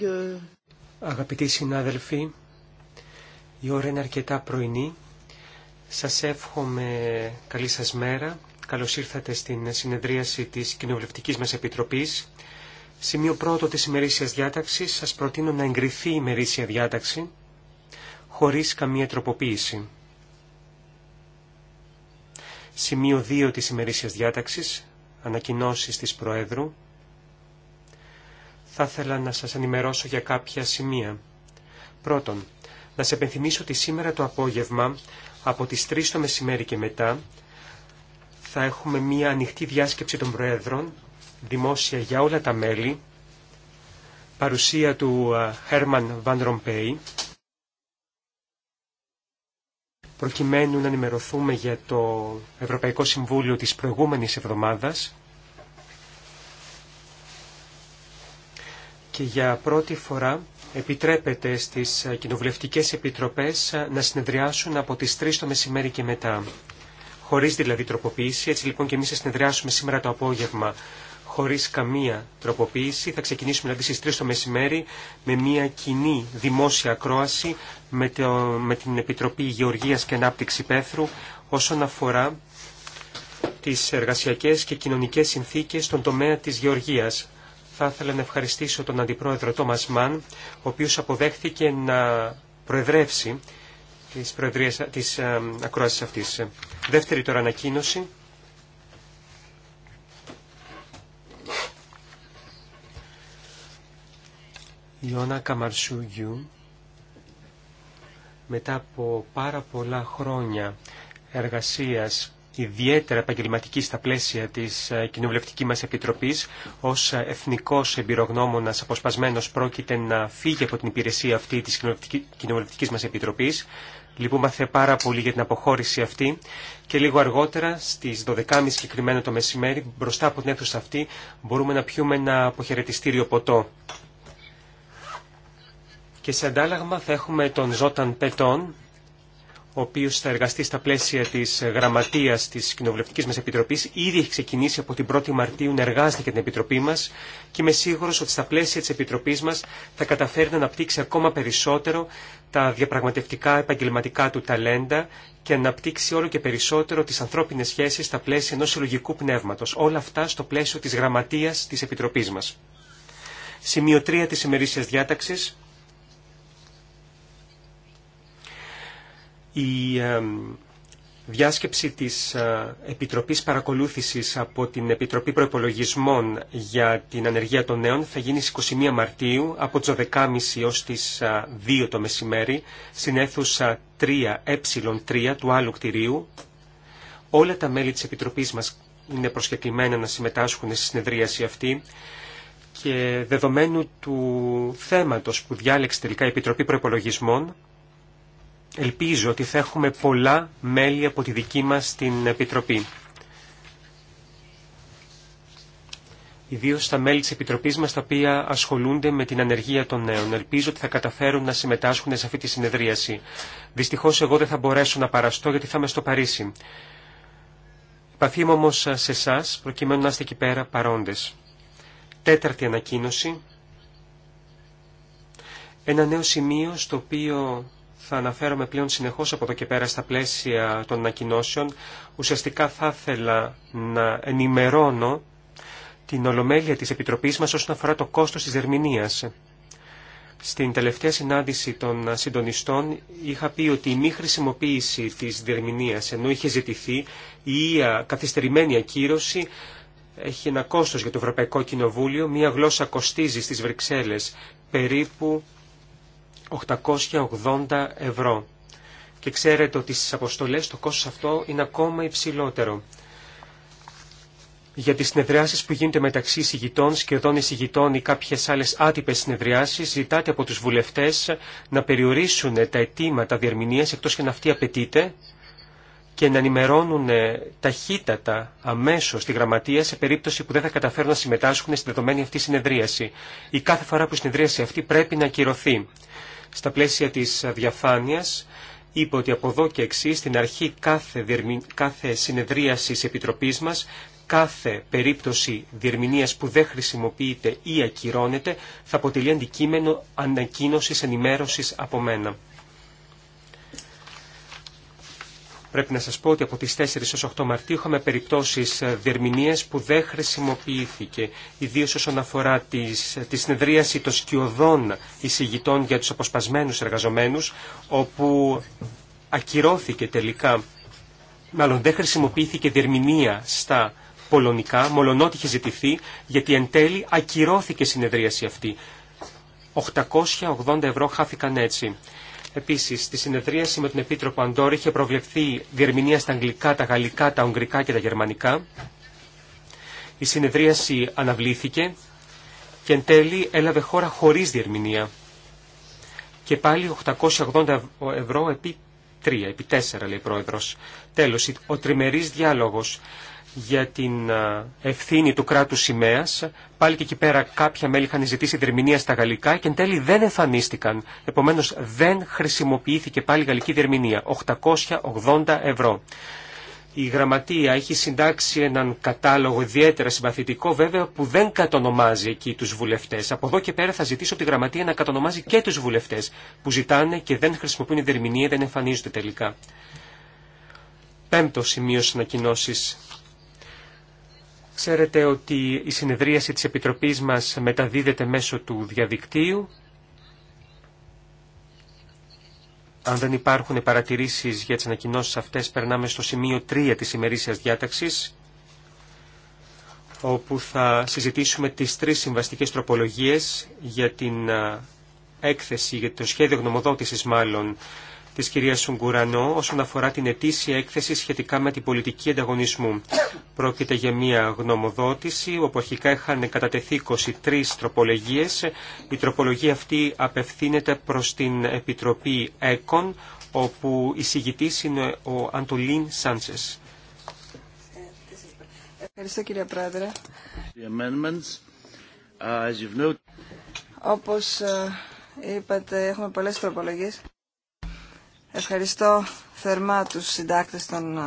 Euh, Αγαπητοί συνάδελφοι, η ώρα είναι αρκετά πρωινή. Σας εύχομαι καλή σας μέρα. Καλώς ήρθατε στην συνεδρίαση της Κοινοβουλευτικής μας Επιτροπής. Σημείο πρώτο της ημερήσιας διάταξης σας προτείνω να εγκριθεί η ημερήσια διάταξη χωρίς καμία τροποποίηση. Σημείο 2 της ημερήσιας διάταξης, ανακοινώσεις της Προέδρου, θα ήθελα να σας ενημερώσω για κάποια σημεία. Πρώτον, να σε επενθυμίσω ότι σήμερα το απόγευμα, από τις 3 το μεσημέρι και μετά, θα έχουμε μία ανοιχτή διάσκεψη των Προέδρων, δημόσια για όλα τα μέλη, παρουσία του Χέρμαν Βαν Ρομπέι, προκειμένου να ενημερωθούμε για το Ευρωπαϊκό Συμβούλιο της προηγούμενης εβδομάδας, και για πρώτη φορά επιτρέπεται στις κοινοβουλευτικές επιτροπές να συνεδριάσουν από τις 3 το μεσημέρι και μετά. Χωρίς δηλαδή τροποποίηση, έτσι λοιπόν και εμείς θα συνεδριάσουμε σήμερα το απόγευμα χωρίς καμία τροποποίηση. Θα ξεκινήσουμε δηλαδή στις 3 το μεσημέρι με μια κοινή δημόσια ακρόαση με, το, με την Επιτροπή Γεωργίας και Ανάπτυξη Πέθρου όσον αφορά τις εργασιακές και κοινωνικές συνθήκες στον τομέα της γεωργίας θα ήθελα να ευχαριστήσω τον Αντιπρόεδρο Τόμας Μαν, ο οποίος αποδέχθηκε να προεδρεύσει τις προεδρίες της ε, ακρόασης αυτής. Δεύτερη τώρα ανακοίνωση. Η Ιώνα Καμαρσούγιου, μετά από πάρα πολλά χρόνια εργασίας ιδιαίτερα επαγγελματική στα πλαίσια τη ε, κοινοβουλευτική μα επιτροπή ω ε, εθνικό εμπειρογνώμονα, αποσπασμένο πρόκειται να φύγει από την υπηρεσία αυτή τη κοινοβουλευτική μα επιτροπή. Λυπούμαθε πάρα πολύ για την αποχώρηση αυτή και λίγο αργότερα στις 12.30 συγκεκριμένα το μεσημέρι μπροστά από την αίθουσα αυτή μπορούμε να πιούμε ένα αποχαιρετιστήριο ποτό. Και σε αντάλλαγμα θα έχουμε τον Ζώταν Πετών, ο οποίος θα εργαστεί στα πλαίσια της γραμματείας της Κοινοβουλευτικής μας Επιτροπής. Ήδη έχει ξεκινήσει από την 1η Μαρτίου να εργάζεται για την Επιτροπή μας και είμαι σίγουρος ότι στα πλαίσια της Επιτροπής μας θα καταφέρει να αναπτύξει ακόμα περισσότερο τα διαπραγματευτικά επαγγελματικά του ταλέντα και να αναπτύξει όλο και περισσότερο τις ανθρώπινες σχέσεις στα πλαίσια ενός συλλογικού πνεύματος. Όλα αυτά στο πλαίσιο της γραμματείας της Επιτροπής μας. Σημείο 3 της ημερήσιας η διάσκεψη της ε, Επιτροπής Παρακολούθησης από την Επιτροπή Προεπολογισμών για την Ανεργία των Νέων θα γίνει στις 21 Μαρτίου από τις 12.30 έως τις 2 ε, το μεσημέρι στην αίθουσα 3Ε3 του άλλου κτηρίου. Όλα τα μέλη της Επιτροπής μας είναι προσκεκλημένα να συμμετάσχουν στη συνεδρίαση αυτή και δεδομένου του θέματος που διάλεξε τελικά η Επιτροπή Προϋπολογισμών ελπίζω ότι θα έχουμε πολλά μέλη από τη δική μας την Επιτροπή. Ιδίως τα μέλη της Επιτροπής μας τα οποία ασχολούνται με την ανεργία των νέων. Ελπίζω ότι θα καταφέρουν να συμμετάσχουν σε αυτή τη συνεδρίαση. Δυστυχώς εγώ δεν θα μπορέσω να παραστώ γιατί θα είμαι στο Παρίσι. Επαφή μου όμως σε εσά προκειμένου να είστε εκεί πέρα παρόντες. Τέταρτη ανακοίνωση. Ένα νέο σημείο στο οποίο θα αναφέρομαι πλέον συνεχώς από εδώ και πέρα στα πλαίσια των ανακοινώσεων. Ουσιαστικά θα ήθελα να ενημερώνω την ολομέλεια της Επιτροπής μας όσον αφορά το κόστος της δερμηνίας. Στην τελευταία συνάντηση των συντονιστών είχα πει ότι η μη χρησιμοποίηση της δερμηνίας ενώ είχε ζητηθεί η καθυστερημένη ακύρωση έχει ένα κόστος για το Ευρωπαϊκό Κοινοβούλιο. Μία γλώσσα κοστίζει στις Βρυξέλλες περίπου 880 ευρώ. Και ξέρετε ότι στις αποστολές το κόστος αυτό είναι ακόμα υψηλότερο. Για τις συνεδριάσεις που γίνονται μεταξύ συγητών, σχεδόν εισηγητών ή κάποιες άλλες άτυπες συνεδριάσεις, ζητάτε από τους βουλευτές να περιορίσουν τα αιτήματα διερμηνίας, εκτός και να αυτή απαιτείται, και να ενημερώνουν ε, ταχύτατα αμέσω τη γραμματεία σε περίπτωση που δεν θα καταφέρουν να συμμετάσχουν στη δεδομένη αυτή συνεδρίαση. Η κάθε φορά που η συνεδρίαση αυτή πρέπει να ακυρωθεί στα πλαίσια της διαφάνειας είπε ότι από εδώ και εξή στην αρχή κάθε, διερμη... κάθε συνεδρίασης επιτροπής μας κάθε περίπτωση διερμηνίας που δεν χρησιμοποιείται ή ακυρώνεται θα αποτελεί αντικείμενο ανακοίνωσης ενημέρωσης από μένα. Πρέπει να σας πω ότι από τις 4 έως 8 Μαρτίου είχαμε περιπτώσεις ε, διερμηνίας που δεν χρησιμοποιήθηκε, ιδίως όσον αφορά τις, ε, τη συνεδρίαση των σκιωδών εισηγητών για τους αποσπασμένους εργαζομένους, όπου ακυρώθηκε τελικά, μάλλον δεν χρησιμοποιήθηκε διερμηνία στα πολωνικά, μολονότι είχε ζητηθεί, γιατί εν τέλει ακυρώθηκε η συνεδρίαση αυτή. 880 ευρώ χάθηκαν έτσι. Επίση, στη συνεδρίαση με τον Επίτροπο Αντόρ είχε προβλεφθεί διερμηνία στα αγγλικά, τα γαλλικά, τα ουγγρικά και τα γερμανικά. Η συνεδρίαση αναβλήθηκε και εν τέλει έλαβε χώρα χωρίς διερμηνία. Και πάλι 880 ευρώ επί 3, επί 4 λέει Πρόεδρο, τέλο, ο τριμερής διάλογος για την ευθύνη του κράτους σημαία. Πάλι και εκεί πέρα κάποια μέλη είχαν ζητήσει δερμηνία στα γαλλικά και εν τέλει δεν εμφανίστηκαν. Επομένως δεν χρησιμοποιήθηκε πάλι γαλλική δερμηνία. 880 ευρώ. Η γραμματεία έχει συντάξει έναν κατάλογο ιδιαίτερα συμπαθητικό βέβαια που δεν κατονομάζει εκεί τους βουλευτές. Από εδώ και πέρα θα ζητήσω από τη γραμματεία να κατονομάζει και τους βουλευτές που ζητάνε και δεν χρησιμοποιούν διερμηνία, δεν εμφανίζονται τελικά. Πέμπτο σημείο συνακοινώσει. Ξέρετε ότι η συνεδρίαση της Επιτροπής μας μεταδίδεται μέσω του διαδικτύου. Αν δεν υπάρχουν παρατηρήσεις για τις ανακοινώσεις αυτές, περνάμε στο σημείο 3 της ημερήσιας διάταξης, όπου θα συζητήσουμε τις τρεις συμβαστικές τροπολογίες για την έκθεση, για το σχέδιο γνωμοδότησης μάλλον, Τη κυρία Σουγκουρανό όσον αφορά την ετήσια έκθεση σχετικά με την πολιτική ανταγωνισμού. Πρόκειται για μια γνωμοδότηση όπου αρχικά είχαν κατατεθεί 23 τροπολογίες. Η τροπολογία αυτή απευθύνεται προς την Επιτροπή ΕΚΟΝ όπου η συγητής είναι ο Αντολίν Σάντσες. Ευχαριστώ κύριε Πρόεδρε. Uh, Όπως ε, είπατε, έχουμε πολλές τροπολογίες. Ευχαριστώ θερμά τους συντάκτες των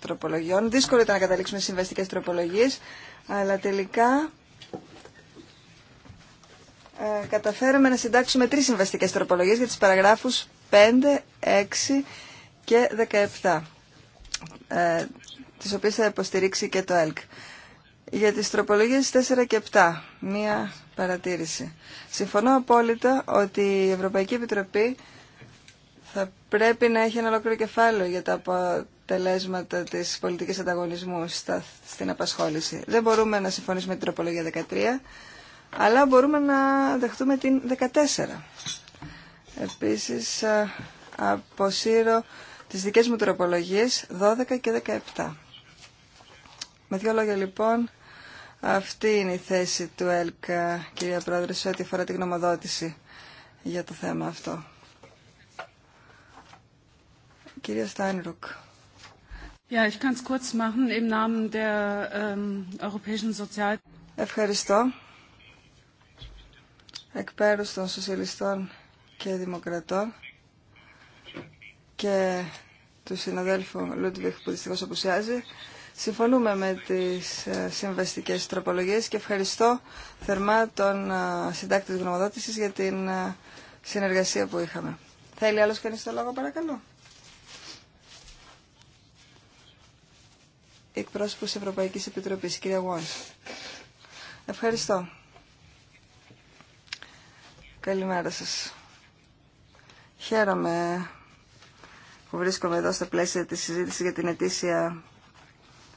τροπολογιών. Δύσκολο ήταν να καταλήξουμε συμβαστικές τροπολογίες, αλλά τελικά ε, καταφέραμε να συντάξουμε τρεις συμβαστικές τροπολογίες για τις παραγράφους 5, 6 και 17, ε, τις οποίες θα υποστηρίξει και το ΕΛΚ. Για τις τροπολογίες 4 και 7, μία παρατήρηση. Συμφωνώ απόλυτα ότι η Ευρωπαϊκή Επιτροπή θα πρέπει να έχει ένα ολόκληρο κεφάλαιο για τα αποτελέσματα της πολιτικής ανταγωνισμού στην απασχόληση. Δεν μπορούμε να συμφωνήσουμε με την τροπολογία 13, αλλά μπορούμε να δεχτούμε την 14. Επίσης, αποσύρω τις δικές μου τροπολογίε 12 και 17. Με δύο λόγια λοιπόν, αυτή είναι η θέση του ΕΛΚΑ, κυρία Πρόεδρε, σε ό,τι αφορά την γνωμοδότηση για το θέμα αυτό κυρία Στάινρουκ. Ευχαριστώ. Εκ των Σοσιαλιστών και Δημοκρατών και του συναδέλφου Λούντβιχ που δυστυχώς απουσιάζει, συμφωνούμε με τις ε, συμβαστικές τροπολογίες και ευχαριστώ θερμά τον ε, συντάκτη της γνωμοδότησης για την ε, συνεργασία που είχαμε. Θέλει άλλος κανείς το λόγο παρακαλώ. εκπρόσωπος της Ευρωπαϊκής Επιτροπής, κυρία Γουόνς. Ευχαριστώ. Καλημέρα σας. Χαίρομαι που βρίσκομαι εδώ στο πλαίσια της συζήτησης για την ετήσια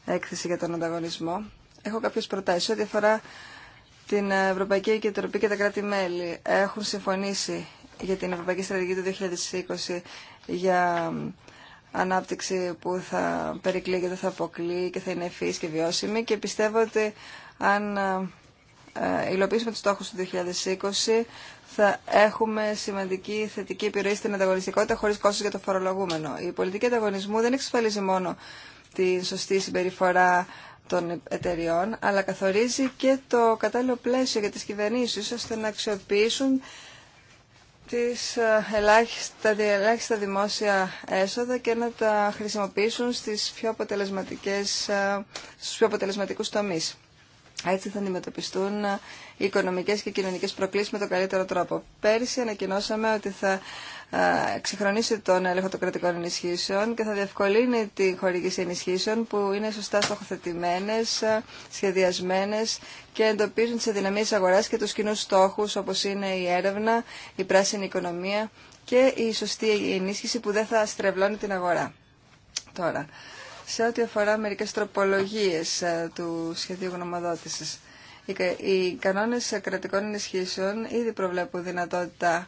έκθεση για τον ανταγωνισμό. Έχω κάποιες προτάσεις. Ό,τι αφορά την Ευρωπαϊκή Επιτροπή και τα κράτη-μέλη έχουν συμφωνήσει για την Ευρωπαϊκή Στρατηγική του 2020 για ανάπτυξη που θα περικλείγεται, θα αποκλεί και θα είναι ευφύης και βιώσιμη και πιστεύω ότι αν ε, ε, υλοποιήσουμε τους στόχους του 2020 θα έχουμε σημαντική θετική επιρροή στην ανταγωνιστικότητα χωρίς κόστος για το φορολογούμενο. Η πολιτική ανταγωνισμού δεν εξασφαλίζει μόνο τη σωστή συμπεριφορά των εταιριών, αλλά καθορίζει και το κατάλληλο πλαίσιο για τις κυβερνήσεις ώστε να αξιοποιήσουν τις ε, ελάχιστα, ελάχιστα δημόσια έσοδα και να τα χρησιμοποιήσουν στις πιο αποτελεσματικές, ε, στους πιο αποτελεσματικούς τομείς. Έτσι θα αντιμετωπιστούν ε, οι οικονομικές και κοινωνικές προκλήσεις με τον καλύτερο τρόπο. Πέρυσι ανακοινώσαμε ότι θα ξεχρονίσει τον έλεγχο των κρατικών ενισχύσεων και θα διευκολύνει τη χορήγηση ενισχύσεων που είναι σωστά στοχοθετημένε, σχεδιασμένε και εντοπίζουν τι αδυναμίες αγορά και του κοινού στόχου, όπω είναι η έρευνα, η πράσινη οικονομία και η σωστή ενίσχυση που δεν θα στρεβλώνει την αγορά. Τώρα, σε ό,τι αφορά μερικέ τροπολογίε του σχεδίου γνωμοδότηση. Οι κανόνες κρατικών ενισχύσεων ήδη προβλέπουν δυνατότητα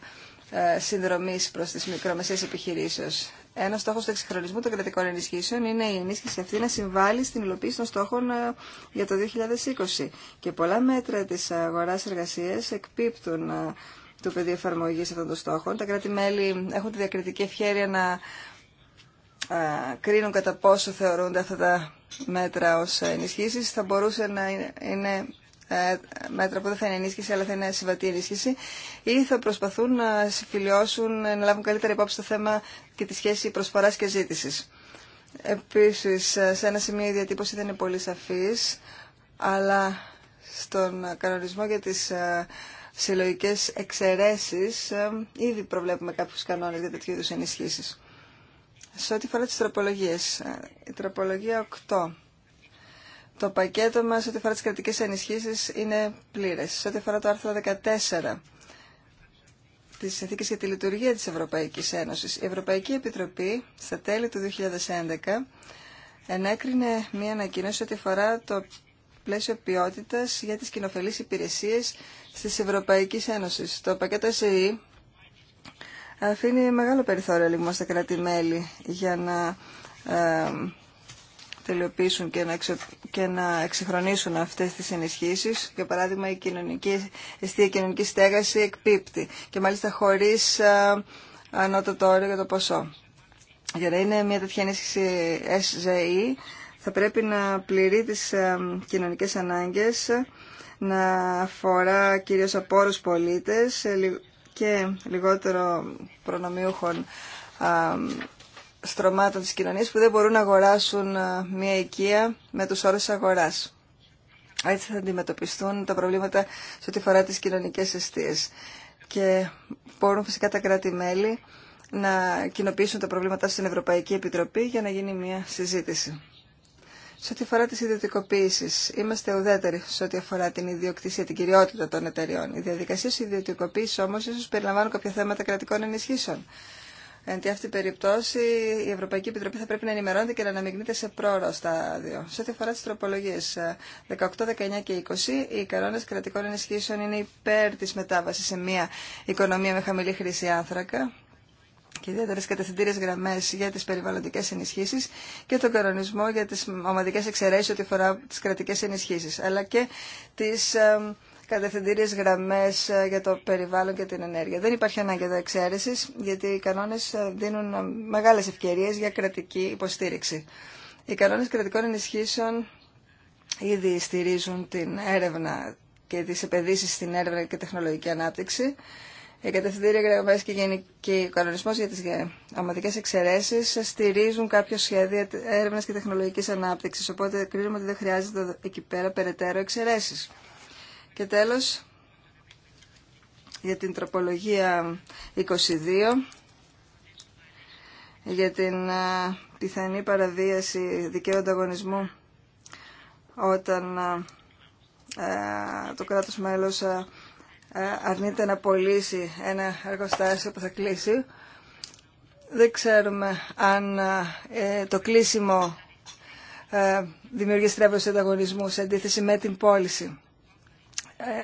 ε, συνδρομής προς τις μικρομεσαίες επιχειρήσεις. Ένα στόχο του εξυγχρονισμού των κρατικών ενισχύσεων είναι η ενίσχυση αυτή να συμβάλλει στην υλοποίηση των στόχων ε, για το 2020. Και πολλά μέτρα τη αγορά εργασία εκπίπτουν ε, το πεδίο εφαρμογή αυτών των στόχων. Τα κράτη-μέλη έχουν τη διακριτική ευχαίρεια να κρίνουν κατά πόσο θεωρούνται αυτά τα μέτρα ω ενισχύσει. Θα μπορούσε να είναι ε, μέτρα που δεν θα είναι ενίσχυση αλλά θα είναι συμβατή ενίσχυση ή θα προσπαθούν να συμφιλειώσουν, να λάβουν καλύτερη υπόψη το θέμα και τη σχέση προσφοράς και ζήτησης. Επίσης, σε ένα σημείο η διατύπωση δεν είναι πολύ σαφής, αλλά στον κανονισμό για τις ε, συλλογικές εξαιρέσεις ε, ήδη προβλέπουμε κάποιους κανόνες για τέτοιου είδους ενισχύσεις. Σε ό,τι φορά τις τροπολογίες, η τροπολογία 8 το πακέτο μας ό,τι αφορά τι κρατικές ενισχύσεις είναι πλήρες. Σε ό,τι αφορά το άρθρο 14 της συνθήκη για τη Λειτουργία της Ευρωπαϊκής Ένωσης, η Ευρωπαϊκή Επιτροπή στα τέλη του 2011 ενέκρινε μία ανακοίνωση ό,τι αφορά το πλαίσιο ποιότητα για τις κοινοφελείς υπηρεσίες τη Ευρωπαϊκή Ένωσης. Το πακέτο SEE e αφήνει μεγάλο περιθώριο λίγο λοιπόν, στα κράτη-μέλη για να ε, τελειοποιήσουν και να, εξο... και να εξυγχρονίσουν αυτές τις ενισχύσει. Για παράδειγμα, η κοινωνική, κοινωνική στέγαση εκπίπτει και μάλιστα χωρίς ε, ανώτατο όριο για το ποσό. Για να είναι μια τέτοια ενίσχυση SJE θα πρέπει να πληρεί τι κοινωνικέ ε, κοινωνικές ανάγκες, να αφορά κυρίως από όρους πολίτες και λιγότερο προνομιούχων ε, στρωμάτων της κοινωνίας που δεν μπορούν να αγοράσουν ε, μια οικία με τους όρους αγοράς. Έτσι θα αντιμετωπιστούν τα προβλήματα σε ό,τι φορά τις κοινωνικές αιστείες. Και μπορούν φυσικά τα κράτη-μέλη να κοινοποιήσουν τα προβλήματα στην Ευρωπαϊκή Επιτροπή για να γίνει μια συζήτηση. Σε ό,τι αφορά τι ιδιωτικοποίησει, είμαστε ουδέτεροι σε ό,τι αφορά την ιδιοκτησία, την κυριότητα των εταιριών. Οι διαδικασίε ιδιωτικοποίηση όμω ίσω περιλαμβάνουν κάποια θέματα κρατικών ενισχύσεων. Εν τη αυτή περίπτωση η Ευρωπαϊκή Επιτροπή θα πρέπει να ενημερώνεται και να αναμειγνύεται σε πρόωρο στάδιο. Σε ό,τι αφορά τι τροπολογίε 18, 19 και 20, οι κανόνε κρατικών ενισχύσεων είναι υπέρ τη μετάβαση σε μια οικονομία με χαμηλή χρήση άνθρακα και ιδιαίτερε κατευθυντήριε γραμμέ για τι περιβαλλοντικέ ενισχύσει και τον κανονισμό για τι ομαδικέ εξαιρέσει ό,τι αφορά τι κρατικέ ενισχύσει, αλλά και τι ε, Κατευθυντήριε γραμμέ ε, για το περιβάλλον και την ενέργεια. Δεν υπάρχει ανάγκη εδώ εξαίρεση, γιατί οι κανόνε ε, δίνουν ε, μεγάλε ευκαιρίε για κρατική υποστήριξη. Οι κανόνε κρατικών ενισχύσεων ήδη στηρίζουν την έρευνα και τι επενδύσει στην έρευνα και τεχνολογική ανάπτυξη. Οι κατευθυντήρια γραμμέ και, και ο κανονισμό για τι ομαδικέ εξαιρέσει στηρίζουν κάποιο σχέδιο έρευνα και τεχνολογική ανάπτυξη. Οπότε κρίνουμε ότι δεν χρειάζεται εκεί πέρα περαιτέρω εξαιρέσει. Και τέλος, για την τροπολογία 22, για την ε, πιθανή παραβίαση δικαίου ανταγωνισμού όταν ε, ε, το κράτος μέλος αρνείται να πωλήσει ένα εργοστάσιο που θα κλείσει. Δεν ξέρουμε αν το κλείσιμο δημιουργεί στρέβλωση ανταγωνισμού σε αντίθεση με την πώληση. Ε,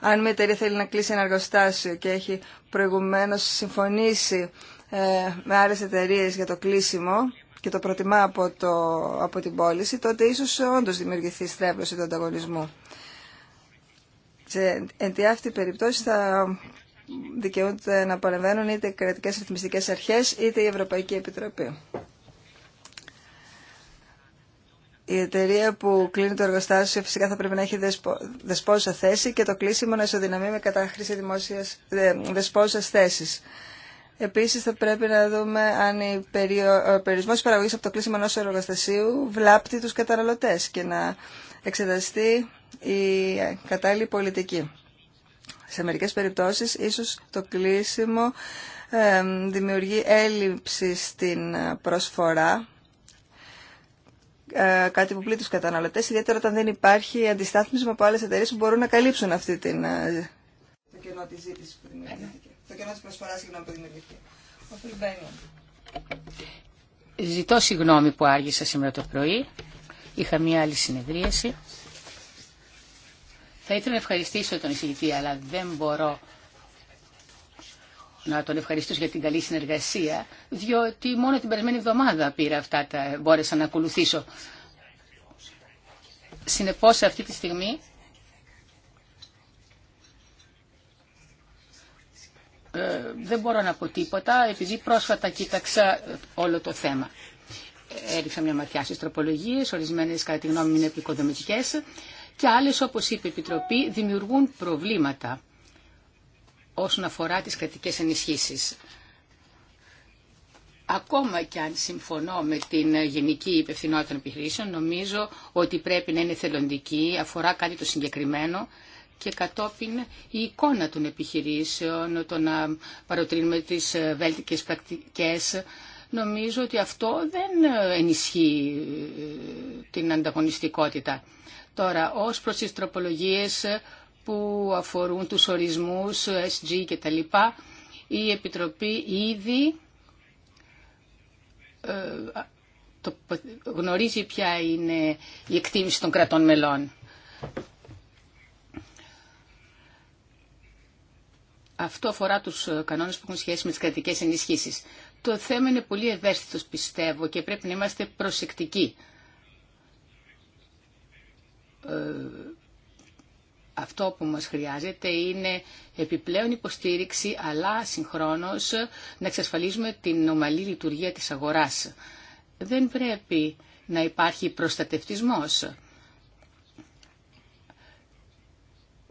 αν μια εταιρεία θέλει να κλείσει ένα εργοστάσιο και έχει προηγουμένως συμφωνήσει ε, με άλλες εταιρείες για το κλείσιμο και το προτιμά από, το, από την πώληση, τότε ίσως όντως δημιουργηθεί στρέβλωση του ανταγωνισμού. Σε, εν τη αυτή περιπτώσει θα δικαιούνται να παρεμβαίνουν είτε οι κρατικές ρυθμιστικές αρχές είτε η Ευρωπαϊκή Επιτροπή η εταιρεία που κλείνει το εργοστάσιο φυσικά θα πρέπει να έχει δεσπο, δεσπόζουσα θέση και το κλείσιμο να ισοδυναμεί με κατάχρηση δημόσιας, δε, δεσπόζουσας θέσης. Επίσης θα πρέπει να δούμε αν η περιο, ο περιορισμός παραγωγής από το κλείσιμο ενός εργοστασίου βλάπτει τους καταναλωτές και να εξεταστεί η κατάλληλη πολιτική. Σε μερικές περιπτώσεις ίσως το κλείσιμο ε, δημιουργεί έλλειψη στην προσφορά ε, κάτι που πλήττει του καταναλωτέ, ιδιαίτερα όταν δεν υπάρχει αντιστάθμισμα από άλλε εταιρείε που μπορούν να καλύψουν αυτή την. Ε, το κενό τη ζήτηση που δημιουργήθηκε. Το κενό τη προσφορά, συγγνώμη, που δημιουργήθηκε. Ο Ζητώ συγγνώμη που άργησα σήμερα το πρωί. Είχα μία άλλη συνεδρίαση. Θα ήθελα να ευχαριστήσω τον εισηγητή, αλλά δεν μπορώ να τον ευχαριστήσω για την καλή συνεργασία, διότι μόνο την περασμένη εβδομάδα πήρα αυτά τα μπόρεσα να ακολουθήσω. Συνεπώς αυτή τη στιγμή ε, δεν μπορώ να πω τίποτα επειδή πρόσφατα κοίταξα ε, όλο το θέμα. Έριξα μια ματιά στις τροπολογίες, ορισμένες κατά τη γνώμη μου είναι επικοδομητικές και άλλες όπως είπε η Επιτροπή δημιουργούν προβλήματα όσον αφορά τις κρατικές ενισχύσεις. Ακόμα και αν συμφωνώ με την γενική υπευθυνότητα των επιχειρήσεων, νομίζω ότι πρέπει να είναι θελοντική, αφορά κάτι το συγκεκριμένο και κατόπιν η εικόνα των επιχειρήσεων, το να παροτρύνουμε τις βέλτικες πρακτικές. Νομίζω ότι αυτό δεν ενισχύει την ανταγωνιστικότητα. Τώρα, ως προς τις τροπολογίες που αφορούν τους ορισμούς, SG και τα λοιπά, η Επιτροπή ήδη ε, το, γνωρίζει ποια είναι η εκτίμηση των κρατών μελών. Αυτό αφορά τους κανόνες που έχουν σχέση με τις κρατικές ενισχύσεις. Το θέμα είναι πολύ ευαίσθητος πιστεύω και πρέπει να είμαστε προσεκτικοί. Ε, αυτό που μας χρειάζεται είναι επιπλέον υποστήριξη, αλλά συγχρόνως να εξασφαλίζουμε την ομαλή λειτουργία της αγοράς. Δεν πρέπει να υπάρχει προστατευτισμός.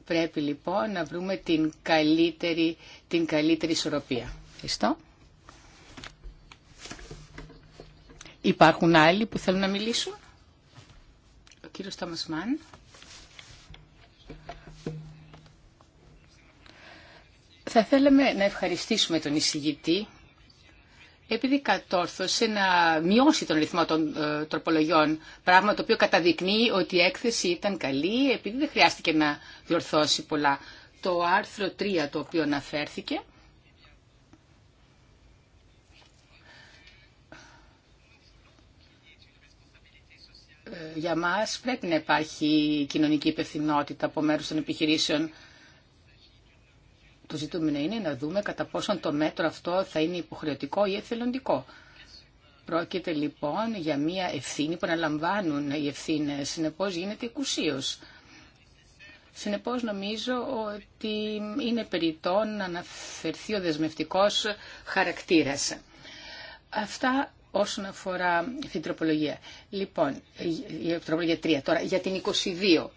Πρέπει λοιπόν να βρούμε την καλύτερη, την καλύτερη ισορροπία. Ευχαριστώ. Υπάρχουν άλλοι που θέλουν να μιλήσουν. Ο κύριος Μάν. Θα θέλαμε να ευχαριστήσουμε τον εισηγητή επειδή κατόρθωσε να μειώσει τον ρυθμό των ε, τροπολογιών, πράγμα το οποίο καταδεικνύει ότι η έκθεση ήταν καλή, επειδή δεν χρειάστηκε να διορθώσει πολλά. Το άρθρο 3 το οποίο αναφέρθηκε, ε, για μας πρέπει να υπάρχει κοινωνική υπευθυνότητα από μέρους των επιχειρήσεων το ζητούμενο είναι να δούμε κατά πόσον το μέτρο αυτό θα είναι υποχρεωτικό ή εθελοντικό. Πρόκειται λοιπόν για μια ευθύνη που αναλαμβάνουν οι ευθύνε. Συνεπώ γίνεται εκουσίω. Συνεπώ νομίζω ότι είναι περιττό να αναφερθεί ο δεσμευτικό χαρακτήρα. Αυτά όσον αφορά την τροπολογία. Λοιπόν, η τροπολογία 3 τώρα, για την 22.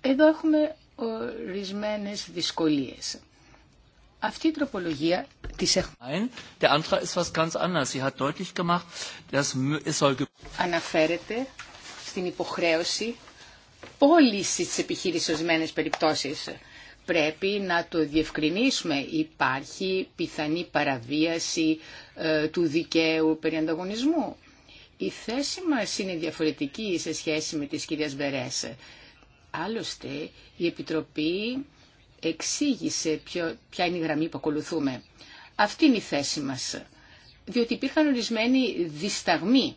Εδώ έχουμε ορισμένες δυσκολίες. Αυτή η τροπολογία της έχουμε. Αναφέρεται στην υποχρέωση πώληση της επιχείρηση ορισμένε περιπτώσεις. Πρέπει να το διευκρινίσουμε. Υπάρχει πιθανή παραβίαση ε, του δικαίου περί ανταγωνισμού. Η θέση μας είναι διαφορετική σε σχέση με τις κυρίες Μπερέσε. Άλλωστε, η Επιτροπή εξήγησε ποια είναι η γραμμή που ακολουθούμε. Αυτή είναι η θέση μας. Διότι υπήρχαν ορισμένοι δισταγμοί,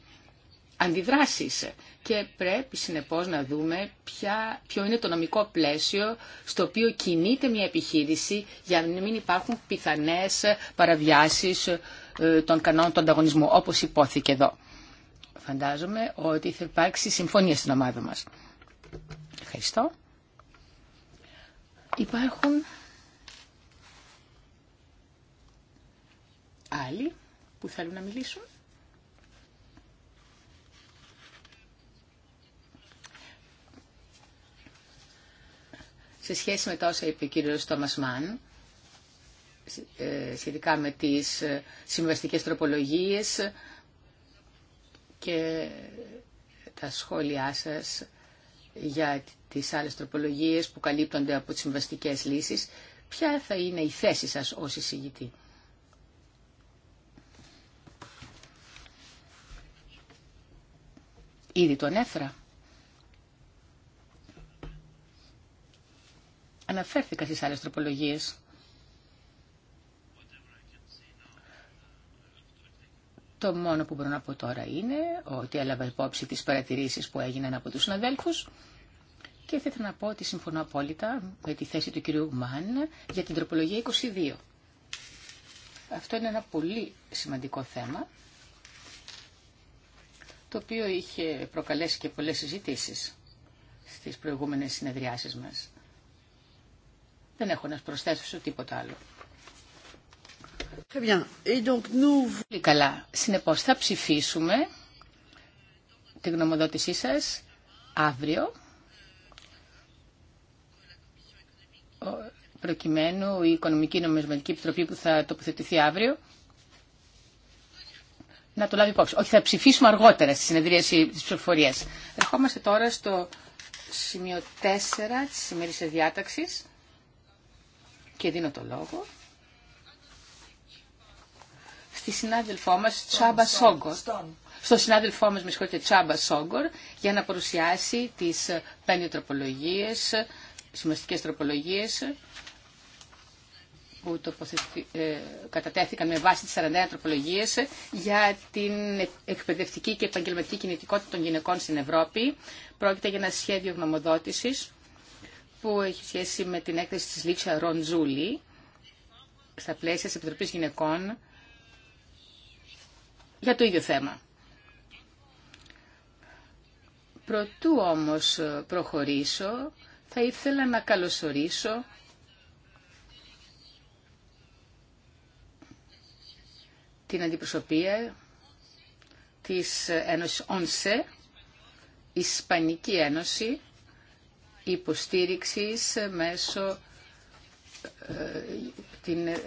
αντιδράσεις και πρέπει συνεπώς να δούμε ποια, ποιο είναι το νομικό πλαίσιο στο οποίο κινείται μια επιχείρηση για να μην υπάρχουν πιθανές παραβιάσεις ε, των κανόνων του ανταγωνισμού, όπως υπόθηκε εδώ. Φαντάζομαι ότι θα υπάρξει συμφωνία στην ομάδα μας. Ευχαριστώ. Υπάρχουν άλλοι που θέλουν να μιλήσουν. Σε σχέση με τα όσα είπε ο κύριος Τόμας Μάν, ε, σχετικά με τις ε, συμβαστικές τροπολογίες και τα σχόλιά σας για τις άλλες τροπολογίες που καλύπτονται από τις συμβαστικέ λύσεις. Ποια θα είναι η θέση σας ως εισηγητή. Ήδη τον έφερα. Αναφέρθηκα στις άλλες τροπολογίες. Το μόνο που μπορώ να πω τώρα είναι ότι έλαβα υπόψη τις παρατηρήσεις που έγιναν από τους συναδέλφους και θα ήθελα να πω ότι συμφωνώ απόλυτα με τη θέση του κυρίου Μαν για την τροπολογία 22. Αυτό είναι ένα πολύ σημαντικό θέμα, το οποίο είχε προκαλέσει και πολλές συζητήσεις στις προηγούμενες συνεδριάσεις μας. Δεν έχω να προσθέσω τίποτα άλλο. Πολύ καλά. Συνεπώς θα ψηφίσουμε τη γνωμοδότησή σας αύριο προκειμένου η Οικονομική Νομισματική Επιτροπή που θα τοποθετηθεί αύριο να το λάβει υπόψη. Όχι, θα ψηφίσουμε αργότερα στη συνεδρίαση της ψηφοφορίας. Ερχόμαστε τώρα στο σημείο 4 της σημερινής διάταξης και δίνω το λόγο στη συνάδελφό μας Τσάμπα Σόγκορ. Στον συνάδελφό μα, με συγχωρείτε, Τσάμπα Σόγκορ, για να παρουσιάσει τι πέντε τροπολογίε, σημαστικέ τροπολογίε που ε, κατατέθηκαν με βάση τις 41 τροπολογίες για την εκπαιδευτική και επαγγελματική κινητικότητα των γυναικών στην Ευρώπη. Πρόκειται για ένα σχέδιο γνωμοδότησης που έχει σχέση με την έκθεση της Λίξα Ροντζούλη στα πλαίσια της Επιτροπής Γυναικών για το ίδιο θέμα. Προτού όμως προχωρήσω, θα ήθελα να καλωσορίσω την αντιπροσωπεία της Ένωσης ΟΝΣΕ, Ισπανική Ένωση Υποστήριξης μέσω ε,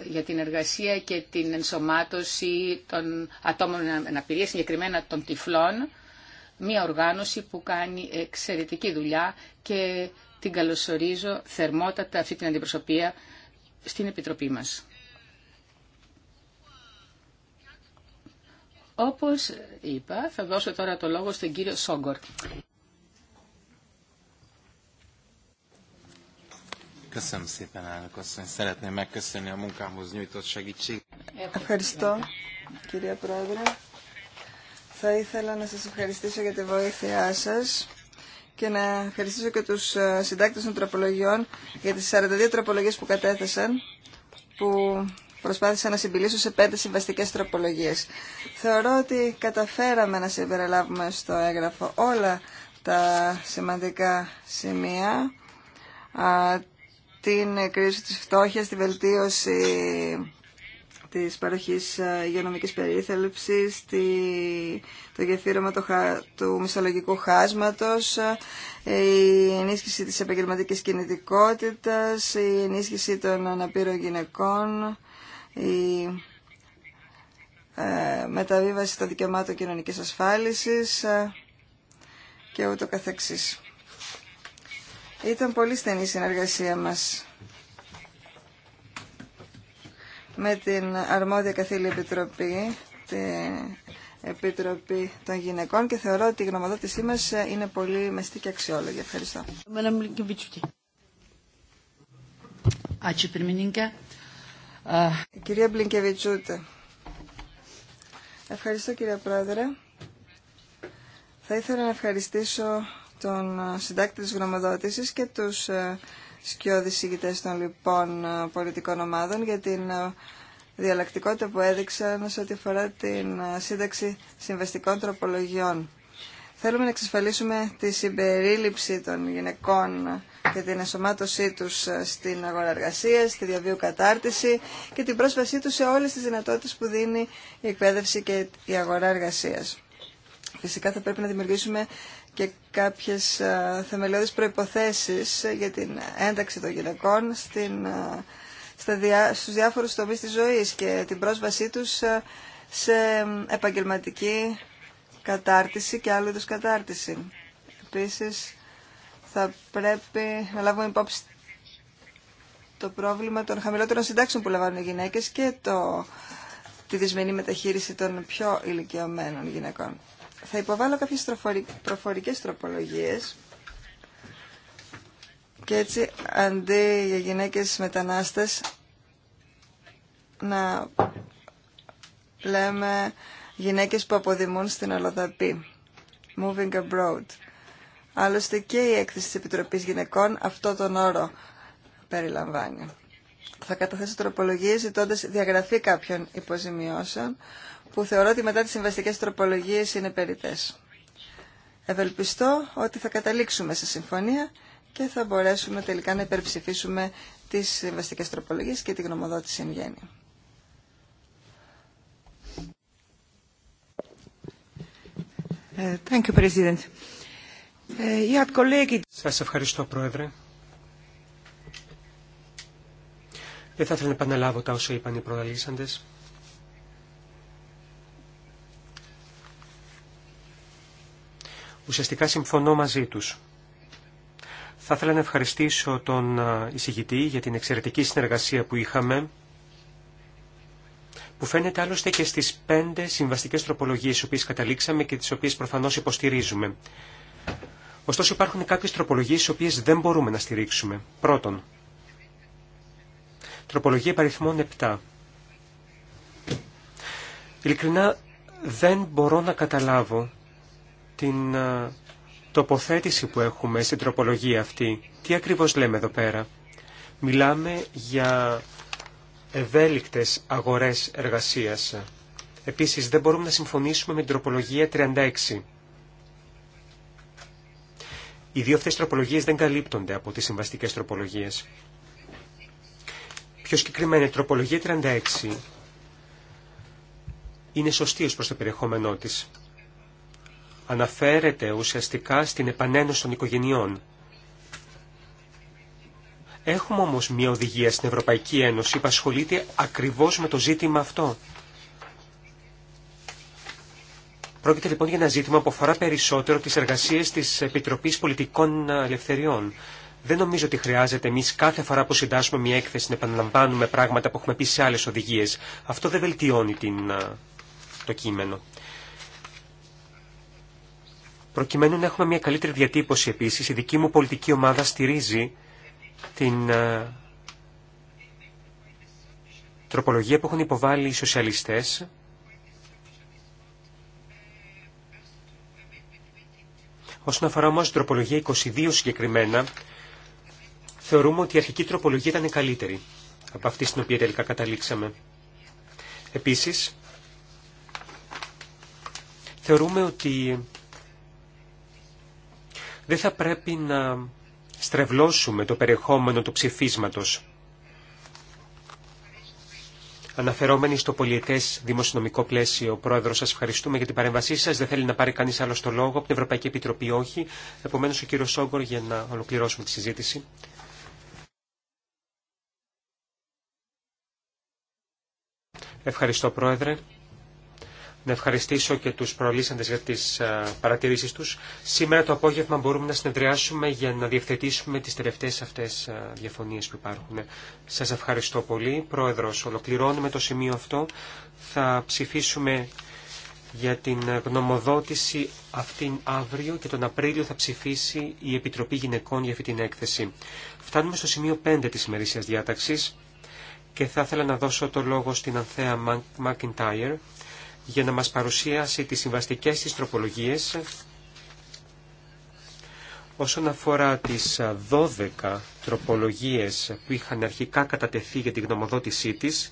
για την εργασία και την ενσωμάτωση των ατόμων με αναπηρία, συγκεκριμένα των τυφλών, μια οργάνωση που κάνει εξαιρετική δουλειά και την καλωσορίζω θερμότατα αυτή την αντιπροσωπεία στην Επιτροπή μας. Όπως είπα, θα δώσω τώρα το λόγο στον κύριο Σόγκορ. Ευχαριστώ, κυρία Πρόεδρε. Θα ήθελα να σας ευχαριστήσω για τη βοήθειά σας και να ευχαριστήσω και τους ε, συντάκτες των τροπολογιών για τις 42 τροπολογίες που κατέθεσαν, που προσπάθησα να συμπηλήσω σε πέντε συμβαστικέ τροπολογίες. Θεωρώ ότι καταφέραμε να συμπεριλάβουμε στο έγγραφο όλα τα σημαντικά σημεία την κρίση της φτώχειας, τη βελτίωση της παροχής ε, υγειονομικής περίθαλψης, τη, το γεφύρωμα του μισολογικού χάσματος, ε, η ενίσχυση της επαγγελματικής κινητικότητας, η ενίσχυση των αναπήρων γυναικών, η ε, μεταβίβαση των δικαιωμάτων κοινωνικής ασφάλισης και ούτω καθεξής. Ήταν πολύ στενή η συνεργασία μας με την αρμόδια καθήλια επιτροπή, την Επιτροπή των Γυναικών και θεωρώ ότι η γνωμοδότησή μας είναι πολύ μεστή και αξιόλογη. Ευχαριστώ. κυρία Μπλινκεβιτσούτε. Ευχαριστώ κυρία Πρόεδρε. Θα ήθελα να ευχαριστήσω τον ε, συντάκτη της γνωμοδότησης και τους ε, σκιώδης ηγητές των λοιπόν ε, πολιτικών ομάδων για την διαλλακτικότητα που έδειξαν σε ό,τι αφορά την σύνταξη συμβαστικών τροπολογιών. Θέλουμε να εξασφαλίσουμε τη συμπερίληψη των γυναικών και την ενσωμάτωσή τους στην αγορά εργασία, στη διαβίου κατάρτιση και την πρόσβασή τους σε όλες τις δυνατότητες που δίνει η εκπαίδευση και η αγορά εργασία. Φυσικά θα πρέπει να δημιουργήσουμε και κάποιες ε, θεμελιώδεις προϋποθέσεις για την ένταξη των γυναικών στην, ε, στα διά, στους διάφορους τομείς της ζωής και την πρόσβασή τους ε, σε επαγγελματική κατάρτιση και άλλου είδους κατάρτιση. Επίσης, θα πρέπει να λάβουμε υπόψη το πρόβλημα των χαμηλότερων συντάξεων που λαμβάνουν οι γυναίκες και το, τη δυσμενή μεταχείριση των πιο ηλικιωμένων γυναικών θα υποβάλω κάποιες προφορικές τροπολογίες και έτσι αντί για γυναίκες μετανάστες να λέμε γυναίκες που αποδημούν στην Ολοδαπή. Moving abroad. Άλλωστε και η έκθεση της Επιτροπής Γυναικών αυτό τον όρο περιλαμβάνει. Θα καταθέσω τροπολογίες ζητώντα διαγραφή κάποιων υποζημιώσεων που θεωρώ ότι μετά τις συμβαστικές τροπολογίες είναι περιτές. Ευελπιστώ ότι θα καταλήξουμε σε συμφωνία και θα μπορέσουμε τελικά να υπερψηφίσουμε τις συμβαστικές τροπολογίες και τη γνωμοδότηση εν γέννη. Ε, ε, Σας ευχαριστώ, Πρόεδρε. Δεν θα ήθελα να επαναλάβω τα όσα είπαν οι προαλήσαντες. Ουσιαστικά συμφωνώ μαζί τους. Θα ήθελα να ευχαριστήσω τον εισηγητή για την εξαιρετική συνεργασία που είχαμε, που φαίνεται άλλωστε και στις πέντε συμβαστικές τροπολογίες τις οποίες καταλήξαμε και τις οποίες προφανώς υποστηρίζουμε. Ωστόσο υπάρχουν κάποιες τροπολογίες τις οποίες δεν μπορούμε να στηρίξουμε. Πρώτον, τροπολογία παριθμών 7. Ειλικρινά δεν μπορώ να καταλάβω την τοποθέτηση που έχουμε στην τροπολογία αυτή. Τι ακριβώς λέμε εδώ πέρα. Μιλάμε για ευέλικτες αγορές εργασίας. Επίσης δεν μπορούμε να συμφωνήσουμε με την τροπολογία 36. Οι δύο αυτές τροπολογίες δεν καλύπτονται από τις συμβαστικές τροπολογίες. Πιο συγκεκριμένα, η τροπολογία 36 είναι σωστή ως προς το περιεχόμενό της αναφέρεται ουσιαστικά στην επανένωση των οικογενειών. Έχουμε όμως μια οδηγία στην Ευρωπαϊκή Ένωση που ασχολείται ακριβώς με το ζήτημα αυτό. Πρόκειται λοιπόν για ένα ζήτημα που αφορά περισσότερο τις εργασίες της Επιτροπής Πολιτικών Ελευθεριών. Δεν νομίζω ότι χρειάζεται εμεί κάθε φορά που συντάσσουμε μια έκθεση να επαναλαμβάνουμε πράγματα που έχουμε πει σε άλλε οδηγίε. Αυτό δεν βελτιώνει την, το κείμενο. Προκειμένου να έχουμε μια καλύτερη διατύπωση επίσης, η δική μου πολιτική ομάδα στηρίζει την ε, τροπολογία που έχουν υποβάλει οι σοσιαλιστές Όσον αφορά όμως την τροπολογία 22 συγκεκριμένα, θεωρούμε ότι η αρχική τροπολογία ήταν καλύτερη από αυτή στην οποία τελικά καταλήξαμε. Επίσης, θεωρούμε ότι δεν θα πρέπει να στρεβλώσουμε το περιεχόμενο του ψηφίσματος. Αναφερόμενοι στο πολιετέ δημοσιονομικό πλαίσιο, Πρόεδρο, σας ευχαριστούμε για την παρέμβασή σα. Δεν θέλει να πάρει κανείς άλλο το λόγο, από την Ευρωπαϊκή Επιτροπή όχι. Επομένω, ο κύριο Σόγκορ για να ολοκληρώσουμε τη συζήτηση. Ευχαριστώ, Πρόεδρε να ευχαριστήσω και τους προλύσαντες για τις παρατηρήσεις τους. Σήμερα το απόγευμα μπορούμε να συνεδριάσουμε για να διευθετήσουμε τις τελευταίες αυτές διαφωνίες που υπάρχουν. Σας ευχαριστώ πολύ. Πρόεδρος, ολοκληρώνουμε το σημείο αυτό. Θα ψηφίσουμε για την γνωμοδότηση αυτήν αύριο και τον Απρίλιο θα ψηφίσει η Επιτροπή Γυναικών για αυτή την έκθεση. Φτάνουμε στο σημείο 5 της ημερήσιας διάταξης και θα ήθελα να δώσω το λόγο στην Ανθέα Μακιντάιρ, για να μας παρουσιάσει τις συμβαστικές της τροπολογίες όσον αφορά τις 12 τροπολογίες που είχαν αρχικά κατατεθεί για την γνωμοδότησή της.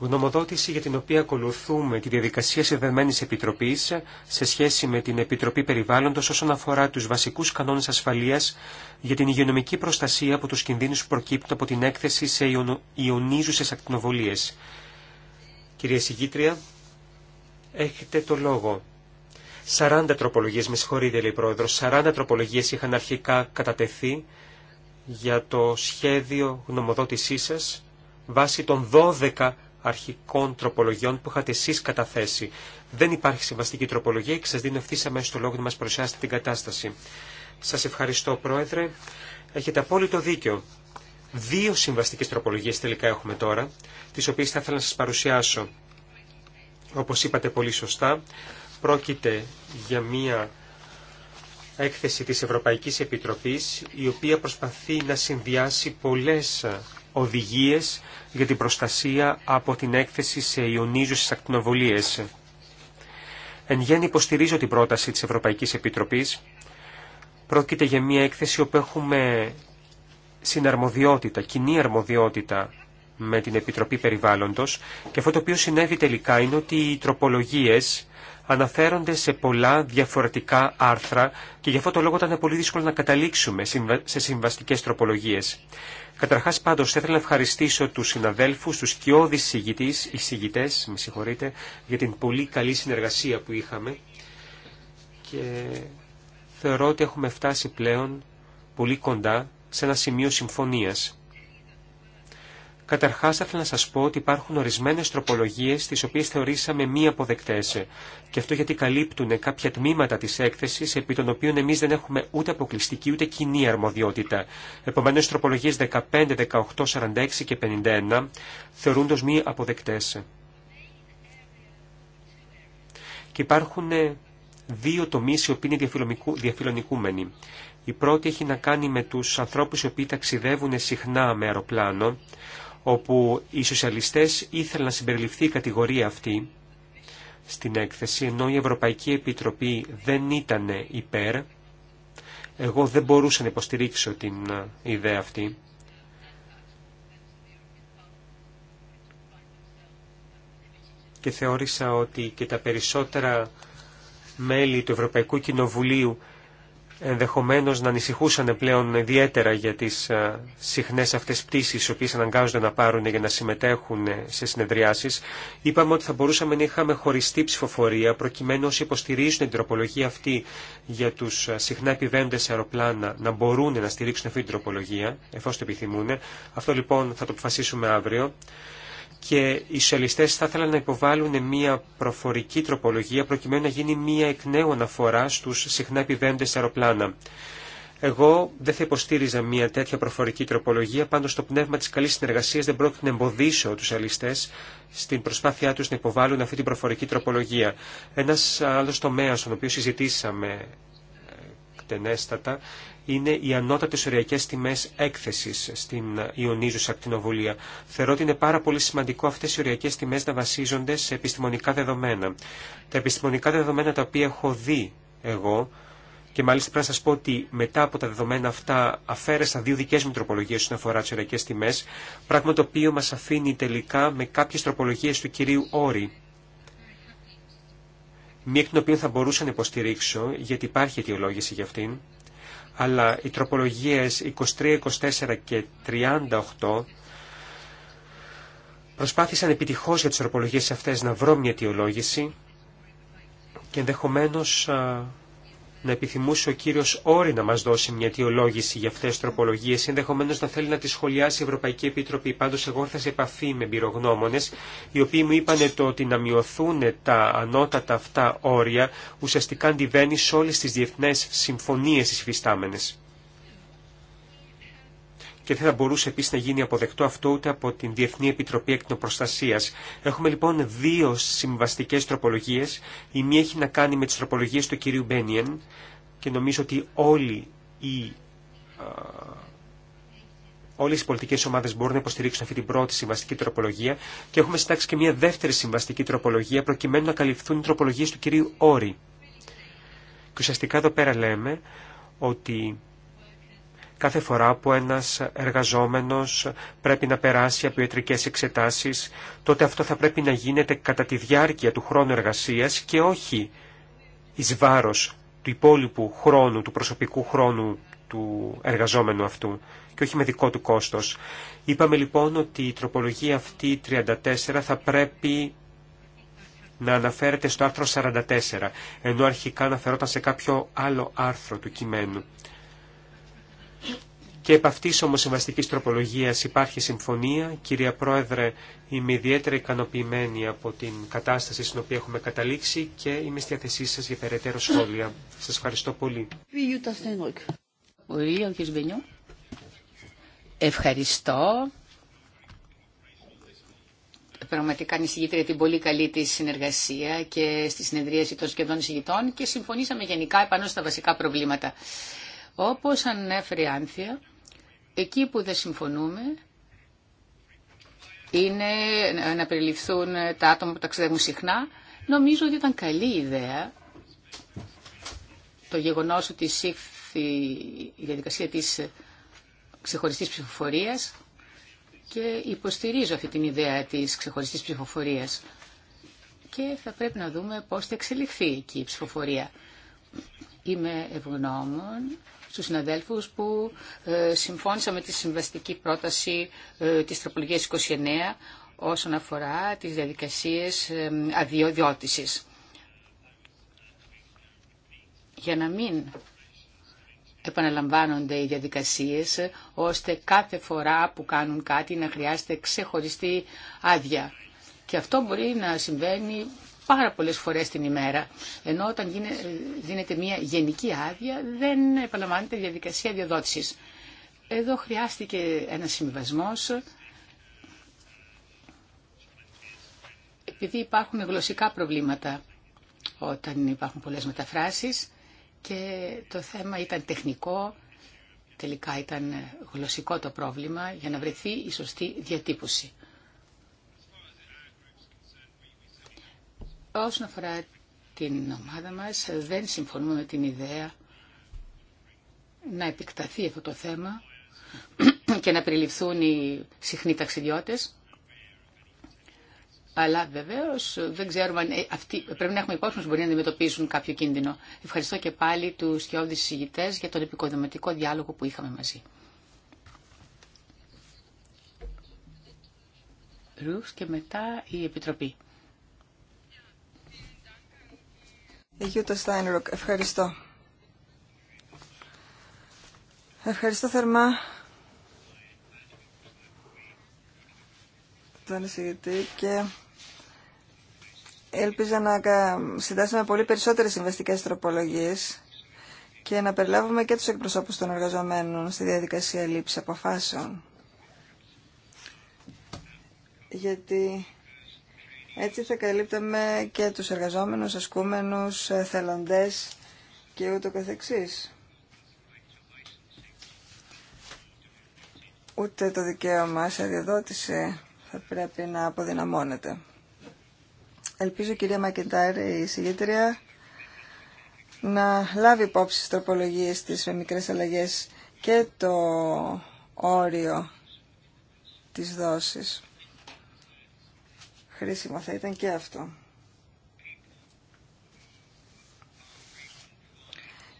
Γνωμοδότηση για την οποία ακολουθούμε τη διαδικασία συνδεδεμένης επιτροπή σε σχέση με την Επιτροπή Περιβάλλοντος όσον αφορά τους βασικούς κανόνες ασφαλείας για την υγειονομική προστασία από τους κινδύνους που προκύπτουν από την έκθεση σε ιονίζουσες ακτινοβολίες. Κυρία Συγκήτρια, έχετε το λόγο. 40 τροπολογίες, με συγχωρείτε λέει πρόεδρο, 40 τροπολογίες είχαν αρχικά κατατεθεί για το σχέδιο γνωμοδότησή σα βάσει των 12 αρχικών τροπολογιών που είχατε εσεί καταθέσει. Δεν υπάρχει συμβαστική τροπολογία και σα δίνω ευθύ αμέσω το λόγο να μα παρουσιάσετε την κατάσταση. Σα ευχαριστώ, Πρόεδρε. Έχετε απόλυτο δίκιο. Δύο συμβαστικέ τροπολογίε τελικά έχουμε τώρα, τι οποίε θα ήθελα να σα παρουσιάσω. Όπω είπατε πολύ σωστά, πρόκειται για μία έκθεση της Ευρωπαϊκής Επιτροπής η οποία προσπαθεί να συνδυάσει πολλές οδηγίες για την προστασία από την έκθεση σε ιονίζουσες ακτινοβολίες. Εν γέννη υποστηρίζω την πρόταση της Ευρωπαϊκής Επιτροπής. Πρόκειται για μια έκθεση όπου έχουμε συναρμοδιότητα, κοινή αρμοδιότητα με την Επιτροπή Περιβάλλοντος και αυτό το οποίο συνέβη τελικά είναι ότι οι τροπολογίες αναφέρονται σε πολλά διαφορετικά άρθρα και γι' αυτό το λόγο ήταν πολύ δύσκολο να καταλήξουμε σε συμβαστικές τροπολογίες. Καταρχάς πάντως θα ήθελα να ευχαριστήσω τους συναδέλφους, τους κοιόδης εισηγητές, με συγχωρείτε, για την πολύ καλή συνεργασία που είχαμε και θεωρώ ότι έχουμε φτάσει πλέον πολύ κοντά σε ένα σημείο συμφωνίας. Καταρχάς θα ήθελα να σας πω ότι υπάρχουν ορισμένες τροπολογίες τις οποίες θεωρήσαμε μη αποδεκτές και αυτό γιατί καλύπτουν κάποια τμήματα της έκθεσης επί των οποίων εμείς δεν έχουμε ούτε αποκλειστική ούτε κοινή αρμοδιότητα. Επομένως τροπολογίες 15, 18, 46 και 51 θεωρούνται ως μη αποδεκτές. Και υπάρχουν ε, δύο τομείς οι οποίοι είναι διαφιλονικούμενοι. Η πρώτη έχει να κάνει με τους ανθρώπους οι οποίοι ταξιδεύουν συχνά με αεροπλάνο, όπου οι σοσιαλιστές ήθελαν να συμπεριληφθεί η κατηγορία αυτή στην έκθεση, ενώ η Ευρωπαϊκή Επιτροπή δεν ήταν υπέρ. Εγώ δεν μπορούσα να υποστηρίξω την ε, ιδέα αυτή. Και θεώρησα ότι και τα περισσότερα μέλη του Ευρωπαϊκού Κοινοβουλίου ενδεχομένως να ανησυχούσαν πλέον ιδιαίτερα για τις ε, συχνές αυτές πτήσεις οι οποίες αναγκάζονται να πάρουν για να συμμετέχουν σε συνεδριάσεις, είπαμε ότι θα μπορούσαμε να είχαμε χωριστή ψηφοφορία προκειμένου όσοι υποστηρίζουν την τροπολογία αυτή για τους ε, συχνά επιβαίνοντες αεροπλάνα να μπορούν να στηρίξουν αυτή την τροπολογία εφόσον το επιθυμούν. Αυτό λοιπόν θα το αποφασίσουμε αύριο και οι σελιστές θα ήθελαν να υποβάλουν μια προφορική τροπολογία προκειμένου να γίνει μια εκ νέου αναφορά στους συχνά επιβαίνοντες αεροπλάνα. Εγώ δεν θα υποστήριζα μια τέτοια προφορική τροπολογία, πάντως στο πνεύμα της καλής συνεργασίας δεν πρόκειται να εμποδίσω τους αλιστές στην προσπάθειά τους να υποβάλουν αυτή την προφορική τροπολογία. Ένας άλλος τομέας, στον οποίο συζητήσαμε ε, εκτενέστατα, είναι οι ανώτατε οριακέ τιμέ έκθεση στην ιονίζουσα ακτινοβολία. Θεωρώ ότι είναι πάρα πολύ σημαντικό αυτέ οι οριακέ τιμέ να βασίζονται σε επιστημονικά δεδομένα. Τα επιστημονικά δεδομένα τα οποία έχω δει εγώ, και μάλιστα πρέπει να σα πω ότι μετά από τα δεδομένα αυτά αφαίρεσα δύο δικέ μου τροπολογίε όσον αφορά τι οριακέ τιμέ, πράγμα το οποίο μα αφήνει τελικά με κάποιε τροπολογίε του κυρίου Όρη. Μία εκ των οποίων θα μπορούσα να υποστηρίξω, γιατί υπάρχει αιτιολόγηση για αυτήν αλλά οι τροπολογίες 23, 24 και 38 προσπάθησαν επιτυχώς για τις τροπολογίες αυτές να βρω μια αιτιολόγηση και ενδεχομένως να επιθυμούσε ο κύριο Όρη να μα δώσει μια αιτιολόγηση για αυτέ τι τροπολογίε, ενδεχομένω να θέλει να τη σχολιάσει η Ευρωπαϊκή Επιτροπή. Πάντω, εγώ ήρθα σε επαφή με εμπειρογνώμονε, οι οποίοι μου είπαν το ότι να μειωθούν τα ανώτατα αυτά όρια ουσιαστικά αντιβαίνει σε όλε τι διεθνέ συμφωνίε τι φυστάμενες και δεν θα μπορούσε επίση να γίνει αποδεκτό αυτό ούτε από την Διεθνή Επιτροπή Εκτινοπροστασία. Έχουμε λοιπόν δύο συμβαστικέ τροπολογίε. Η μία έχει να κάνει με τι τροπολογίε του κυρίου Μπένιεν και νομίζω ότι όλοι οι Όλε οι πολιτικέ ομάδε μπορούν να υποστηρίξουν αυτή την πρώτη συμβαστική τροπολογία και έχουμε συντάξει και μια δεύτερη συμβαστική τροπολογία προκειμένου να καλυφθούν οι τροπολογίε του κυρίου Όρη. Και ουσιαστικά εδώ πέρα λέμε ότι κάθε φορά που ένας εργαζόμενος πρέπει να περάσει από ιατρικές εξετάσεις, τότε αυτό θα πρέπει να γίνεται κατά τη διάρκεια του χρόνου εργασίας και όχι εις βάρος του υπόλοιπου χρόνου, του προσωπικού χρόνου του εργαζόμενου αυτού και όχι με δικό του κόστος. Είπαμε λοιπόν ότι η τροπολογία αυτή 34 θα πρέπει να αναφέρεται στο άρθρο 44, ενώ αρχικά αναφερόταν σε κάποιο άλλο άρθρο του κειμένου. Και επ' αυτής όμως τροπολογίας υπάρχει συμφωνία. Κυρία Πρόεδρε, είμαι ιδιαίτερα ικανοποιημένη από την κατάσταση στην οποία έχουμε καταλήξει και είμαι στη διάθεσή σας για περαιτέρω σχόλια. Σας ευχαριστώ πολύ. Ευχαριστώ. Πραγματικά ανησυχήτρια την πολύ καλή τη συνεργασία και στη συνεδρίαση των σχεδόν εισηγητών και συμφωνήσαμε γενικά επάνω στα βασικά προβλήματα. Όπως ανέφερε η Άνθια, εκεί που δεν συμφωνούμε είναι να περιληφθούν τα άτομα που ταξιδεύουν συχνά. Νομίζω ότι ήταν καλή ιδέα το γεγονός ότι εισήχθη η διαδικασία της ξεχωριστής ψηφοφορίας και υποστηρίζω αυτή την ιδέα της ξεχωριστής ψηφοφορίας και θα πρέπει να δούμε πώς θα εξελιχθεί εκεί η ψηφοφορία. Είμαι ευγνώμων στους συναδέλφους που ε, συμφώνησα με τη συμβαστική πρόταση ε, της τροπολογίας 29 όσον αφορά τις διαδικασίες ε, αδειοδιώτησης. Για να μην επαναλαμβάνονται οι διαδικασίες, ώστε κάθε φορά που κάνουν κάτι να χρειάζεται ξεχωριστή άδεια. Και αυτό μπορεί να συμβαίνει πάρα πολλές φορές την ημέρα. Ενώ όταν δίνεται μια γενική άδεια δεν επαναλαμβάνεται διαδικασία διαδότησης. Εδώ χρειάστηκε ένα συμβιβασμό. Επειδή υπάρχουν γλωσσικά προβλήματα όταν υπάρχουν πολλές μεταφράσεις και το θέμα ήταν τεχνικό, τελικά ήταν γλωσσικό το πρόβλημα για να βρεθεί η σωστή διατύπωση. Όσον αφορά την ομάδα μας, δεν συμφωνούμε με την ιδέα να επικταθεί αυτό το θέμα και να περιληφθούν οι συχνοί ταξιδιώτες. Αλλά βεβαίω δεν ξέρουμε αν ε, αυτοί, πρέπει να έχουμε υπόψη μας μπορεί να αντιμετωπίσουν κάποιο κίνδυνο. Ευχαριστώ και πάλι του σκιώδη συζητητέ για τον επικοδομητικό διάλογο που είχαμε μαζί. Ρούς και μετά η Επιτροπή. Γιούτα ευχαριστώ. Ευχαριστώ θερμά τον εισηγητή και Ελπίζω να συντάσσουμε πολύ περισσότερες συμβαστικές τροπολογίες και να περιλάβουμε και τους εκπροσώπους των εργαζομένων στη διαδικασία λήψη αποφάσεων. Γιατί έτσι θα καλύπταμε και τους εργαζόμενους, ασκούμενους, θελοντές και ούτω καθεξής. Ούτε το δικαίωμα σε αδειοδότηση θα πρέπει να αποδυναμώνεται. Ελπίζω κυρία Μακεντάρη, η συγγήτρια, να λάβει υπόψη στις τροπολογίες της με μικρές αλλαγές και το όριο της δόσης. Χρήσιμο θα ήταν και αυτό.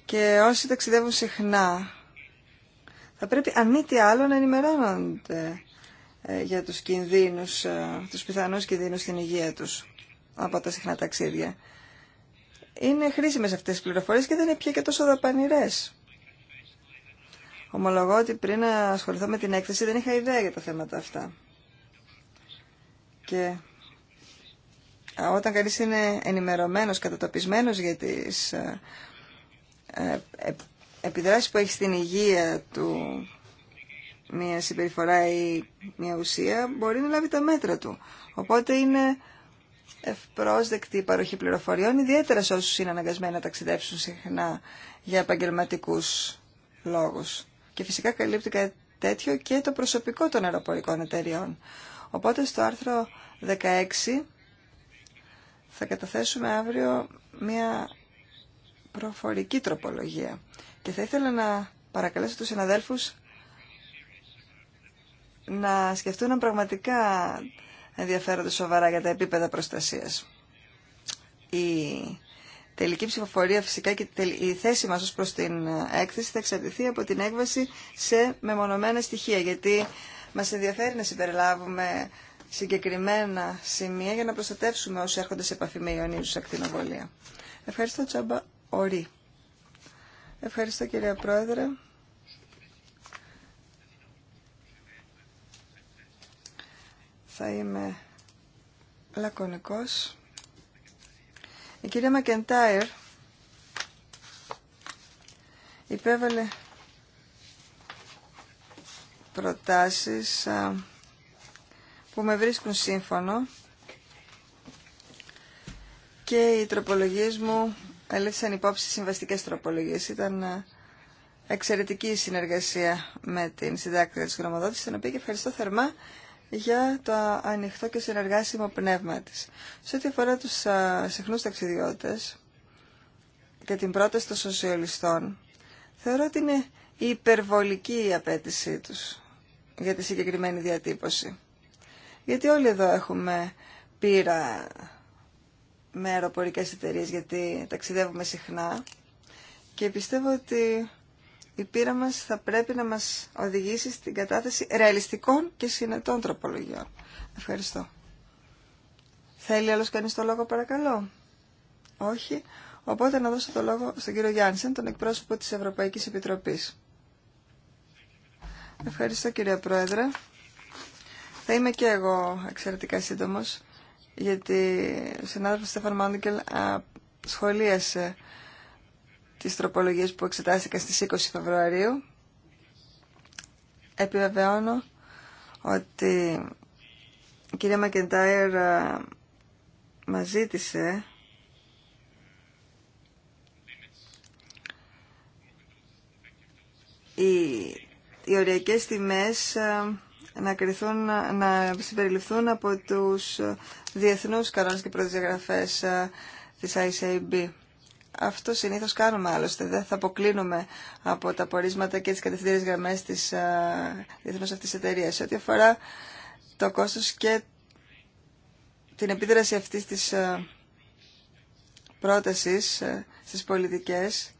Και όσοι ταξιδεύουν συχνά, θα πρέπει αν μη τι άλλο να ενημερώνονται ε, για τους κινδύνους, ε, τους πιθανούς κινδύνους στην υγεία τους από τα συχνά ταξίδια. Είναι χρήσιμες αυτές οι πληροφορίες και δεν είναι πια και τόσο δαπανηρές. Ομολογώ ότι πριν ασχοληθώ με την έκθεση δεν είχα ιδέα για τα θέματα αυτά. Και όταν κανείς είναι ενημερωμένος, κατατοπισμένος για τις ε, ε, ε, επιδράσεις που έχει στην υγεία του μια συμπεριφορά ή μια ουσία, μπορεί να λάβει τα μέτρα του. Οπότε είναι ευπρόσδεκτη η παροχή πληροφοριών, ιδιαίτερα σε όσους είναι αναγκασμένοι να ταξιδέψουν συχνά για επαγγελματικού λόγους. Και φυσικά καλύπτει κάτι τέτοιο και το προσωπικό των αεροπορικών εταιριών. Οπότε στο άρθρο 16 θα καταθέσουμε αύριο μια προφορική τροπολογία. Και θα ήθελα να παρακαλέσω τους συναδέλφους να σκεφτούν αν πραγματικά ενδιαφέρονται σοβαρά για τα επίπεδα προστασίας. Η τελική ψηφοφορία φυσικά και η θέση μας ως προς την έκθεση θα εξαρτηθεί από την έκβαση σε μεμονωμένα στοιχεία, γιατί μας ενδιαφέρει να συμπεριλάβουμε συγκεκριμένα σημεία για να προστατεύσουμε όσοι έρχονται σε επαφή με ιονίζουσα ακτινοβολία. Ευχαριστώ Τσάμπα Ορί. Ευχαριστώ κυρία Πρόεδρε. Θα είμαι λακωνικός. Η κυρία Μακεντάιρ υπέβαλε προτάσεις που με βρίσκουν σύμφωνο και οι τροπολογίες μου έλευσαν υπόψη συμβαστικές τροπολογίες. Ήταν ε, εξαιρετική η συνεργασία με την συντάκτρια της γνωμοδότησης, την οποία και ευχαριστώ θερμά για το ανοιχτό και συνεργάσιμο πνεύμα της. Σε ό,τι αφορά τους α, ε, συχνούς ταξιδιώτες και την πρόταση των σοσιαλιστών, θεωρώ ότι είναι υπερβολική η απέτησή τους για τη συγκεκριμένη διατύπωση. Γιατί όλοι εδώ έχουμε πείρα με αεροπορικέ εταιρείε γιατί ταξιδεύουμε συχνά και πιστεύω ότι η πείρα μας θα πρέπει να μας οδηγήσει στην κατάθεση ρεαλιστικών και συνετών τροπολογιών. Ευχαριστώ. Θέλει άλλος κανείς το λόγο παρακαλώ. Όχι. Οπότε να δώσω το λόγο στον κύριο Γιάννησεν, τον εκπρόσωπο της Ευρωπαϊκής Επιτροπής. Ευχαριστώ κύριε Πρόεδρε. Θα είμαι και εγώ εξαιρετικά σύντομο γιατί ο συνάδελφος Στέφαν Μάντικελ σχολίασε τι τροπολογίε που εξετάστηκαν στι 20 Φεβρουαρίου. Επιβεβαιώνω ότι η κυρία Μακεντάιρ μα ζήτησε οι, οι οριακές τιμές να, κριθούν, να συμπεριληφθούν από τους διεθνούς κανόνες και προδιαγραφές ε, της ICAB. Αυτό συνήθως κάνουμε άλλωστε. Δεν θα αποκλίνουμε από τα πορίσματα και τις κατευθυντήριες γραμμές της ε, διεθνούς αυτής εταιρείας. Ό,τι αφορά το κόστος και την επίδραση αυτής της ε, πρότασης στις πολιτικές,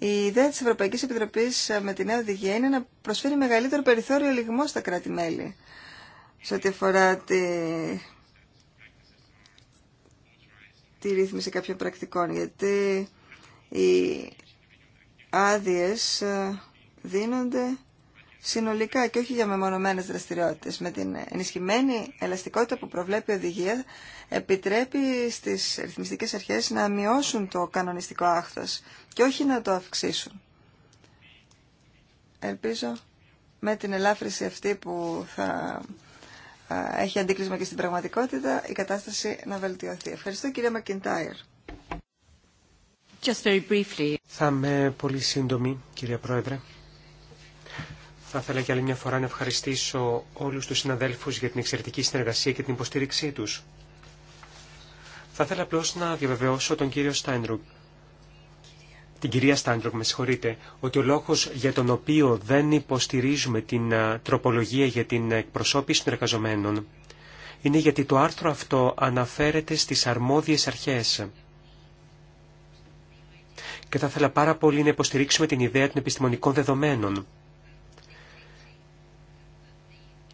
η ιδέα της Ευρωπαϊκής Επιτροπής ε, με τη νέα οδηγία είναι να προσφέρει μεγαλύτερο περιθώριο λιγμό στα κράτη-μέλη σε ό,τι αφορά τη... τη ρύθμιση κάποιων πρακτικών, γιατί οι άδειες ε, δίνονται συνολικά και όχι για μεμονωμένες δραστηριότητες. Με την ενισχυμένη ελαστικότητα που προβλέπει η οδηγία επιτρέπει στις ρυθμιστικές αρχές να μειώσουν το κανονιστικό άχθος και όχι να το αυξήσουν. Ελπίζω με την ελάφρυση αυτή που θα έχει αντίκρισμα και στην πραγματικότητα η κατάσταση να βελτιωθεί. Ευχαριστώ κυρία Μακιντάιρ. Θα είμαι πολύ σύντομη, κυρία Πρόεδρε. Θα ήθελα για άλλη μια φορά να ευχαριστήσω όλους τους συναδέλφους για την εξαιρετική συνεργασία και την υποστήριξή τους. Θα ήθελα απλώ να διαβεβαιώσω τον κύριο Στάινρουγκ, την κυρία Στάντρουκ, με συγχωρείτε, ότι ο λόγος για τον οποίο δεν υποστηρίζουμε την τροπολογία για την εκπροσώπηση των εργαζομένων είναι γιατί το άρθρο αυτό αναφέρεται στις αρμόδιες αρχές. Και θα ήθελα πάρα πολύ να υποστηρίξουμε την ιδέα των επιστημονικών δεδομένων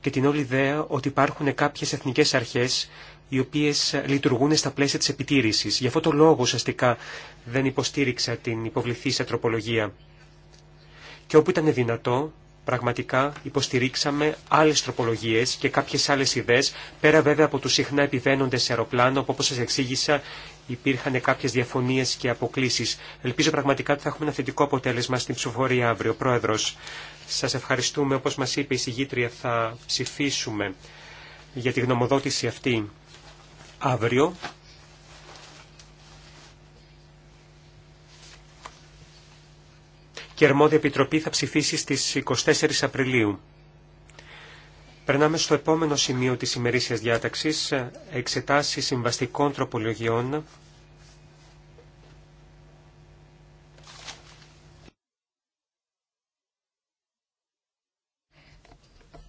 και την όλη ιδέα ότι υπάρχουν κάποιες εθνικές αρχές οι οποίες λειτουργούν στα πλαίσια της επιτήρησης. Γι' αυτό το λόγο ουσιαστικά δεν υποστήριξα την υποβληθή σε τροπολογία. Και όπου ήταν δυνατό, πραγματικά υποστηρίξαμε άλλες τροπολογίες και κάποιες άλλες ιδέες, πέρα βέβαια από τους συχνά επιβαίνοντες σε αεροπλάνο, που όπως σας εξήγησα υπήρχαν κάποιες διαφωνίες και αποκλήσεις. Ελπίζω πραγματικά ότι θα έχουμε ένα θετικό αποτέλεσμα στην ψηφοφορία αύριο. Πρόεδρος, σας ευχαριστούμε. Όπως μας είπε η συγγήτρια θα ψηφίσουμε για τη γνωμοδότηση αυτή αύριο. Και η αρμόδια Επιτροπή θα ψηφίσει στις 24 Απριλίου. Περνάμε στο επόμενο σημείο της ημερήσιας διάταξης, εξετάσεις συμβαστικών τροπολογιών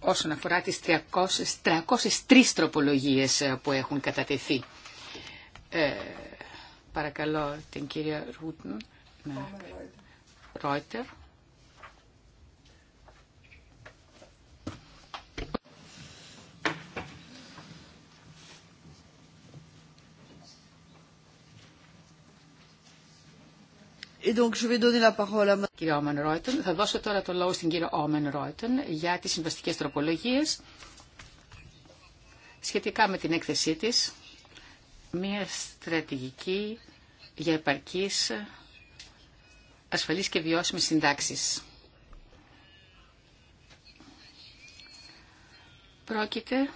όσον αφορά τις 300, 303 τροπολογίες ε, που έχουν κατατεθεί. Ε, παρακαλώ την κυρία Ρούτν, ναι. Ρόιτερ, Κύριε Όμεν θα δώσω τώρα το λόγο στην κύριο Όμεν ρόιτεν για τις συμβαστικές τροπολογίες σχετικά με την έκθεσή της, μια στρατηγική για επαρκής ασφαλής και βιώσιμης συντάξης. Πρόκειται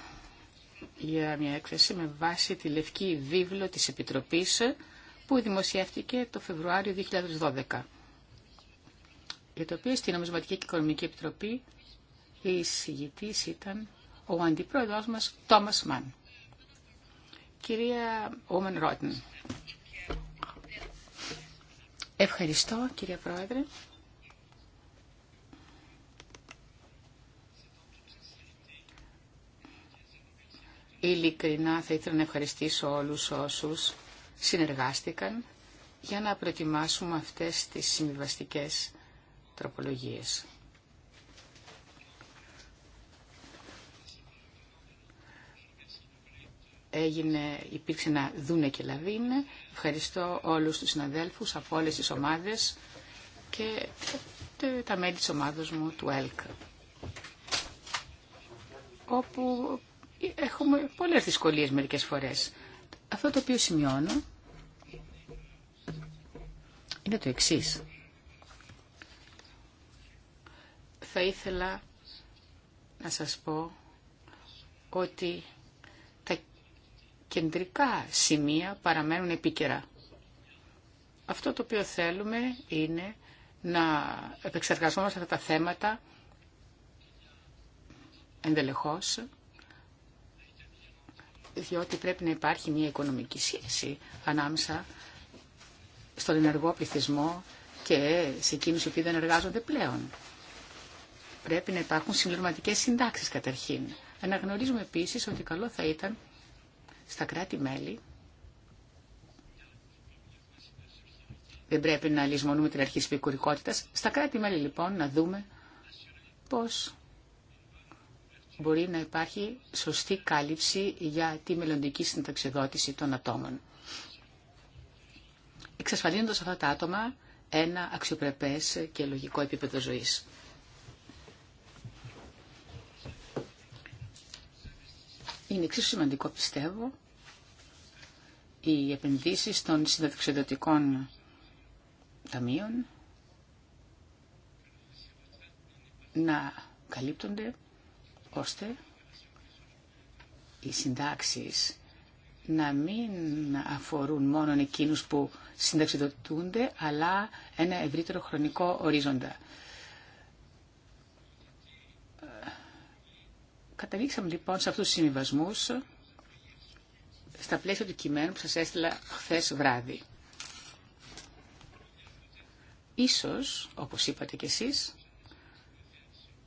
για μια έκθεση με βάση τη λευκή βίβλο της Επιτροπής που δημοσιεύτηκε το Φεβρουάριο 2012, για το οποίο στην Νομισματική και Οικονομική Επιτροπή η συγητής ήταν ο αντιπρόεδρος μας Τόμας Μαν. Κυρία Όμεν Ρότεν. Ευχαριστώ κυρία Πρόεδρε. Ειλικρινά θα ήθελα να ευχαριστήσω όλους όσους συνεργάστηκαν για να προετοιμάσουμε αυτές τις συμβιβαστικέ τροπολογίες. Έγινε, υπήρξε ένα δούνε και λαβίνε. Ευχαριστώ όλους τους συναδέλφους από όλες τις ομάδες και τα μέλη της ομάδος μου του ΕΛΚ όπου έχουμε πολλές δυσκολίες μερικές φορές. Αυτό το οποίο σημειώνω είναι το εξής. Θα ήθελα να σας πω ότι τα κεντρικά σημεία παραμένουν επίκαιρα. Αυτό το οποίο θέλουμε είναι να επεξεργαζόμαστε αυτά τα θέματα ενδελεχώς διότι πρέπει να υπάρχει μια οικονομική σχέση ανάμεσα στον ενεργό πληθυσμό και σε εκείνους οι οποίοι δεν εργάζονται πλέον. Πρέπει να υπάρχουν συμπληρωματικές συντάξεις καταρχήν. Αναγνωρίζουμε επίσης ότι καλό θα ήταν στα κράτη-μέλη δεν πρέπει να λησμονούμε την αρχή της στα κράτη-μέλη λοιπόν να δούμε πώς μπορεί να υπάρχει σωστή κάλυψη για τη μελλοντική συνταξιδότηση των ατόμων. Εξασφαλίζοντας αυτά τα άτομα ένα αξιοπρεπές και λογικό επίπεδο ζωής. Είναι εξίσου σημαντικό, πιστεύω, οι επενδύσεις των συνταξιδοτικών ταμείων να καλύπτονται ώστε οι συντάξεις να μην αφορούν μόνο εκείνους που συνταξιδοτούνται, αλλά ένα ευρύτερο χρονικό ορίζοντα. Καταλήξαμε λοιπόν σε αυτούς τους συμβιβασμούς στα πλαίσια του κειμένου που σας έστειλα χθες βράδυ. Ίσως, όπως είπατε κι εσείς,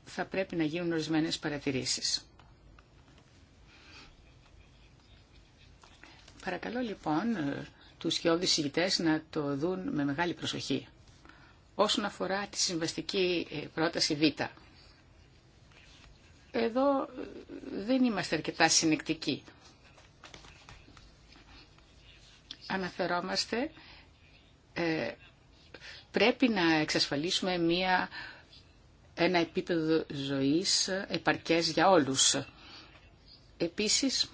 θα πρέπει να γίνουν ορισμένε παρατηρήσεις. Παρακαλώ λοιπόν τους χιώδης συγητές να το δουν με μεγάλη προσοχή. Όσον αφορά τη συμβαστική ε, πρόταση Β. Εδώ ε, δεν είμαστε αρκετά συνεκτικοί. Αναφερόμαστε, ε, πρέπει να εξασφαλίσουμε μία ένα επίπεδο ζωής επαρκές για όλους. Επίσης,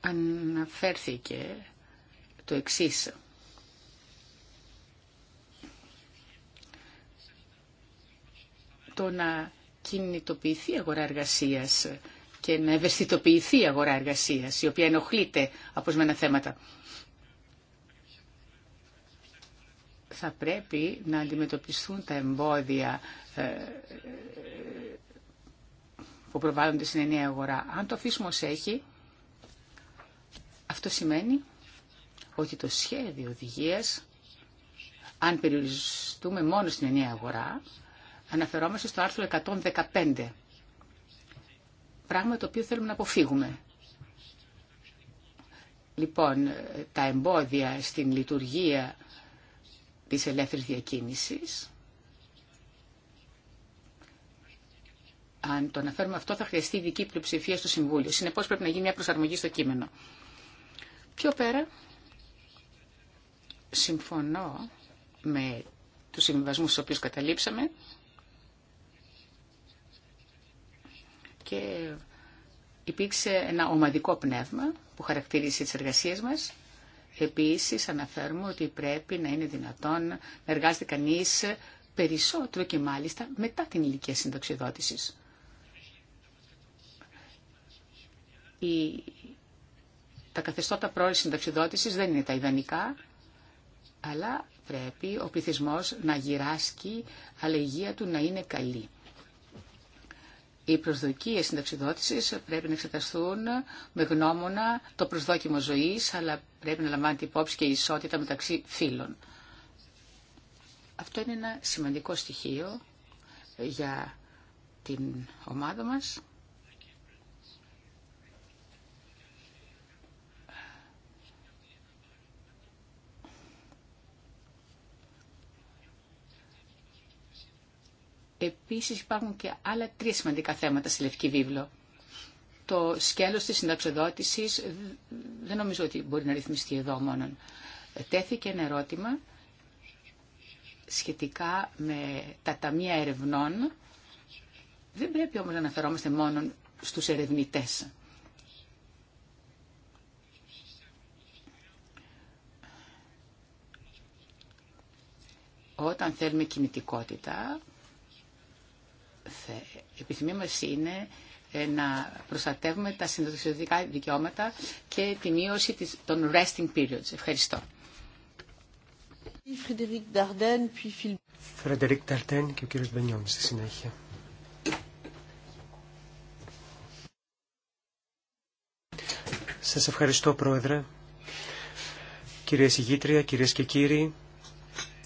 αναφέρθηκε το εξής. Το να κινητοποιηθεί η αγορά εργασίας και να ευαισθητοποιηθεί η αγορά εργασίας, η οποία ενοχλείται από σμένα θέματα. θα πρέπει να αντιμετωπιστούν τα εμπόδια ε, ε, που προβάλλονται στην ενιαία αγορά. Αν το αφήσουμε έχει, αυτό σημαίνει ότι το σχέδιο οδηγίας, αν περιοριστούμε μόνο στην ενιαία αγορά, αναφερόμαστε στο άρθρο 115, πράγμα το οποίο θέλουμε να αποφύγουμε. Λοιπόν, ε, τα εμπόδια στην λειτουργία της ελεύθερης διακίνησης. Αν το αναφέρουμε αυτό θα χρειαστεί ειδική πλειοψηφία στο Συμβούλιο. Συνεπώς πρέπει να γίνει μια προσαρμογή στο κείμενο. Πιο πέρα, συμφωνώ με τους συμβιβασμούς στους οποίους καταλήψαμε και υπήρξε ένα ομαδικό πνεύμα που χαρακτηρίζει τις εργασίες μας Επίσης αναφέρουμε ότι πρέπει να είναι δυνατόν να εργάζεται κανείς περισσότερο και μάλιστα μετά την ηλικία συνταξιδότησης. Η... Τα καθεστώτα πρόορης συνταξιδότησης δεν είναι τα ιδανικά, αλλά πρέπει ο πληθυσμό να γυράσκει, αλλά η υγεία του να είναι καλή. Οι προσδοκίε συνταξιδότηση πρέπει να εξεταστούν με γνώμονα το προσδόκιμο ζωή, αλλά πρέπει να λαμβάνεται υπόψη και η ισότητα μεταξύ φίλων. Αυτό είναι ένα σημαντικό στοιχείο για την ομάδα μας. Επίσης υπάρχουν και άλλα τρία σημαντικά θέματα στη Λευκή Βίβλο. Το σκέλος της συνταξιοδότησης δεν νομίζω ότι μπορεί να ρυθμιστεί εδώ μόνον. Τέθηκε ένα ερώτημα σχετικά με τα ταμεία ερευνών. Δεν πρέπει όμως να αναφερόμαστε μόνο στους ερευνητές. Όταν θέλουμε κινητικότητα, η επιθυμία μας είναι ε, να προστατεύουμε τα συνδοσιακά δικαιώματα και τη μείωση των resting periods. Ευχαριστώ. Φρεντερικ και ο κύριος Μπενιόν στη συνέχεια. Σας ευχαριστώ Πρόεδρε. Κυρίες ηγήτρια, κυρίες και κύριοι,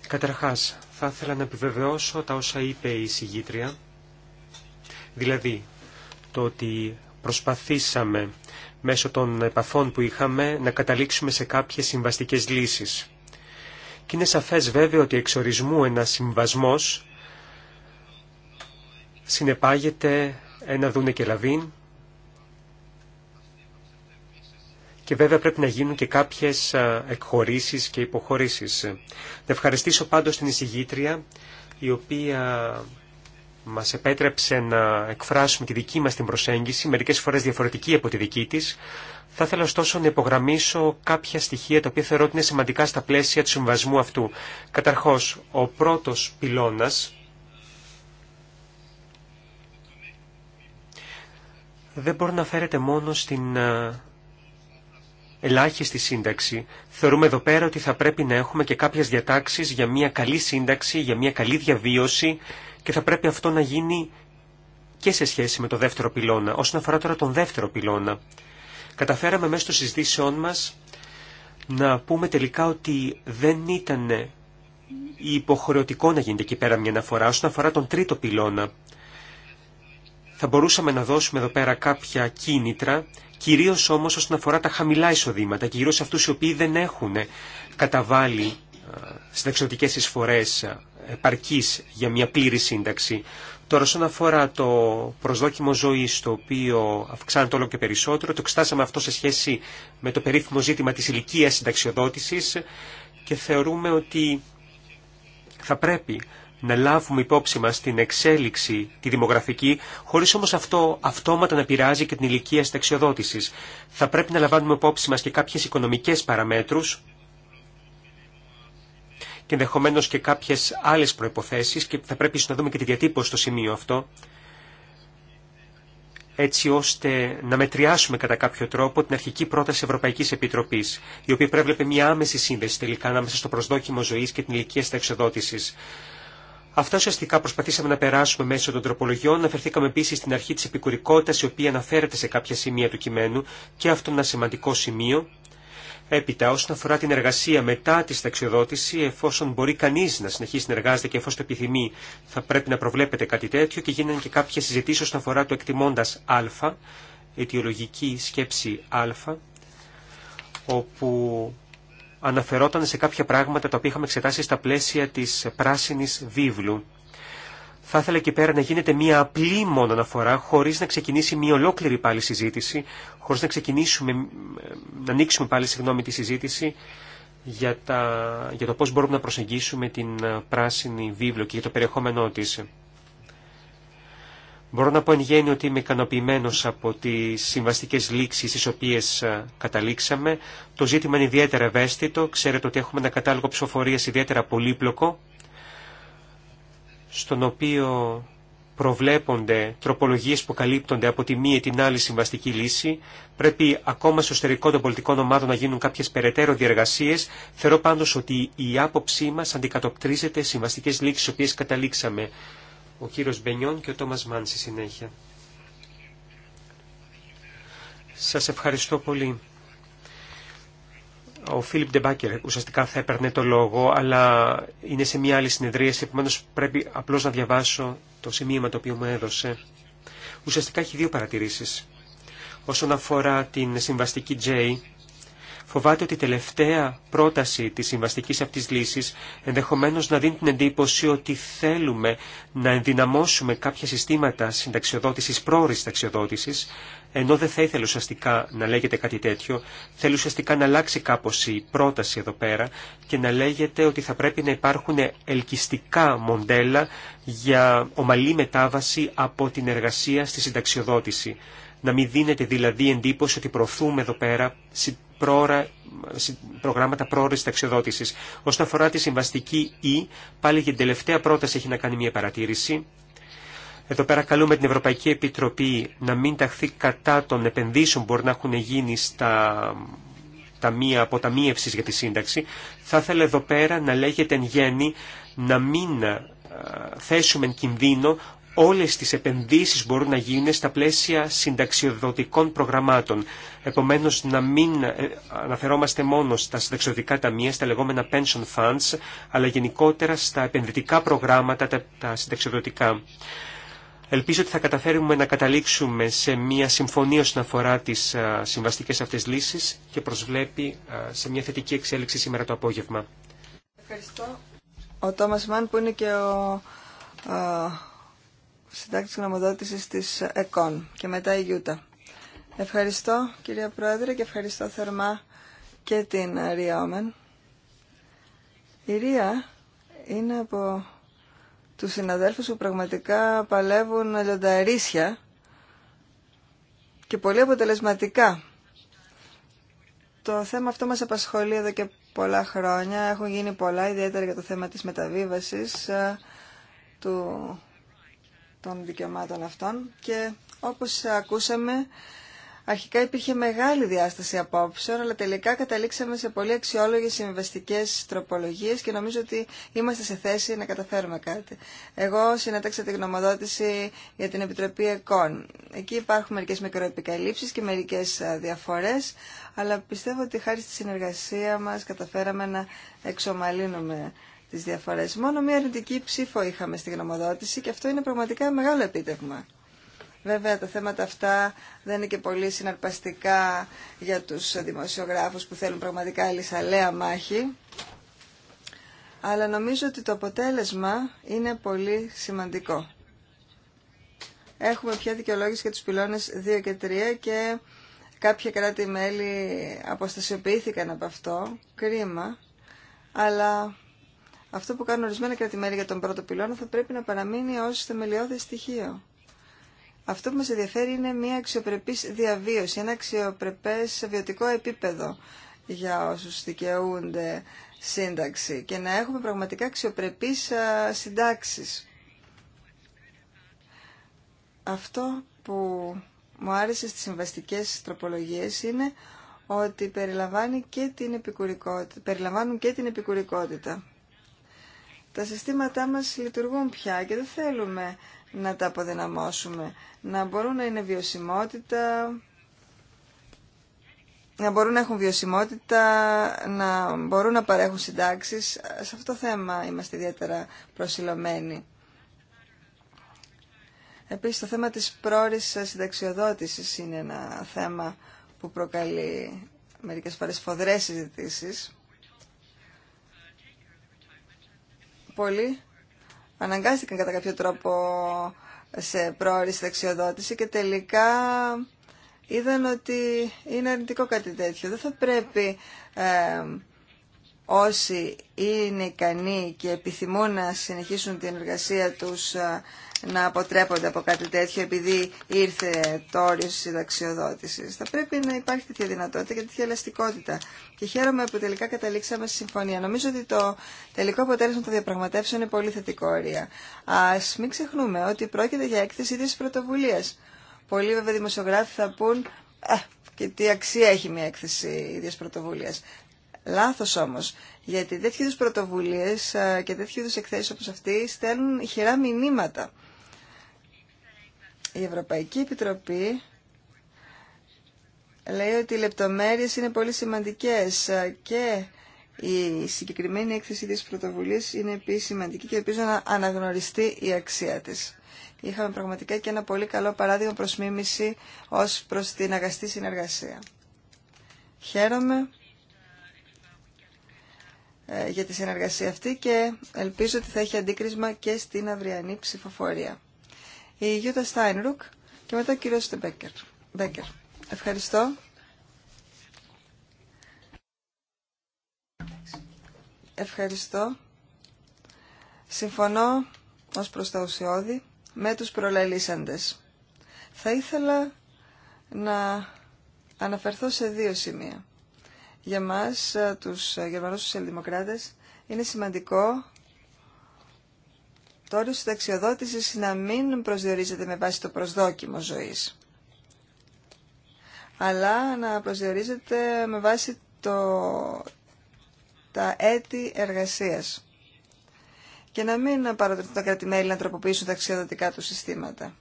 καταρχάς θα ήθελα να επιβεβαιώσω τα όσα είπε η συγγήτρια Δηλαδή, το ότι προσπαθήσαμε μέσω των επαφών που είχαμε να καταλήξουμε σε κάποιες συμβαστικές λύσεις. Και είναι σαφές βέβαια ότι εξορισμού ένα συμβασμός συνεπάγεται ένα δούνε και λαβήν και βέβαια πρέπει να γίνουν και κάποιες εκχωρήσεις και υποχωρήσεις. Να ευχαριστήσω πάντως την εισηγήτρια η οποία Μα επέτρεψε να εκφράσουμε τη δική μας την προσέγγιση, μερικές φορές διαφορετική από τη δική της. Θα ήθελα ωστόσο να υπογραμμίσω κάποια στοιχεία τα οποία θεωρώ ότι είναι σημαντικά στα πλαίσια του συμβασμού αυτού. Καταρχώς, ο πρώτος πυλώνας δεν μπορεί να φέρεται μόνο στην ε, ελάχιστη σύνταξη. Θεωρούμε εδώ πέρα ότι θα πρέπει να έχουμε και κάποιες διατάξεις για μια καλή σύνταξη, για μια καλή διαβίωση, και θα πρέπει αυτό να γίνει και σε σχέση με το δεύτερο πυλώνα. Όσον αφορά τώρα τον δεύτερο πυλώνα, καταφέραμε μέσω των συζητήσεών μας να πούμε τελικά ότι δεν ήταν υποχρεωτικό να γίνεται εκεί πέρα μια αναφορά όσον αφορά τον τρίτο πυλώνα. Θα μπορούσαμε να δώσουμε εδώ πέρα κάποια κίνητρα, κυρίως όμως όσον αφορά τα χαμηλά εισοδήματα, κυρίως αυτούς οι οποίοι δεν έχουν καταβάλει συνταξιδοτικές εισφορές επαρκής για μια πλήρη σύνταξη. Τώρα, όσον αφορά το προσδόκιμο ζωής, το οποίο αυξάνεται όλο και περισσότερο, το εξτάσαμε αυτό σε σχέση με το περίφημο ζήτημα της ηλικία συνταξιοδότησης και θεωρούμε ότι θα πρέπει να λάβουμε υπόψη μας την εξέλιξη, τη δημογραφική, χωρίς όμως αυτό αυτόματα να πειράζει και την ηλικία συνταξιοδότησης. Θα πρέπει να λαμβάνουμε υπόψη μας και κάποιες οικονομικές παραμέτρους, και ενδεχομένω και κάποιε άλλε προποθέσει και θα πρέπει να δούμε και τη διατύπωση στο σημείο αυτό έτσι ώστε να μετριάσουμε κατά κάποιο τρόπο την αρχική πρόταση Ευρωπαϊκής Επιτροπής, η οποία προέβλεπε μια άμεση σύνδεση τελικά ανάμεσα στο προσδόκιμο ζωής και την ηλικία εξοδότηση. Αυτά ουσιαστικά προσπαθήσαμε να περάσουμε μέσω των τροπολογιών. Αναφερθήκαμε επίση στην αρχή τη επικουρικότητα, η οποία αναφέρεται σε κάποια σημεία του κειμένου, και αυτό είναι ένα σημαντικό σημείο. Έπειτα, όσον αφορά την εργασία μετά τη σταξιοδότηση, εφόσον μπορεί κανεί να συνεχίσει να εργάζεται και εφόσον το επιθυμεί, θα πρέπει να προβλέπεται κάτι τέτοιο και γίνανε και κάποιε συζητήσει όσον αφορά το εκτιμώντα Α, αιτιολογική σκέψη Α, όπου αναφερόταν σε κάποια πράγματα τα οποία είχαμε εξετάσει στα πλαίσια τη πράσινη βίβλου. Θα ήθελα εκεί πέρα να γίνεται μία απλή μόνο αναφορά, χωρίς να ξεκινήσει μία ολόκληρη πάλι συζήτηση, χωρί να ξεκινήσουμε, ε, να ανοίξουμε πάλι, συγγνώμη, τη συζήτηση για, τα, για το πώ μπορούμε να προσεγγίσουμε την ε, πράσινη βίβλο και για το περιεχόμενό τη. Μπορώ να πω εν γέννη ότι είμαι ικανοποιημένο από τι συμβαστικέ λήξει τι οποίε ε, καταλήξαμε. Το ζήτημα είναι ιδιαίτερα ευαίσθητο. Ξέρετε ότι έχουμε ένα κατάλογο ψηφοφορία ιδιαίτερα πολύπλοκο στον οποίο προβλέπονται τροπολογίες που καλύπτονται από τη μία ή την άλλη συμβαστική λύση. Πρέπει ακόμα στο εσωτερικό των πολιτικών ομάδων να γίνουν κάποιες περαιτέρω διεργασίες. Θεωρώ πάντως ότι η άποψή μας αντικατοπτρίζεται συμβαστικές λύσεις οι οποίες καταλήξαμε. Ο κύριος Μπενιόν και ο Τόμας Μάν στη συνέχεια. Σας ευχαριστώ πολύ. Ο Φίλιπ Ντεμπάκερ ουσιαστικά θα έπαιρνε το λόγο, αλλά είναι σε μια άλλη συνεδρία επομένω πρέπει απλώ να διαβάσω το σημείωμα το οποίο μου έδωσε. Ουσιαστικά έχει δύο παρατηρήσει. Όσον αφορά την συμβαστική Τζέι φοβάται ότι η τελευταία πρόταση της συμβαστικής αυτής λύσης ενδεχομένως να δίνει την εντύπωση ότι θέλουμε να ενδυναμώσουμε κάποια συστήματα συνταξιοδότησης, πρόορης συνταξιοδότησης, ενώ δεν θα ήθελε ουσιαστικά να λέγεται κάτι τέτοιο, θέλει ουσιαστικά να αλλάξει κάπως η πρόταση εδώ πέρα και να λέγεται ότι θα πρέπει να υπάρχουν ελκυστικά μοντέλα για ομαλή μετάβαση από την εργασία στη συνταξιοδότηση. Να μην δίνεται δηλαδή εντύπωση ότι προωθούμε εδώ πέρα πρόωρα, προγράμματα πρόορη ταξιοδότηση. Όσον αφορά τη συμβαστική Ή, e, πάλι για την τελευταία πρόταση έχει να κάνει μια παρατήρηση. Εδώ πέρα καλούμε την Ευρωπαϊκή Επιτροπή να μην ταχθεί κατά των επενδύσεων που μπορεί να έχουν γίνει στα ταμεία αποταμίευση για τη σύνταξη. Θα ήθελα εδώ πέρα να λέγεται εν γέννη να μην ε, θέσουμε κινδύνο όλες τις επενδύσεις μπορούν να γίνουν στα πλαίσια συνταξιοδοτικών προγραμμάτων. Επομένως, να μην ε, αναφερόμαστε μόνο στα συνταξιοδοτικά ταμεία, στα λεγόμενα pension funds, αλλά γενικότερα στα επενδυτικά προγράμματα, τα συνταξιοδοτικά. Ελπίζω ότι θα καταφέρουμε να καταλήξουμε σε μια συμφωνία όσον αφορά τι ε, συμβαστικέ αυτέ λύσει και προσβλέπει ε, σε μια θετική εξέλιξη σήμερα το απόγευμα. Ευχαριστώ. Ο Μαν που είναι και ο συντάκτης γνωμοδότησης της ΕΚΟΝ και μετά η Γιούτα. Ευχαριστώ κυρία Πρόεδρε και ευχαριστώ θερμά και την Ρία Όμεν. Η Ρία είναι από τους συναδέλφους που πραγματικά παλεύουν λιονταρίσια και πολύ αποτελεσματικά. Το θέμα αυτό μας απασχολεί εδώ και πολλά χρόνια. Έχουν γίνει πολλά, ιδιαίτερα για το θέμα της μεταβίβασης ε, του των δικαιωμάτων αυτών και όπως ακούσαμε αρχικά υπήρχε μεγάλη διάσταση απόψεων αλλά τελικά καταλήξαμε σε πολύ αξιόλογες συμβαστικέ τροπολογίες και νομίζω ότι είμαστε σε θέση να καταφέρουμε κάτι. Εγώ συνέταξα τη γνωμοδότηση για την Επιτροπή ΕΚΟΝ. Εκεί υπάρχουν μερικές μικροεπικαλύψεις και μερικές διαφορές αλλά πιστεύω ότι χάρη στη συνεργασία μας καταφέραμε να εξομαλύνουμε τις διαφορές. Μόνο μία αρνητική ψήφο είχαμε στη γνωμοδότηση και αυτό είναι πραγματικά μεγάλο επίτευγμα. Βέβαια τα θέματα αυτά δεν είναι και πολύ συναρπαστικά για τους δημοσιογράφους που θέλουν πραγματικά λησαλέα μάχη. Αλλά νομίζω ότι το αποτέλεσμα είναι πολύ σημαντικό. Έχουμε πια δικαιολόγηση για τους πυλώνες 2 και 3 και κάποια κράτη-μέλη αποστασιοποιήθηκαν από αυτό. Κρίμα. Αλλά αυτό που κάνουν ορισμένα κρατημέρια για τον πρώτο πυλώνα θα πρέπει να παραμείνει ως θεμελιώδη στοιχείο. Αυτό που μας ενδιαφέρει είναι μια αξιοπρεπής διαβίωση, ένα αξιοπρεπές βιωτικό επίπεδο για όσους δικαιούνται σύνταξη και να έχουμε πραγματικά αξιοπρεπείς συντάξεις. Αυτό που μου άρεσε στις συμβαστικές τροπολογίες είναι ότι περιλαμβάνει και την επικουρικότητα, περιλαμβάνουν και την επικουρικότητα. Τα συστήματά μας λειτουργούν πια και δεν θέλουμε να τα αποδυναμώσουμε. Να μπορούν να είναι βιωσιμότητα, να μπορούν να έχουν βιωσιμότητα, να μπορούν να παρέχουν συντάξεις. Σε αυτό το θέμα είμαστε ιδιαίτερα προσιλωμένοι. Επίσης το θέμα της πρόρης συνταξιοδότησης είναι ένα θέμα που προκαλεί μερικές φορές φοδρές συζητήσεις. πολλοί αναγκάστηκαν κατά κάποιο τρόπο σε πρόορη δεξιοδότηση και τελικά είδαν ότι είναι αρνητικό κάτι τέτοιο. Δεν θα πρέπει ε, όσοι είναι ικανοί και επιθυμούν να συνεχίσουν την εργασία τους να αποτρέπονται από κάτι τέτοιο επειδή ήρθε το όριο της συνταξιοδότησης. Θα πρέπει να υπάρχει τέτοια δυνατότητα και τέτοια ελαστικότητα. Και χαίρομαι που τελικά καταλήξαμε στη συμφωνία. Νομίζω ότι το τελικό αποτέλεσμα των διαπραγματεύσεων είναι πολύ θετικό όρια. Ας μην ξεχνούμε ότι πρόκειται για έκθεση ίδια πρωτοβουλία. Πολλοί βέβαια δημοσιογράφοι θα πούν «Ε, και τι αξία έχει μια έκθεση ίδιας πρωτοβουλία. Λάθος όμως, γιατί τέτοιου είδους πρωτοβουλίες ε, και τέτοιου είδους εκθέσεις όπως αυτή στέλνουν χειρά μηνύματα. Η Ευρωπαϊκή Επιτροπή λέει ότι οι λεπτομέρειες είναι πολύ σημαντικές ε, και η συγκεκριμένη έκθεση της πρωτοβουλίας είναι επίση σημαντική και ελπίζω να αναγνωριστεί η αξία της. Είχαμε πραγματικά και ένα πολύ καλό παράδειγμα προς μίμηση ως προς την αγαστή συνεργασία. Χαίρομαι ε, για τη συνεργασία αυτή και ελπίζω ότι θα έχει αντίκρισμα και στην αυριανή ψηφοφορία. Η Γιούτα Στάινρουκ και μετά ο κύριος Μπέκερ. Ευχαριστώ. Ευχαριστώ. Συμφωνώ ως προς τα ουσιώδη με τους προλαλήσαντες. Θα ήθελα να αναφερθώ σε δύο σημεία. Για μας, ε, τους ε, Γερμανούς Σοσιαλδημοκράτες, είναι σημαντικό το όριο συνταξιοδότησης να μην προσδιορίζεται με βάση το προσδόκιμο ζωής, αλλά να προσδιορίζεται με βάση το, τα έτη εργασίας και να μην παρατηρηθούν τα κρατημέλη να τροποποιήσουν τα αξιοδοτικά του συστήματα.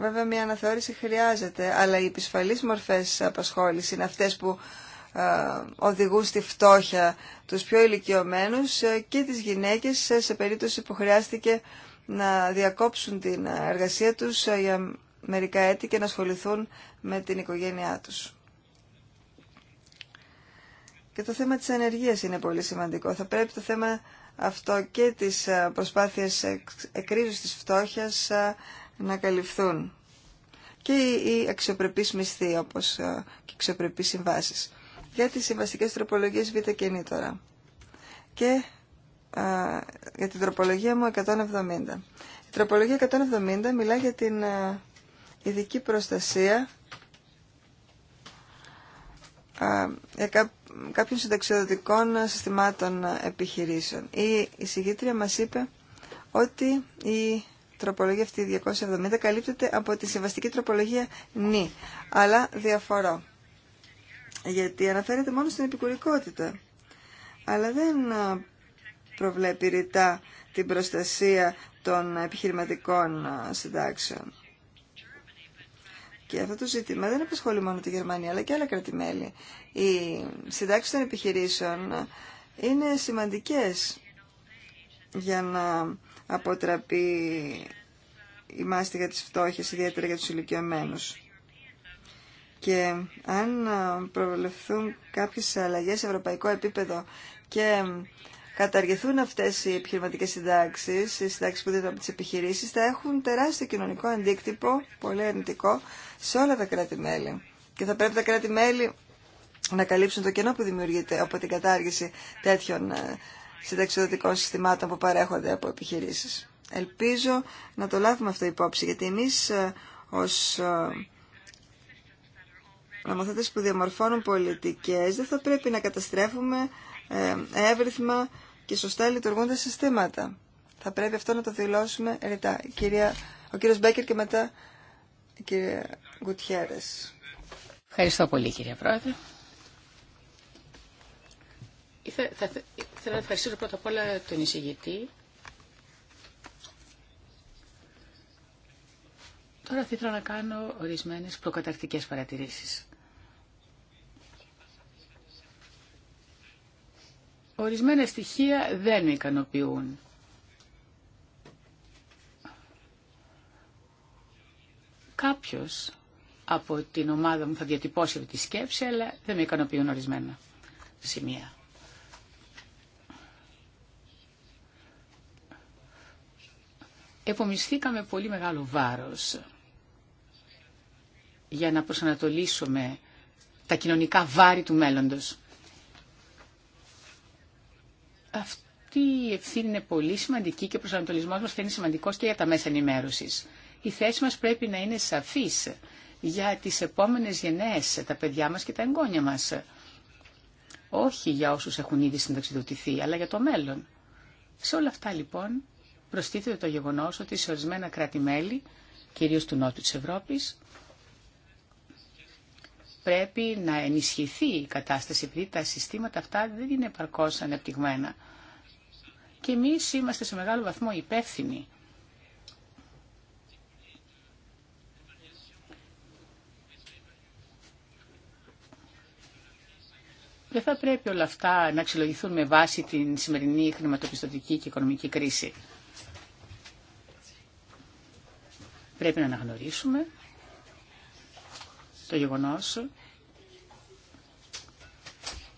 Βέβαια μια αναθεώρηση χρειάζεται, αλλά οι επισφαλείς μορφές απασχόληση είναι αυτές που ε, οδηγούν στη φτώχεια τους πιο ηλικιωμένους ε, και τις γυναίκες σε περίπτωση που χρειάστηκε να διακόψουν την εργασία τους ε, για μερικά έτη και να ασχοληθούν με την οικογένειά τους. Και το θέμα της ανεργίας είναι πολύ σημαντικό. Θα πρέπει το θέμα αυτό και τις προσπάθειες εκρίζωσης της φτώχειας να καλυφθούν και οι αξιοπρεπείς μισθοί όπως ε, και οι αξιοπρεπείς συμβάσει. Για τι συμβαστικέ τροπολογίες β και τώρα. Και ε, για την τροπολογία μου 170. Η τροπολογία 170 μιλά για την ε, ειδική προστασία α, για κάποιων συνταξιοδοτικών συστημάτων επιχειρήσεων. Η εισηγήτρια μας είπε ότι η τροπολογία αυτή 270 καλύπτεται από τη συμβαστική τροπολογία νη. Αλλά διαφορά, Γιατί αναφέρεται μόνο στην επικουρικότητα. Αλλά δεν προβλέπει ρητά την προστασία των επιχειρηματικών συντάξεων. Και αυτό το ζήτημα δεν απασχολεί μόνο τη Γερμανία, αλλά και άλλα κρατημέλη. Οι συντάξει των επιχειρήσεων είναι σημαντικές για να αποτραπεί η για τις φτώχειας, ιδιαίτερα για τους ηλικιωμένους. Και αν ε, προβλεφθούν κάποιες αλλαγές σε ευρωπαϊκό επίπεδο και ε, καταργηθούν αυτές οι επιχειρηματικές συντάξεις, οι συντάξεις που δίνονται από τις επιχειρήσεις, θα έχουν τεράστιο κοινωνικό αντίκτυπο, πολύ αρνητικό, σε όλα τα κράτη-μέλη. Και θα πρέπει τα κράτη-μέλη να καλύψουν το κενό που δημιουργείται από την κατάργηση τέτοιων ε, συνταξιδοτικών συστημάτων που παρέχονται από επιχειρήσεις. Ελπίζω να το λάβουμε αυτό υπόψη, γιατί εμείς ε, ως ε, νομοθέτες που διαμορφώνουν πολιτικές δεν θα πρέπει να καταστρέφουμε ε, εύρυθμα και σωστά λειτουργούντα συστήματα. Θα πρέπει αυτό να το δηλώσουμε ρητά. Κυρία, ο κύριος Μπέκερ και μετά η κυρία Γκουτιέρες. Ευχαριστώ πολύ κύριε Πρόεδρε. Θα, θα, Θέλω να ευχαριστήσω πρώτα απ' όλα τον εισηγητή. Τώρα θέλω να κάνω ορισμένες προκαταρκτικές παρατηρήσεις. Ορισμένα στοιχεία δεν με ικανοποιούν. Κάποιος από την ομάδα μου θα διατυπώσει τη σκέψη, αλλά δεν με ικανοποιούν ορισμένα σημεία. επομισθήκαμε πολύ μεγάλο βάρος για να προσανατολίσουμε τα κοινωνικά βάρη του μέλλοντος. Αυτή η ευθύνη είναι πολύ σημαντική και ο προσανατολισμός μας θα είναι σημαντικός και για τα μέσα ενημέρωσης. Η θέση μας πρέπει να είναι σαφής για τις επόμενες γενναίες, τα παιδιά μας και τα εγγόνια μας. Όχι για όσους έχουν ήδη συνταξιδοτηθεί, αλλά για το μέλλον. Σε όλα αυτά λοιπόν προστίθεται το γεγονός ότι σε ορισμένα κράτη-μέλη, κυρίως του Νότου της Ευρώπης, πρέπει να ενισχυθεί η κατάσταση, επειδή τα συστήματα αυτά δεν είναι επαρκώς ανεπτυγμένα. Και εμείς είμαστε σε μεγάλο βαθμό υπεύθυνοι Δεν θα πρέπει όλα αυτά να αξιολογηθούν με βάση την σημερινή χρηματοπιστωτική και οικονομική κρίση. Πρέπει να αναγνωρίσουμε το γεγονός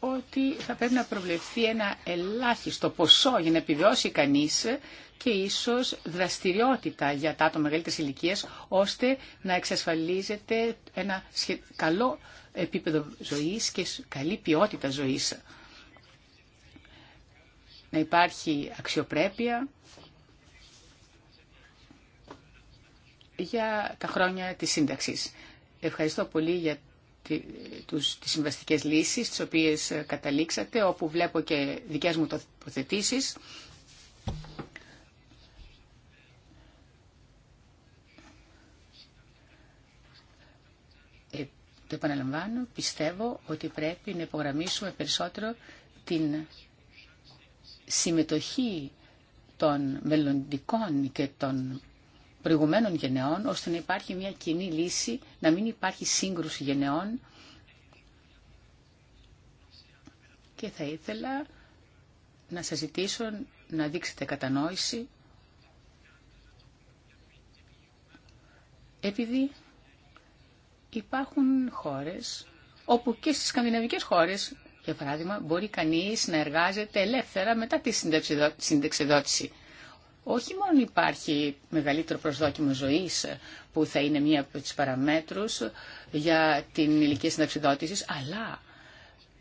ότι θα πρέπει να προβλεφθεί ένα ελάχιστο ποσό για να επιβιώσει κανείς και ίσως δραστηριότητα για τα άτομα μεγαλύτερης ηλικία, ώστε να εξασφαλίζεται ένα καλό επίπεδο ζωής και καλή ποιότητα ζωής. Να υπάρχει αξιοπρέπεια για τα χρόνια της σύνταξης. Ευχαριστώ πολύ για τους, τις συμβαστικές λύσεις τις οποίες ε, καταλήξατε όπου βλέπω και δικές μου τοποθετήσεις ε, το επαναλαμβάνω πιστεύω ότι πρέπει να υπογραμμίσουμε περισσότερο την συμμετοχή των μελλοντικών και των προηγουμένων γενεών, ώστε να υπάρχει μια κοινή λύση, να μην υπάρχει σύγκρουση γενεών. Και θα ήθελα να σας ζητήσω να δείξετε κατανόηση, επειδή υπάρχουν χώρες όπου και στις σκανδιναβικές χώρες, για παράδειγμα, μπορεί κανείς να εργάζεται ελεύθερα μετά τη συντεξιδότηση όχι μόνο υπάρχει μεγαλύτερο προσδόκιμο ζωής που θα είναι μία από τις παραμέτρους για την ηλικία συνταξιδότησης, αλλά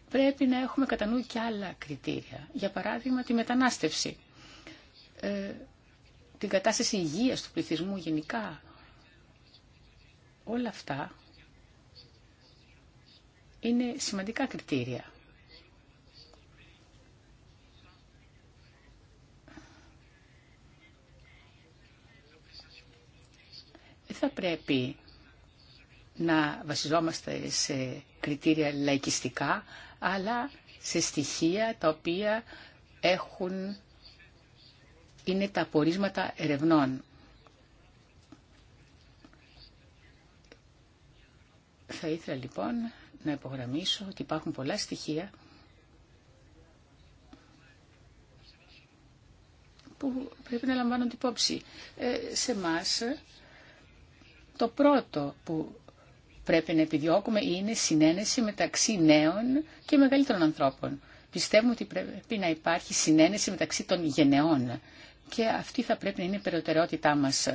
πρέπει να έχουμε κατά νου και άλλα κριτήρια. Για παράδειγμα, τη μετανάστευση, ε, την κατάσταση υγείας του πληθυσμού γενικά. Όλα αυτά είναι σημαντικά κριτήρια θα πρέπει να βασιζόμαστε σε κριτήρια λαϊκιστικά, αλλά σε στοιχεία τα οποία έχουν, είναι τα απορίσματα ερευνών. Θα ήθελα λοιπόν να υπογραμμίσω ότι υπάρχουν πολλά στοιχεία που πρέπει να λαμβάνονται υπόψη. Ε, σε μάς. Το πρώτο που πρέπει να επιδιώκουμε είναι συνένεση μεταξύ νέων και μεγαλύτερων ανθρώπων. Πιστεύουμε ότι πρέπει να υπάρχει συνένεση μεταξύ των γενεών και αυτή θα πρέπει να είναι η περιοτεραιότητά μας.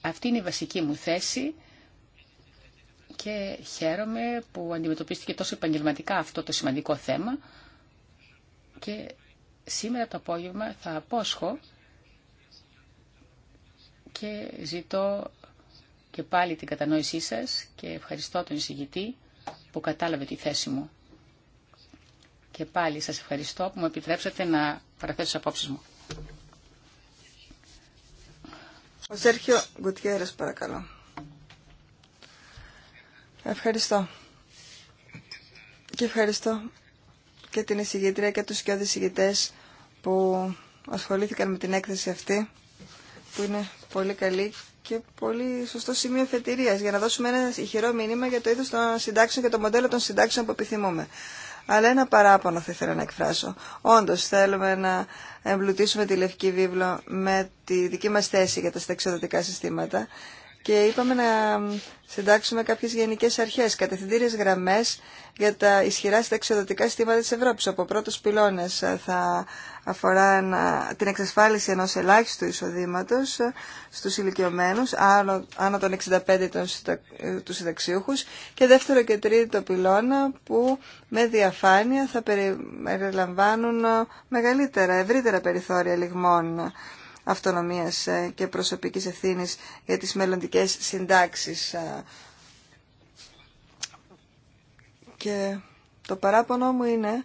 Αυτή είναι η βασική μου θέση και χαίρομαι που αντιμετωπίστηκε τόσο επαγγελματικά αυτό το σημαντικό θέμα και σήμερα το απόγευμα θα απόσχω και ζητώ και πάλι την κατανόησή σας και ευχαριστώ τον εισηγητή που κατάλαβε τη θέση μου. Και πάλι σας ευχαριστώ που μου επιτρέψατε να παραθέσω τις απόψεις μου. Ο Σέρχιο Γκουτιέρες παρακαλώ. Ευχαριστώ. Και ευχαριστώ και την εισηγήτρια και τους και οδησηγητές που ασχολήθηκαν με την έκθεση αυτή που είναι πολύ καλή και πολύ σωστό σημείο φετηρίας για να δώσουμε ένα ηχηρό μήνυμα για το είδος των συντάξεων και το μοντέλο των συντάξεων που επιθυμούμε. Αλλά ένα παράπονο θα ήθελα να εκφράσω. Όντως θέλουμε να εμπλουτίσουμε τη Λευκή Βίβλο με τη δική μας θέση για τα συνταξιοδοτικά συστήματα και είπαμε να συντάξουμε κάποιες γενικές αρχές, κατευθυντήριες γραμμές για τα ισχυρά συνταξιοδοτικά συστήματα της Ευρώπης. Από πρώτος πυλώνες θα αφορά την εξασφάλιση ενός ελάχιστου εισοδήματος ε, στους ηλικιωμένους, άνω, άνω των 65 των ε, του συνταξιούχους και δεύτερο και τρίτο πυλώνα που με διαφάνεια θα περιλαμβάνουν ε, μεγαλύτερα, ευρύτερα περιθώρια λιγμών αυτονομίας και προσωπικής ευθύνης για τις μελλοντικές συντάξεις. Και το παράπονο μου είναι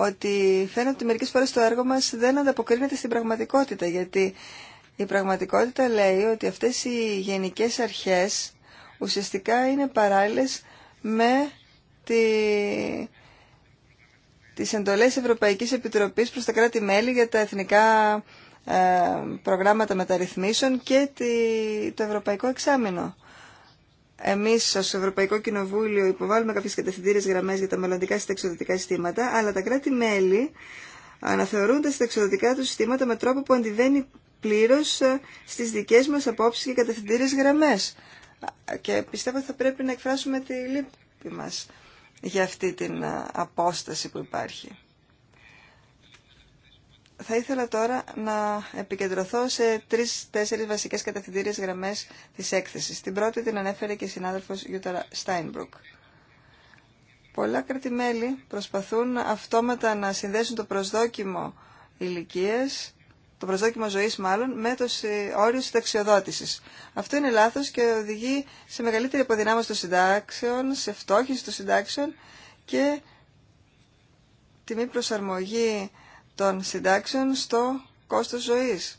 ότι φαίνεται ότι μερικές φορές το έργο μας δεν ανταποκρίνεται στην πραγματικότητα, γιατί η πραγματικότητα λέει ότι αυτές οι γενικές αρχές ουσιαστικά είναι παράλληλες με τη... τις εντολές Ευρωπαϊκής Επιτροπής προς τα κράτη-μέλη για τα εθνικά ε, προγράμματα μεταρρυθμίσεων και το Ευρωπαϊκό Εξάμεινο εμείς ως Ευρωπαϊκό Κοινοβούλιο υποβάλλουμε κάποιες κατευθυντήριες γραμμές για τα μελλοντικά συνταξιοδοτικά συστήματα, αλλά τα κράτη-μέλη αναθεωρούν τα συνταξιοδοτικά του συστήματα με τρόπο που αντιβαίνει πλήρως ε, στις δικές μας απόψεις και κατευθυντήριες γραμμές. Και πιστεύω ότι θα πρέπει να εκφράσουμε τη λύπη μας για αυτή την ε, απόσταση που υπάρχει. Θα ήθελα τώρα να επικεντρωθώ σε τρεις-τέσσερις βασικές κατευθυντήριες γραμμές της έκθεσης. Την πρώτη την ανέφερε και η συνάδελφος Γιούταρα Στάινμπρουκ. Πολλά κρατημέλη προσπαθούν αυτόματα να συνδέσουν το προσδόκιμο ηλικία, το προσδόκιμο ζωής μάλλον, με το όριο συνταξιοδότησης. Αυτό είναι λάθος και οδηγεί σε μεγαλύτερη αποδυνάμωση των συντάξεων, σε φτώχιση των συντάξεων και τη μη προσαρμογή των συντάξεων στο κόστος ζωής.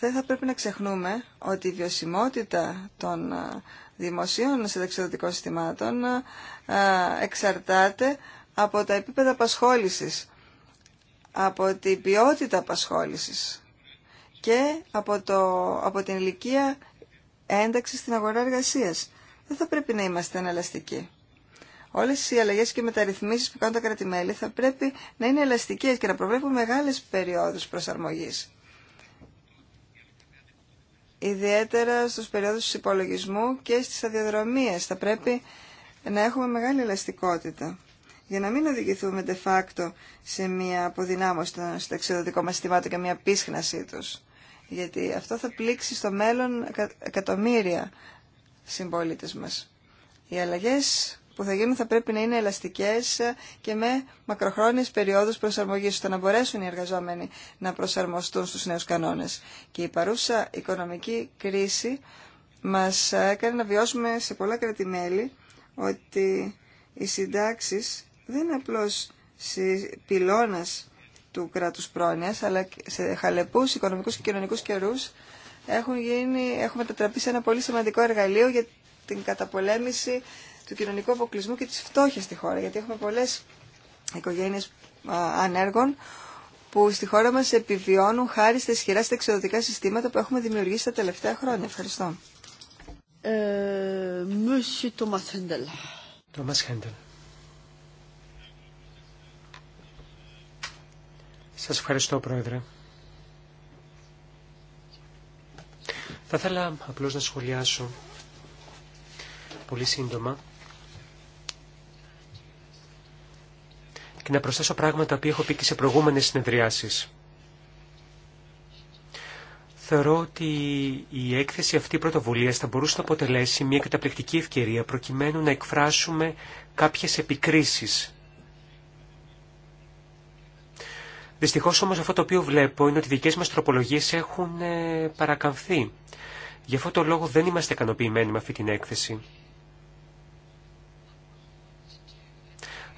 Δεν θα πρέπει να ξεχνούμε ότι η βιωσιμότητα των ε, δημοσίων συνταξιδοτικών συστημάτων ε, εξαρτάται από τα επίπεδα απασχόλησης, από την ποιότητα απασχόλησης και από, το, από την ηλικία ένταξης στην αγορά εργασίας. Δεν θα πρέπει να είμαστε εναλλαστικοί όλες οι αλλαγές και μεταρρυθμίσεις που κάνουν τα κρατημέλη θα πρέπει να είναι ελαστικές και να προβλέπουν μεγάλες περιόδους προσαρμογής. Ιδιαίτερα στους περιόδους υπολογισμού και στις αδιαδρομίες θα πρέπει να έχουμε μεγάλη ελαστικότητα για να μην οδηγηθούμε de facto σε μια αποδυνάμωση των συνταξιδοτικών μας συστημάτων και μια πίσχνασή τους. Γιατί αυτό θα πλήξει στο μέλλον εκατομμύρια συμπολίτε μας. Οι αλλαγές που θα γίνουν θα πρέπει να είναι ελαστικές και με μακροχρόνιες περιόδους προσαρμογής, ώστε να μπορέσουν οι εργαζόμενοι να προσαρμοστούν στους νέους κανόνες. Και η παρούσα οικονομική κρίση μας έκανε να βιώσουμε σε πολλά κρατημέλη ότι οι συντάξεις δεν είναι απλώς πυλώνας του κράτους πρόνοιας, αλλά σε χαλεπούς οικονομικούς και κοινωνικούς καιρούς έχουν, έχουν μετατραπεί σε ένα πολύ σημαντικό εργαλείο για την καταπολέμηση του κοινωνικού αποκλεισμού και της φτώχειας στη χώρα, γιατί έχουμε πολλές οικογένειες ανέργων που στη χώρα μας επιβιώνουν χάρη στα ισχυρά στα συστήματα που έχουμε δημιουργήσει τα τελευταία χρόνια. Ευχαριστώ. Ε, Σας ευχαριστώ, Πρόεδρε. Θα ήθελα απλώς να σχολιάσω πολύ σύντομα και να προσθέσω πράγματα που έχω πει και σε προηγούμενες συνεδριάσεις. Θεωρώ ότι η έκθεση αυτή πρωτοβουλία θα μπορούσε να αποτελέσει μια καταπληκτική ευκαιρία προκειμένου να εκφράσουμε κάποιες επικρίσεις. Δυστυχώς όμως αυτό το οποίο βλέπω είναι ότι οι δικές μας τροπολογίες έχουν ε, παρακαμφθεί. Γι' αυτό το λόγο δεν είμαστε ικανοποιημένοι με αυτή την έκθεση.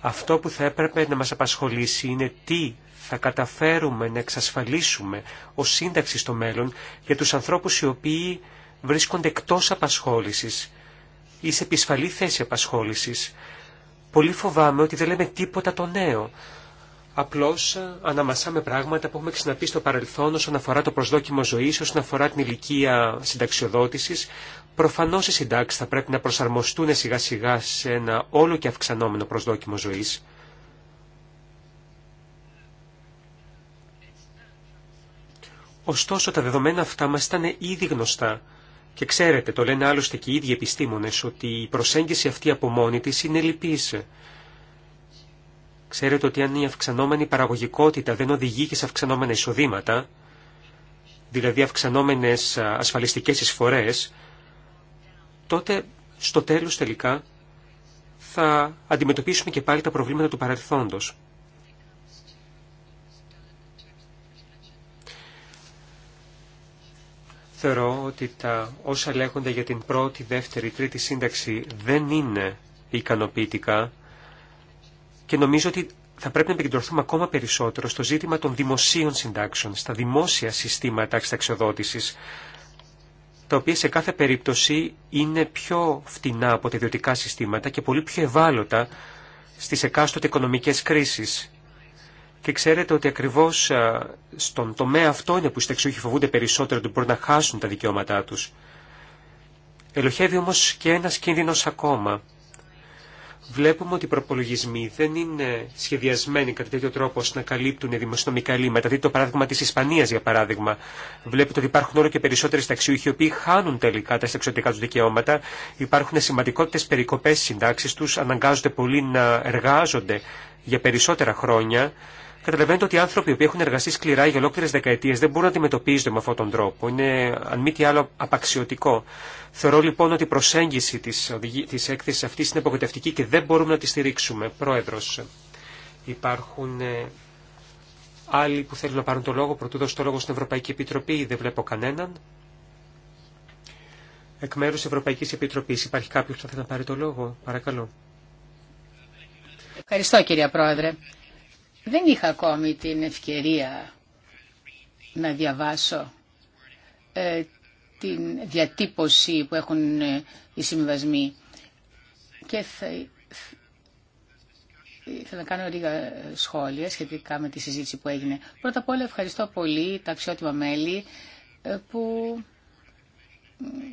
Αυτό που θα έπρεπε να μας απασχολήσει είναι τι θα καταφέρουμε να εξασφαλίσουμε ως σύνταξη στο μέλλον για τους ανθρώπους οι οποίοι βρίσκονται εκτός απασχόλησης ή σε επισφαλή θέση απασχόλησης. Πολύ φοβάμαι ότι δεν λέμε τίποτα το νέο. Απλώς ε, αναμασάμε πράγματα που έχουμε ξαναπεί στο παρελθόν όσον αφορά το προσδόκιμο ζωής, όσον αφορά την ηλικία συνταξιοδότησης, Προφανώς οι συντάξεις θα πρέπει να προσαρμοστούν σιγά σιγά σε ένα όλο και αυξανόμενο προσδόκιμο ζωής. Ωστόσο τα δεδομένα αυτά μας ήταν ήδη γνωστά και ξέρετε, το λένε άλλωστε και οι ίδιοι επιστήμονες, ότι η προσέγγιση αυτή από μόνη της είναι λυπής. Ξέρετε ότι αν η αυξανόμενη παραγωγικότητα δεν οδηγεί και σε αυξανόμενα εισοδήματα, δηλαδή αυξανόμενες ασφαλιστικές εισφορές, τότε στο τέλος τελικά θα αντιμετωπίσουμε και πάλι τα προβλήματα του παρελθόντος. Θεωρώ ότι τα όσα λέγονται για την πρώτη, δεύτερη, τρίτη σύνταξη δεν είναι ικανοποιητικά και νομίζω ότι θα πρέπει να επικεντρωθούμε ακόμα περισσότερο στο ζήτημα των δημοσίων συντάξεων, στα δημόσια συστήματα αξιταξιοδότησης τα οποία σε κάθε περίπτωση είναι πιο φτηνά από τα ιδιωτικά συστήματα και πολύ πιο ευάλωτα στις εκάστοτε οικονομικές κρίσεις. Και ξέρετε ότι ακριβώς στον τομέα αυτό είναι που οι στεξιούχοι φοβούνται περισσότερο ότι μπορούν να χάσουν τα δικαιώματά τους. Ελοχεύει όμως και ένας κίνδυνος ακόμα βλέπουμε ότι οι προπολογισμοί δεν είναι σχεδιασμένοι κατά τέτοιο τρόπο ώστε να καλύπτουν δημοσιονομικά ελλείμματα. Δείτε το παράδειγμα τη Ισπανία, για παράδειγμα. Βλέπετε ότι υπάρχουν όλο και περισσότεροι ταξιούχοι οι οποίοι χάνουν τελικά τα εξωτικά του δικαιώματα. Υπάρχουν σημαντικότητε περικοπέ στι συντάξει του, αναγκάζονται πολλοί να εργάζονται για περισσότερα χρόνια Καταλαβαίνετε ότι οι άνθρωποι που έχουν εργαστεί σκληρά για ολόκληρε δεκαετίε δεν μπορούν να αντιμετωπίζονται με αυτόν τον τρόπο. Είναι, αν μη τι άλλο, απαξιωτικό. Θεωρώ λοιπόν ότι η προσέγγιση τη έκθεση αυτή είναι απογοητευτική και δεν μπορούμε να τη στηρίξουμε. Πρόεδρο, υπάρχουν ε, άλλοι που θέλουν να πάρουν το λόγο. Πρωτού δώσω το λόγο στην Ευρωπαϊκή Επιτροπή. Δεν βλέπω κανέναν. Εκ μέρου Ευρωπαϊκή Επιτροπή υπάρχει κάποιο που θα θέλει να πάρει το λόγο. Παρακαλώ. Ευχαριστώ κύριε Πρόεδρε. Δεν είχα ακόμη την ευκαιρία να διαβάσω ε, την διατύπωση που έχουν ε, οι συμβασμοί και θα, θα κάνω λίγα σχόλια σχετικά με τη συζήτηση που έγινε. Πρώτα απ' όλα ευχαριστώ πολύ τα αξιότιμα μέλη ε, που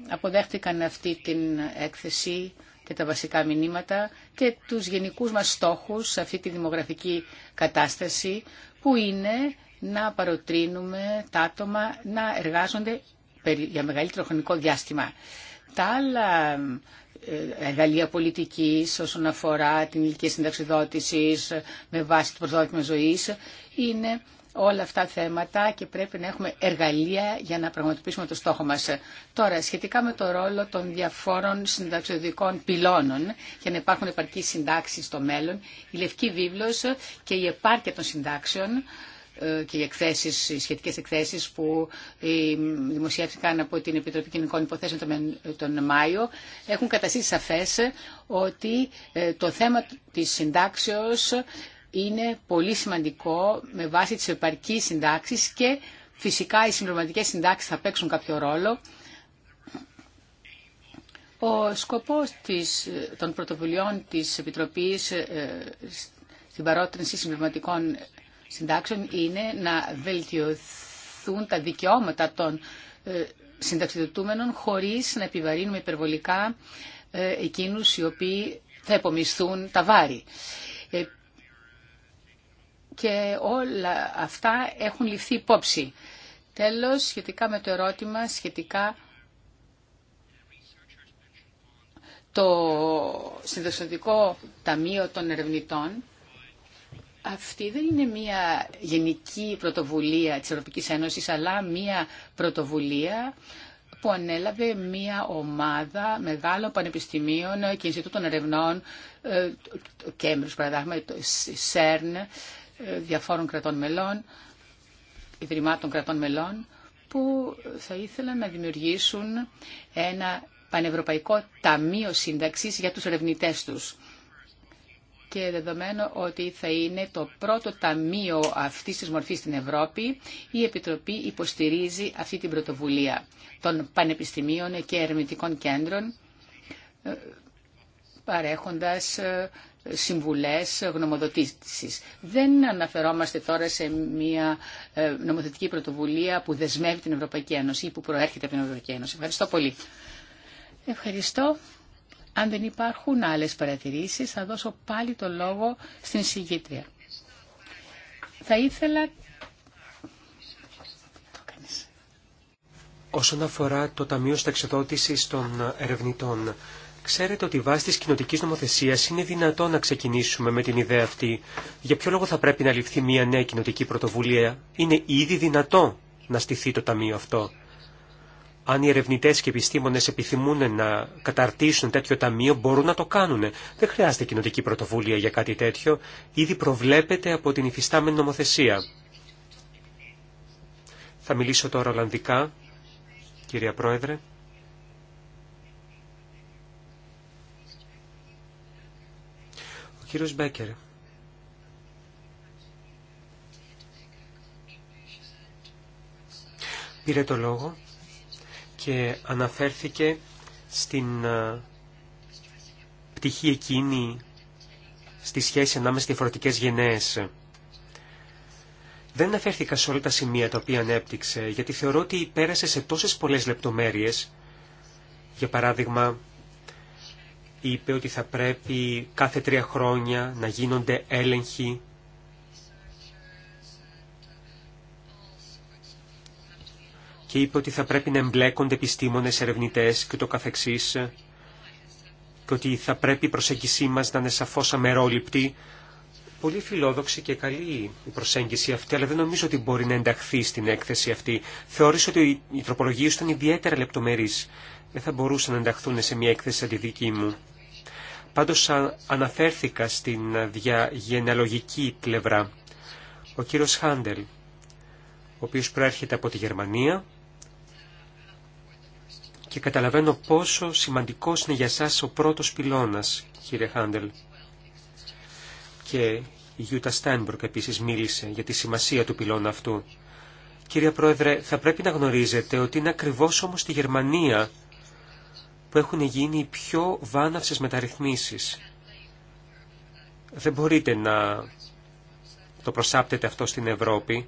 αποδέχτηκαν αυτή την έκθεση και τα βασικά μηνύματα και τους γενικούς μας στόχους σε αυτή τη δημογραφική κατάσταση που είναι να παροτρύνουμε τα άτομα να εργάζονται για μεγαλύτερο χρονικό διάστημα. Τα άλλα ε, εργαλεία πολιτικής όσον αφορά την ηλικία συνταξιδότησης με βάση την μας ζωής είναι όλα αυτά θέματα και πρέπει να έχουμε εργαλεία για να πραγματοποιήσουμε το στόχο μας. Τώρα, σχετικά με το ρόλο των διαφόρων συνταξιδικών πυλώνων για να υπάρχουν επαρκείς συντάξεις στο μέλλον, η Λευκή Βίβλος και η επάρκεια των συντάξεων ε, και οι, εκθέσεις, οι σχετικές εκθέσεις που ε, δημοσιεύτηκαν από την Επιτροπή Κοινωνικών Υποθέσεων τον Μάιο έχουν καταστήσει σαφές ότι ε, το θέμα της συντάξεως είναι πολύ σημαντικό με βάση τις επαρκείς συντάξεις και φυσικά οι συμπληρωματικές συντάξεις θα παίξουν κάποιο ρόλο. Ο σκοπός της, των πρωτοβουλειών της Επιτροπής ε, στην παρότρινση συμπληρωματικών συντάξεων είναι να βελτιωθούν τα δικαιώματα των ε, συνταξιδοτούμενων χωρίς να επιβαρύνουμε υπερβολικά ε, εκείνους οι οποίοι θα επομισθούν τα βάρη και όλα αυτά έχουν ληφθεί υπόψη. Τέλος, σχετικά με το ερώτημα, σχετικά το συνδεσμευτικό ταμείο των ερευνητών, αυτή δεν είναι μια γενική πρωτοβουλία της Ευρωπαϊκής Ένωσης, αλλά μια πρωτοβουλία που ανέλαβε μια ομάδα μεγάλων πανεπιστημίων και Ινστιτούτων Ερευνών, ε, το Κέμπρος παραδείγμα, το ΣΕΡΝ, διαφόρων κρατών μελών, ιδρυμάτων κρατών μελών, που θα ήθελαν να δημιουργήσουν ένα πανευρωπαϊκό ταμείο σύνταξης για τους ερευνητέ τους. Και δεδομένου ότι θα είναι το πρώτο ταμείο αυτής της μορφής στην Ευρώπη, η Επιτροπή υποστηρίζει αυτή την πρωτοβουλία των πανεπιστημίων και ερευνητικών κέντρων, ε, παρέχοντας ε, συμβουλές γνωμοδοτήσεις. Δεν αναφερόμαστε τώρα σε μια ε, νομοθετική πρωτοβουλία που δεσμεύει την Ευρωπαϊκή Ένωση ή που προέρχεται από την Ευρωπαϊκή Ένωση. Ευχαριστώ πολύ. Ευχαριστώ. Αν δεν υπάρχουν άλλες παρατηρήσεις, θα δώσω πάλι το λόγο στην συγκήτρια. Θα ήθελα... Όσον αφορά το Ταμείο Σταξιδότησης των Ερευνητών, Ξέρετε ότι βάσει τη κοινοτική νομοθεσία είναι δυνατόν να ξεκινήσουμε με την ιδέα αυτή. Για ποιο λόγο θα πρέπει να ληφθεί μια νέα κοινοτική πρωτοβουλία. Είναι ήδη δυνατό να στηθεί το ταμείο αυτό. Αν οι ερευνητέ και επιστήμονε επιθυμούν να καταρτήσουν τέτοιο ταμείο, μπορούν να το κάνουν. Δεν χρειάζεται κοινοτική πρωτοβουλία για κάτι τέτοιο. Ήδη προβλέπεται από την υφιστάμενη νομοθεσία. Θα μιλήσω τώρα Ολλανδικά, κυρία Πρόεδρε. Κύριος Μπέκερ. Πήρε το λόγο και αναφέρθηκε στην πτυχή εκείνη στη σχέση ανάμεσα στις διαφορετικές γενναίες. Δεν αναφέρθηκα σε όλα τα σημεία τα οποία ανέπτυξε, γιατί θεωρώ ότι πέρασε σε τόσες πολλές λεπτομέρειες. Για παράδειγμα, είπε ότι θα πρέπει κάθε τρία χρόνια να γίνονται έλεγχοι και είπε ότι θα πρέπει να εμπλέκονται επιστήμονες, ερευνητές και το καθεξής και ότι θα πρέπει η προσέγγισή μας να είναι σαφώς αμερόληπτη. Πολύ φιλόδοξη και καλή η προσέγγιση αυτή, αλλά δεν νομίζω ότι μπορεί να ενταχθεί στην έκθεση αυτή. Θεώρησε ότι οι τροπολογίες ήταν ιδιαίτερα λεπτομερείς. Δεν θα μπορούσαν να ενταχθούν σε μια έκθεση σαν τη δική μου. Πάντως αναφέρθηκα στην διαγενεαλογική πλευρά. Ο κύριος Χάντελ, ο οποίος προέρχεται από τη Γερμανία και καταλαβαίνω πόσο σημαντικός είναι για σας ο πρώτος πυλώνας, κύριε Χάντελ. Και η Γιούτα Στάνμπρουκ επίσης μίλησε για τη σημασία του πυλώνα αυτού. Κύριε Πρόεδρε, θα πρέπει να γνωρίζετε ότι είναι ακριβώς όμως στη Γερμανία που έχουν γίνει οι πιο βάναυσες μεταρρυθμίσεις. Δεν μπορείτε να το προσάπτετε αυτό στην Ευρώπη.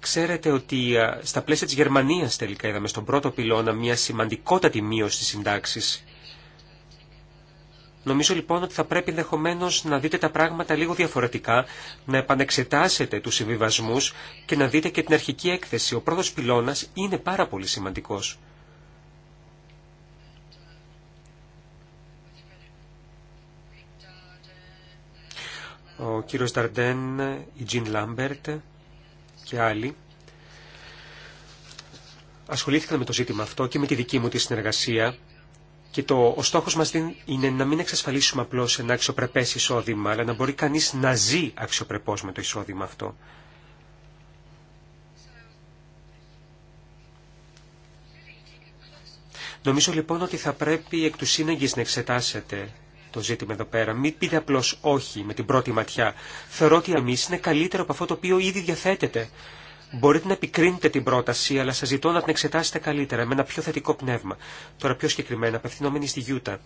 Ξέρετε ότι στα πλαίσια της Γερμανίας τελικά είδαμε στον πρώτο πυλώνα μια σημαντικότατη μείωση της συντάξης. Νομίζω λοιπόν ότι θα πρέπει ενδεχομένω να δείτε τα πράγματα λίγο διαφορετικά, να επανεξετάσετε τους συμβιβασμούς και να δείτε και την αρχική έκθεση. Ο πρώτος πυλώνας είναι πάρα πολύ σημαντικός. ο κύριος Νταρντέν, η Τζιν Λάμπερτ και άλλοι ασχολήθηκαν με το ζήτημα αυτό και με τη δική μου τη συνεργασία και το, ο στόχος μας είναι να μην εξασφαλίσουμε απλώς ένα αξιοπρεπές εισόδημα, αλλά να μπορεί κανείς να ζει αξιοπρεπώς με το εισόδημα αυτό. Νομίζω λοιπόν ότι θα πρέπει εκ του σύνεγγις να εξετάσετε το ζήτημα εδώ πέρα. Μην πείτε απλώ όχι με την πρώτη ματιά. Θεωρώ ότι εμεί είναι καλύτερο από αυτό το οποίο ήδη διαθέτεται. Μπορείτε να επικρίνετε την πρόταση, αλλά σα ζητώ να την εξετάσετε καλύτερα, με ένα πιο θετικό πνεύμα. Τώρα πιο συγκεκριμένα, απευθυνόμενη στη Γιούτα.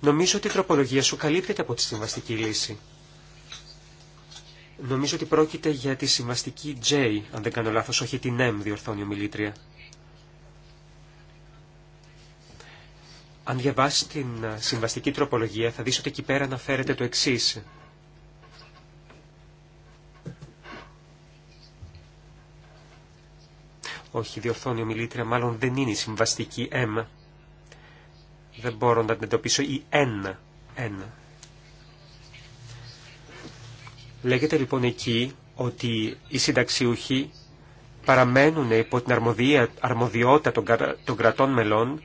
Νομίζω ότι η τροπολογία σου καλύπτεται από τη συμβαστική λύση. Νομίζω ότι πρόκειται για τη συμβαστική J, αν δεν κάνω λάθος, όχι την M, διορθώνει ο Αν διαβάσει την ε, συμβαστική τροπολογία θα δεις ότι εκεί πέρα αναφέρεται το εξής. Όχι, διορθώνει ο μιλήτρια, μάλλον δεν είναι η συμβαστική M. Δεν μπορώ να την εντοπίσω. Η N. N. Λέγεται λοιπόν εκεί ότι οι συνταξιούχοι παραμένουν υπό την αρμοδιότητα των κρατών μελών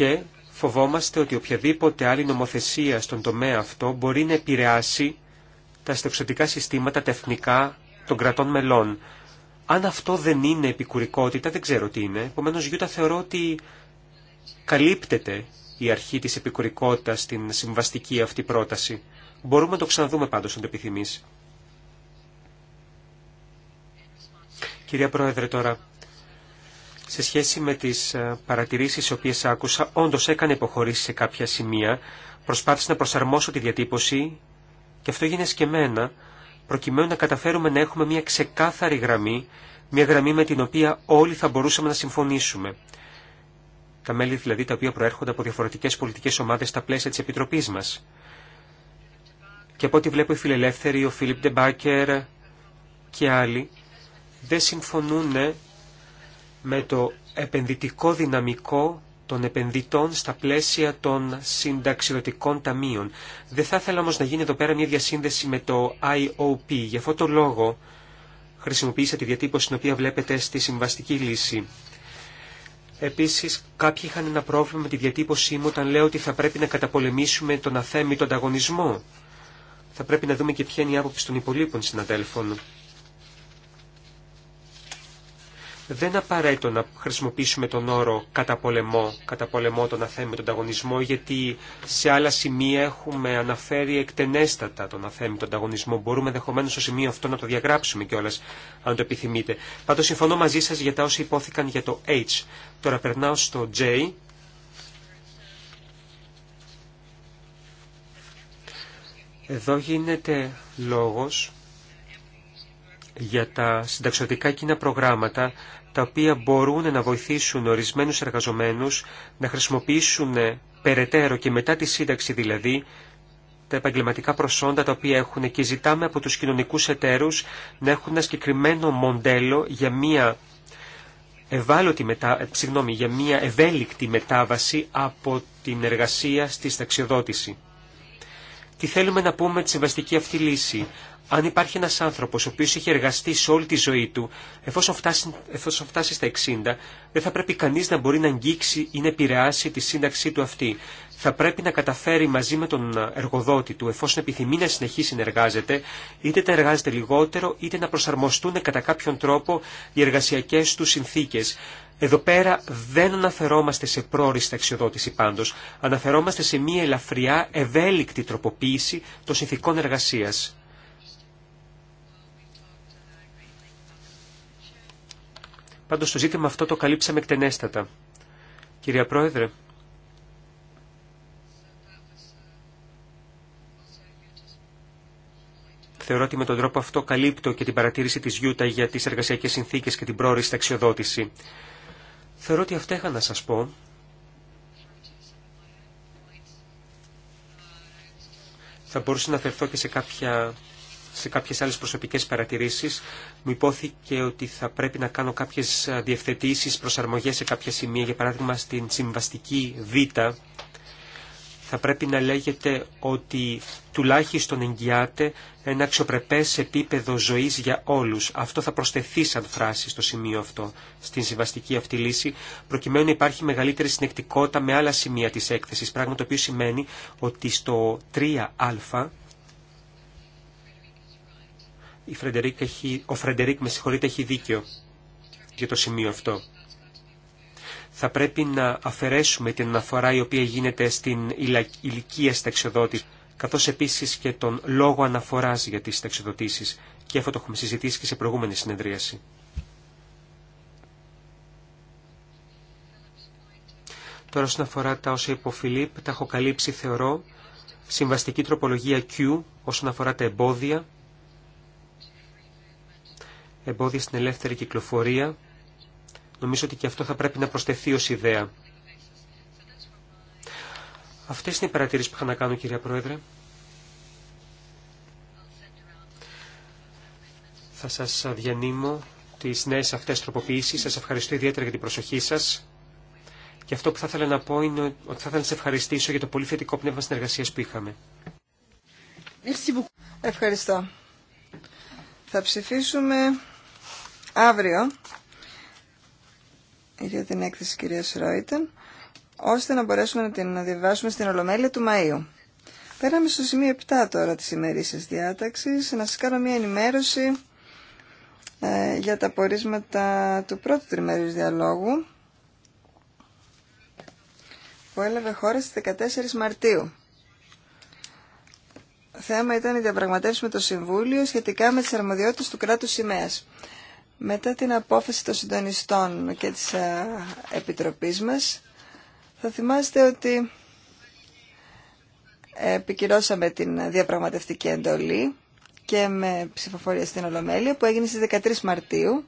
και φοβόμαστε ότι οποιαδήποτε άλλη νομοθεσία στον τομέα αυτό μπορεί να επηρεάσει τα στεξωτικά συστήματα τεχνικά των κρατών μελών. Αν αυτό δεν είναι επικουρικότητα, δεν ξέρω τι είναι. Επομένως, Γιούτα θεωρώ ότι καλύπτεται η αρχή της επικουρικότητας στην συμβαστική αυτή πρόταση. Μπορούμε να το ξαναδούμε πάντως, αν το επιθυμείς. Κυρία Πρόεδρε, τώρα σε σχέση με τις ε, παρατηρήσεις οι οποίες άκουσα, όντως έκανε υποχωρήσει σε κάποια σημεία, προσπάθησε να προσαρμόσω τη διατύπωση και αυτό έγινε σκεμμένα, προκειμένου να καταφέρουμε να έχουμε μια ξεκάθαρη γραμμή, μια γραμμή με την οποία όλοι θα μπορούσαμε να συμφωνήσουμε. Τα μέλη δηλαδή τα οποία προέρχονται από διαφορετικές πολιτικές ομάδες στα πλαίσια της Επιτροπής μας. Και από ό,τι βλέπω οι φιλελεύθεροι, ο Φίλιπ Ντεμπάκερ και άλλοι, δεν συμφωνούν με το επενδυτικό δυναμικό των επενδυτών στα πλαίσια των συνταξιδοτικών ταμείων. Δεν θα ήθελα όμως να γίνει εδώ πέρα μια διασύνδεση με το IOP. Γι' αυτό το λόγο χρησιμοποίησα τη διατύπωση την οποία βλέπετε στη συμβαστική λύση. Επίσης, κάποιοι είχαν ένα πρόβλημα με τη διατύπωσή μου όταν λέω ότι θα πρέπει να καταπολεμήσουμε τον αθέμητο ανταγωνισμό. Θα πρέπει να δούμε και ποια είναι η άποψη των υπολείπων συναδέλφων. δεν απαραίτητο να χρησιμοποιήσουμε τον όρο καταπολεμό, καταπολεμό τον αθέμητο ανταγωνισμό, γιατί σε άλλα σημεία έχουμε αναφέρει εκτενέστατα τον αθέμητο ανταγωνισμό. Μπορούμε ενδεχομένω στο σημείο αυτό να το διαγράψουμε κιόλα, αν το επιθυμείτε. Πάντως συμφωνώ μαζί σας για τα όσα υπόθηκαν για το H. Τώρα περνάω στο J. Εδώ γίνεται λόγος για τα συνταξιωτικά κοινά προγράμματα τα οποία μπορούν να βοηθήσουν ορισμένους εργαζομένους να χρησιμοποιήσουν περαιτέρω και μετά τη σύνταξη δηλαδή τα επαγγελματικά προσόντα τα οποία έχουν και ζητάμε από τους κοινωνικούς εταίρους να έχουν ένα συγκεκριμένο μοντέλο για μια ευάλωτη μετα... Ε, συγγνώμη, για μια ευέλικτη μετάβαση από την εργασία στη σταξιοδότηση. Τι θέλουμε να πούμε με τη συμβαστική αυτή λύση. Αν υπάρχει ένας άνθρωπος ο οποίος έχει εργαστεί σε όλη τη ζωή του, εφόσον φτάσει, εφόσον φτάσει στα 60, δεν θα πρέπει κανείς να μπορεί να αγγίξει ή να επηρεάσει τη σύνταξή του αυτή. Θα πρέπει να καταφέρει μαζί με τον εργοδότη του, εφόσον επιθυμεί να συνεχίσει να εργάζεται, είτε να εργάζεται λιγότερο, είτε να προσαρμοστούν κατά κάποιον τρόπο οι εργασιακές του συνθήκες. Εδώ πέρα δεν αναφερόμαστε σε πρόριστα αξιοδότηση πάντως, αναφερόμαστε σε μία ελαφριά ευέλικτη τροποποίηση των συνθηκών εργασίας. Πάντως το ζήτημα αυτό το καλύψαμε εκτενέστατα. Κυρία Πρόεδρε, θεωρώ ότι με τον τρόπο αυτό καλύπτω και την παρατήρηση της Γιούτα για τις εργασιακές συνθήκες και την πρόριστα αξιοδότηση. Θεωρώ ότι αυτά είχα να σας πω. Θα μπορούσα να αφαιρθώ και σε, κάποια, σε κάποιες άλλες προσωπικές παρατηρήσεις. Μου υπόθηκε ότι θα πρέπει να κάνω κάποιες διευθετήσεις, προσαρμογές σε κάποια σημεία, για παράδειγμα στην συμβαστική Β, θα πρέπει να λέγεται ότι τουλάχιστον εγγυάται ένα αξιοπρεπές επίπεδο ζωής για όλους. Αυτό θα προσθεθεί σαν φράση στο σημείο αυτό, στην συμβαστική αυτή λύση, προκειμένου να υπάρχει μεγαλύτερη συνεκτικότητα με άλλα σημεία της έκθεσης, πράγμα το οποίο σημαίνει ότι στο 3α η ο Φρεντερίκ με συγχωρείτε έχει δίκιο για το σημείο αυτό θα πρέπει να αφαιρέσουμε την αναφορά η οποία γίνεται στην ηλικία στεξιοδότηση, καθώς επίσης και τον λόγο αναφοράς για τις στεξιοδοτήσεις. Και αυτό το έχουμε συζητήσει και σε προηγούμενη συνεδρίαση. Τώρα όσον αφορά τα όσα είπε ο τα έχω καλύψει θεωρώ. Συμβαστική τροπολογία Q όσον αφορά τα εμπόδια. Εμπόδια στην ελεύθερη κυκλοφορία Νομίζω ότι και αυτό θα πρέπει να προσθεθεί ως ιδέα. Αυτές είναι οι παρατηρήσεις που είχα να κάνω, κυρία Πρόεδρε. Θα σας διανύμω τις νέες αυτές τροποποιήσεις. Σας ευχαριστώ ιδιαίτερα για την προσοχή σας. Και αυτό που θα ήθελα να πω είναι ότι θα ήθελα να σας ευχαριστήσω για το πολύ θετικό πνεύμα συνεργασίας που είχαμε. Ευχαριστώ. Θα ψηφίσουμε αύριο για την έκθεση κυρίας Ρόιτεν, ώστε να μπορέσουμε να την διαβάσουμε στην Ολομέλεια του Μαΐου. Πέραμε στο σημείο 7 τώρα της ημερήσιας διάταξης, να σας κάνω μια ενημέρωση ε, για τα πορίσματα του πρώτου τριμερίου διαλόγου, που έλαβε χώρα στις 14 Μαρτίου. Θέμα ήταν η διαπραγματεύση με το Συμβούλιο σχετικά με τις αρμοδιότητες του κράτους σημαίας. Μετά την απόφαση των συντονιστών και της ε, Επιτροπής μας, θα θυμάστε ότι επικυρώσαμε την διαπραγματευτική εντολή και με ψηφοφορία στην Ολομέλεια που έγινε στις 13 Μαρτίου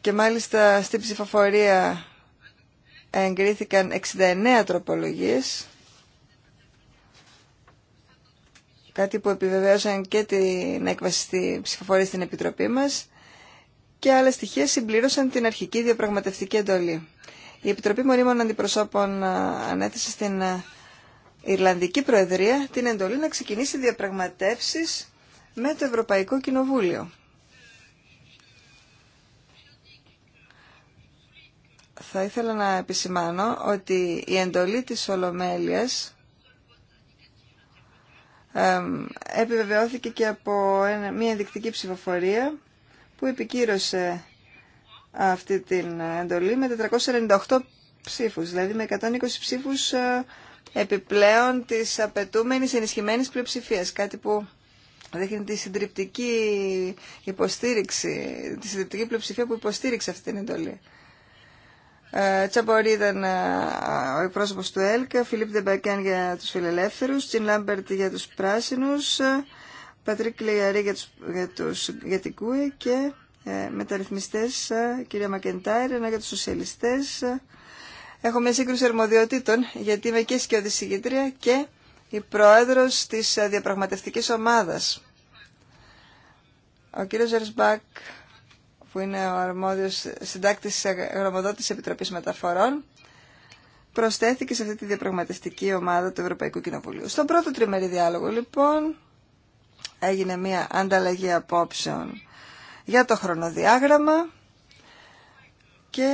και μάλιστα στην ψηφοφορία εγκρίθηκαν 69 τροπολογίες Κάτι που επιβεβαίωσαν και την έκβαση στη ψηφοφορία στην Επιτροπή μας και άλλα στοιχεία συμπλήρωσαν την αρχική διαπραγματευτική εντολή. Η Επιτροπή Μονίμων Αντιπροσώπων ε, ανέθεσε στην ε, Ιρλανδική Προεδρία την εντολή να ξεκινήσει διαπραγματεύσεις με το Ευρωπαϊκό Κοινοβούλιο. Θα ήθελα να επισημάνω ότι η εντολή της Ολομέλειας επιβεβαιώθηκε και από μια ενδεικτική ψηφοφορία που επικύρωσε αυτή την εντολή με 498 ψήφους, δηλαδή με 120 ψήφους ε, επιπλέον της απαιτούμενης ενισχυμένης πλειοψηφίας, κάτι που δείχνει τη συντριπτική υποστήριξη, τη συντριπτική πλειοψηφία που υποστήριξε αυτή την εντολή ήταν ε, ο εκπρόσωπο του ΕΛΚΑ, Φιλίπ Δεμπακέν για τους Φιλελεύθερου. Τζιν Λάμπερτ για τους πράσινου, Πατρίκ Λεγιαρή για, τους, για, την Κούε και ε, μεταρρυθμιστές ε, κυρία Μακεντάιρ, ένα για του σοσιαλιστέ. Έχω μια σύγκρουση αρμοδιοτήτων γιατί είμαι και σκιωδησηγητρία και η πρόεδρος της ε, διαπραγματευτικής ομάδας. Ο κύριος Ζερσμπακ που είναι ο αρμόδιος συντάκτης Αγρομοδότη Επιτροπής Μεταφορών, προσθέθηκε σε αυτή τη διαπραγματευτική ομάδα του Ευρωπαϊκού Κοινοβουλίου. Στον πρώτο τριμερή διάλογο, λοιπόν, έγινε μια ανταλλαγή απόψεων για το χρονοδιάγραμμα και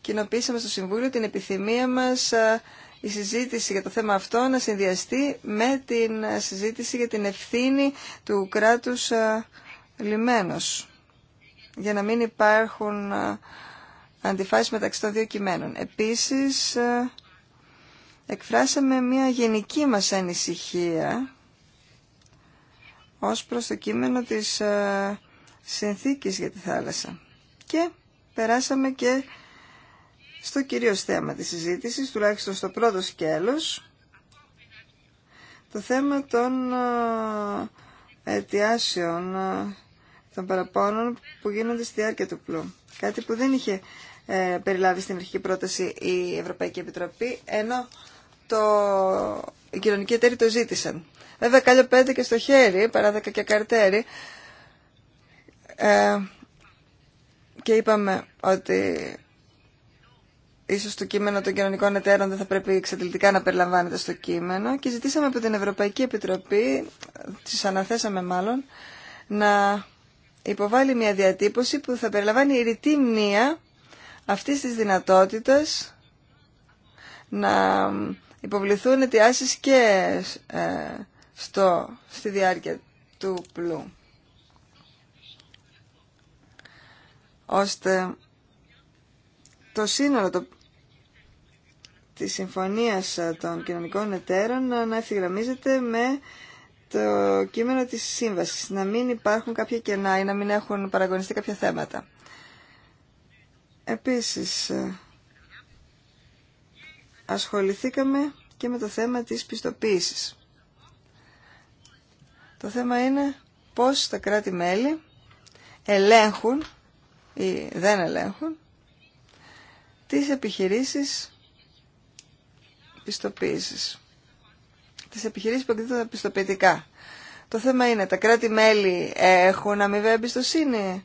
κοινοποίησαμε στο Συμβούλιο την επιθυμία μας ε, η συζήτηση για το θέμα αυτό να συνδυαστεί με την συζήτηση για την ευθύνη του κράτους ε, λιμένος για να μην υπάρχουν ε, αντιφάσεις μεταξύ των δύο κειμένων. Επίσης, ε, εκφράσαμε μια γενική μας ανησυχία ως προς το κείμενο της ε, συνθήκης για τη θάλασσα. Και περάσαμε και στο κυρίως θέμα της συζήτησης, τουλάχιστον στο πρώτο σκέλος, το θέμα των αιτιάσεων των παραπώνων που γίνονται στη διάρκεια του πλού. Κάτι που δεν είχε ε, περιλάβει στην αρχική πρόταση η Ευρωπαϊκή Επιτροπή, ενώ το... οι κοινωνικοί εταίροι το ζήτησαν. Βέβαια, κάλιο πέντε και στο χέρι, παρά δέκα και καρτέρι. Ε, και είπαμε ότι ίσως το κείμενο των κοινωνικών εταίρων δεν θα πρέπει εξαντλητικά να περιλαμβάνεται στο κείμενο και ζητήσαμε από την Ευρωπαϊκή Επιτροπή, τις αναθέσαμε μάλλον, να υποβάλλει μια διατύπωση που θα περιλαμβάνει ρητή μνήα αυτής της δυνατότητας να υποβληθούν αιτιάσεις και ε, στο, στη διάρκεια του πλού. Ώστε το σύνολο το, της συμφωνίας των κοινωνικών εταίρων να ευθυγραμμίζεται με το κείμενο της σύμβασης, να μην υπάρχουν κάποια κενά ή να μην έχουν παραγωνιστεί κάποια θέματα. Επίσης, ε, ασχοληθήκαμε και με το θέμα της πιστοποίησης. Το θέμα είναι πώς τα κράτη-μέλη ελέγχουν ή δεν ελέγχουν τις επιχειρήσεις πιστοποίησης τις επιχειρήσεις που εκδίδουν πιστοποιητικά. Το θέμα είναι, τα κράτη-μέλη έχουν αμοιβαία εμπιστοσύνη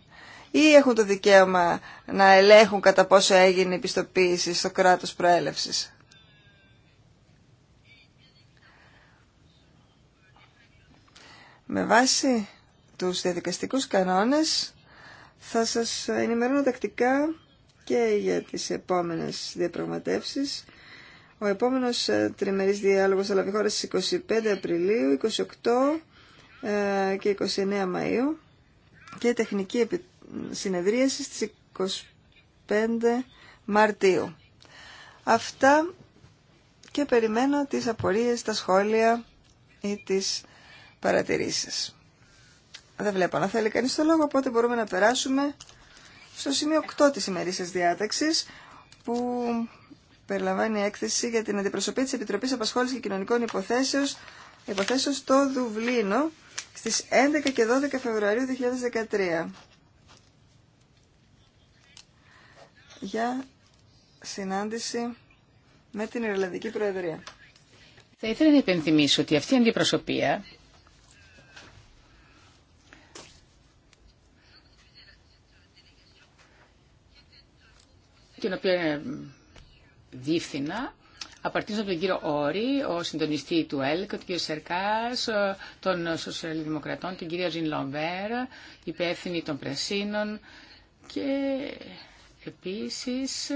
ή έχουν το δικαίωμα να ελέγχουν κατά πόσο έγινε η πιστοποίηση στο κράτος προέλευσης. Με βάση τους διαδικαστικούς κανόνες θα σας ενημερώνω τακτικά και για τις επόμενες διαπραγματεύσεις ο επόμενος ε, τριμερής διάλογος θα λάβει χώρα στι 25 Απριλίου, 28 ε, και 29 Μαΐου και η τεχνική συνεδρίαση στι 25 Μαρτίου. Αυτά και περιμένω τις απορίες, τα σχόλια ή τις παρατηρήσεις. Δεν βλέπω να θέλει κανείς το λόγο, οπότε μπορούμε να περάσουμε στο σημείο 8 της ημερήσιας διάταξης που περιλαμβάνει έκθεση για την αντιπροσωπή της Επιτροπής απασχόληση και Κοινωνικών υποθέσεων, υποθέσεως στο Δουβλίνο στις 11 και 12 Φεβρουαρίου 2013. για συνάντηση με την Ιρλανδική Προεδρία. Θα ήθελα να υπενθυμίσω ότι αυτή η αντιπροσωπεία την οποία δίφθηνα απαρτίζονται από τον κύριο Όρη, ο συντονιστή του ΕΛΚ, τον κύριο Σερκάς, των Σοσιαλδημοκρατών, την κυρία Ζιν Λομπέρ, υπεύθυνη των Πρεσίνων και επίσης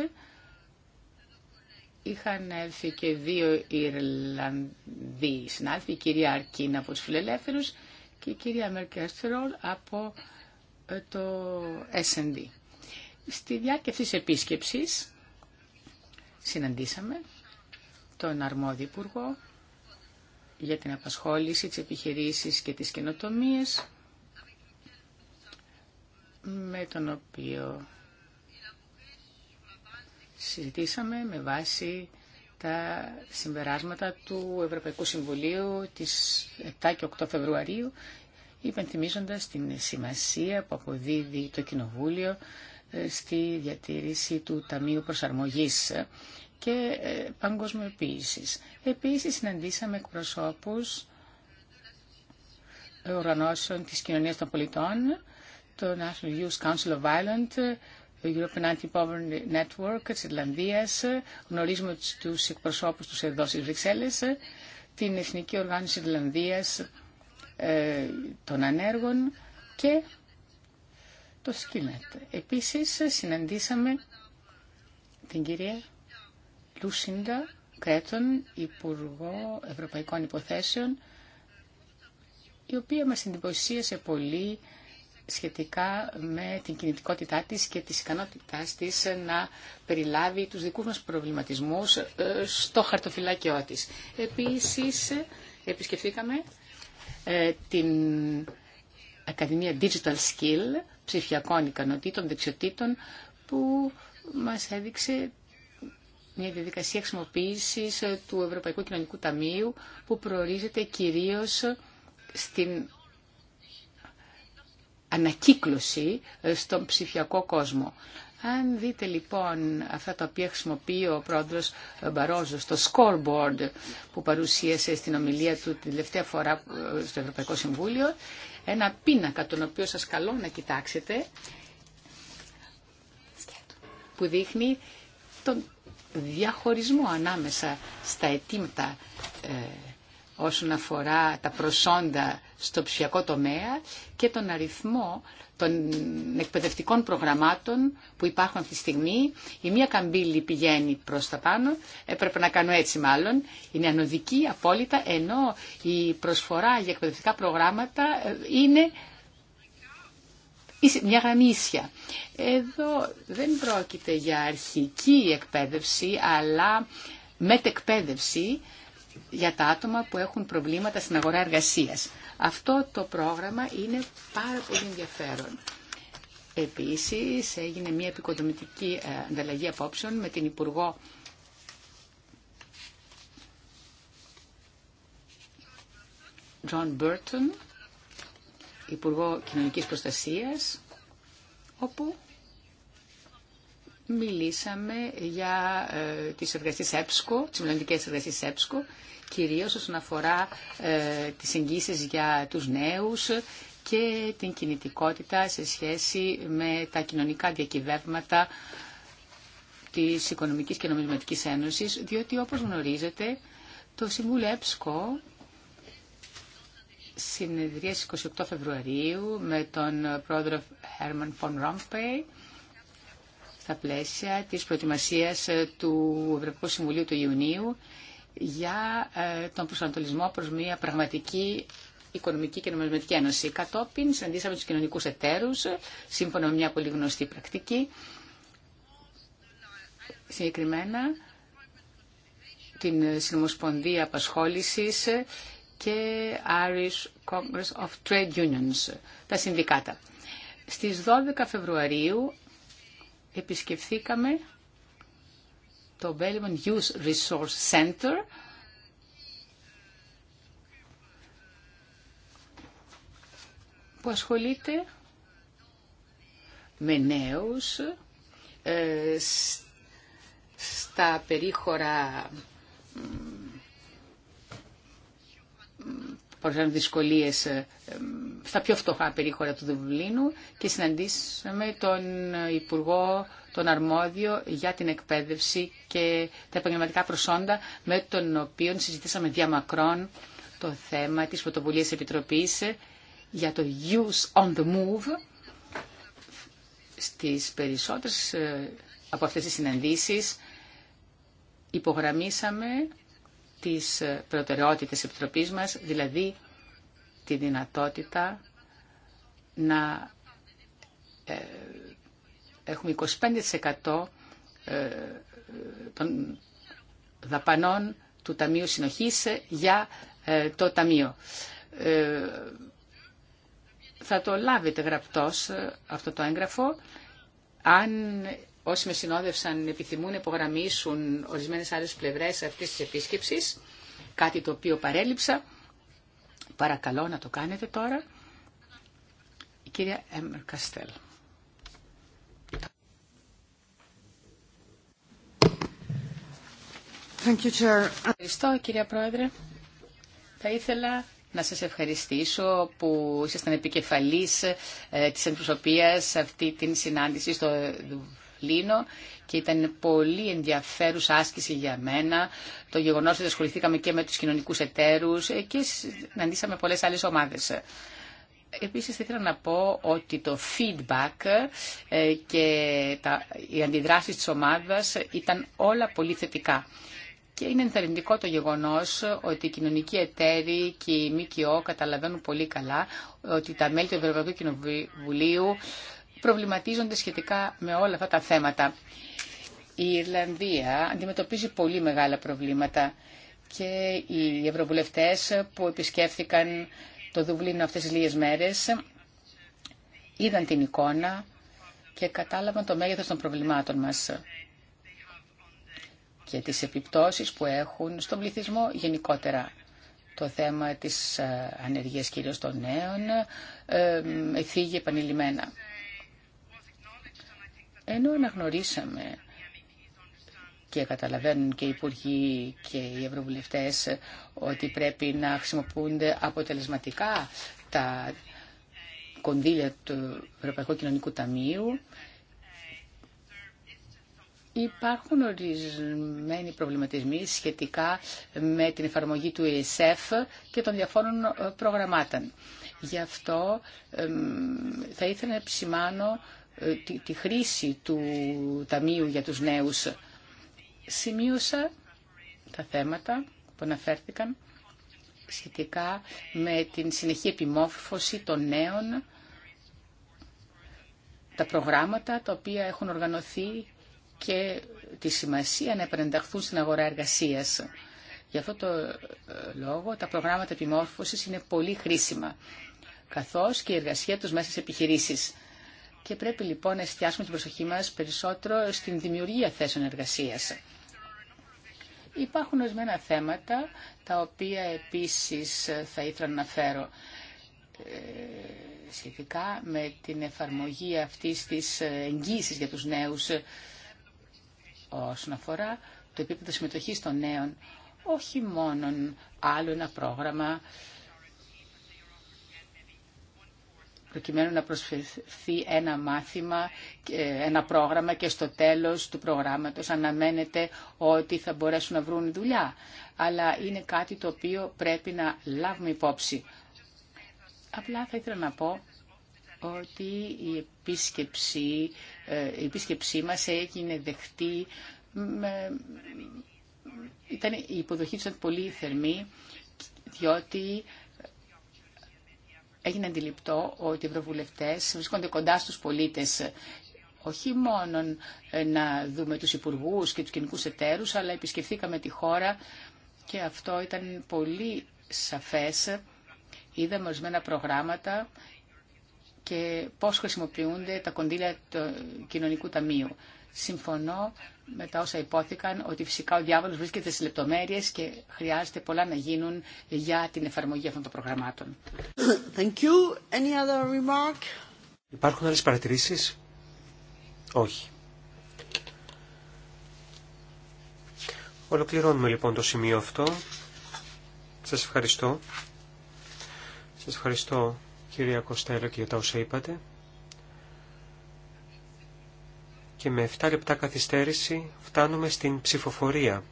είχαν έρθει και δύο Ιρλανδοί συνάδελφοι, η κυρία Αρκίνα από τους Φιλελεύθερους και η κυρία Μερκέστερολ από ε, το S&D. Στη διάρκεια αυτής της επίσκεψης συναντήσαμε τον αρμόδιο υπουργό για την απασχόληση, τις επιχειρήσεις και τις καινοτομίες, με τον οποίο συζητήσαμε με βάση τα συμπεράσματα του Ευρωπαϊκού Συμβουλίου της 7 και 8 Φεβρουαρίου, υπενθυμίζοντας την σημασία που αποδίδει το Κοινοβούλιο στη διατήρηση του Ταμείου Προσαρμογής και ε, παγκοσμιοποίησης. Επίσης συναντήσαμε εκπροσώπους οργανώσεων της κοινωνίας των πολιτών, το National Youth Council of Ireland, το European Anti-Poverty Network της Ιρλανδίας, γνωρίζουμε τους εκπροσώπους τους εδώ στις Βρυξέλλες, την Εθνική Οργάνωση Ιρλανδίας ε, των Ανέργων και το Σκίνετ. Επίσης συναντήσαμε την κυρία Λούσιντα Κρέτον, Υπουργό Ευρωπαϊκών Υποθέσεων, η οποία μας εντυπωσίασε πολύ σχετικά με την κινητικότητά της και τις ικανότητάς της να περιλάβει τους δικούς μας προβληματισμούς ε, στο χαρτοφυλάκιό της. Επίσης, επισκεφθήκαμε ε, την Ακαδημία Digital Skill, ψηφιακών ικανοτήτων, δεξιοτήτων που μας έδειξε μια διαδικασία χρησιμοποίηση ε, του Ευρωπαϊκού Κοινωνικού Ταμείου που προορίζεται κυρίως στην ανακύκλωση ε, στον ψηφιακό κόσμο. Αν δείτε λοιπόν αυτά τα οποία χρησιμοποιεί ο πρόεδρος Μπαρόζο στο scoreboard που παρουσίασε στην ομιλία του την τελευταία φορά ε, στο Ευρωπαϊκό Συμβούλιο, ένα πίνακα τον οποίο σας καλώ να κοιτάξετε που δείχνει τον διαχωρισμό ανάμεσα στα αιτήματα ε, όσον αφορά τα προσόντα στο ψηφιακό τομέα και τον αριθμό των εκπαιδευτικών προγραμμάτων που υπάρχουν αυτή τη στιγμή. Η μία καμπύλη πηγαίνει προς τα πάνω, έπρεπε να κάνω έτσι μάλλον, είναι ανωδική απόλυτα, ενώ η προσφορά για εκπαιδευτικά προγράμματα ε, είναι μια γραμμή ίσια. Εδώ δεν πρόκειται για αρχική εκπαίδευση, αλλά μετεκπαίδευση, για τα άτομα που έχουν προβλήματα στην αγορά εργασίας. Αυτό το πρόγραμμα είναι πάρα πολύ ενδιαφέρον. Επίσης έγινε μια επικοδομητική ε, ανταλλαγή απόψεων με την Υπουργό John Burton, Υπουργό Κοινωνικής Προστασίας, όπου μιλήσαμε για ε, τις εργασίες ΕΠΣΚΟ, τις μελλοντικές εργασίες ΕΠΣΚΟ, κυρίως όσον αφορά ε, τις εγγύσεις για τους νέους και την κινητικότητα σε σχέση με τα κοινωνικά διακυβεύματα της Οικονομικής και Νομισματικής Ένωσης, διότι όπως γνωρίζετε το Συμβούλιο ΕΠΣΚΟ συνεδρίασε 28 Φεβρουαρίου με τον πρόεδρο Herman von Rompuy στα πλαίσια της προετοιμασίας ε, του Ευρωπαϊκού Συμβουλίου του Ιουνίου για ε, τον προσανατολισμό προς μια πραγματική Οικονομική και Νομισματική Ένωση. Κατόπιν συναντήσαμε τους κοινωνικούς εταίρους, ε, σύμφωνα με μια πολύ γνωστή πρακτική. Συγκεκριμένα, την Συνομοσπονδία Απασχόλησης και Irish Congress of Trade Unions, τα συνδικάτα. Στις 12 Φεβρουαρίου επισκεφθήκαμε το Belgian Youth Resource Center που ασχολείται με νέους ε, στα περίχωρα παρουσιάζουν δυσκολίε ε, στα πιο φτωχά περίχωρα του Δουβλίνου και συναντήσαμε τον Υπουργό, τον Αρμόδιο για την εκπαίδευση και τα επαγγελματικά προσόντα με τον οποίο συζητήσαμε διαμακρόν το θέμα της πρωτοβουλίας Επιτροπής ε, για το Use on the Move στις περισσότερες ε, από αυτές τις συναντήσεις υπογραμμίσαμε τις προτεραιότητες της Επιτροπής μας, δηλαδή τη δυνατότητα να ε, έχουμε 25% ε, των δαπανών του Ταμείου Συνοχής για ε, το Ταμείο. Θα το λάβετε γραπτός αυτό το έγγραφο. Αν όσοι με συνόδευσαν επιθυμούν να υπογραμμίσουν ορισμένες άλλες πλευρές αυτής της επίσκεψης, κάτι το οποίο παρέλειψα. Παρακαλώ να το κάνετε τώρα. Η κυρία Έμερ Καστέλ. Ευχαριστώ κυρία Πρόεδρε. Θα ήθελα να σας ευχαριστήσω που ήσασταν επικεφαλής ε, της αντιπροσωπείας αυτή την συνάντηση στο και ήταν πολύ ενδιαφέρουσα άσκηση για μένα. Το γεγονό ότι ασχοληθήκαμε και με του κοινωνικού εταίρου και συναντήσαμε πολλέ άλλε ομάδε. Επίσης ήθελα να πω ότι το feedback ε, και τα, οι αντιδράσει τη ομάδα ήταν όλα πολύ θετικά. Και είναι ενθαρρυντικό το γεγονός ότι οι κοινωνικοί εταίροι και οι ΜΚΟ καταλαβαίνουν πολύ καλά ότι τα μέλη του Ευρωπαϊκού Κοινοβουλίου προβληματίζονται σχετικά με όλα αυτά τα θέματα. Η Ιρλανδία αντιμετωπίζει πολύ μεγάλα προβλήματα και οι ευρωβουλευτές που επισκέφθηκαν το Δουβλίνο αυτές τις λίγες μέρες είδαν την εικόνα και κατάλαβαν το μέγεθος των προβλημάτων μας και τις επιπτώσεις που έχουν στον πληθυσμό γενικότερα. Το θέμα της ε, ανεργίας κυρίως των νέων θίγει ε, ε, επανειλημμένα. Ενώ αναγνωρίσαμε και καταλαβαίνουν και οι υπουργοί και οι ευρωβουλευτές ότι πρέπει να χρησιμοποιούνται αποτελεσματικά τα κονδύλια του Ευρωπαϊκού Κοινωνικού Ταμείου, Υπάρχουν ορισμένοι προβληματισμοί σχετικά με την εφαρμογή του ΕΣΕΦ και των διαφόρων προγραμμάτων. Γι' αυτό θα ήθελα να επισημάνω ε, τη, χρήση του Ταμείου για τους νέους. Σημείωσα τα θέματα που αναφέρθηκαν σχετικά με την συνεχή επιμόρφωση των νέων, τα προγράμματα τα οποία έχουν οργανωθεί και τη σημασία να επανενταχθούν στην αγορά εργασίας. Γι' αυτό το ε, λόγο τα προγράμματα επιμόρφωσης είναι πολύ χρήσιμα, καθώς και η εργασία τους μέσα σε επιχειρήσεις. Και πρέπει λοιπόν να εστιάσουμε την προσοχή μας περισσότερο στην δημιουργία θέσεων εργασίας. Υπάρχουν ορισμένα θέματα τα οποία επίσης θα ήθελα να αναφέρω ε, σχετικά με την εφαρμογή αυτής της εγγύησης για τους νέους όσον αφορά το επίπεδο συμμετοχής των νέων, όχι μόνον άλλο ένα πρόγραμμα προκειμένου να προσφερθεί ένα μάθημα, ένα πρόγραμμα και στο τέλος του προγράμματος αναμένεται ότι θα μπορέσουν να βρουν δουλειά. Αλλά είναι κάτι το οποίο πρέπει να λάβουμε υπόψη. Απλά θα ήθελα να πω ότι η επίσκεψη, ε, η επίσκεψή μας έγινε δεχτή Ήταν, η υποδοχή του ήταν πολύ θερμή διότι έγινε αντιληπτό ότι οι ευρωβουλευτέ βρίσκονται κοντά στους πολίτες όχι μόνο ε, να δούμε του υπουργού και του κοινικού εταίρου, αλλά επισκεφθήκαμε τη χώρα και αυτό ήταν πολύ σαφές. Είδαμε ορισμένα προγράμματα και πώς χρησιμοποιούνται τα κονδύλια του Κοινωνικού Ταμείου. Συμφωνώ μετά όσα υπόθηκαν ότι φυσικά ο διάβολος βρίσκεται στις λεπτομέρειες και χρειάζεται πολλά να γίνουν για την εφαρμογή αυτών των προγραμμάτων. Thank you. Any other remark? Υπάρχουν άλλες παρατηρήσεις? Όχι. Ολοκληρώνουμε λοιπόν το σημείο αυτό. Σας ευχαριστώ. Σας ευχαριστώ κυρία Κοστέλο και για τα όσα είπατε. και με 7 λεπτά καθυστέρηση φτάνουμε στην ψηφοφορία.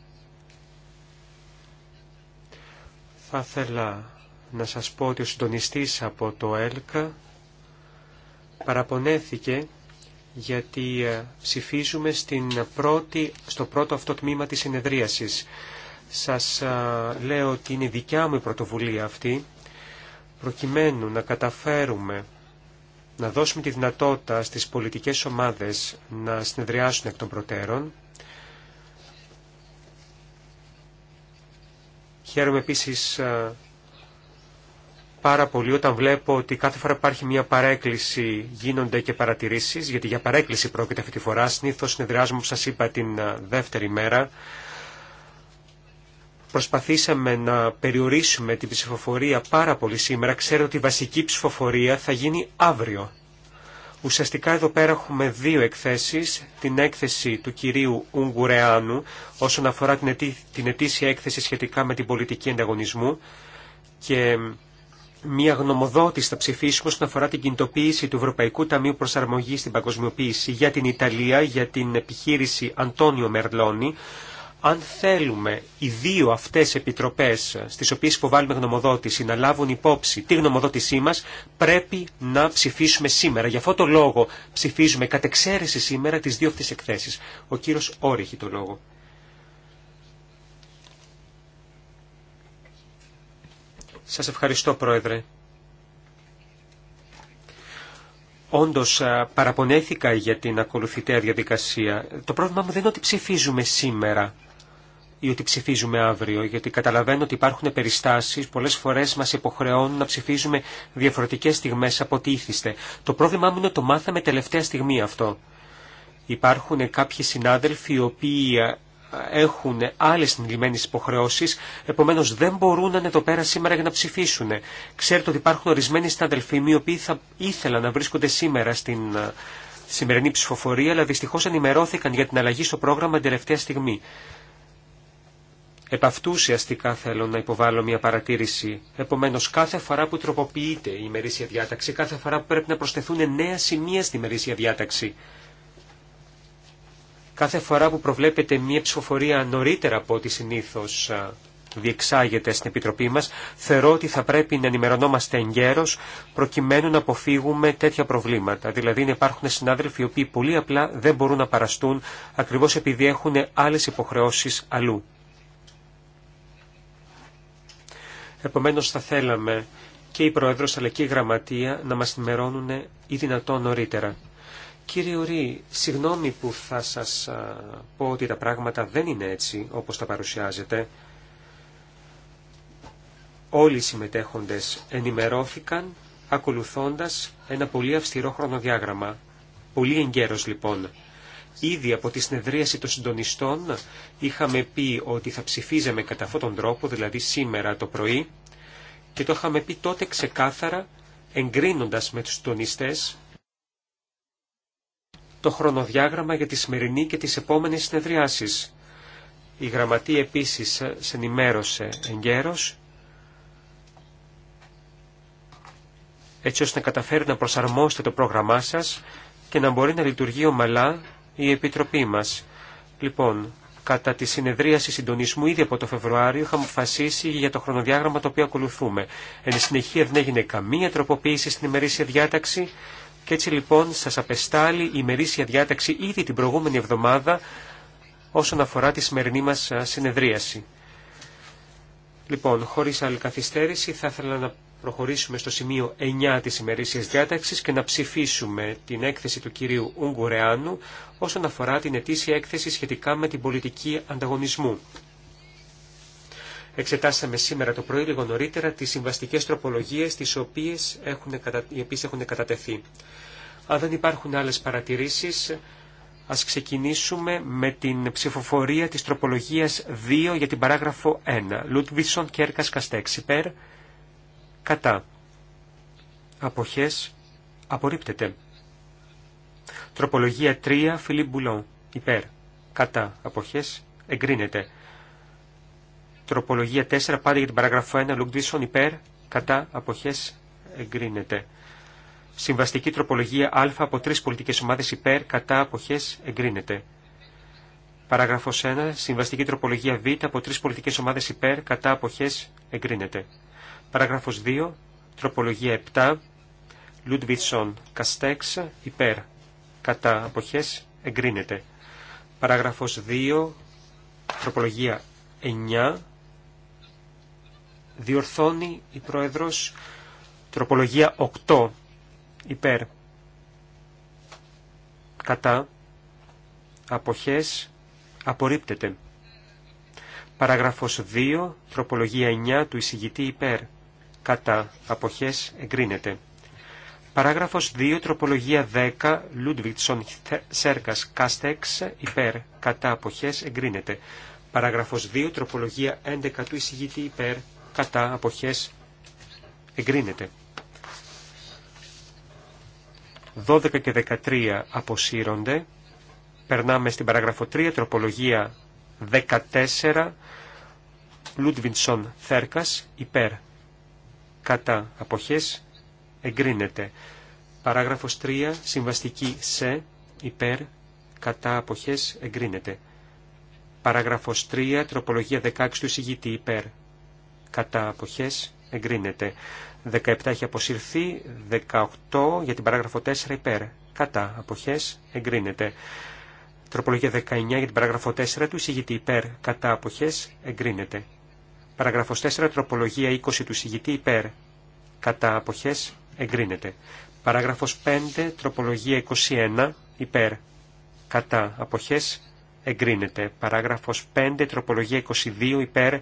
Θα ήθελα να σας πω ότι ο συντονιστής από το ΕΛΚΑ παραπονέθηκε γιατί ε, ψηφίζουμε στην στο πρώτο αυτό τμήμα της συνεδρίασης. Σας ε, λέω ότι είναι δικιά μου η πρωτοβουλία αυτή, προκειμένου να καταφέρουμε να δώσουμε τη δυνατότητα στις πολιτικές ομάδες να συνεδριάσουν εκ των προτέρων. Χαίρομαι επίσης ε, πάρα πολύ όταν βλέπω ότι κάθε φορά υπάρχει μια παρέκκληση γίνονται και παρατηρήσεις, γιατί για παρέκκληση πρόκειται αυτή τη φορά. Συνήθως συνεδριάζουμε, όπως σας είπα, την ε, δεύτερη μέρα. Προσπαθήσαμε να περιορίσουμε την ψηφοφορία πάρα πολύ σήμερα. Ξέρω ότι η βασική ψηφοφορία θα γίνει αύριο. Ουσιαστικά εδώ πέρα έχουμε δύο εκθέσεις, την έκθεση του κυρίου Ουγγουρεάνου όσον αφορά την ετήσια έκθεση σχετικά με την πολιτική ανταγωνισμού και μία γνωμοδότηση θα ψηφίσουμε όσον αφορά την κινητοποίηση του Ευρωπαϊκού Ταμείου Προσαρμογής στην Παγκοσμιοποίηση για την Ιταλία, για την επιχείρηση Αντώνιο Μερλόνι, αν θέλουμε οι δύο αυτές επιτροπές ε, στις οποίες υποβάλλουμε γνωμοδότηση να λάβουν υπόψη τη γνωμοδότησή μας, πρέπει να ψηφίσουμε σήμερα. Γι' αυτό το λόγο ψηφίζουμε κατ' εξαίρεση σήμερα τις δύο αυτές εκθέσεις. Ο κύριος Όρη έχει το λόγο. Σας ευχαριστώ Πρόεδρε. Όντως ε, παραπονέθηκα για την ακολουθητέα διαδικασία. Το πρόβλημα μου δεν είναι ότι ψηφίζουμε σήμερα ή ότι ψηφίζουμε αύριο, γιατί καταλαβαίνω ότι υπάρχουν περιστάσεις, πολλές φορές μας υποχρεώνουν να ψηφίζουμε διαφορετικές στιγμές από ό,τι ήθιστε. Το πρόβλημά μου είναι ότι το μάθαμε τελευταία στιγμή αυτό. Υπάρχουν κάποιοι συνάδελφοι οι οποίοι ε, έχουν άλλε συνειδημένες υποχρεώσει, επομένω δεν μπορούν να είναι εδώ πέρα σήμερα για να ψηφίσουν. Ξέρετε ότι υπάρχουν ορισμένοι συναδελφοί οι οποίοι θα ήθελαν να βρίσκονται σήμερα στην ε, σημερινή ψηφοφορία, αλλά δυστυχώ ενημερώθηκαν για την αλλαγή στο πρόγραμμα την τελευταία στιγμή. Επ' αυτού ουσιαστικά θέλω να υποβάλω μια παρατήρηση. Επομένω, κάθε φορά που τροποποιείται η ημερήσια διάταξη, κάθε φορά που πρέπει να προσθεθούν νέα σημεία στη ημερήσια διάταξη, κάθε φορά που προβλέπεται μια ψηφοφορία νωρίτερα από ό,τι συνήθω διεξάγεται στην Επιτροπή μας, θεωρώ ότι θα πρέπει να ενημερωνόμαστε εν γέρος προκειμένου να αποφύγουμε τέτοια προβλήματα. Δηλαδή να υπάρχουν συνάδελφοι οι οποίοι πολύ απλά δεν μπορούν να παραστούν ακριβώς επειδή έχουν άλλες υποχρεώσεις αλλού. Επομένως θα θέλαμε και η Πρόεδρος αλλά και η Γραμματεία να μας ενημερώνουν ή δυνατόν νωρίτερα. Κύριε Ορή, συγγνώμη που θα σας πω ότι τα πράγματα δεν είναι έτσι όπως τα παρουσιάζετε. Όλοι οι συμμετέχοντες ενημερώθηκαν ακολουθώντας ένα πολύ αυστηρό χρονοδιάγραμμα. Πολύ εγκαίρος λοιπόν. Ήδη από τη συνεδρίαση των συντονιστών είχαμε πει ότι θα ψηφίζαμε κατά αυτόν τον τρόπο, δηλαδή σήμερα το πρωί, και το είχαμε πει τότε ξεκάθαρα, εγκρίνοντας με τους συντονιστές το χρονοδιάγραμμα για τη σημερινή και τις επόμενες συνεδριάσεις. Η γραμματεία επίσης σε ενημέρωσε εγκαίρως, έτσι ώστε να καταφέρει να προσαρμόσετε το πρόγραμμά σας και να μπορεί να λειτουργεί ομαλά η Επιτροπή μας. Λοιπόν, κατά τη συνεδρίαση συντονισμού ήδη από το Φεβρουάριο είχαμε αποφασίσει για το χρονοδιάγραμμα το οποίο ακολουθούμε. Εν συνεχεία δεν έγινε καμία τροποποίηση στην ημερήσια διάταξη και έτσι λοιπόν σας απεστάλλει η ημερήσια διάταξη ήδη την προηγούμενη εβδομάδα όσον αφορά τη σημερινή μας συνεδρίαση. Λοιπόν, χωρίς άλλη καθυστέρηση θα ήθελα να προχωρήσουμε στο σημείο 9 της ημερήσιας διάταξης και να ψηφίσουμε την έκθεση του κυρίου Ουγγουρεάνου όσον αφορά την ετήσια έκθεση σχετικά με την πολιτική ανταγωνισμού. Εξετάσαμε σήμερα το πρωί λίγο νωρίτερα τις συμβαστικές τροπολογίες τις οποίες έχουν, οι οποίες έχουν κατατεθεί. Αν δεν υπάρχουν άλλες παρατηρήσεις, ας ξεκινήσουμε με την ψηφοφορία της τροπολογίας 2 για την παράγραφο 1. Λουτβίσον Κέρκας Καστέξιπερ, κατά. Αποχές απορρίπτεται. Τροπολογία 3 Φιλίπ Μπουλόν υπέρ. Κατά. Αποχές εγκρίνεται. Τροπολογία 4 πάντα για την παραγραφό 1 Λουγκδίσον υπέρ. Κατά. Αποχές εγκρίνεται. Συμβαστική τροπολογία Α από τρεις πολιτικές ομάδες υπέρ. Κατά. Αποχές εγκρίνεται. Παράγραφος 1. Συμβαστική τροπολογία Β από τρεις πολιτικές ομάδες υπέρ. Κατά. Αποχές εγκρίνεται. Παράγραφος 2, τροπολογία 7, Λούντβιτσον Καστέξ, υπέρ, κατά αποχές, εγκρίνεται. Παράγραφος 2, τροπολογία 9, διορθώνει η Πρόεδρος, τροπολογία 8, υπέρ, κατά αποχές, απορρίπτεται. Παράγραφος 2, τροπολογία 9 του εισηγητή υπέρ κατά αποχές εγκρίνεται. Παράγραφος 2, τροπολογία 10, Λούντβιτσον σέρκα Κάστεξ, υπέρ, κατά αποχές εγκρίνεται. Παράγραφος 2, τροπολογία 11 του εισηγητή υπέρ, κατά αποχές εγκρίνεται. 12 και 13 αποσύρονται. Περνάμε στην παράγραφο 3, τροπολογία 14, Λούντβιντσον Θέρκας, υπέρ, κατά αποχές εγκρίνεται. Παράγραφος 3. Συμβαστική σε υπέρ κατά αποχές εγκρίνεται. Παράγραφος 3. Τροπολογία 16 του εισηγητή υπέρ κατά αποχές εγκρίνεται. 17 έχει αποσυρθεί, 18 για την παράγραφο 4 υπέρ κατά αποχές εγκρίνεται. Τροπολογία 19 για την παράγραφο 4 του εισηγητή υπέρ κατά αποχές εγκρίνεται. Παραγραφος 4 τροπολογία 20 του συγητή υπέρ. Κατά αποχές εγκρίνεται. Παράγραφος 5 τροπολογία 21 υπέρ. Κατά αποχές εγκρίνεται. Παράγραφος 5 τροπολογία 22 υπέρ.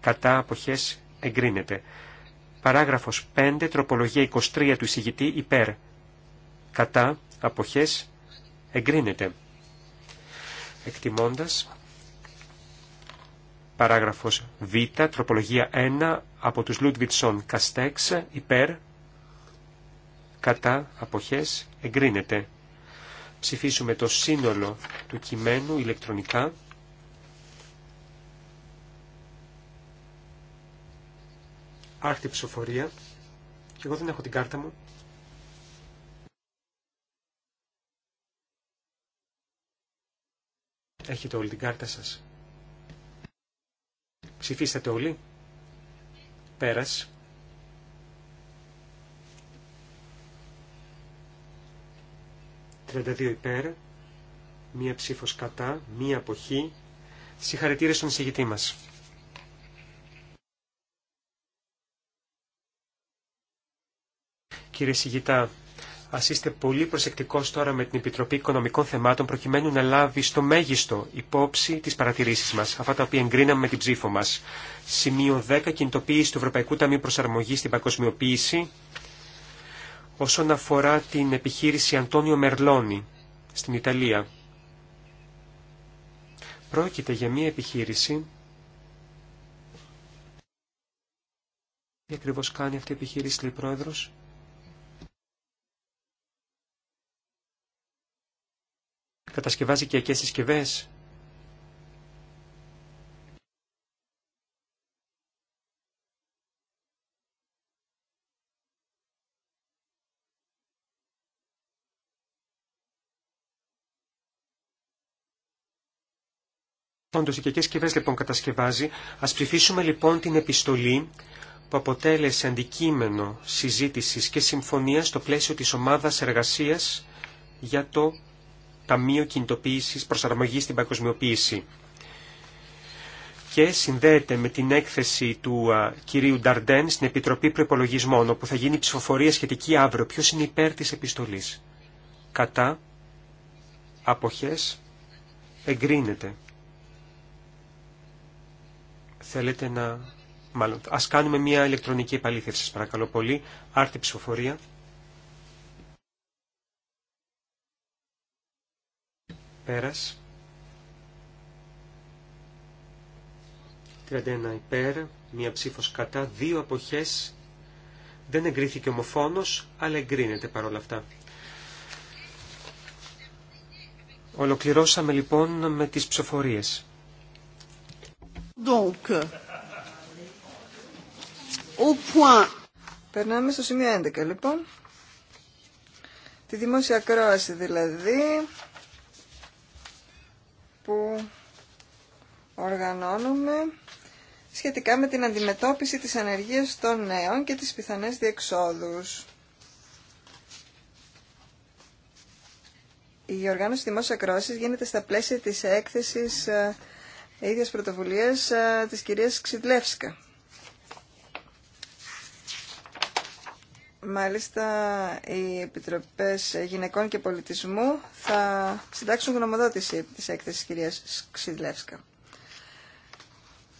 Κατά αποχές εγκρίνεται. Παράγραφος 5 τροπολογία 23 του συγητή υπέρ. Κατά αποχές εγκρίνεται. Εκτιμώντας Παράγραφος Β, τροπολογία 1 από τους Λούτβιτσον Καστέξ, υπέρ, κατά, αποχές, εγκρίνεται. Ψηφίσουμε το σύνολο του κειμένου ηλεκτρονικά. Άρτη ψηφοφορία. Και εγώ δεν έχω την κάρτα μου. Έχετε όλη την κάρτα σας. Ψηφίσατε όλοι. Πέρας. «32 υπέρ, μία ψήφος κατά, μία αποχή. Συγχαρητήρια στον εισηγητή μας. Κύριε συγητά, Α είστε πολύ προσεκτικό τώρα με την Επιτροπή Οικονομικών Θεμάτων προκειμένου να λάβει στο μέγιστο υπόψη τις παρατηρήσει μας, αυτά τα οποία εγκρίναμε με την ψήφο μα Σημείο 10. Κινητοποίηση του Ευρωπαϊκού Ταμείου Προσαρμογή στην Παγκοσμιοποίηση όσον αφορά την επιχείρηση Αντώνιο Μερλόνι στην Ιταλία. Πρόκειται για μια επιχείρηση Τι ακριβώ κάνει αυτή η επιχείρηση, λέει πρόεδρος. κατασκευάζει οικιακές συσκευές. Όντως, οικιακές συσκευές λοιπόν κατασκευάζει. Ας ψηφίσουμε λοιπόν την επιστολή που αποτέλεσε αντικείμενο συζήτησης και συμφωνίας στο πλαίσιο της ομάδας εργασίας για το Ταμείο Κινητοποίησης Προσαρμογής στην Παγκοσμιοποίηση και συνδέεται με την έκθεση του κυρίου Νταρντέν στην Επιτροπή Προπολογισμών, όπου θα γίνει ψηφοφορία σχετική αύριο. Ποιο είναι υπέρ τη επιστολή. Κατά. Αποχέ. Εγκρίνεται. Θέλετε να. Μάλλον, ας κάνουμε μια ηλεκτρονική επαλήθευση, σας παρακαλώ πολύ. Άρτη ψηφοφορία. πέρας. 31 υπέρ, μία ψήφος κατά, δύο αποχές. Δεν εγκρίθηκε ομοφόνος, αλλά εγκρίνεται παρόλα αυτά. Ολοκληρώσαμε λοιπόν με τις ψηφοφορίες. Donc, au point. Περνάμε στο σημείο 11 λοιπόν. Τη δημόσια κρόαση δηλαδή που οργανώνουμε σχετικά με την αντιμετώπιση της ανεργίας των νέων και τις πιθανές διεξόδους. Η οργάνωση δημόσια κρόσης γίνεται στα πλαίσια της έκθεσης ε, ίδιας πρωτοβουλίας ε, της κυρίας Ξιντλεύσκα. Μάλιστα, οι Επιτροπές Γυναικών και Πολιτισμού θα συντάξουν γνωμοδότηση της έκθεσης κυρίας Ξιδλεύσκα.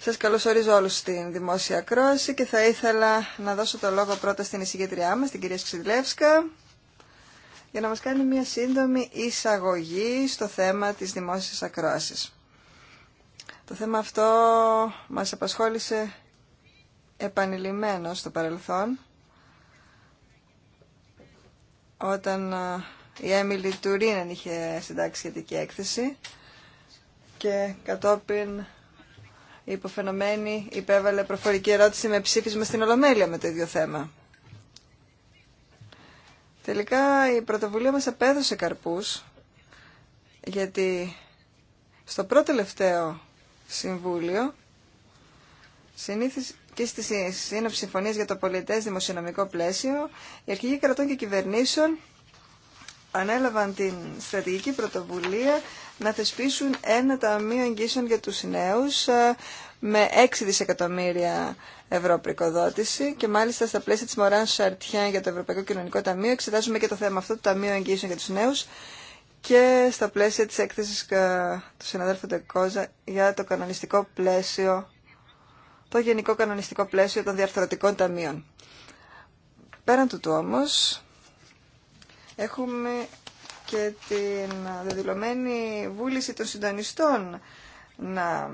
Σας καλωσορίζω όλους στην δημόσια ακρόαση και θα ήθελα να δώσω το λόγο πρώτα στην εισηγήτριά μας, την κυρία Ξιδλεύσκα, για να μας κάνει μια σύντομη εισαγωγή στο θέμα της δημόσιας ακρόασης. Το θέμα αυτό μας απασχόλησε επανειλημμένο στο παρελθόν όταν ε, η Έμιλι Τουρίνεν είχε συντάξει σχετική έκθεση και κατόπιν η υποφαινομένη υπέβαλε προφορική ερώτηση με ψήφισμα στην Ολομέλεια με το ίδιο θέμα. Τελικά η πρωτοβουλία μας απέδωσε καρπούς γιατί στο πρώτο τελευταίο συμβούλιο συνήθιζε και στη Σύνοψη συμφωνία για το πολιτέ δημοσιονομικό πλαίσιο, οι αρχηγοί κρατών και κυβερνήσεων ανέλαβαν την στρατηγική πρωτοβουλία να θεσπίσουν ένα ταμείο εγγύσεων για τους νέους ε, με 6 δισεκατομμύρια ευρώ πρικοδότηση και μάλιστα στα πλαίσια της Μωράν Σαρτιάν για το Ευρωπαϊκό Κοινωνικό Ταμείο εξετάζουμε και το θέμα αυτό του Ταμείου Εγγύσεων για τους Νέους και στα πλαίσια της έκθεσης ε, του συναδέλφου Τεκόζα για το κανονιστικό πλαίσιο το γενικό κανονιστικό πλαίσιο των διαρθρωτικών ταμείων. Πέραν του όμως, έχουμε και την δεδηλωμένη βούληση των συντονιστών να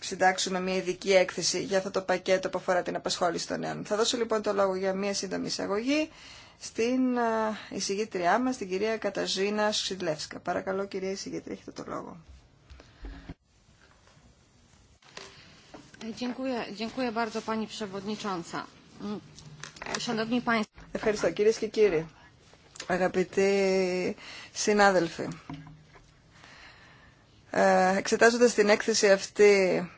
συντάξουμε μια ειδική έκθεση για αυτό το πακέτο που αφορά την απασχόληση των νέων. Θα δώσω λοιπόν το λόγο για μια σύντομη εισαγωγή στην ε, εισηγήτριά μας, την κυρία Καταζίνα Σιλεύσκα. Παρακαλώ κυρία εισηγήτρια, έχετε το λόγο. Ευχαριστώ κυρίες και κύριοι, αγαπητοί συνάδελφοι. Εξετάζοντα εξετάζοντας την έκθεση αυτή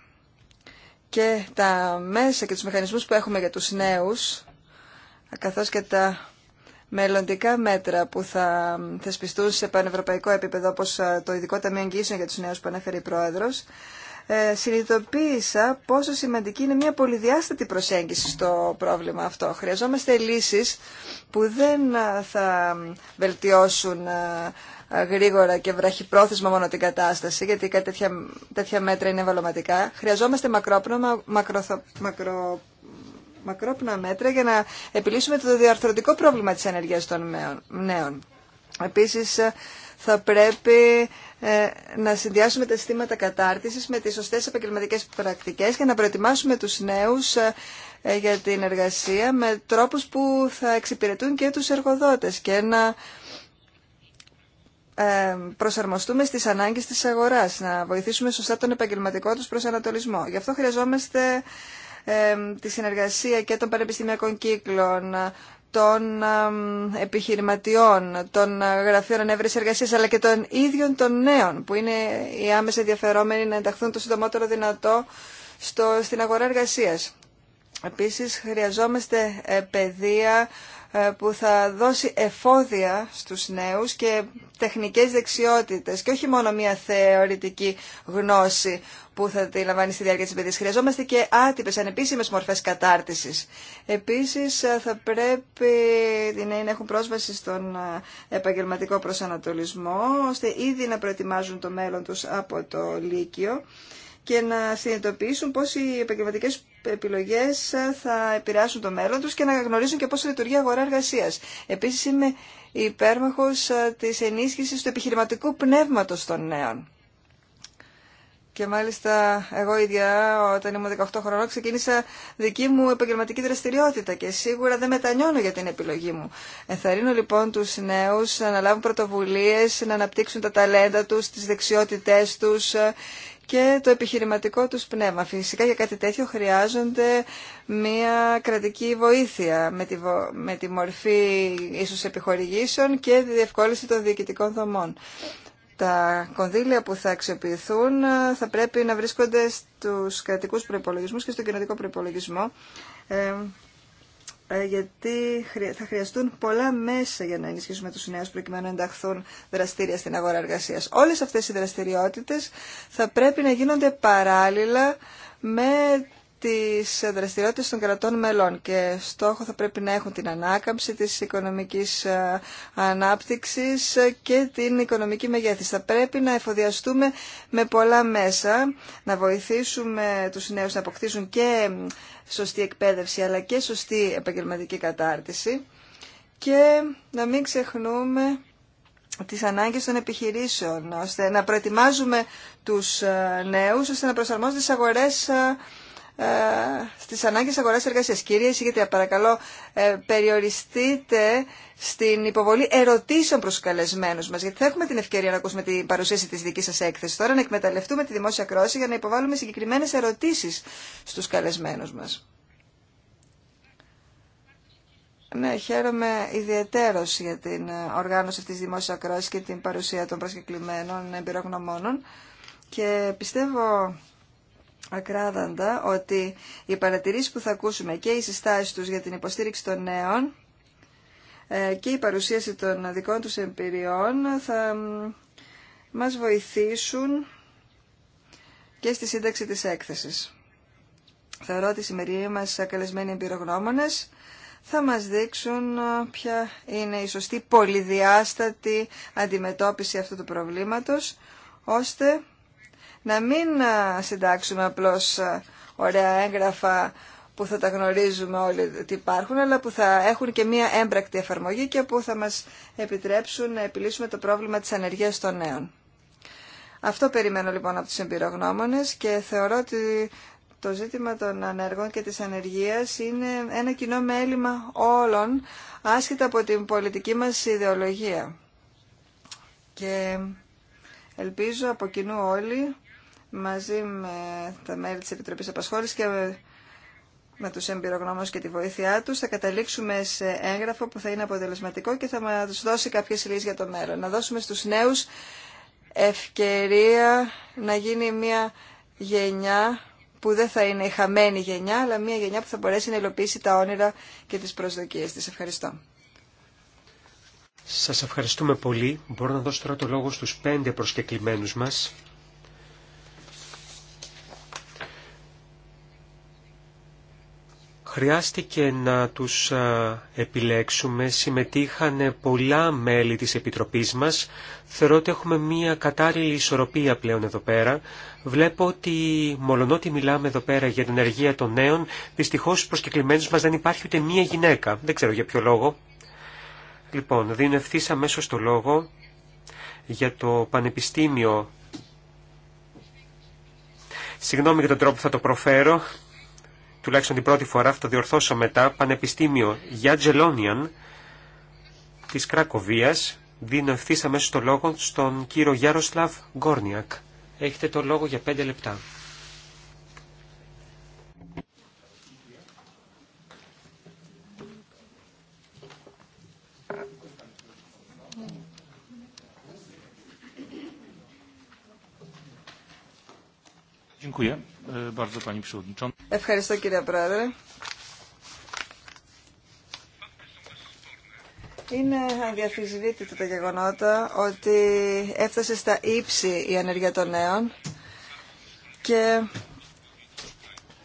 και τα μέσα και τους μηχανισμούς που έχουμε για τους νέους, καθώς και τα μελλοντικά μέτρα που θα θεσπιστούν σε πανευρωπαϊκό επίπεδο, όπως το Ειδικό Ταμείο Εγγύσεων για τους Νέους που ανέφερε η Πρόεδρος, ε, συνειδητοποίησα πόσο σημαντική είναι μια πολυδιάστατη προσέγγιση στο πρόβλημα αυτό. Χρειαζόμαστε λύσεις που δεν ε, θα βελτιώσουν ε, γρήγορα και βραχυπρόθεσμα μόνο την κατάσταση, γιατί τέτοια, τέτοια μέτρα είναι ευαλωματικά. Χρειαζόμαστε μακρόπνομα, μακροθο, μακρόπνομα μέτρα για να επιλύσουμε το διαρθρωτικό πρόβλημα της ενεργείας των νέων. Επίσης, θα πρέπει ε, να συνδυάσουμε τα συστήματα κατάρτισης με τις σωστές επαγγελματικές πρακτικές και να προετοιμάσουμε τους νέους ε, ε, για την εργασία με τρόπους που θα εξυπηρετούν και τους εργοδότες και να προσαρμοστούμε στις ανάγκες της αγοράς, να βοηθήσουμε σωστά τον επαγγελματικό τους προσανατολισμό. Γι' αυτό χρειαζόμαστε τη συνεργασία και των πανεπιστημιακών κύκλων, των επιχειρηματιών, των γραφείων ανέβρεση εργασίας, αλλά και των ίδιων των νέων, που είναι οι άμεσα ενδιαφερόμενοι να ενταχθούν το συντομότερο δυνατό στο, στην αγορά εργασίας. Επίσης, χρειαζόμαστε ε, παιδεία ε, που θα δώσει εφόδια στους νέους και τεχνικές δεξιότητες και όχι μόνο μια θεωρητική γνώση που θα τη λαμβάνει στη διάρκεια τη παιδεία. Χρειαζόμαστε και άτυπε ανεπίσημε μορφέ κατάρτιση. Επίση, θα πρέπει οι νέοι να έχουν πρόσβαση στον ε, επαγγελματικό προσανατολισμό, ώστε ήδη να προετοιμάζουν το μέλλον του από το Λύκειο και να συνειδητοποιήσουν πώ οι επαγγελματικέ επιλογέ ε, θα επηρεάσουν το μέλλον του και να γνωρίζουν και πώ λειτουργεί η αγορά εργασία. Επίση, είμαι υπέρμαχο ε, τη ενίσχυση του επιχειρηματικού πνεύματο των νέων. Και μάλιστα εγώ ίδια όταν ήμουν 18 χρονών ξεκίνησα δική μου επαγγελματική δραστηριότητα και σίγουρα δεν μετανιώνω για την επιλογή μου. Ενθαρρύνω λοιπόν τους νέους να αναλάβουν πρωτοβουλίες, να αναπτύξουν τα ταλέντα τους, τις δεξιότητές τους και το επιχειρηματικό τους πνεύμα. Φυσικά για κάτι τέτοιο χρειάζονται μια κρατική βοήθεια με τη, μορφή ίσως επιχορηγήσεων και τη διευκόλυνση των διοικητικών δομών τα κονδύλια που θα αξιοποιηθούν ε, θα πρέπει να βρίσκονται στους κρατικούς προϋπολογισμούς και στον κοινωτικό προϋπολογισμό ε, ε, γιατί θα χρειαστούν πολλά μέσα για να ενισχύσουμε τους νέους προκειμένου να ενταχθούν δραστήρια στην αγορά εργασίας. Όλες αυτές οι δραστηριότητες θα πρέπει να γίνονται παράλληλα με τις δραστηριότητες των κρατών μελών και στόχο θα πρέπει να έχουν την ανάκαμψη της οικονομικής ε, ανάπτυξης και την οικονομική μεγέθυνση. Θα πρέπει να εφοδιαστούμε με πολλά μέσα, να βοηθήσουμε τους νέους να αποκτήσουν και σωστή εκπαίδευση αλλά και σωστή επαγγελματική κατάρτιση και να μην ξεχνούμε τις ανάγκες των επιχειρήσεων, ώστε να προετοιμάζουμε τους ε, νέους, ώστε να προσαρμόζονται στις αγορές ε, ε, στις ανάγκες αγοράς εργασίας. Κύριε γιατί παρακαλώ ε, περιοριστείτε στην υποβολή ερωτήσεων προς καλεσμένους μας, γιατί θα έχουμε την ευκαιρία να ακούσουμε την παρουσίαση της δικής σας έκθεσης. Τώρα να εκμεταλλευτούμε τη δημόσια κρόση για να υποβάλουμε συγκεκριμένες ερωτήσεις στους καλεσμένους μας. Ναι, χαίρομαι ιδιαίτερο για την ε, οργάνωση αυτής της δημόσιας ακρόασης και την παρουσία των προσκεκλημένων εμπειρογνωμόνων και πιστεύω ακράδαντα ότι οι παρατηρήσεις που θα ακούσουμε και οι συστάσεις τους για την υποστήριξη των νέων ε, και η παρουσίαση των δικών τους εμπειριών θα μας βοηθήσουν και στη σύνταξη της έκθεσης. Θεωρώ ότι οι σημερινοί μας καλεσμένοι εμπειρογνώμονες θα μας δείξουν ε, ποια είναι η σωστή πολυδιάστατη αντιμετώπιση αυτού του προβλήματος, ώστε να μην συντάξουμε απλώς ωραία έγγραφα που θα τα γνωρίζουμε όλοι ότι υπάρχουν, αλλά που θα έχουν και μία έμπρακτη εφαρμογή και που θα μας επιτρέψουν να επιλύσουμε το πρόβλημα της ανεργίας των νέων. Αυτό περιμένω λοιπόν από τους εμπειρογνώμονες και θεωρώ ότι το ζήτημα των ανεργών και της ανεργίας είναι ένα κοινό μέλημα όλων, άσχετα από την πολιτική μας ιδεολογία. Και ελπίζω από κοινού όλοι μαζί με τα μέλη της Επιτροπής Απασχόλησης και με τους εμπειρογνώμους και τη βοήθειά τους θα καταλήξουμε σε έγγραφο που θα είναι αποτελεσματικό και θα μας δώσει κάποιες λύσεις για το μέλλον. Να δώσουμε στους νέους ευκαιρία να γίνει μια γενιά που δεν θα είναι η χαμένη γενιά, αλλά μια γενιά που θα μπορέσει να υλοποιήσει τα όνειρα και τις προσδοκίες της. Ευχαριστώ. Σας ευχαριστούμε πολύ. Μπορώ να δώσω τώρα το λόγο στους πέντε προσκεκλημένους μας. Χρειάστηκε να τους επιλέξουμε, συμμετείχαν πολλά μέλη της Επιτροπής μας. Θεωρώ ότι έχουμε μία κατάλληλη ισορροπία πλέον εδώ πέρα. Βλέπω ότι μολονότι μιλάμε εδώ πέρα για την ενεργεία των νέων, δυστυχώς προσκεκλημένους μας δεν υπάρχει ούτε μία γυναίκα. Δεν ξέρω για ποιο λόγο. Λοιπόν, δίνω ευθύ αμέσω το λόγο για το Πανεπιστήμιο. Συγγνώμη για τον τρόπο που θα το προφέρω τουλάχιστον την πρώτη φορά, θα το διορθώσω μετά, Πανεπιστήμιο Γιατζελόνιαν της Κρακοβίας. Δίνω ευθύ αμέσως το λόγο στον κύριο Γιάροσλαβ Γκόρνιακ. Έχετε το λόγο για πέντε λεπτά. Dziękuję. Ευχαριστώ κύριε Πρόεδρε. Είναι αδιαφυσβήτητα τα γεγονότα ότι έφτασε στα ύψη η ανεργία των νέων και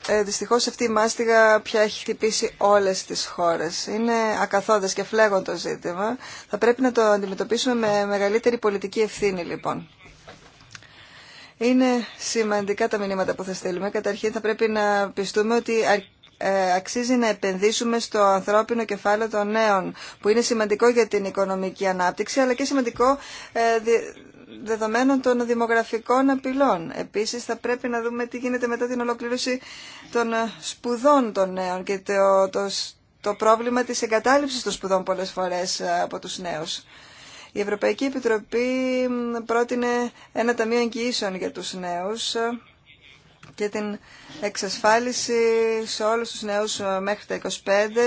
ε, δυστυχώς αυτή η μάστιγα πια έχει χτυπήσει όλες τις χώρες. Είναι ακαθόδες και φλέγον το ζήτημα. Θα πρέπει να το αντιμετωπίσουμε με μεγαλύτερη πολιτική ευθύνη λοιπόν. Είναι σημαντικά τα μηνύματα που θα στείλουμε. Καταρχήν θα πρέπει να πιστούμε ότι ε, αξίζει να επενδύσουμε στο ανθρώπινο κεφάλαιο των νέων, που είναι σημαντικό για την οικονομική ανάπτυξη, αλλά και σημαντικό ε, δεδομένων των δημογραφικών απειλών. Επίσης θα πρέπει να δούμε τι γίνεται μετά την ολοκλήρωση των ε, σπουδών των νέων και το, το πρόβλημα της εγκατάλειψης των σπουδών πολλές φορές από τους νέους. Η Ευρωπαϊκή Επιτροπή πρότεινε ένα ταμείο εγγυήσεων για τους νέους ε, και την εξασφάλιση σε όλους τους νέους ε, μέχρι τα 25,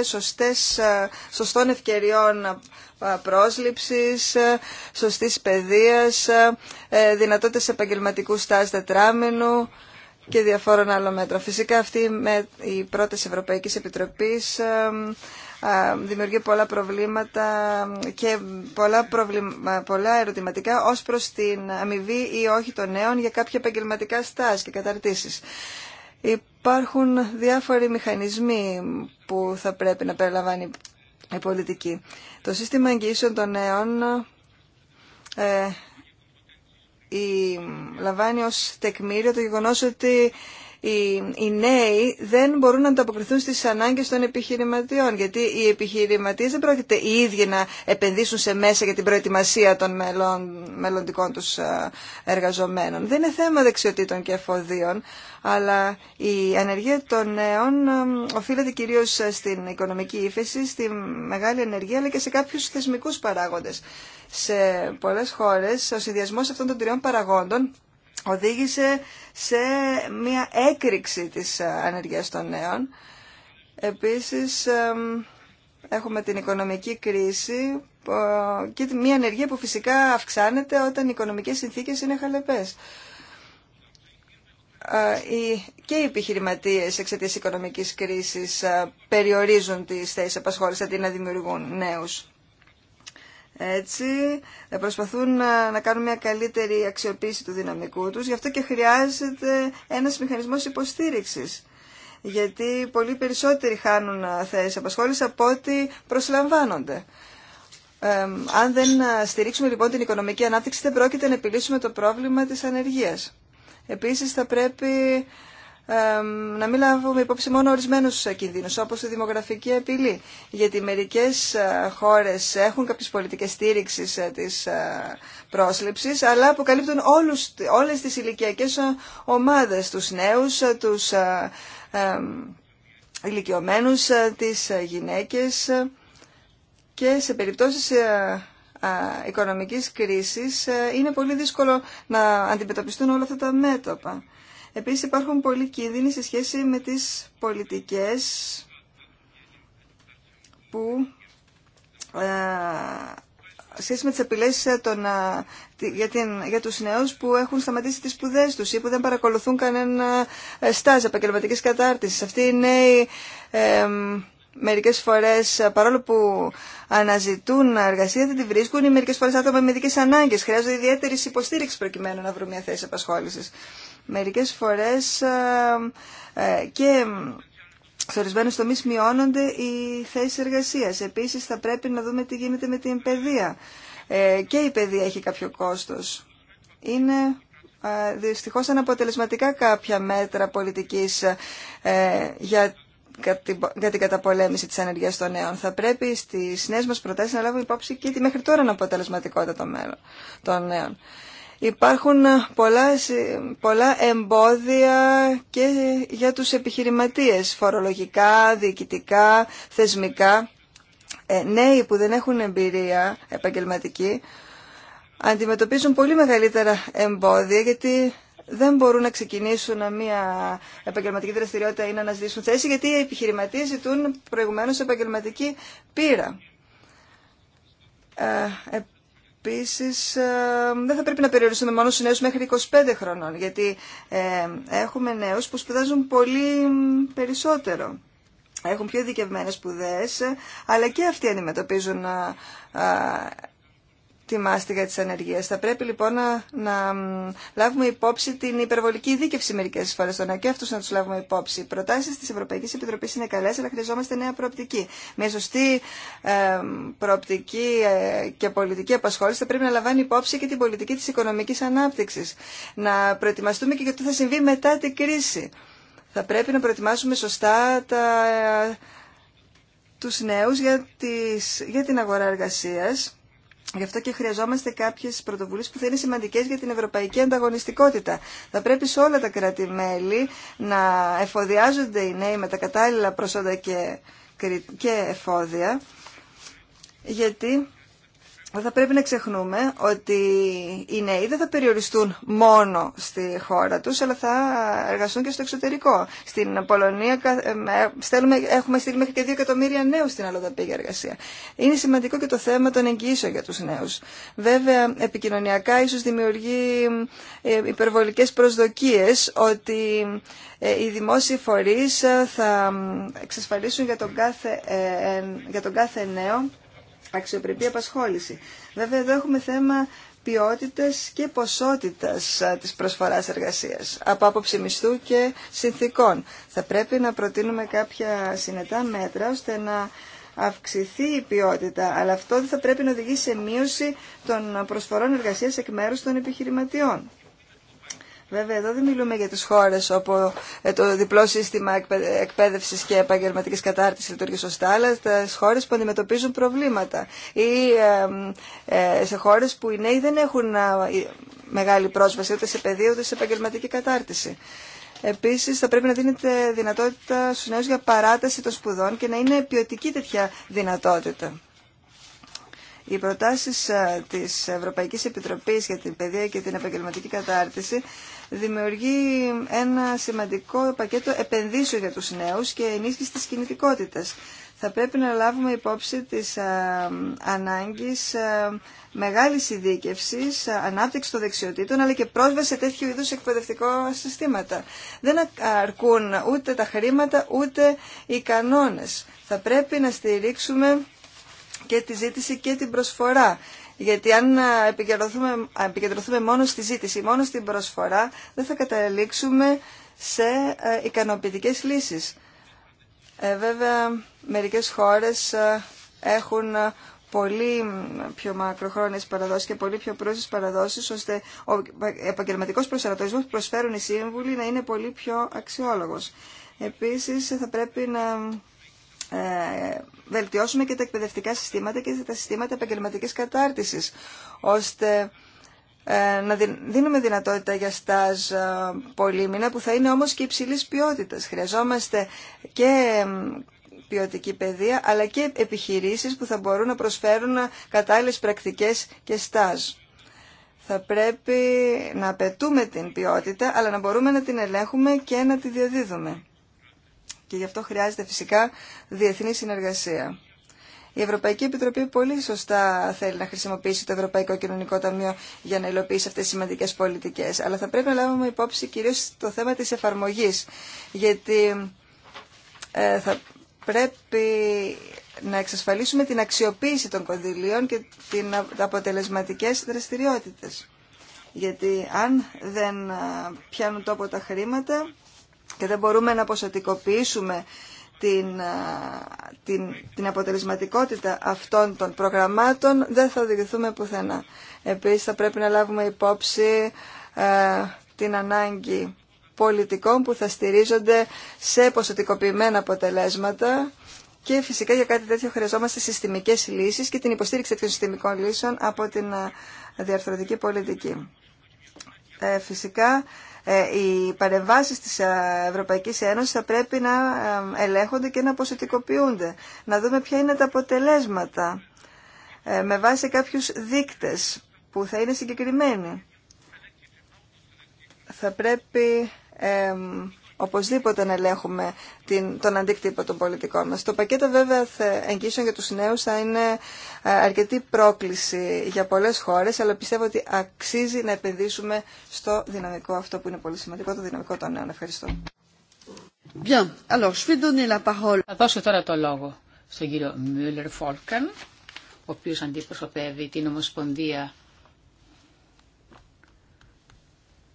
σωστές, ε, σωστών ευκαιριών πρόσληψης, σωστής παιδείας, δυνατότητες επαγγελματικού στάζ τετράμενου και διαφόρων άλλων μέτρων. Φυσικά αυτή με, η πρόταση Ευρωπαϊκής Επιτροπής δημιουργεί πολλά προβλήματα και πολλά, προβλημα, πολλά ερωτηματικά ως προς την αμοιβή ή όχι των νέων για κάποια επαγγελματικά στάσεις και καταρτήσεις. Υπάρχουν διάφοροι μηχανισμοί που θα πρέπει να περιλαμβάνει η πολιτική. Το σύστημα εγγύσεων των νέων ε, η, λαμβάνει ως τεκμήριο το γεγονός ότι οι, οι νέοι δεν μπορούν να ανταποκριθούν στις ανάγκες των επιχειρηματιών, γιατί οι επιχειρηματίε δεν πρόκειται οι ίδιοι να επενδύσουν σε μέσα για την προετοιμασία των μελών, μελλοντικών τους ε, εργαζομένων. Δεν είναι θέμα δεξιοτήτων και εφοδίων, αλλά η ανεργία των νέων ε, οφείλεται κυρίω ε, στην οικονομική ύφεση, στη μεγάλη ανεργία, αλλά και σε κάποιου θεσμικού παράγοντε Σε πολλέ χώρε, ο συνδυασμό αυτών των τριών παραγόντων οδήγησε σε μια έκρηξη της ανεργίας των νέων. Επίσης, έχουμε την οικονομική κρίση και μια ανεργία που φυσικά αυξάνεται όταν οι οικονομικές συνθήκες είναι χαλεπές. Ε, και οι επιχειρηματίες εξαιτία οικονομικής κρίσης ε, περιορίζουν τις θέσεις απασχόλησης αντί να δημιουργούν νέους. Έτσι προσπαθούν να, να κάνουν μια καλύτερη αξιοποίηση του δυναμικού τους, γι' αυτό και χρειάζεται ένας μηχανισμός υποστήριξης. Γιατί πολύ περισσότεροι χάνουν ε, θέσεις απασχόληση από ό,τι προσλαμβάνονται. αν δεν ε, στηρίξουμε λοιπόν την οικονομική ανάπτυξη δεν πρόκειται να επιλύσουμε το πρόβλημα της ανεργίας. Επίσης θα πρέπει να μην λάβουμε υπόψη μόνο ορισμένου κινδύνου, όπως τη δημογραφική απειλή. Γιατί μερικές ε, χώρες έχουν κάποιες πολιτικές στήριξης ε, της ε, πρόσληψης, αλλά αποκαλύπτουν όλους, όλες τις ηλικιακέ ομάδες, τους νέους, τους ηλικιωμένους, τις γυναίκες και σε περιπτώσεις οικονομικής κρίσης είναι πολύ δύσκολο να αντιμετωπιστούν όλα αυτά τα μέτωπα. Επίσης υπάρχουν πολλοί κίνδυνοι σε σχέση με τις πολιτικές που ε, σχέση με τις απειλές ε, ε, για, την, για τους νέους που έχουν σταματήσει τις σπουδέ τους ή που δεν παρακολουθούν κανένα στάζ επαγγελματική κατάρτισης. Αυτοί οι νέοι ε, μερικές φορές παρόλο που αναζητούν εργασία δεν τη βρίσκουν ή μερικές φορές άτομα με ειδικές ανάγκες. Χρειάζονται ιδιαίτερη υποστήριξη προκειμένου να βρουν μια θέση απασχόλησης μερικές φορές ε, ε, και σε ορισμένου τομεί μειώνονται οι θέσει εργασία. Επίση, θα πρέπει να δούμε τι γίνεται με την παιδεία. Ε, και η παιδεία έχει κάποιο κόστο. Είναι δυστυχώ αναποτελεσματικά κάποια μέτρα πολιτική για για την καταπολέμηση της ανεργίας των νέων. Θα πρέπει στις νέες μας προτάσεις να λάβουμε υπόψη και τη μέχρι τώρα αναποτελεσματικότητα των νέων. Υπάρχουν ε, πολλά, πολλά εμπόδια και για τους επιχειρηματίες, φορολογικά, διοικητικά, θεσμικά. Ε, νέοι που δεν έχουν εμπειρία επαγγελματική αντιμετωπίζουν πολύ μεγαλύτερα εμπόδια γιατί δεν μπορούν να ξεκινήσουν μια επαγγελματική δραστηριότητα ή να αναζητήσουν θέση γιατί οι επιχειρηματίες ζητούν προηγουμένως επαγγελματική πείρα. Ε, Επίσης, ε, δεν θα πρέπει να περιοριστούμε μόνο στου νέου μέχρι 25 χρονών, γιατί ε, έχουμε νέους που σπουδάζουν πολύ περισσότερο. Έχουν πιο ειδικευμένες σπουδέ, αλλά και αυτοί αντιμετωπίζουν ε, τη μάστιγα της ανεργίας. Θα πρέπει λοιπόν να, να λάβουμε υπόψη την υπερβολική δίκευση μερικές φορές των και να τους λάβουμε υπόψη. Οι προτάσεις της Ευρωπαϊκής Επιτροπής είναι καλές, αλλά χρειαζόμαστε νέα προοπτική. Μια σωστή ε, προοπτική ε, και πολιτική απασχόληση θα πρέπει να λαμβάνει υπόψη και την πολιτική της οικονομικής ανάπτυξης. Να προετοιμαστούμε και για το θα συμβεί μετά την κρίση. Θα πρέπει να προετοιμάσουμε σωστά τα, ε, τους νέους για, τις, για την αγορά εργασίας Γι' αυτό και χρειαζόμαστε κάποιε πρωτοβουλίε που θα είναι σημαντικέ για την ευρωπαϊκή ανταγωνιστικότητα. Θα πρέπει σε όλα τα κράτη-μέλη να εφοδιάζονται οι νέοι με τα κατάλληλα προσόντα και εφόδια, γιατί θα πρέπει να ξεχνούμε ότι οι νέοι δεν θα περιοριστούν μόνο στη χώρα τους, αλλά θα εργαστούν και στο εξωτερικό. Στην Πολωνία ε, έχουμε στείλει μέχρι και 2 εκατομμύρια νέους στην αλλοδαπή εργασία. Είναι σημαντικό και το θέμα των εγγύσεων για τους νέους. Βέβαια, επικοινωνιακά ίσως δημιουργεί ε, υπερβολικές προσδοκίες ότι ε, οι δημόσιοι φορείς θα εξασφαλίσουν για για τον κάθε νέο αξιοπρεπή απασχόληση. Βέβαια εδώ έχουμε θέμα ποιότητα και ποσότητας της προσφοράς εργασίας από άποψη μισθού και συνθήκων. Θα πρέπει να προτείνουμε κάποια συνετά μέτρα ώστε να αυξηθεί η ποιότητα, αλλά αυτό δεν θα πρέπει να οδηγήσει σε μείωση των προσφορών εργασίας εκ μέρους των επιχειρηματιών. Βέβαια, εδώ δεν μιλούμε για τις χώρες όπου ε, το διπλό σύστημα εκπαίδευσης και επαγγελματική κατάρτισης λειτουργεί σωστά, αλλά στις χώρες που αντιμετωπίζουν προβλήματα ή ε, σε χώρες που οι νέοι δεν έχουν μεγάλη πρόσβαση ούτε σε παιδεία ούτε σε επαγγελματική κατάρτιση. Επίση θα πρέπει να δίνεται δυνατότητα στου νέου για παράταση των σπουδών και να είναι ποιοτική τέτοια δυνατότητα. Οι προτάσει τη Ευρωπαϊκή Επιτροπή για την παιδεία και την επαγγελματική κατάρτιση δημιουργεί ένα σημαντικό πακέτο επενδύσεων για τους νέους και ενίσχυση της κινητικότητας. Θα πρέπει να λάβουμε υπόψη της ανάγκης μεγάλης ειδίκευσης, ανάπτυξη των δεξιοτήτων, αλλά και πρόσβαση σε τέτοιου είδους εκπαιδευτικό συστήματα. Δεν αρκούν ούτε τα χρήματα, ούτε οι κανόνες. Θα πρέπει να στηρίξουμε και τη ζήτηση και την προσφορά γιατί ε, αν επικεντρωθούμε, μόνο στη ζήτηση, μόνο στην προσφορά, δεν θα καταλήξουμε σε ε, ικανοποιητικές λύσεις. Ε, βέβαια, μερικές χώρες έχουν πολύ πιο μακροχρόνιες παραδόσεις και πολύ πιο πρόσφατες παραδόσεις, ώστε ο επαγγελματικός προσανατολισμός που προσφέρουν οι σύμβουλοι να είναι πολύ πιο αξιόλογος. Επίσης, θα πρέπει να ε, βελτιώσουμε και τα εκπαιδευτικά συστήματα και τα συστήματα επαγγελματική κατάρτισης, ώστε ε, να δίνουμε δυνατότητα για στάζ ε, πολύμηνα που θα είναι όμως και υψηλή ποιότητα. Χρειαζόμαστε και ποιοτική παιδεία αλλά και επιχειρήσεις που θα μπορούν να προσφέρουν κατάλληλες πρακτικές και στάζ. Θα πρέπει να απαιτούμε την ποιότητα αλλά να μπορούμε να την ελέγχουμε και να τη διαδίδουμε και γι' αυτό χρειάζεται φυσικά διεθνή συνεργασία. Η Ευρωπαϊκή Επιτροπή πολύ σωστά θέλει να χρησιμοποιήσει το Ευρωπαϊκό Κοινωνικό Ταμείο για να υλοποιήσει αυτέ τι σημαντικέ πολιτικέ, Αλλά θα πρέπει να λάβουμε υπόψη κυρίως το θέμα της εφαρμογής. Γιατί ε, θα πρέπει να εξασφαλίσουμε την αξιοποίηση των κονδυλίων και την, αποτελεσματικέ δραστηριότητε. Γιατί αν δεν ε, πιάνουν τόπο τα χρήματα, και δεν μπορούμε να ποσοτικοποιήσουμε την, την, την αποτελεσματικότητα αυτών των προγραμμάτων, δεν θα οδηγηθούμε πουθενά. Επίσης θα πρέπει να λάβουμε υπόψη την ανάγκη πολιτικών που θα στηρίζονται σε ποσοτικοποιημένα αποτελέσματα και φυσικά για κάτι τέτοιο χρειαζόμαστε συστημικές λύσεις και την υποστήριξη τέτοιων συστημικών λύσεων από την διαρθρωτική πολιτική. Ε, φυσικά ε, οι παρεμβάσεις της ε, Ευρωπαϊκής Ένωσης θα πρέπει να ε, ελέγχονται και να ποσοτικοποιούνται. Να δούμε ποια είναι τα αποτελέσματα με βάση κάποιους δείκτες που θα είναι συγκεκριμένοι. Θα πρέπει οπωσδήποτε να ελέγχουμε τον αντίκτυπο των πολιτικών μας. Το πακέτο βέβαια εγγύσεων για τους νέους θα είναι ε, αρκετή πρόκληση για πολλές χώρες, αλλά πιστεύω ότι αξίζει να επενδύσουμε στο δυναμικό αυτό που είναι πολύ σημαντικό, το δυναμικό των νέων. Ευχαριστώ. Bien. Alors, Θα δώσω τώρα το λόγο στον κύριο Μιούλερ Φόλκαν, ο οποίος αντιπροσωπεύει την Ομοσπονδία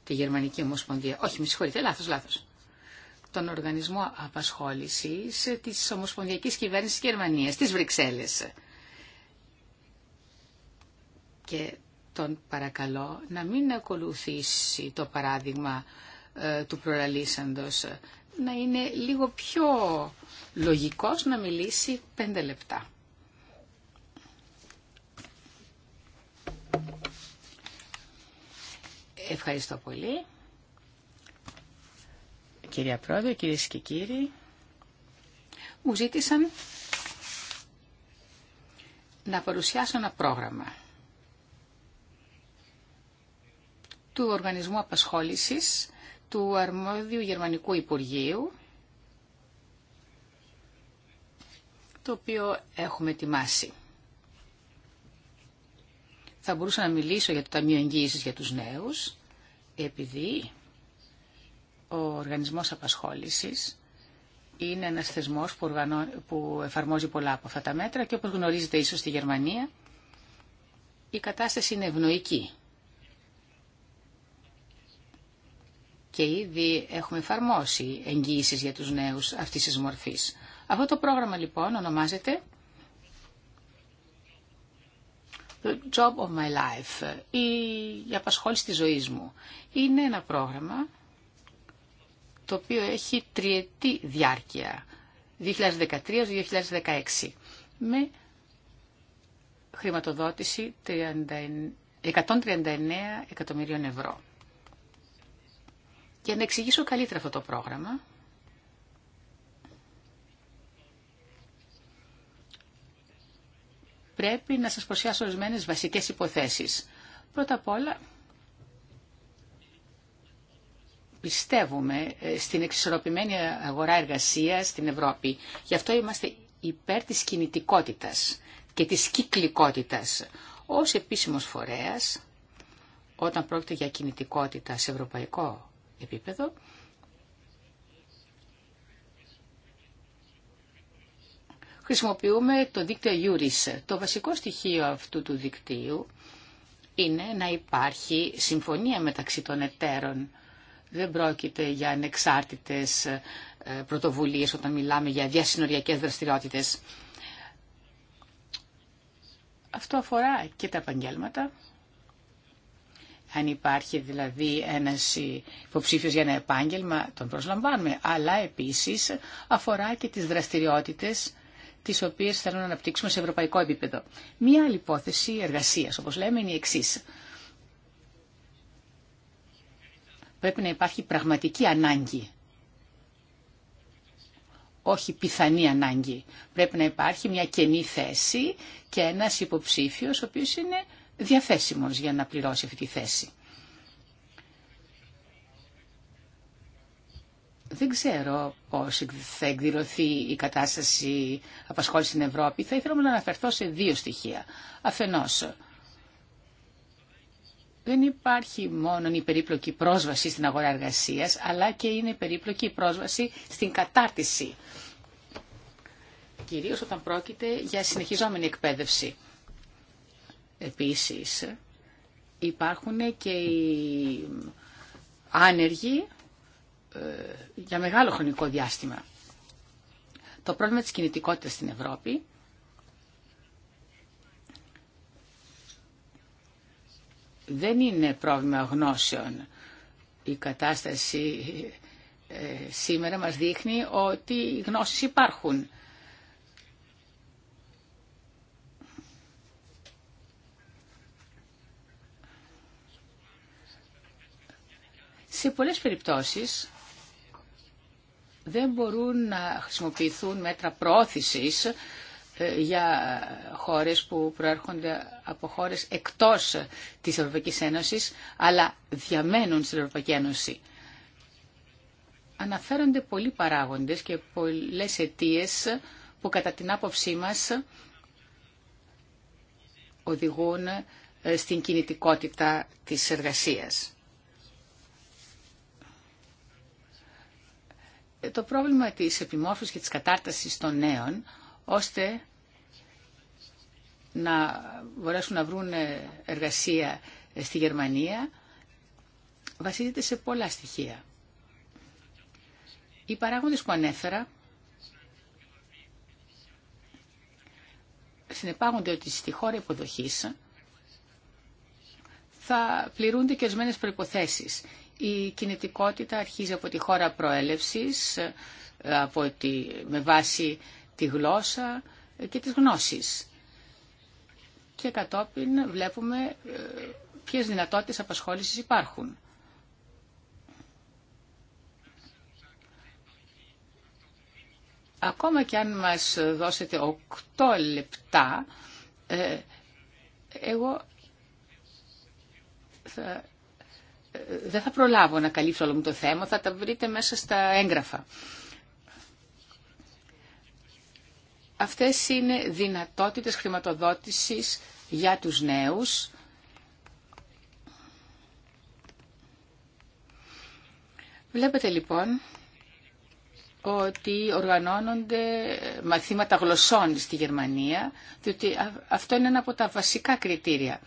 τη Γερμανική Ομοσπονδία. Όχι, με συγχωρείτε, λάθο, λάθο τον Οργανισμό Απασχόλησης της Ομοσπονδιακής Κυβέρνησης Γερμανίας, της Βρυξέλλες. Και τον παρακαλώ να μην ακολουθήσει το παράδειγμα ε, του προλαλήσαντος, να είναι λίγο πιο λογικός να μιλήσει πέντε λεπτά. Ευχαριστώ πολύ. Κυρία Πρόεδρε, κυρίες και κύριοι, μου ζήτησαν να παρουσιάσω ένα πρόγραμμα του Οργανισμού Απασχόλησης του Αρμόδιου Γερμανικού Υπουργείου, το οποίο έχουμε ετοιμάσει. Θα μπορούσα να μιλήσω για το Ταμείο Εγγύησης για τους Νέους, επειδή ο Οργανισμός Απασχόλησης είναι ένας θεσμός που, εφαρμόζει πολλά από αυτά τα μέτρα και όπως γνωρίζετε ίσως στη Γερμανία η κατάσταση είναι ευνοϊκή. Και ήδη έχουμε εφαρμόσει εγγύησεις για τους νέους αυτής της μορφής. Αυτό το πρόγραμμα λοιπόν ονομάζεται The Job of My Life, η απασχόληση της ζωής μου. Είναι ένα πρόγραμμα το οποίο έχει τριετή διάρκεια, 2013-2016, με χρηματοδότηση 139 εκατομμυρίων ευρώ. Για να εξηγήσω καλύτερα αυτό το πρόγραμμα, πρέπει να σας προσιάσω ορισμένες βασικές υποθέσεις. Πρώτα απ' όλα, πιστεύουμε ε, στην εξισορροπημένη αγορά εργασίας στην Ευρώπη. Γι' αυτό είμαστε υπέρ της κινητικότητας και της κυκλικότητας. Ως επίσημος φορέας, όταν πρόκειται για κινητικότητα σε ευρωπαϊκό επίπεδο, χρησιμοποιούμε το δίκτυο EURIS. Το βασικό στοιχείο αυτού του δικτύου είναι να υπάρχει συμφωνία μεταξύ των εταίρων δεν πρόκειται για ανεξάρτητες ε, πρωτοβουλίες όταν μιλάμε για διασυνοριακές δραστηριότητες. Αυτό αφορά και τα επαγγέλματα. Αν υπάρχει δηλαδή ένας υποψήφιος για ένα επάγγελμα, τον προσλαμβάνουμε. Αλλά επίσης αφορά και τις δραστηριότητες τις οποίες θέλουν να αναπτύξουμε σε ευρωπαϊκό επίπεδο. Μία άλλη υπόθεση εργασίας, όπως λέμε, είναι η εξής. Πρέπει να υπάρχει πραγματική ανάγκη. Όχι πιθανή ανάγκη. Πρέπει να υπάρχει μια κενή θέση και ένας υποψήφιος ο οποίος είναι διαθέσιμος για να πληρώσει αυτή τη θέση. Δεν ξέρω πώς θα εκδηλωθεί η κατάσταση απασχόληση στην Ευρώπη. Θα ήθελα να αναφερθώ σε δύο στοιχεία. Αφενός, δεν υπάρχει μόνο η περίπλοκη πρόσβαση στην αγορά εργασίας, αλλά και είναι η περίπλοκη πρόσβαση στην κατάρτιση. Κυρίως όταν πρόκειται για συνεχιζόμενη εκπαίδευση. Επίσης, υπάρχουν και οι άνεργοι ε, για μεγάλο χρονικό διάστημα. Το πρόβλημα της κινητικότητας στην Ευρώπη δεν είναι πρόβλημα γνώσεων. Η κατάσταση ε, σήμερα μας δείχνει ότι οι γνώσεις υπάρχουν. Σε πολλές περιπτώσεις δεν μπορούν να χρησιμοποιηθούν μέτρα πρόθεσης ε, για ε, χώρες που προέρχονται από χώρες εκτός της Ευρωπαϊκής Ένωσης, αλλά διαμένουν στην Ευρωπαϊκή Ένωση. Αναφέρονται πολλοί παράγοντες και πολλές αιτίε που κατά την άποψή μας οδηγούν ε, στην κινητικότητα της εργασίας. Το πρόβλημα της επιμόρφωσης και της κατάρτασης των νέων ώστε να μπορέσουν να βρουν εργασία στη Γερμανία βασίζεται σε πολλά στοιχεία. Οι παράγοντες που ανέφερα συνεπάγονται ότι στη χώρα υποδοχής θα πληρούνται και ορισμένε προϋποθέσεις. Η κινητικότητα αρχίζει από τη χώρα προέλευσης, από τη, με βάση τη γλώσσα και τις γνώσεις. Και κατόπιν βλέπουμε ε, ποιες δυνατότητες απασχόλησης υπάρχουν. Ακόμα και αν μας δώσετε 8 λεπτά, ε, εγώ θα, ε, δεν θα προλάβω να καλύψω όλο μου το θέμα, θα τα βρείτε μέσα στα έγγραφα. Αυτές είναι δυνατότητες χρηματοδότησης για τους νέους. Βλέπετε λοιπόν ότι οργανώνονται μαθήματα γλωσσών στη Γερμανία, διότι αυτό είναι ένα από τα βασικά κριτήρια.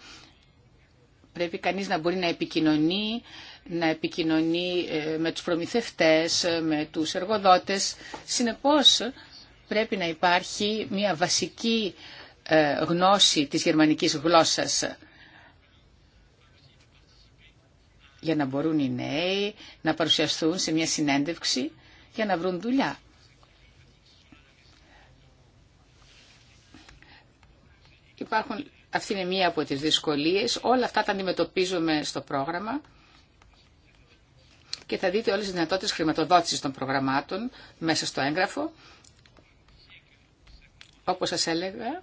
Πρέπει κανείς να μπορεί να επικοινωνεί, να επικοινωνεί ε, με τους προμηθευτές, ε, με τους εργοδότες. Συνεπώς, πρέπει να υπάρχει μια βασική ε, γνώση της γερμανικής γλώσσας για να μπορούν οι νέοι να παρουσιαστούν σε μια συνέντευξη για να βρουν δουλειά. Υπάρχουν, αυτή είναι μία από τις δυσκολίες. Όλα αυτά τα αντιμετωπίζουμε στο πρόγραμμα και θα δείτε όλες τις δυνατότητες χρηματοδότησης των προγραμμάτων μέσα στο έγγραφο όπως σας έλεγα,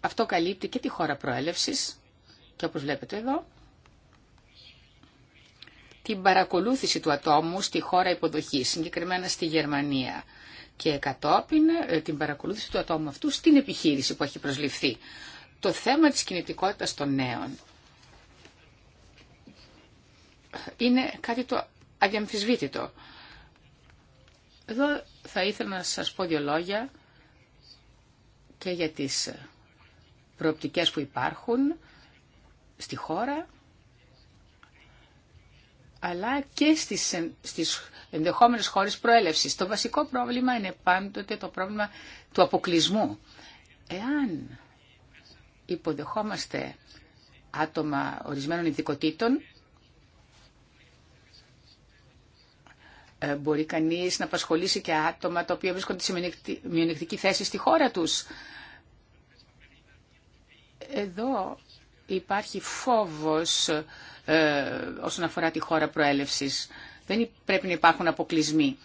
αυτό καλύπτει και τη χώρα προέλευσης και όπως βλέπετε εδώ, την παρακολούθηση του ατόμου στη χώρα υποδοχής, συγκεκριμένα στη Γερμανία και κατόπιν ε, την παρακολούθηση του ατόμου αυτού στην επιχείρηση που έχει προσληφθεί. Το θέμα της κινητικότητας των νέων είναι κάτι το αδιαμφισβήτητο. Εδώ θα ήθελα να σας πω δύο λόγια και για τις προοπτικές που υπάρχουν στη χώρα αλλά και στις, στις ενδεχόμενες χώρες προέλευσης. Το βασικό πρόβλημα είναι πάντοτε το πρόβλημα του αποκλεισμού. Εάν υποδεχόμαστε άτομα ορισμένων ειδικοτήτων, Ε, μπορεί κανείς να απασχολήσει και άτομα τα οποία βρίσκονται σε μειονεκτική θέση στη χώρα τους. Εδώ υπάρχει φόβος ε, όσον αφορά τη χώρα προέλευσης. Δεν πρέπει να υπάρχουν αποκλεισμοί.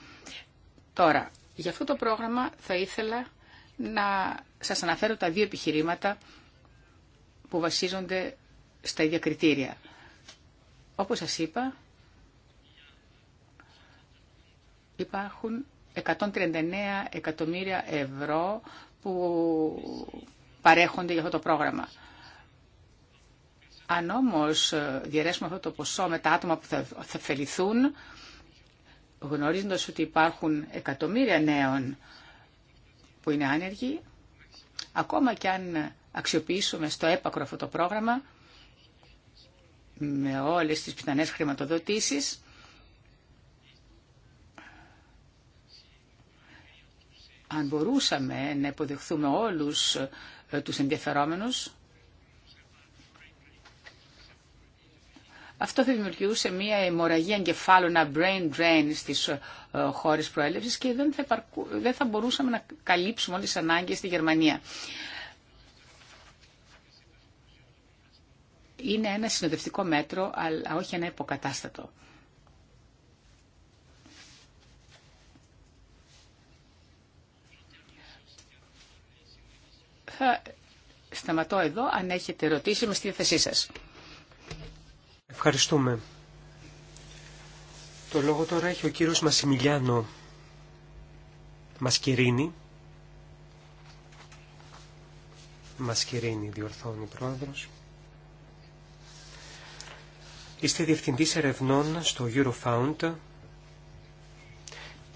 Τώρα, για αυτό το πρόγραμμα θα ήθελα να σας αναφέρω τα δύο επιχειρήματα που βασίζονται στα ίδια κριτήρια. Όπως σας είπα, υπάρχουν 139 εκατομμύρια ευρώ που παρέχονται για αυτό το πρόγραμμα. Αν όμως διαιρέσουμε αυτό το ποσό με τα άτομα που θα φεληθούν, γνωρίζοντας ότι υπάρχουν εκατομμύρια νέων που είναι άνεργοι, ακόμα και αν αξιοποιήσουμε στο έπακρο αυτό το πρόγραμμα, με όλες τις πιθανές χρηματοδοτήσεις, αν μπορούσαμε να υποδεχθούμε όλους ε, τους ενδιαφερόμενους, Αυτό θα δημιουργούσε μια αιμορραγία εγκεφάλου, ένα brain drain στις ε, χώρες προέλευσης και δεν θα, θα μπορούσαμε να καλύψουμε όλες τις ανάγκες στη Γερμανία. Είναι ένα συνοδευτικό μέτρο, αλλά όχι ένα υποκατάστατο. Θα σταματώ εδώ αν έχετε ερωτήσει με στη θέση σας. Ευχαριστούμε. Το λόγο τώρα έχει ο κύριος Μασιμιλιάνο Μασκυρίνη. Μασκυρίνη διορθώνει πρόεδρος. Είστε διευθυντής ερευνών στο Eurofound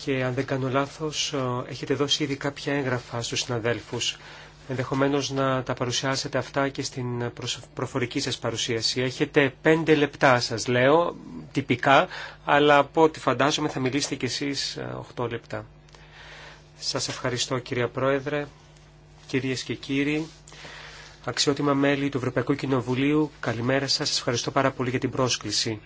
και αν δεν κάνω λάθος έχετε δώσει ήδη κάποια έγγραφα στους συναδέλφους ενδεχομένως να τα παρουσιάσετε αυτά και στην προφορική σας παρουσίαση. Έχετε πέντε λεπτά σας λέω, τυπικά, αλλά από ό,τι φαντάζομαι θα μιλήσετε κι εσείς ε, οχτώ λεπτά. Σας ευχαριστώ κυρία Πρόεδρε, κυρίες και κύριοι. Αξιότιμα μέλη του Ευρωπαϊκού Κοινοβουλίου, καλημέρα σας. Σας ευχαριστώ πάρα πολύ για την πρόσκληση.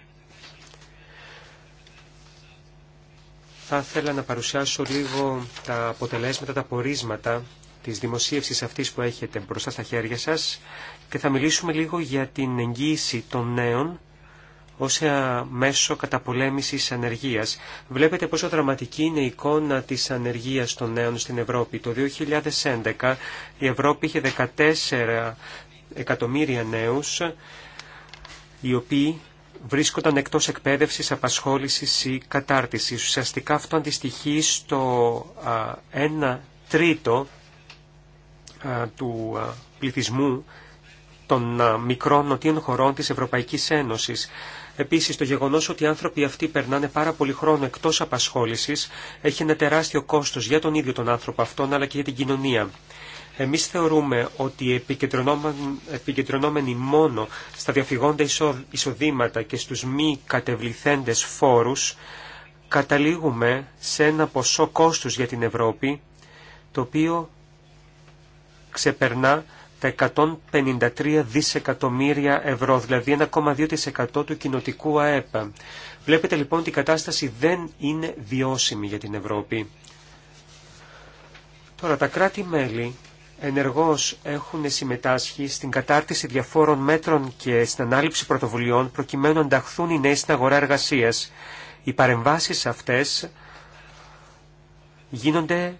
Θα ήθελα να παρουσιάσω λίγο τα αποτελέσματα, τα πορίσματα της δημοσίευσης αυτής που έχετε μπροστά στα χέρια σας και θα μιλήσουμε λίγο για την εγγύηση των νέων ως μέσο καταπολέμησης ανεργίας. Βλέπετε πόσο δραματική είναι η εικόνα της ανεργίας των νέων στην Ευρώπη. Το 2011 η Ευρώπη είχε 14 εκατομμύρια νέους οι οποίοι βρίσκονταν εκτός εκπαίδευσης, απασχόλησης ή κατάρτισης. Ουσιαστικά αυτό αντιστοιχεί στο 1 τρίτο του πληθυσμού των μικρών νοτίων χωρών της Ευρωπαϊκής Ένωσης. Επίσης, το γεγονός ότι οι άνθρωποι αυτοί περνάνε πάρα πολύ χρόνο εκτός απασχόλησης έχει ένα τεράστιο κόστος για τον ίδιο τον άνθρωπο αυτόν αλλά και για την κοινωνία. Εμείς θεωρούμε ότι επικεντρωνόμενοι μόνο στα διαφυγόντα εισοδήματα και στους μη κατεβληθέντες φόρους, καταλήγουμε σε ένα ποσό κόστους για την Ευρώπη, το οποίο ξεπερνά τα 153 δισεκατομμύρια ευρώ, δηλαδή 1,2% του κοινοτικού ΑΕΠ. Βλέπετε λοιπόν ότι η κατάσταση δεν είναι βιώσιμη για την Ευρώπη. Τώρα τα κράτη-μέλη ενεργώς έχουν συμμετάσχει στην κατάρτιση διαφόρων μέτρων και στην ανάληψη πρωτοβουλειών προκειμένου να ενταχθούν οι νέοι στην αγορά εργασίας. Οι παρεμβάσεις αυτές γίνονται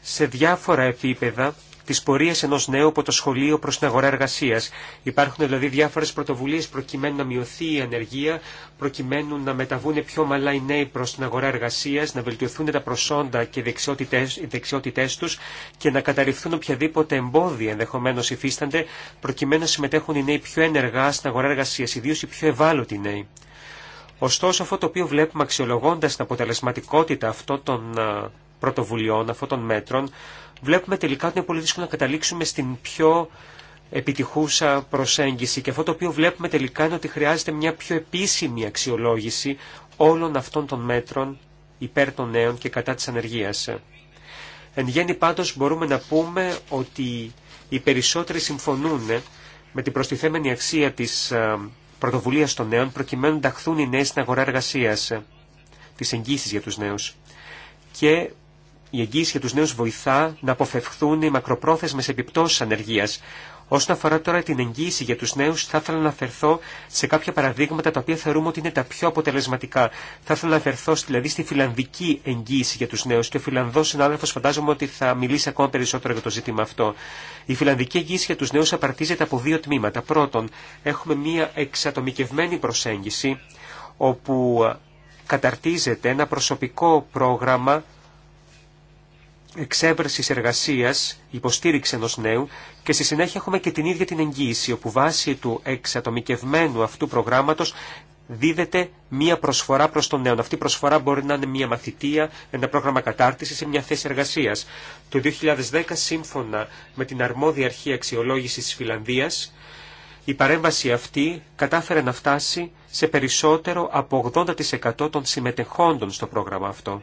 σε διάφορα επίπεδα τη πορεία ενό νέου από το σχολείο προ την αγορά εργασία. Υπάρχουν δηλαδή διάφορε πρωτοβουλίε προκειμένου να μειωθεί η ανεργία, προκειμένου να μεταβούν πιο μαλά οι νέοι προ την αγορά εργασία, να βελτιωθούν τα προσόντα και οι δεξιότητέ του και να καταρριφθούν οποιαδήποτε εμπόδια ενδεχομένω υφίστανται, προκειμένου να συμμετέχουν οι νέοι πιο ενεργά στην αγορά εργασία, ιδίω οι πιο ευάλωτοι νέοι. Ωστόσο, αυτό το οποίο βλέπουμε αξιολογώντα την αποτελεσματικότητα αυτών των ε, πρωτοβουλειών, αυτών των μέτρων, βλέπουμε τελικά ότι είναι πολύ δύσκολο να καταλήξουμε στην πιο επιτυχούσα προσέγγιση. Και αυτό το οποίο βλέπουμε τελικά είναι ότι χρειάζεται μια πιο επίσημη αξιολόγηση όλων αυτών των μέτρων υπέρ των νέων και κατά της ανεργίας. Εν γέννη πάντως μπορούμε να πούμε ότι οι περισσότεροι συμφωνούν με την προστιθέμενη αξία της ε, πρωτοβουλίας των νέων προκειμένου να ταχθούν οι νέοι στην αγορά εργασίας, ε, τις εγγύσεις για τους νέους. Και η εγγύηση για τους νέους βοηθά να αποφευχθούν οι μακροπρόθεσμες επιπτώσεις ανεργίας. Όσον αφορά τώρα την εγγύηση για τους νέους, θα ήθελα να αφαιρθώ σε κάποια παραδείγματα τα οποία θεωρούμε ότι είναι τα πιο αποτελεσματικά. Θα ήθελα να αφαιρθώ δηλαδή στη φιλανδική εγγύηση για τους νέους και ο Φιλανδός συνάδελφος φαντάζομαι ότι θα μιλήσει ακόμα περισσότερο για το ζήτημα αυτό. Η φιλανδική εγγύηση για τους νέους απαρτίζεται από δύο τμήματα. Πρώτον, έχουμε μία εξατομικευμένη προσέγγιση όπου καταρτίζεται ένα προσωπικό πρόγραμμα Εξέβρεση εργασία, υποστήριξη ενό νέου και στη συνέχεια έχουμε και την ίδια την εγγύηση όπου βάσει του εξατομικευμένου αυτού προγράμματο δίδεται μία προσφορά προ τον νέο. Αυτή η προσφορά μπορεί να είναι μία μαθητεία, ένα πρόγραμμα κατάρτισης ή μια μαθητεια ενα προγραμμα κατάρτιση η μια θεση εργασία. Το 2010 σύμφωνα με την αρμόδια αρχή αξιολόγηση τη Φιλανδία, η παρέμβαση αυτή κατάφερε να φτάσει σε περισσότερο από 80% των συμμετεχόντων στο πρόγραμμα αυτό.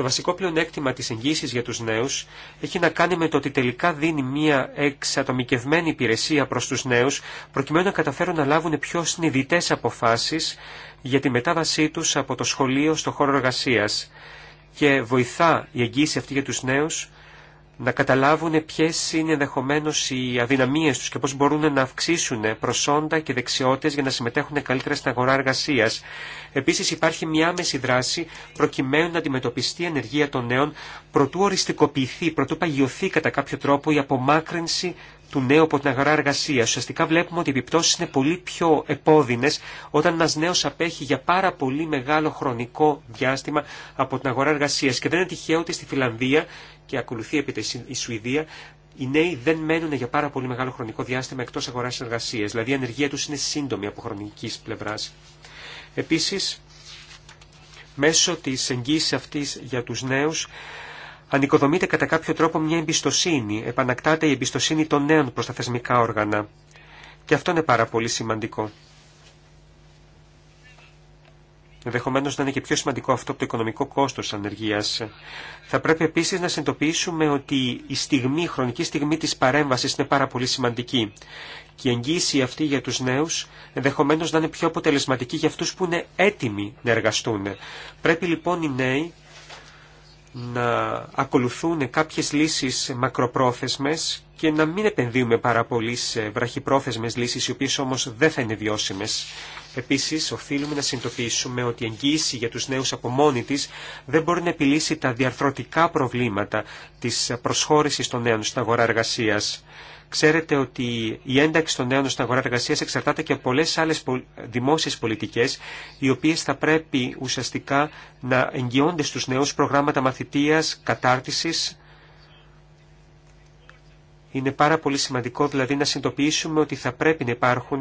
Το βασικό πλεονέκτημα της εγγύησης για τους νέους έχει να κάνει με το ότι τελικά δίνει μια εξατομικευμένη υπηρεσία προς τους νέους προκειμένου να καταφέρουν να λάβουν πιο συνειδητές αποφάσεις για τη μετάβασή τους από το σχολείο στο χώρο εργασίας και βοηθά η εγγύηση αυτή για τους νέους να καταλάβουν ποιες είναι ενδεχομένω οι αδυναμίες τους και πώς μπορούν να αυξήσουν προσόντα και δεξιότητες για να συμμετέχουν καλύτερα στην αγορά εργασίας. Επίσης υπάρχει μια άμεση δράση προκειμένου να αντιμετωπιστεί η ενεργεία των νέων προτού οριστικοποιηθεί, προτού παγιωθεί κατά κάποιο τρόπο η απομάκρυνση του νέου από την αγορά εργασία. Ουσιαστικά βλέπουμε ότι οι επιπτώσει είναι πολύ πιο επώδυνε όταν ένα νέο απέχει για πάρα πολύ μεγάλο χρονικό διάστημα από την αγορά εργασία. Και δεν είναι τυχαίο ότι στη Φιλανδία, και ακολουθεί επίτε η Σουηδία, οι νέοι δεν μένουν για πάρα πολύ μεγάλο χρονικό διάστημα εκτό αγορά εργασία. Δηλαδή η ανεργία του είναι σύντομη από χρονική πλευρά. Επίση, μέσω τη εγγύηση αυτή για του νέου, ανοικοδομείται κατά κάποιο τρόπο μια εμπιστοσύνη, επανακτάται η εμπιστοσύνη των νέων προς τα θεσμικά όργανα. Και αυτό είναι πάρα πολύ σημαντικό. Ενδεχομένω να είναι και πιο σημαντικό αυτό από το οικονομικό κόστο ανεργία. Θα πρέπει επίση να συνειδητοποιήσουμε ότι η στιγμή, η χρονική στιγμή τη παρέμβαση είναι πάρα πολύ σημαντική. Και η εγγύηση αυτή για του νέου ενδεχομένω να είναι πιο αποτελεσματική για αυτού που είναι έτοιμοι να εργαστούν. Πρέπει λοιπόν οι νέοι να ακολουθούν κάποιες λύσεις μακροπρόθεσμες και να μην επενδύουμε πάρα πολύ σε βραχυπρόθεσμες λύσεις, οι οποίες όμως δεν θα είναι βιώσιμες. Επίσης, οφείλουμε να συνειδητοποιήσουμε ότι η εγγύηση για τους νέους από μόνη της δεν μπορεί να επιλύσει τα διαρθρωτικά προβλήματα της προσχώρησης των νέων στην αγορά εργασίας. Ξέρετε ότι η ένταξη των νέων στην αγορά εργασία εξαρτάται και από πολλέ άλλε δημόσιε πολιτικέ, οι οποίε θα πρέπει ουσιαστικά να εγγυώνται στου νέου προγράμματα μαθητεία, κατάρτιση. Είναι πάρα πολύ σημαντικό δηλαδή να συνειδητοποιήσουμε ότι θα πρέπει να υπάρχουν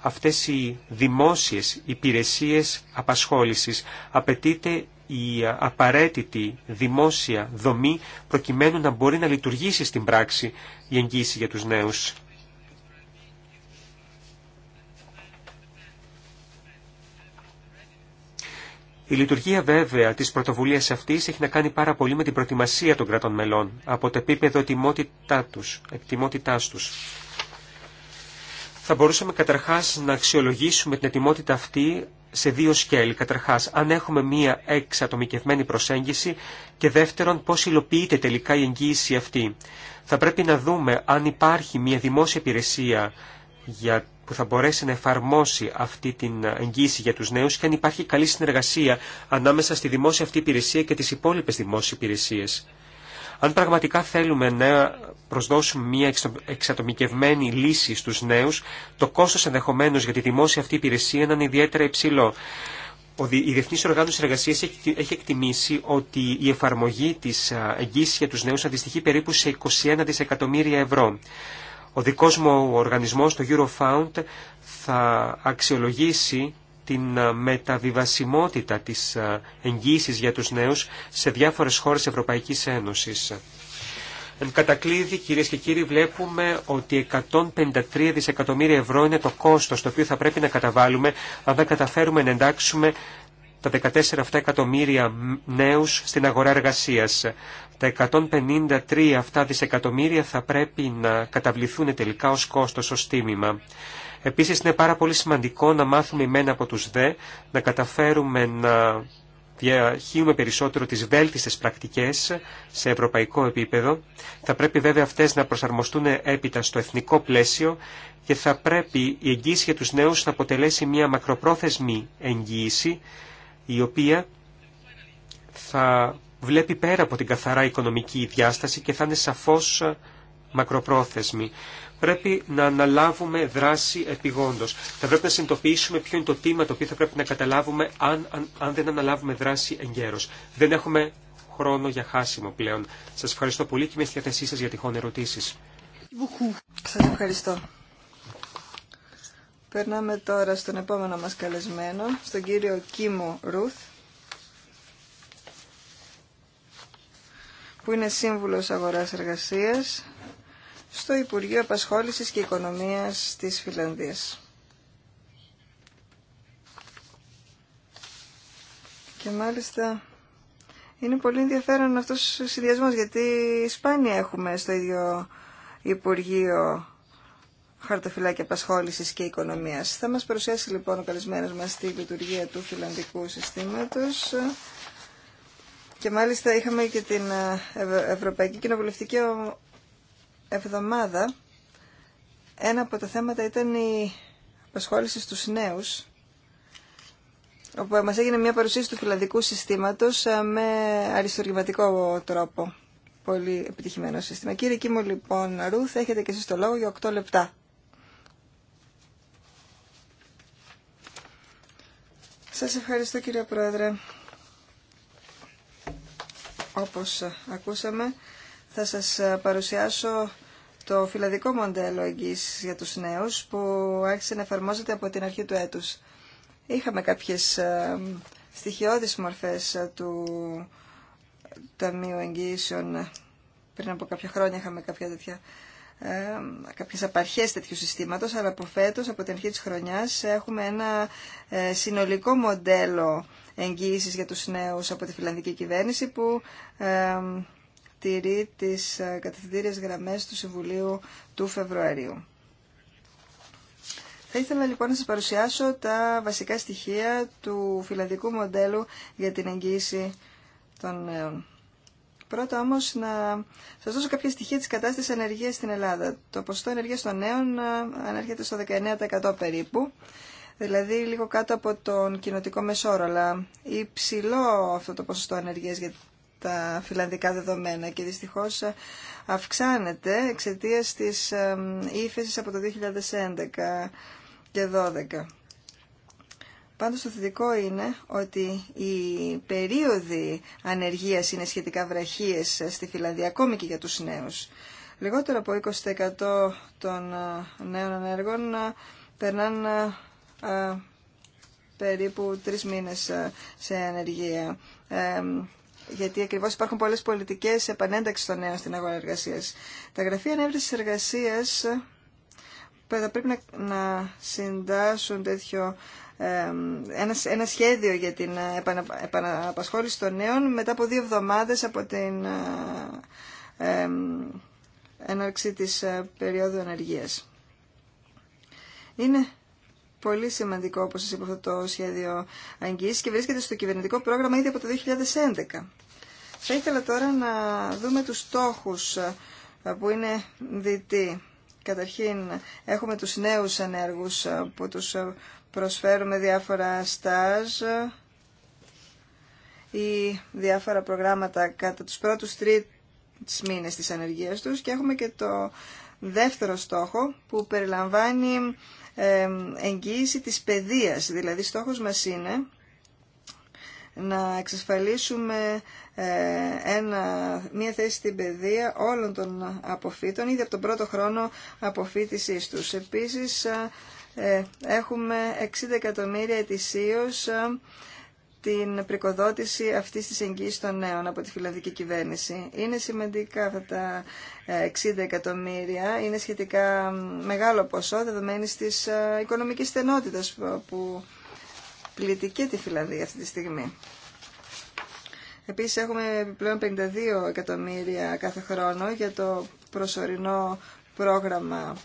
αυτές οι δημόσιες υπηρεσίες απασχόλησης. Απαιτείται η απαραίτητη δημόσια δομή προκειμένου να μπορεί να λειτουργήσει στην πράξη η εγγύηση για τους νέους. Η λειτουργία βέβαια της πρωτοβουλίας αυτής έχει να κάνει πάρα πολύ με την προετοιμασία των κρατών μελών από το επίπεδο ετοιμότητά τους, τους. Θα μπορούσαμε καταρχάς να αξιολογήσουμε την ετοιμότητα αυτή σε δύο σκέλη. Καταρχάς, αν έχουμε μία εξατομικευμένη προσέγγιση και δεύτερον, πώς υλοποιείται τελικά η εγγύηση αυτή. Θα πρέπει να δούμε αν υπάρχει μία δημόσια υπηρεσία για που θα μπορέσει να εφαρμόσει αυτή την εγγύηση για τους νέους και αν υπάρχει καλή συνεργασία ανάμεσα στη δημόσια αυτή υπηρεσία και τις υπόλοιπες δημόσιες υπηρεσίες. Αν πραγματικά θέλουμε να προσδώσουμε μια εξατομικευμένη λύση στους νέους, το κόστος ενδεχομένως για τη δημόσια αυτή υπηρεσία να είναι ιδιαίτερα υψηλό. Η Διεθνή Οργάνωση Εργασία έχει εκτιμήσει ότι η εφαρμογή τη εγγύηση για του νέου αντιστοιχεί περίπου σε 21 δισεκατομμύρια ευρώ. Ο δικό μου οργανισμό, το Eurofound, θα αξιολογήσει την μεταβιβασιμότητα τη εγγύηση για του νέου σε διάφορες χώρες Ευρωπαϊκή Ένωση. Εν κατακλείδη, κυρίες και κύριοι, βλέπουμε ότι 153 δισεκατομμύρια ευρώ είναι το κόστος το οποίο θα πρέπει να καταβάλουμε αν δεν καταφέρουμε να εντάξουμε τα 14 αυτά εκατομμύρια νέου στην αγορά εργασίας. Τα 153 αυτά δισεκατομμύρια θα πρέπει να καταβληθούν τελικά ως κόστος, ω τίμημα. Επίσης είναι πάρα πολύ σημαντικό να μάθουμε μένα από τους ΔΕ, να καταφέρουμε να διαχείουμε περισσότερο τις βέλτιστες πρακτικές σε ευρωπαϊκό επίπεδο. Θα πρέπει βέβαια αυτές να προσαρμοστούν έπειτα στο εθνικό πλαίσιο και θα πρέπει η εγγύηση για τους νέους να αποτελέσει μια μακροπρόθεσμη εγγύηση η οποία θα βλέπει πέρα από την καθαρά οικονομική διάσταση και θα είναι σαφώς μακροπρόθεσμη πρέπει να αναλάβουμε δράση επιγόντως. Θα πρέπει να συνειδητοποιήσουμε ποιο είναι το τίμα το οποίο θα πρέπει να καταλάβουμε αν, αν, αν δεν αναλάβουμε δράση εγκαίρως. Δεν έχουμε χρόνο για χάσιμο πλέον. Σας ευχαριστώ πολύ και με στη διαθεσή σας για τυχόν ερωτήσεις. Σας ευχαριστώ. Περνάμε τώρα στον επόμενο μας καλεσμένο, στον κύριο Κίμο Ρουθ, που είναι σύμβουλος αγοράς εργασίας στο Υπουργείο Απασχόλησης και Οικονομίας της Φιλανδίας. Και μάλιστα είναι πολύ ενδιαφέρον αυτός ο συνδυασμός γιατί σπάνια έχουμε στο ίδιο Υπουργείο Χαρτοφυλάκια Απασχόλησης και Οικονομίας. Θα μας παρουσιάσει λοιπόν ο καλεσμένος μας τη λειτουργία του φιλανδικού συστήματος. Και μάλιστα είχαμε και την ε, Ευρωπαϊκή Κοινοβουλευτική εβδομάδα ένα από τα θέματα ήταν η απασχόληση στους νέους όπου μας έγινε μια παρουσίαση του φιλανδικού συστήματος ε, με αριστοργηματικό τρόπο. Πολύ επιτυχημένο σύστημα. Κύριε Κίμου, λοιπόν, Ρουθ, έχετε και εσείς το λόγο για 8 λεπτά. Σας ευχαριστώ κύριε Πρόεδρε. Όπως ακούσαμε, θα σας παρουσιάσω το φιλαδικό μοντέλο εγγύησης για τους νέους που άρχισε να εφαρμόζεται από την αρχή του έτους. Είχαμε κάποιες ε, στοιχειώδεις μορφές ε, του Ταμείου Εγγύησεων πριν από κάποια χρόνια είχαμε κάποια τέτοια ε, κάποιες απαρχές τέτοιου συστήματος, αλλά από φέτος, από την αρχή της χρονιάς, έχουμε ένα συνολικό μοντέλο εγγύησης για τους νέους από τη φιλανδική κυβέρνηση που τηρεί τις ε, κατευθυντήριες γραμμές του Συμβουλίου του Φεβρουαρίου. Θα ήθελα λοιπόν να σας παρουσιάσω τα βασικά στοιχεία του φιλανδικού μοντέλου για την εγγύηση των νέων. Πρώτα όμως να σας δώσω κάποια στοιχεία της κατάστασης ανεργίας στην Ελλάδα. Το ποσοστό ανεργίας των νέων ε, ανέρχεται στο 19% περίπου, δηλαδή λίγο κάτω από τον κοινοτικό μεσόρο, αλλά υψηλό αυτό το ποσοστό ανεργίας για τα φιλανδικά δεδομένα και δυστυχώς ε, αυξάνεται εξαιτίας της ε, ύφεσης από το 2011 και 2012. Πάντως το θετικό είναι ότι η περίοδοι ανεργίας είναι σχετικά βραχίες ε, στη Φιλανδία, ακόμη και για τους νέους. Λιγότερο από 20% των νέων ανέργων περνάνε περίπου τρεις μήνες σε ανεργία γιατί ακριβώ υπάρχουν πολλέ πολιτικέ επανένταξη των νέων στην αγορά εργασία. Τα γραφεία ανέβρεση εργασία ε, πρέπει να συντάσσουν τέτοιο ε, ένα, ένα σχέδιο για την ε, επαναπασχόληση των νέων μετά από δύο εβδομάδες από την έναρξη της περίοδου ανεργίας. Είναι πολύ σημαντικό, όπως σα είπα, αυτό το σχέδιο αγγίσης και βρίσκεται στο κυβερνητικό πρόγραμμα ήδη από το 2011. Θα ήθελα τώρα να δούμε τους στόχους ε, που είναι διτοί. Καταρχήν έχουμε τους νέους ανέργους ε, που τους ε, προσφέρουμε διάφορα στάζ ή διάφορα προγράμματα κατά τους πρώτους τρεις μήνες της ανεργίας τους και έχουμε και το δεύτερο στόχο που περιλαμβάνει εγγύηση της παιδείας. Δηλαδή στόχος μας είναι να εξασφαλίσουμε ε, ένα, μια θέση στην παιδεία όλων των αποφύτων ήδη από τον πρώτο χρόνο αποφύτησής τους. Επίσης ε, ε, έχουμε 60 εκατομμύρια ετησίως την πρικοδότηση αυτής της εγγύησης των νέων από τη φιλανδική κυβέρνηση. Είναι σημαντικά αυτά τα 60 ε, εκατομμύρια, είναι σχετικά μεγάλο ποσό δεδομένης της ε, οικονομικής στενότητας που πλήττει και τη Φιλανδία αυτή τη στιγμή. Επίσης έχουμε επιπλέον 52 εκατομμύρια κάθε χρόνο για το προσωρινό πρόγραμμα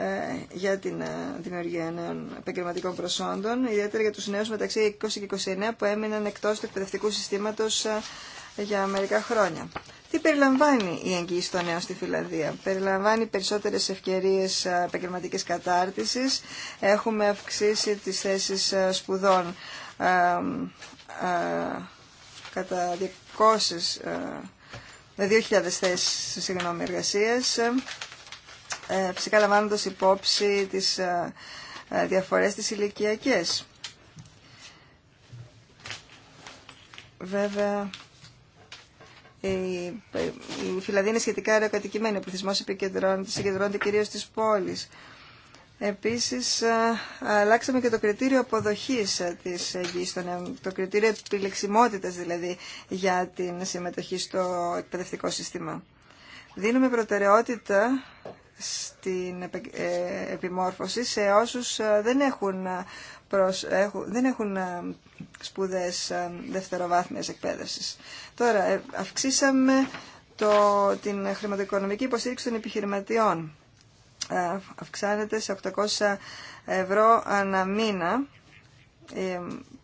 ε, για την δημιουργία ε, νέων επαγγελματικών προσόντων, ιδιαίτερα για τους νέους μεταξύ 20 και 29 που έμειναν εκτός του εκπαιδευτικού συστήματος ε, για μερικά χρόνια. Τι περιλαμβάνει η εγγύηση των νέων στη Φιλανδία. Περιλαμβάνει περισσότερες ευκαιρίες επαγγελματική κατάρτισης. Έχουμε αυξήσει τις θέσεις σπουδών κατά 2.000 θέσεις ε, φυσικά λαμβάνοντας υπόψη τις ε, ε, διαφορές της ηλικιακέ. Βέβαια, η Φιλανδία είναι σχετικά αεροκατοικημένη. Ο πληθυσμό συγκεντρώνεται κυρίως στις πόλεις. Επίσης, αλλάξαμε και το κριτήριο αποδοχής της γης. το κριτήριο επιλεξιμότητας δηλαδή για την συμμετοχή στο εκπαιδευτικό σύστημα. Δίνουμε προτεραιότητα στην ε, επιμόρφωση σε όσους ε, δεν έχουν, ε, προς, έχουν, δεν έχουν σπουδές δευτεροβάθμιας εκπαίδευσης. Τώρα, αυξήσαμε το, την χρηματοοικονομική υποστήριξη των επιχειρηματιών. Αυξάνεται σε 800 ευρώ ανά μήνα,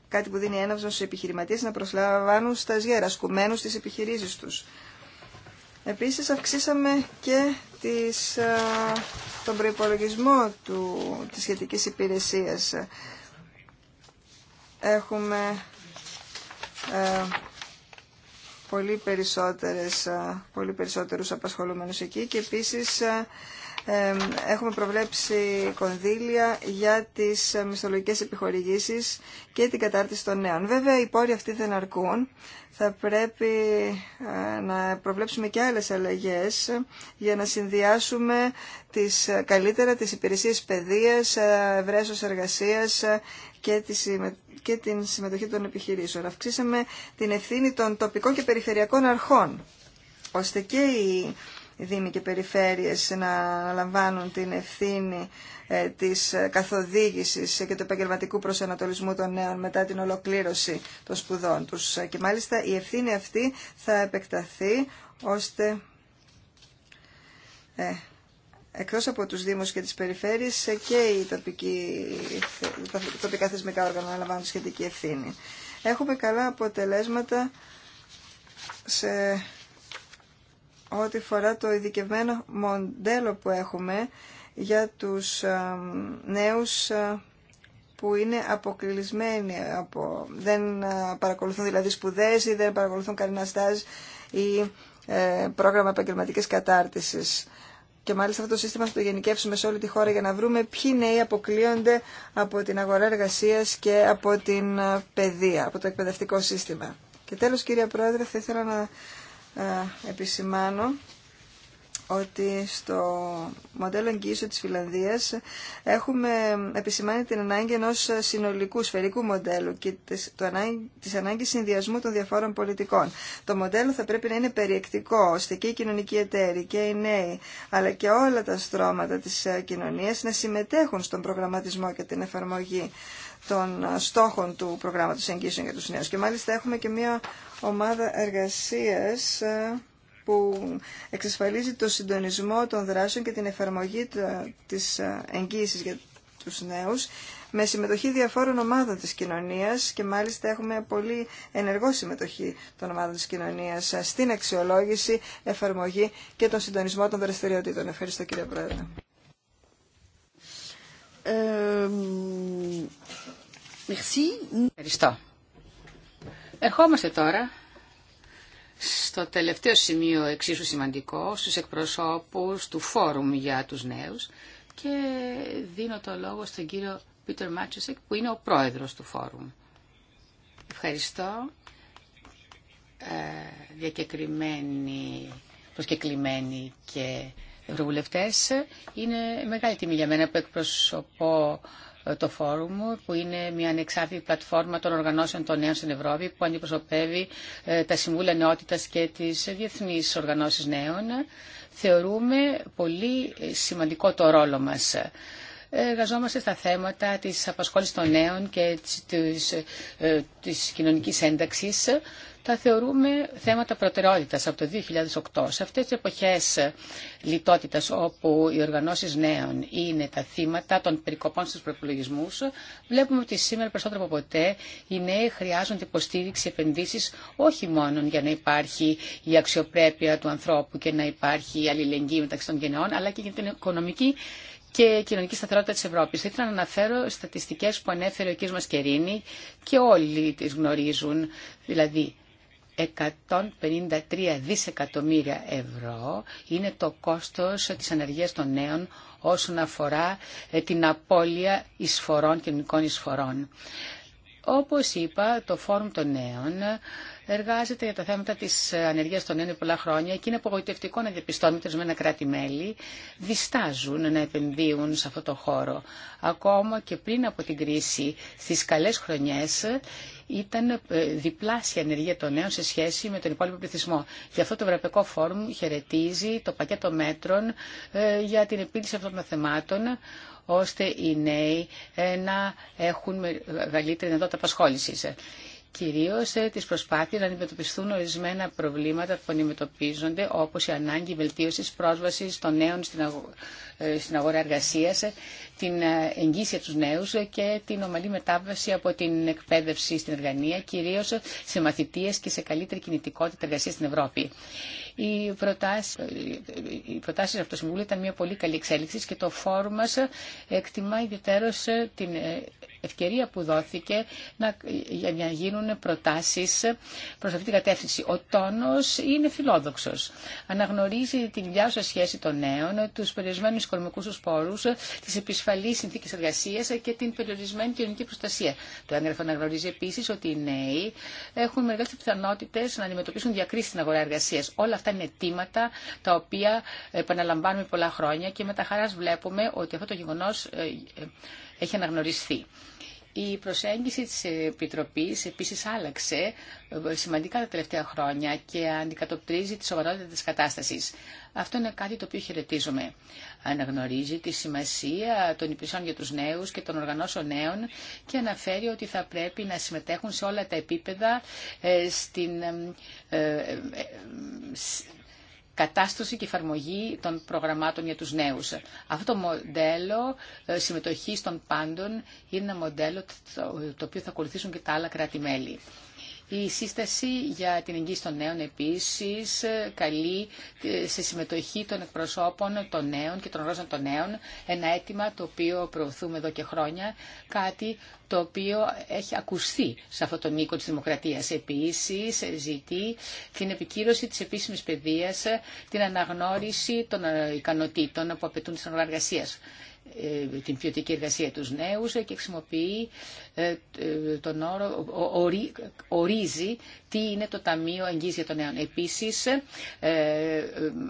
κάτι που δίνει έναυσμα στους επιχειρηματίες να προσλαμβάνουν στα σγέρα, σκουμένους στις επιχειρήσεις τους. Επίσης αυξήσαμε και της, ε, τον προϋπολογισμό του, της σχετικής υπηρεσίας. Έχουμε ε, πολύ, περισσότερες, ε, πολύ περισσότερους απασχολούμενους εκεί και επίσης έχουμε προβλέψει κονδύλια για τις μισθολογικές επιχορηγήσεις και την κατάρτιση των νέων. Βέβαια, οι πόροι αυτοί δεν αρκούν. Θα πρέπει ε, να προβλέψουμε και άλλες αλλαγές για να συνδυάσουμε τις, καλύτερα τις υπηρεσίες παιδείας, βρέσος ε, εργασίας ε, και, και την συμμετοχή των επιχειρήσεων. Αυξήσαμε την ευθύνη των τοπικών και περιφερειακών αρχών, ώστε και οι δήμοι και περιφέρειες να αναλαμβάνουν την ευθύνη ε, της καθοδήγησης και του επαγγελματικού προσανατολισμού των νέων μετά την ολοκλήρωση των σπουδών τους. Και μάλιστα η ευθύνη αυτή θα επεκταθεί ώστε ε, εκτός από τους Δήμους και τις περιφέρειες ε, και οι τοπικοί, τοπικά θεσμικά όργανα να αναλαμβάνουν σχετική ευθύνη. Έχουμε καλά αποτελέσματα σε ό,τι φορά το ειδικευμένο μοντέλο που έχουμε για τους νέους ε, που είναι αποκλεισμένοι, από, δεν ε, παρακολουθούν δηλαδή σπουδές ή δεν παρακολουθούν κανένα στάζ ή ε, πρόγραμμα επαγγελματική κατάρτισης. Και μάλιστα αυτό το σύστημα θα το γενικεύσουμε σε όλη τη χώρα για να βρούμε ποιοι νέοι αποκλείονται από την αγορά εργασίας και από την παιδεία, από το εκπαιδευτικό σύστημα. Και τέλος κύριε Πρόεδρε θα ήθελα να ε, επισημάνω ότι στο μοντέλο εγγύησεων της Φιλανδίας έχουμε επισημάνει την ανάγκη ενός συνολικού σφαιρικού μοντέλου και της ανάγκης συνδυασμού των διαφόρων πολιτικών. Το μοντέλο θα πρέπει να είναι περιεκτικό, ώστε και οι κοινωνικοί εταίροι και οι νέοι, αλλά και όλα τα στρώματα της ε, κοινωνίας να συμμετέχουν στον προγραμματισμό και την εφαρμογή των ε, στόχων του προγράμματος εγγύσεων για τους νέους. Και μάλιστα έχουμε και μια ομάδα εργασίας ε, που εξασφαλίζει το συντονισμό των δράσεων και την εφαρμογή της ε, εγγύησης για τους νέους με συμμετοχή διαφόρων ομάδων της κοινωνίας και μάλιστα έχουμε πολύ ενεργό συμμετοχή των ομάδων της κοινωνίας ε, στην αξιολόγηση, εφαρμογή και τον συντονισμό των δραστηριοτήτων. Ευχαριστώ κύριε Πρόεδρε. Ευχαριστώ. Ερχόμαστε τώρα στο τελευταίο σημείο εξίσου σημαντικό, στους εκπροσώπους του Φόρουμ για τους νέους και δίνω το λόγο στον κύριο Πίτερ Μάτσεσεκ που είναι ο πρόεδρος του Φόρουμ. Ευχαριστώ. Ε, διακεκριμένοι, προσκεκλημένοι και ευρωβουλευτές. Είναι μεγάλη τιμή για μένα που εκπροσωπώ ε, το Φόρουμ, που είναι μια ανεξάρτητη πλατφόρμα των οργανώσεων των νέων στην Ευρώπη, που αντιπροσωπεύει ε, τα Συμβούλια Νεότητας και τις Διεθνείς Οργανώσεις Νέων. Θεωρούμε πολύ σημαντικό το ρόλο μας εργαζόμαστε στα θέματα της απασχόλησης των νέων και της, της ε, κοινωνικής ένταξης. Τα θεωρούμε θέματα προτεραιότητας από το 2008. Σε αυτές τις εποχές λιτότητας όπου οι οργανώσεις νέων είναι τα θύματα των περικοπών στους προπολογισμού, βλέπουμε ότι σήμερα περισσότερο από ποτέ οι νέοι χρειάζονται υποστήριξη επενδύσεις όχι μόνο για να υπάρχει η αξιοπρέπεια του ανθρώπου και να υπάρχει η αλληλεγγύη μεταξύ των γενεών, αλλά και για την οικονομική και κοινωνική σταθερότητα της Ευρώπης. Θα ήθελα να αναφέρω στατιστικές που ανέφερε ο κ. Μασκερίνη και όλοι τις γνωρίζουν, δηλαδή 153 δισεκατομμύρια ευρώ είναι το κόστος της ανεργίας των νέων όσον αφορά ε, την απώλεια εισφορών, κοινωνικών εισφορών. Όπως είπα, το Φόρουμ των Νέων εργάζεται για τα θέματα τη ανεργία των νέων πολλά χρόνια και είναι απογοητευτικό να διαπιστώνουμε ότι ορισμένα κράτη-μέλη διστάζουν να επενδύουν σε αυτό το χώρο. Ακόμα και πριν από την κρίση, στι καλέ χρονιέ, ήταν ε, διπλάσια η ενεργεία των νέων σε σχέση με τον υπόλοιπο πληθυσμό. Γι' αυτό το Ευρωπαϊκό Φόρουμ χαιρετίζει το πακέτο μέτρων ε, για την επίλυση αυτών των θεμάτων, ώστε οι νέοι ε, να έχουν μεγαλύτερη δυνατότητα απασχόλησης κυρίως ε, τις προσπάθειες να αντιμετωπιστούν ορισμένα προβλήματα που αντιμετωπίζονται, όπως η ανάγκη βελτίωσης πρόσβασης των νέων στην ε, αγορά εργασίας, ε, την εγγύσια τους νέους και την ομαλή μετάβαση από την εκπαίδευση στην εργανία, κυρίως σε μαθητείες και σε καλύτερη κινητικότητα εργασίας στην Ευρώπη. Οι προτάσεις, προτάσεις από το Συμβούλιο ήταν μια πολύ καλή εξέλιξη και το φόρουμ μας εκτιμά ιδιαίτερως την ευκαιρία που δόθηκε να, για να γίνουν προτάσεις προς αυτή την κατεύθυνση. Ο τόνος είναι φιλόδοξος. Αναγνωρίζει τη διάσωση σχέση των νέων, τους περιορισμένους οικονομικούς τους πόρους, τις επισφαλείς συνθήκες εργασίας και την περιορισμένη κοινωνική προστασία. Το έγγραφο αναγνωρίζει επίσης ότι οι νέοι έχουν μεγάλες πιθανότητες να αντιμετωπίσουν διακρίσεις στην αγορά εργασίας. Όλα αυτά είναι αιτήματα τα οποία επαναλαμβάνουμε πολλά χρόνια και με τα χαράς βλέπουμε ότι αυτό το γεγονός ε, ε, έχει αναγνωριστεί. Η προσέγγιση της Επιτροπής επίσης άλλαξε ε, σημαντικά τα τελευταία χρόνια και αντικατοπτρίζει τη σοβαρότητα της κατάστασης. Αυτό είναι κάτι το οποίο χαιρετίζουμε. Αναγνωρίζει τη σημασία των υπηρεσιών για τους νέους και των οργανώσεων νέων και αναφέρει ότι θα πρέπει να συμμετέχουν σε όλα τα επίπεδα ε, στην ε, κατάσταση και εφαρμογή των προγραμμάτων για τους νέους. Αυτό το μοντέλο ε, συμμετοχής των πάντων είναι ένα μοντέλο το οποίο θα ακολουθήσουν και τα άλλα κράτη-μέλη. Η σύσταση για την εγγύηση των νέων επίσης καλεί σε συμμετοχή των εκπροσώπων των νέων και των ρόζων των νέων ένα αίτημα το οποίο προωθούμε εδώ και χρόνια, κάτι το οποίο έχει ακουστεί σε αυτό τον οίκο της Δημοκρατίας. Επίσης ζητεί την επικύρωση της επίσημης παιδείας, την αναγνώριση των ικανοτήτων που απαιτούν της συνεργασία. Ε, την ποιοτική εργασία τους νέους και χρησιμοποιεί ε, ε, τον όρο, ορίζει τι είναι το Ταμείο Εγγύης για τον νέο. Επίσης,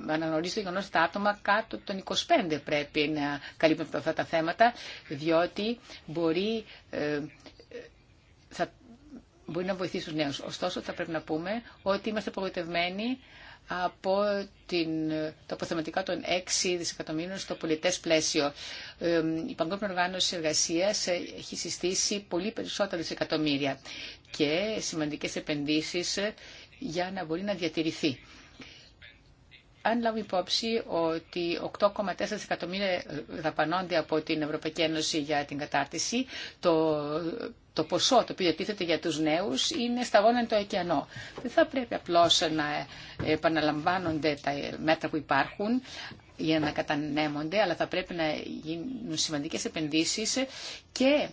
αναγνωρίζει το γεγονό ότι τα άτομα κάτω των 25 πρέπει να καλύπτουν αυτά τα θέματα, διότι μπορεί, θα, μπορεί να βοηθήσει τους νέους. Ωστόσο, θα πρέπει να πούμε ότι είμαστε απογοητευμένοι από την, τα αποθεματικά των 6 δισεκατομμύρων στο πολιτέ πλαίσιο. Η Παγκόσμια Οργάνωση εργασία έχει συστήσει πολύ περισσότερα δισεκατομμύρια και σημαντικές επενδύσεις για να μπορεί να διατηρηθεί. Αν λάβουμε υπόψη ότι 8,4 δισεκατομμύρια δαπανώνται από την Ευρωπαϊκή Ένωση για την κατάρτιση, το το ποσό το οποίο τίθεται για τους νέους είναι σταγόνα το ωκεανό. Δεν θα πρέπει απλώς να επαναλαμβάνονται τα μέτρα που υπάρχουν για να κατανέμονται, αλλά θα πρέπει να γίνουν σημαντικές επενδύσεις και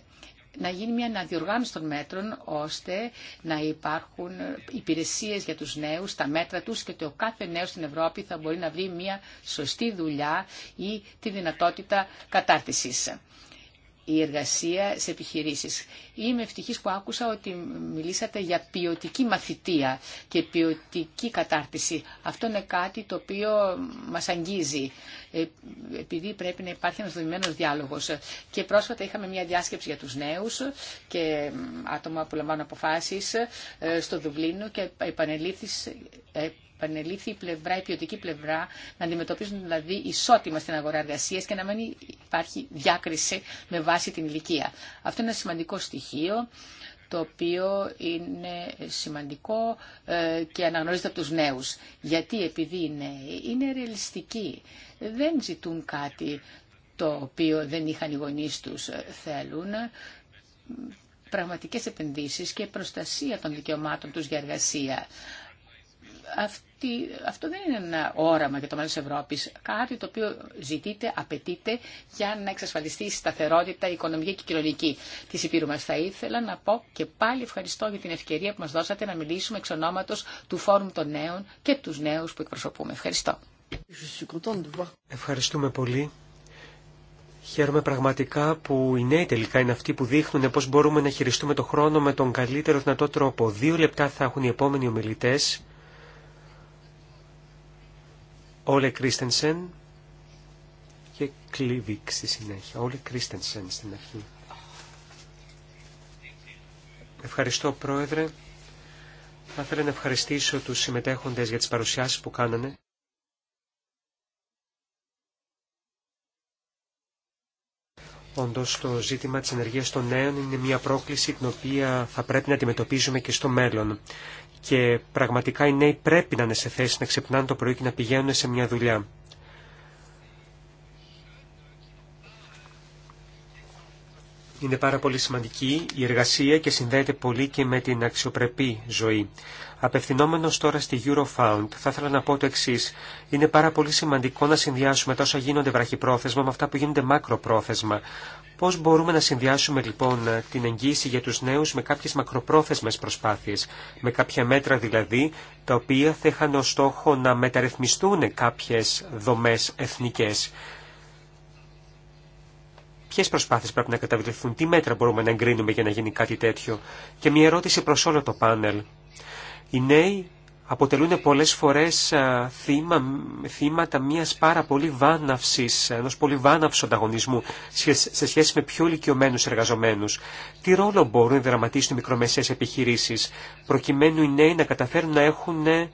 να γίνει μια αναδιοργάνωση των μέτρων ώστε να υπάρχουν υπηρεσίες για τους νέους, τα μέτρα τους και ότι ο κάθε νέος στην Ευρώπη θα μπορεί να βρει μια σωστή δουλειά ή τη δυνατότητα κατάρτισης η εργασία σε επιχειρήσεις. Είμαι ευτυχής που άκουσα ότι μιλήσατε για ποιοτική μαθητεία και ποιοτική κατάρτιση. Αυτό είναι κάτι το οποίο μας αγγίζει, ε, επειδή πρέπει να υπάρχει ένας δομημένος διάλογος. Και πρόσφατα είχαμε μια διάσκεψη για τους νέους και άτομα που λαμβάνουν αποφάσεις ε, στο Δουβλίνο και επανελήφθη ε, επανελήφθη η πλευρά, η ποιοτική πλευρά, να αντιμετωπίζουν δηλαδή ισότιμα στην αγορά εργασία και να μην υπάρχει διάκριση με βάση την ηλικία. Αυτό είναι ένα σημαντικό στοιχείο το οποίο είναι σημαντικό ε, και αναγνωρίζεται από τους νέους. Γιατί επειδή οι είναι ρεαλιστικοί, δεν ζητούν κάτι το οποίο δεν είχαν οι γονείς τους ε, θέλουν πραγματικές επενδύσεις και προστασία των δικαιωμάτων τους για εργασία αυτή, αυτό δεν είναι ένα όραμα για το μέλλον της Ευρώπης. Κάτι το οποίο ζητείτε, απαιτείται για να εξασφαλιστεί η σταθερότητα η οικονομική και η κοινωνική της Υπήρου μας. Θα ήθελα να πω και πάλι ευχαριστώ για την ευκαιρία που μας δώσατε να μιλήσουμε εξ ονόματος του Φόρουμ των Νέων και τους νέους που εκπροσωπούμε. Ευχαριστώ. Ευχαριστούμε πολύ. Χαίρομαι πραγματικά που οι νέοι τελικά είναι αυτοί που δείχνουν πώς μπορούμε να χειριστούμε το χρόνο με τον καλύτερο δυνατό τρόπο. Δύο λεπτά θα έχουν οι επόμενοι ομιλητές. Όλε Κρίστενσεν και Κλίβικ στη συνέχεια. Όλε Κρίστενσεν στην αρχή. Ευχαριστώ Πρόεδρε. Θα ήθελα να ευχαριστήσω τους συμμετέχοντες για τις παρουσιάσεις που κάνανε. Όντως το ζήτημα της ενεργείας των νέων είναι μια πρόκληση την οποία θα πρέπει να αντιμετωπίζουμε και στο μέλλον και πραγματικά οι νέοι πρέπει να είναι σε θέση να ξυπνάνε το πρωί και να πηγαίνουν σε μια δουλειά. είναι πάρα πολύ σημαντική η εργασία και συνδέεται πολύ και με την αξιοπρεπή ζωή. Απευθυνόμενο τώρα στη Eurofound, θα ήθελα να πω το εξή. Είναι πάρα πολύ σημαντικό να συνδυάσουμε τα γίνονται βραχυπρόθεσμα με αυτά που γίνονται μακροπρόθεσμα. Πώ μπορούμε να συνδυάσουμε λοιπόν την εγγύηση για του νέου με κάποιε μακροπρόθεσμε προσπάθειε, με κάποια μέτρα δηλαδή, τα οποία θα είχαν ω στόχο να μεταρρυθμιστούν κάποιε δομέ εθνικέ. Ποιε προσπάθειε πρέπει να καταβληθούν, τι μέτρα μπορούμε να εγκρίνουμε για να γίνει κάτι τέτοιο. Και μια ερώτηση προ όλο το πάνελ. Οι νέοι αποτελούν πολλές φορές θύμα, θύματα μιας πάρα πολύ βάναυσης, ενός πολύ βάναυσου ανταγωνισμού σε σχέση με πιο ηλικιωμένου εργαζομένους. Τι ρόλο μπορούν να δραματίσουν οι μικρομεσαίε επιχειρήσει, προκειμένου οι νέοι να καταφέρουν να έχουν ε,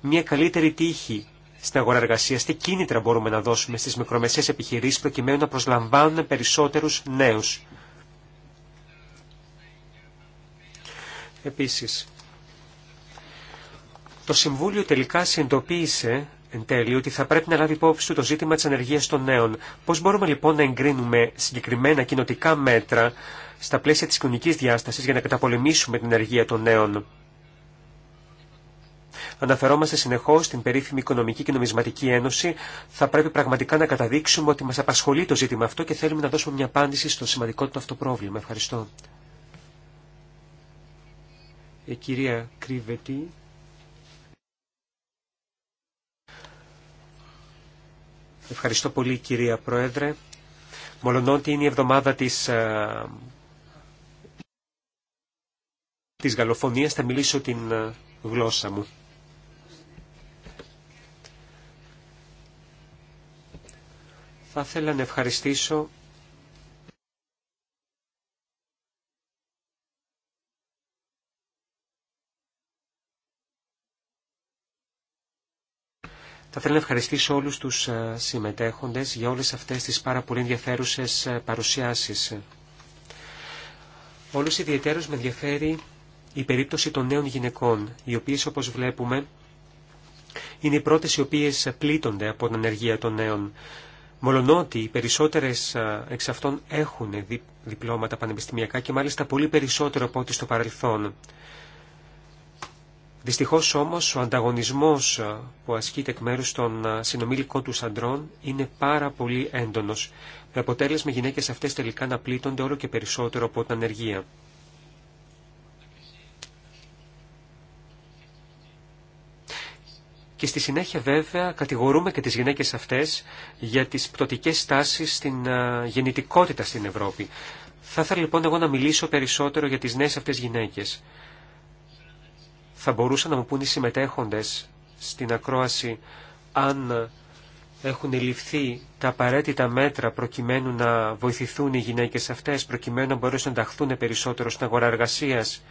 μια καλύτερη τύχη στην αγορά εργασία, τι κίνητρα μπορούμε να δώσουμε στι μικρομεσαίε επιχειρήσει προκειμένου να προσλαμβάνουν περισσότερου νέου. Επίση, το Συμβούλιο τελικά συνειδητοποίησε εν τέλει ότι θα πρέπει να λάβει υπόψη του το ζήτημα τη ανεργία των νέων. Πώ μπορούμε λοιπόν να εγκρίνουμε συγκεκριμένα κοινοτικά μέτρα στα πλαίσια τη κοινωνική διάσταση για να καταπολεμήσουμε την ανεργία των νέων. Αναφερόμαστε συνεχώ στην περίφημη Οικονομική και Νομισματική Ένωση. Θα πρέπει πραγματικά να καταδείξουμε ότι μα απασχολεί το ζήτημα αυτό και θέλουμε να δώσουμε μια απάντηση στο σημαντικό του αυτό πρόβλημα. Ευχαριστώ. Η κυρία Κρύβετη. Ευχαριστώ πολύ κυρία Πρόεδρε. Μολονότι είναι η εβδομάδα της, α, ε, της θα μιλήσω την ε, γλώσσα μου. Θα ήθελα να ευχαριστήσω Θα να ευχαριστήσω όλους τους ε, συμμετέχοντες για όλες αυτές τις πάρα πολύ ενδιαφέρουσες ε, παρουσιάσεις. Όλους ιδιαίτερως με ενδιαφέρει η περίπτωση των νέων γυναικών, οι οποίες όπως βλέπουμε είναι οι πρώτες οι οποίες πλήττονται από την ανεργία των νέων. Μολονότι οι περισσότερες εξ αυτών έχουν διπλώματα πανεπιστημιακά και μάλιστα πολύ περισσότερο από ό,τι στο παρελθόν. Δυστυχώς όμως ο ανταγωνισμός που ασκείται εκ μέρου των συνομήλικών του αντρών είναι πάρα πολύ έντονος, με αποτέλεσμα γυναίκες αυτές τελικά να πλήττονται όλο και περισσότερο από την ανεργία. και στη συνέχεια βέβαια κατηγορούμε και τις γυναίκες αυτές για τις πτωτικές στάσεις στην γεννητικότητα στην Ευρώπη. Θα ήθελα λοιπόν εγώ να μιλήσω περισσότερο για τις νέες αυτές γυναίκες. Θα μπορούσαν να μου πούν οι συμμετέχοντες στην ακρόαση αν έχουν ληφθεί τα απαραίτητα μέτρα προκειμένου να βοηθηθούν οι γυναίκες αυτές, προκειμένου να μπορέσουν να ταχθούν περισσότερο στην αγορά εργασίας.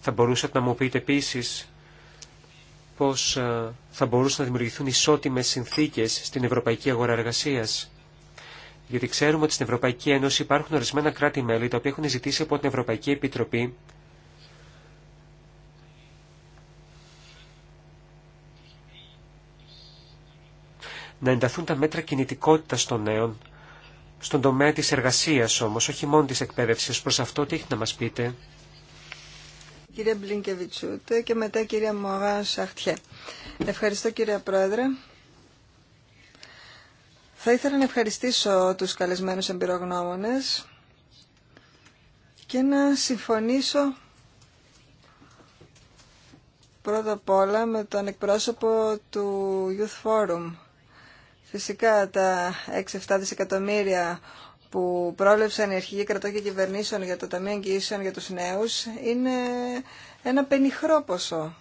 Θα μπορούσατε να μου πείτε επίσης πώς ε, θα μπορούσαν να δημιουργηθούν ισότιμες συνθήκες στην ευρωπαϊκή αγορά εργασίας. Γιατί ξέρουμε ότι στην Ευρωπαϊκή Ένωση υπάρχουν ορισμένα κράτη-μέλη τα οποία έχουν ζητήσει από την Ευρωπαϊκή Επιτροπή να ενταθούν τα μέτρα κινητικότητας των νέων στον τομέα της εργασίας όμως, όχι μόνο της εκπαίδευσης. Προς αυτό τι έχει να μας πείτε κυρία Μπλίνκεβιτσούτε και μετά κυρία Μωρά Σαχτιέ. Ευχαριστώ κυρία Πρόεδρε. Θα ήθελα να ευχαριστήσω τους καλεσμένους εμπειρογνώμονες και να συμφωνήσω πρώτα απ' όλα με τον εκπρόσωπο του Youth Forum. Φυσικά τα 6-7 δισεκατομμύρια που πρόλευσαν οι αρχηγοί κρατών και κυβερνήσεων για το Ταμείο Εγγυήσεων για τους νέους είναι ένα πενιχρό ποσό.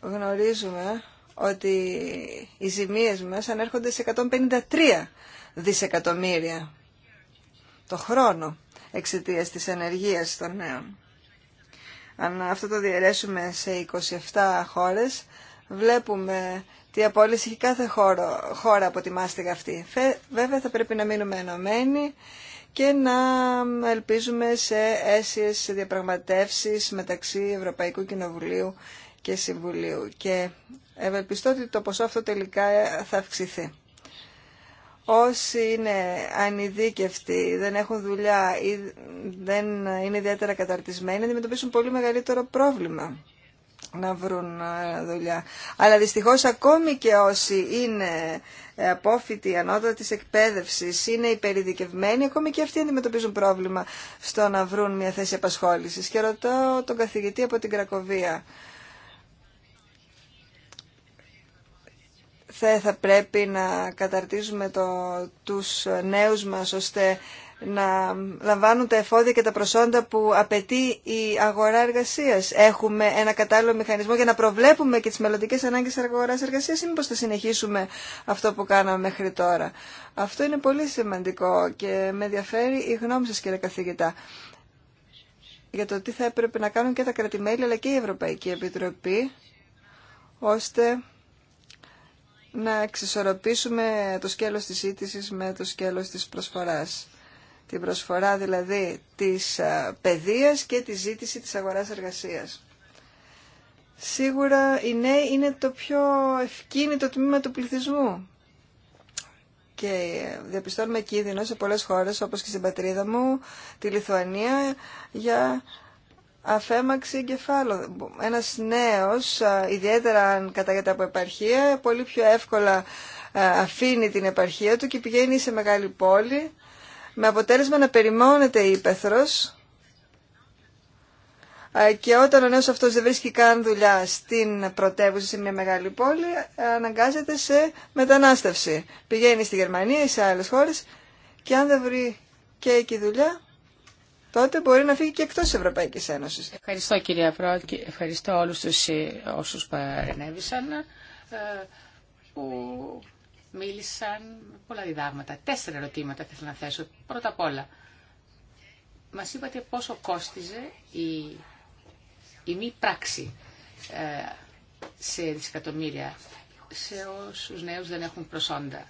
Γνωρίζουμε ότι οι ζημίες μας ανέρχονται σε 153 δισεκατομμύρια το χρόνο εξαιτίας της ενεργείας των νέων. Αν αυτό το διαιρέσουμε σε 27 χώρες, βλέπουμε τι απόλυση έχει κάθε χώρο, χώρα από τη μάστιγα αυτή. Βέβαια θα πρέπει να μείνουμε ενωμένοι και να ελπίζουμε σε αίσιες διαπραγματεύσεις μεταξύ Ευρωπαϊκού Κοινοβουλίου και Συμβουλίου. Και ευελπιστώ ότι το ποσό αυτό τελικά θα αυξηθεί. Όσοι είναι ανειδίκευτοι, δεν έχουν δουλειά ή δεν είναι ιδιαίτερα καταρτισμένοι, αντιμετωπίσουν πολύ μεγαλύτερο πρόβλημα να βρουν ε, δουλειά. Αλλά δυστυχώς ακόμη και όσοι είναι ε, απόφοιτοι της εκπαίδευσης, είναι υπερειδικευμένοι, ακόμη και αυτοί αντιμετωπίζουν πρόβλημα στο να βρουν μια θέση απασχόλησης. Και ρωτώ τον καθηγητή από την Κρακοβία. Θα, πρέπει να καταρτίζουμε το, τους νέους μας ώστε να λαμβάνουν τα εφόδια και τα προσόντα που απαιτεί η αγορά εργασία. Έχουμε ένα κατάλληλο μηχανισμό για να προβλέπουμε και τι μελλοντικέ ανάγκες αγορά εργασία ή μήπω θα συνεχίσουμε αυτό που κάναμε μέχρι τώρα. Αυτό είναι πολύ σημαντικό και με ενδιαφέρει η γνώμη σας κύριε καθηγητά για το τι θα έπρεπε να κάνουν και τα κρατημέλη αλλά και η Ευρωπαϊκή Επιτροπή ώστε να εξισορροπήσουμε το σκέλος της ίτησης με το σκέλος της προσφοράς την προσφορά δηλαδή της ε, παιδείας και τη ζήτηση της αγοράς εργασίας. Σίγουρα οι νέοι είναι το πιο ευκίνητο τμήμα του πληθυσμού και ε, διαπιστώνουμε κίνδυνο σε πολλές χώρες όπως και στην πατρίδα μου, τη Λιθουανία, για αφέμαξη εγκεφάλου. Ένας νέος, ε, ιδιαίτερα αν καταγεται από επαρχία, πολύ πιο εύκολα αφήνει την επαρχία του και πηγαίνει σε μεγάλη πόλη με αποτέλεσμα να περιμόνεται η ύπεθρος και όταν ο νέος αυτός δεν βρίσκει καν δουλειά στην πρωτεύουσα σε μια μεγάλη πόλη, αναγκάζεται σε μετανάστευση. Πηγαίνει στη Γερμανία ή σε άλλες χώρες και αν δεν βρει και εκεί δουλειά, τότε μπορεί να φύγει και εκτός Ευρωπαϊκής Ένωσης. Ευχαριστώ κυρία Πρόεδρε, ευχαριστώ όλους τους ε, όσους παρενέβησαν ε, μίλησαν πολλά διδάγματα. Τέσσερα ερωτήματα θέλω να θέσω. Πρώτα απ' όλα, μας είπατε πόσο κόστιζε η, η μη πράξη ε, σε δισεκατομμύρια σε όσους νέους δεν έχουν προσόντα.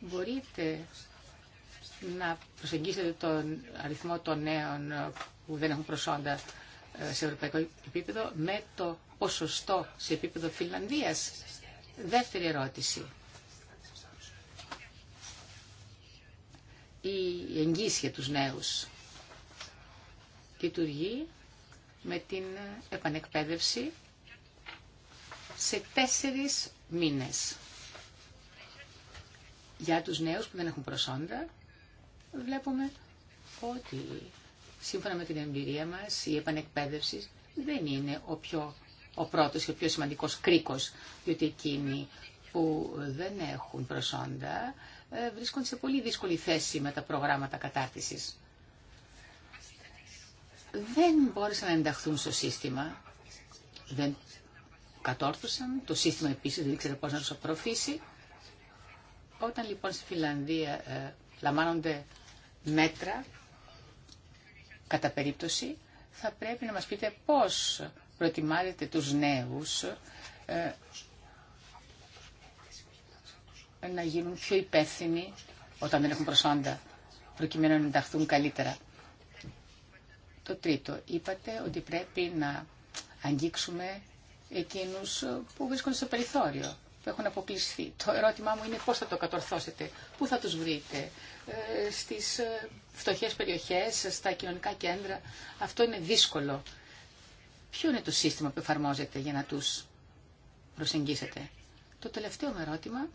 Μπορείτε να προσεγγίσετε τον αριθμό των νέων που δεν έχουν προσόντα ε, σε ευρωπαϊκό επίπεδο με το ποσοστό σε επίπεδο Φιλανδίας. Δεύτερη ερώτηση. η εγγύσια για τους νέους. Λειτουργεί με την επανεκπαίδευση σε τέσσερις μήνες. Για τους νέους που δεν έχουν προσόντα, βλέπουμε ότι σύμφωνα με την εμπειρία μας η επανεκπαίδευση δεν είναι ο, πιο, ο πρώτος και ο πιο σημαντικός κρίκος, διότι εκείνοι που δεν έχουν προσόντα ε, βρίσκονται σε πολύ δύσκολη θέση με τα προγράμματα κατάρτισης. Δεν μπόρεσαν να ενταχθούν στο σύστημα, δεν κατόρθωσαν, το σύστημα επίσης δεν ξέρετε πώς να τους απορροφήσει. Όταν λοιπόν στη Φιλανδία ε, λαμβάνονται μέτρα κατά περίπτωση, θα πρέπει να μας πείτε πώς προετοιμάζετε τους νέους ε, να γίνουν πιο υπεύθυνοι όταν δεν έχουν προσόντα, προκειμένου να ενταχθούν καλύτερα. Το τρίτο, είπατε ότι πρέπει να αγγίξουμε εκείνους που βρίσκονται στο περιθώριο, που έχουν αποκλειστεί. Το ερώτημά μου είναι πώς θα το κατορθώσετε, πού θα τους βρείτε, ε, στις ε, φτωχές περιοχές, στα κοινωνικά κέντρα. Αυτό είναι δύσκολο. Ποιο είναι το σύστημα που εφαρμόζετε για να τους προσεγγίσετε. Το τελευταίο ερώτημα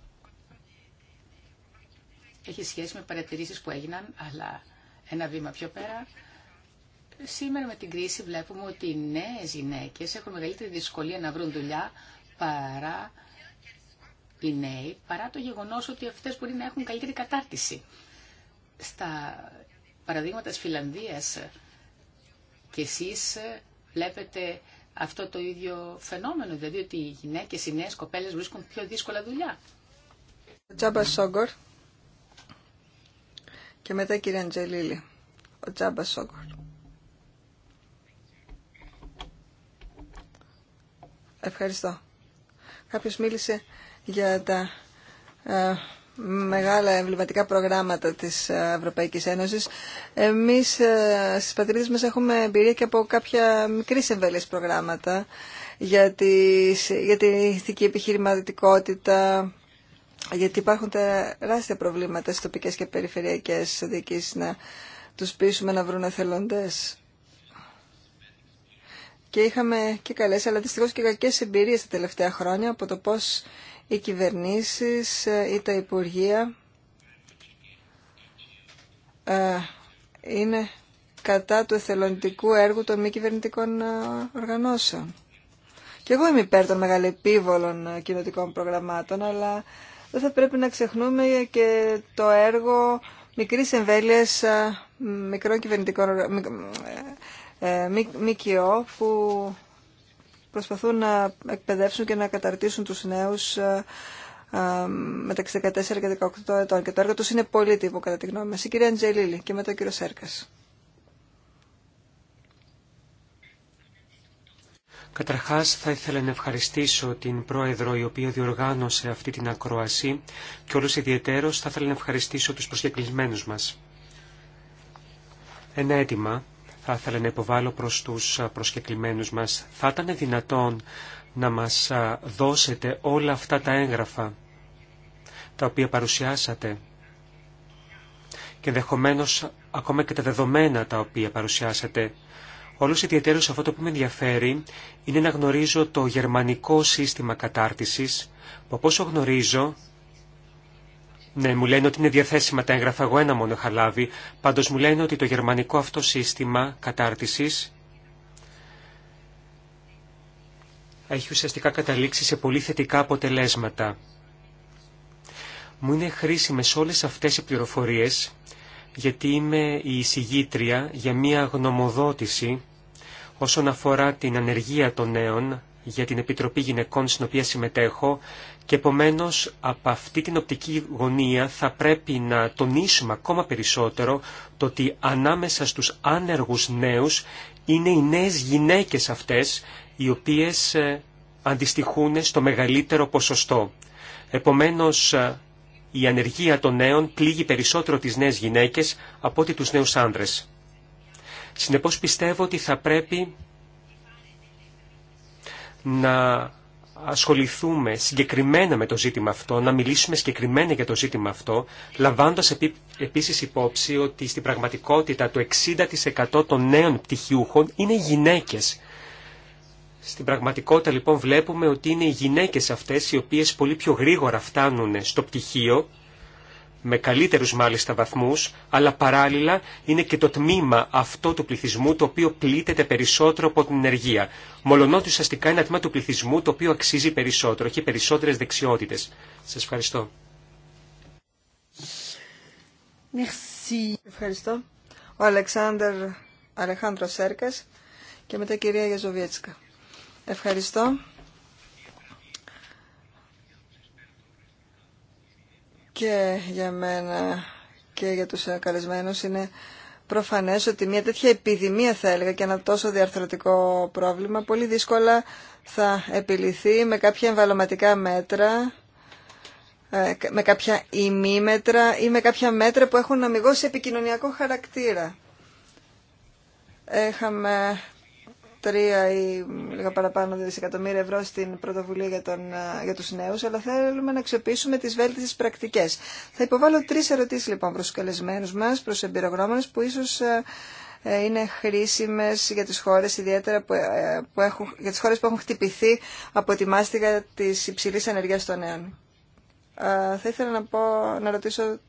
έχει σχέση με παρατηρήσεις που έγιναν, αλλά ένα βήμα πιο πέρα. Σήμερα με την κρίση βλέπουμε ότι οι νέες γυναίκες έχουν μεγαλύτερη δυσκολία να βρουν δουλειά παρά οι νέοι, παρά το γεγονός ότι αυτές μπορεί να έχουν καλύτερη κατάρτιση. Στα παραδείγματα της Φιλανδίας και εσείς βλέπετε αυτό το ίδιο φαινόμενο, δηλαδή ότι οι γυναίκες, οι νέες κοπέλες βρίσκουν πιο δύσκολα δουλειά. Σόγκορ, και μετά κύριε Αντζελίλη, ο Τζάμπα Σόκολ. Ευχαριστώ. Κάποιος μίλησε για τα ε, μεγάλα εμβληματικά προγράμματα της ε, Ευρωπαϊκής Ένωσης. Εμείς ε, στις πατρίδες μας έχουμε εμπειρία και από κάποια μικρή εμβέλειες προγράμματα για, τις, για την ηθική επιχειρηματικότητα, γιατί υπάρχουν τεράστια προβλήματα στις τοπικές και περιφερειακές διοικήσεις να τους πείσουμε να βρουν εθελοντέ. Και είχαμε και καλές, αλλά δυστυχώς και κακέ εμπειρίες τα τελευταία χρόνια από το πώς οι κυβερνήσεις ε, ή τα Υπουργεία ε, είναι κατά του εθελοντικού έργου των μη κυβερνητικών ε, οργανώσεων. Και εγώ είμαι υπέρ των μεγαλεπίβολων κοινωτικών προγραμμάτων, αλλά δεν θα πρέπει να ξεχνούμε και το έργο μικρής εμβέλειας μικρών κυβερνητικών ΜΚΟ που προσπαθούν να εκπαιδεύσουν και να καταρτήσουν τους νέους μεταξύ 14 και 18 ετών. Και το έργο τους είναι πολύτιμο κατά τη γνώμη μας. Η κυρία Αντζελίλη και μετά ο κύριος Σέρκας. Καταρχάς θα ήθελα να ευχαριστήσω την Πρόεδρο η οποία διοργάνωσε αυτή την ακρόαση και όλους ιδιαιτέρως θα ήθελα να ευχαριστήσω τους προσκεκλημένους μας. Ένα αίτημα θα ήθελα να υποβάλω προς τους προσκεκλημένους μας. Θα ήταν δυνατόν να μας δώσετε όλα αυτά τα έγγραφα τα οποία παρουσιάσατε και ενδεχομένω ακόμα και τα δεδομένα τα οποία παρουσιάσατε Όλος σε αυτό το που με ενδιαφέρει είναι να γνωρίζω το γερμανικό σύστημα κατάρτισης που από όσο γνωρίζω ναι, μου λένε ότι είναι διαθέσιμα τα έγγραφα, εγώ ένα μόνο είχα λάβει. Πάντως μου λένε ότι το γερμανικό αυτό σύστημα κατάρτισης έχει ουσιαστικά καταλήξει σε πολύ θετικά αποτελέσματα. Μου είναι χρήσιμες όλες αυτές οι πληροφορίες γιατί είμαι η εισηγήτρια για μία γνωμοδότηση όσον αφορά την ανεργία των νέων για την Επιτροπή Γυναικών στην οποία συμμετέχω και επομένω από αυτή την οπτική γωνία θα πρέπει να τονίσουμε ακόμα περισσότερο το ότι ανάμεσα στους άνεργους νέους είναι οι νέες γυναίκες αυτές οι οποίες ε, αντιστοιχούν στο μεγαλύτερο ποσοστό. Επομένως ε, η ανεργία των νέων πλήγει περισσότερο τις νέες γυναίκες από ότι τους νέους άνδρες. Συνεπώς πιστεύω ότι θα πρέπει να ασχοληθούμε συγκεκριμένα με το ζήτημα αυτό, να μιλήσουμε συγκεκριμένα για το ζήτημα αυτό, λαμβάνοντας επίσης υπόψη ότι στην πραγματικότητα το 60% των νέων πτυχιούχων είναι γυναίκες. Στην πραγματικότητα λοιπόν βλέπουμε ότι είναι οι γυναίκες αυτές οι οποίες πολύ πιο γρήγορα φτάνουν στο πτυχίο, με καλύτερους μάλιστα βαθμούς, αλλά παράλληλα είναι και το τμήμα αυτό του πληθυσμού το οποίο πλήττεται περισσότερο από την ενεργία. Μολονότι ουσιαστικά είναι ένα τμήμα του πληθυσμού το οποίο αξίζει περισσότερο, έχει περισσότερες δεξιότητες. Σας ευχαριστώ. Merci. Ευχαριστώ. Ο Αλεξάνδρ Αλεχάνδρος Σέρκας και μετά η κυρία Γεζοβιέτσκα. Ευχαριστώ. Και για μένα και για τους καλεσμένους είναι προφανές ότι μια τέτοια επιδημία θα έλεγα και ένα τόσο διαρθρωτικό πρόβλημα πολύ δύσκολα θα επιληθεί με κάποια εμβαλωματικά μέτρα ε, με κάποια ημίμετρα ή με κάποια μέτρα που έχουν σε επικοινωνιακό χαρακτήρα. Έχαμε 3 ή λίγα παραπάνω δισεκατομμύρια ευρώ στην πρωτοβουλία για, τον, για τους νέους, αλλά θέλουμε να αξιοποιήσουμε τις βέλτιστες πρακτικές. Θα υποβάλω τρεις ερωτήσεις λοιπόν προς τους καλεσμένους μας, προς εμπειρογνώμενους που ίσως ε, είναι χρήσιμες για τις χώρες ιδιαίτερα που, ε, που έχουν, για τις χώρες που έχουν χτυπηθεί από τη μάστιγα της υψηλής ανεργίας των νέων. θα ήθελα να, πω, να ρωτήσω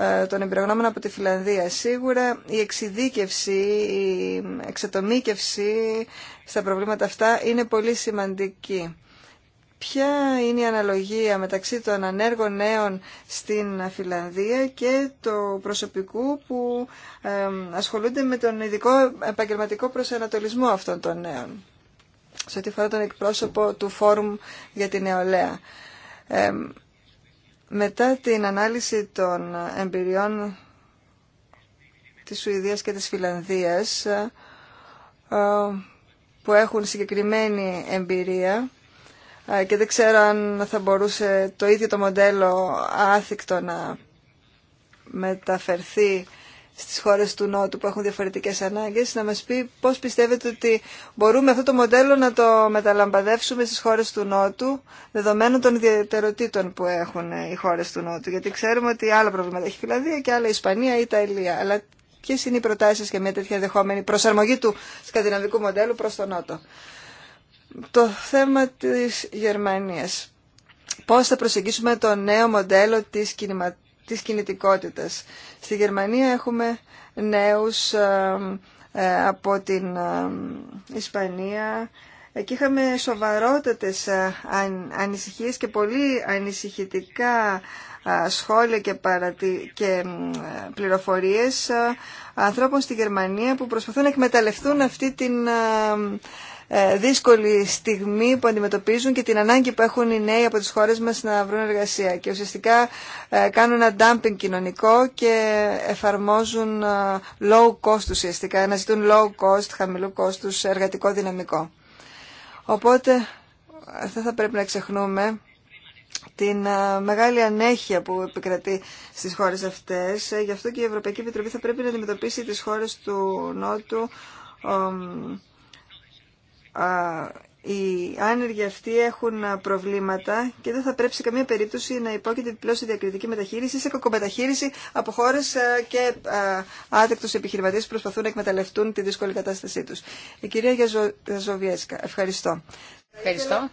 ε, των εμπειρογνώμων από τη Φιλανδία. Σίγουρα η εξειδίκευση, η εξατομίκευση στα προβλήματα αυτά είναι πολύ σημαντική. Ποια είναι η αναλογία μεταξύ των ανέργων νέων στην Φιλανδία και του προσωπικού που ε, ασχολούνται με τον ειδικό επαγγελματικό προσανατολισμό αυτών των νέων. Σε ό,τι αφορά τον εκπρόσωπο του Φόρουμ για την Νεολαία. Ε, μετά την ανάλυση των εμπειριών της Σουηδίας και της Φιλανδίας ε, που έχουν συγκεκριμένη εμπειρία ε, και δεν ξέρω αν θα μπορούσε το ίδιο το μοντέλο άθικτο να μεταφερθεί στις χώρες του Νότου που έχουν διαφορετικές ανάγκες, να μας πει πώς πιστεύετε ότι μπορούμε αυτό το μοντέλο να το μεταλαμπαδεύσουμε στις χώρες του Νότου, δεδομένων των ιδιαιτεροτήτων που έχουν οι χώρες του Νότου. Γιατί ξέρουμε ότι άλλα προβλήματα έχει η Φιλανδία και άλλα η Ισπανία ή η Ιταλία. Αλλά ποιε είναι οι προτάσει για μια τέτοια δεχόμενη προσαρμογή του σκανδιναβικού μοντέλου προ τον Νότο. Το θέμα τη Γερμανία. Πώ θα προσεγγίσουμε το νέο μοντέλο τη κινηματική της κινητικότητας. Στη Γερμανία έχουμε νέους ε, ε, από την ε, Ισπανία και είχαμε σοβαρότατες ανησυχίες και πολύ ανησυχητικά σχόλια και, παρατη... και πληροφορίες ανθρώπων στη Γερμανία που προσπαθούν να εκμεταλλευτούν αυτή την ε, δύσκολη στιγμή που αντιμετωπίζουν και την ανάγκη που έχουν οι νέοι από τις χώρες μας να βρουν εργασία. Και ουσιαστικά ε, κάνουν ένα dumping κοινωνικό και εφαρμόζουν ε, low cost ουσιαστικά, να ζητούν low cost, χαμηλού κόστους εργατικό δυναμικό. Οπότε δεν θα πρέπει να ξεχνούμε την μεγάλη ανέχεια που επικρατεί στις χώρες αυτές. Γι' αυτό και η Ευρωπαϊκή Επιτροπή θα πρέπει να αντιμετωπίσει τις χώρες του Νότου οι άνεργοι αυτοί έχουν προβλήματα και δεν θα πρέπει σε καμία περίπτωση να υπόκειται επιπλέον σε διακριτική μεταχείριση ή σε κακομεταχείριση από χώρε ε, και ε, άτεκτου επιχειρηματίε που προσπαθούν να εκμεταλλευτούν τη δύσκολη κατάστασή του. Η κυρία Γιαζοβιέσκα, ευχαριστώ. Ευχαριστώ.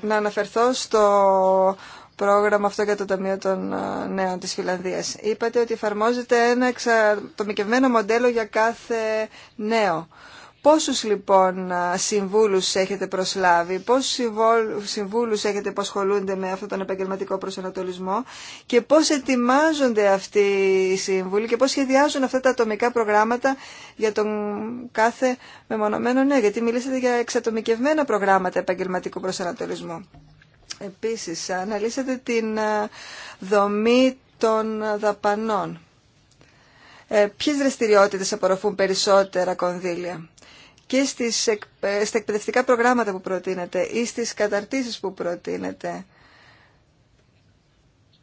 Να αναφερθώ στο πρόγραμμα αυτό για το Ταμείο των ε, Νέων της Φιλανδίας. Είπατε ότι εφαρμόζεται ένα εξατομικευμένο μοντέλο για κάθε νέο. Πόσους λοιπόν συμβούλους έχετε προσλάβει, πόσους συμβούλους έχετε που ασχολούνται με αυτόν τον επαγγελματικό προσανατολισμό και πώς ετοιμάζονται αυτοί οι σύμβουλοι και πώς σχεδιάζουν αυτά τα ατομικά προγράμματα για τον κάθε μεμονωμένο νέο, γιατί μιλήσατε για εξατομικευμένα προγράμματα επαγγελματικού προσανατολισμού. Επίσης, αναλύσατε την δομή των δαπανών. Ε, ποιες δραστηριότητες απορροφούν περισσότερα κονδύλια και στις, ε, στα εκπαιδευτικά προγράμματα που προτείνεται ή στις καταρτήσεις που προτείνεται.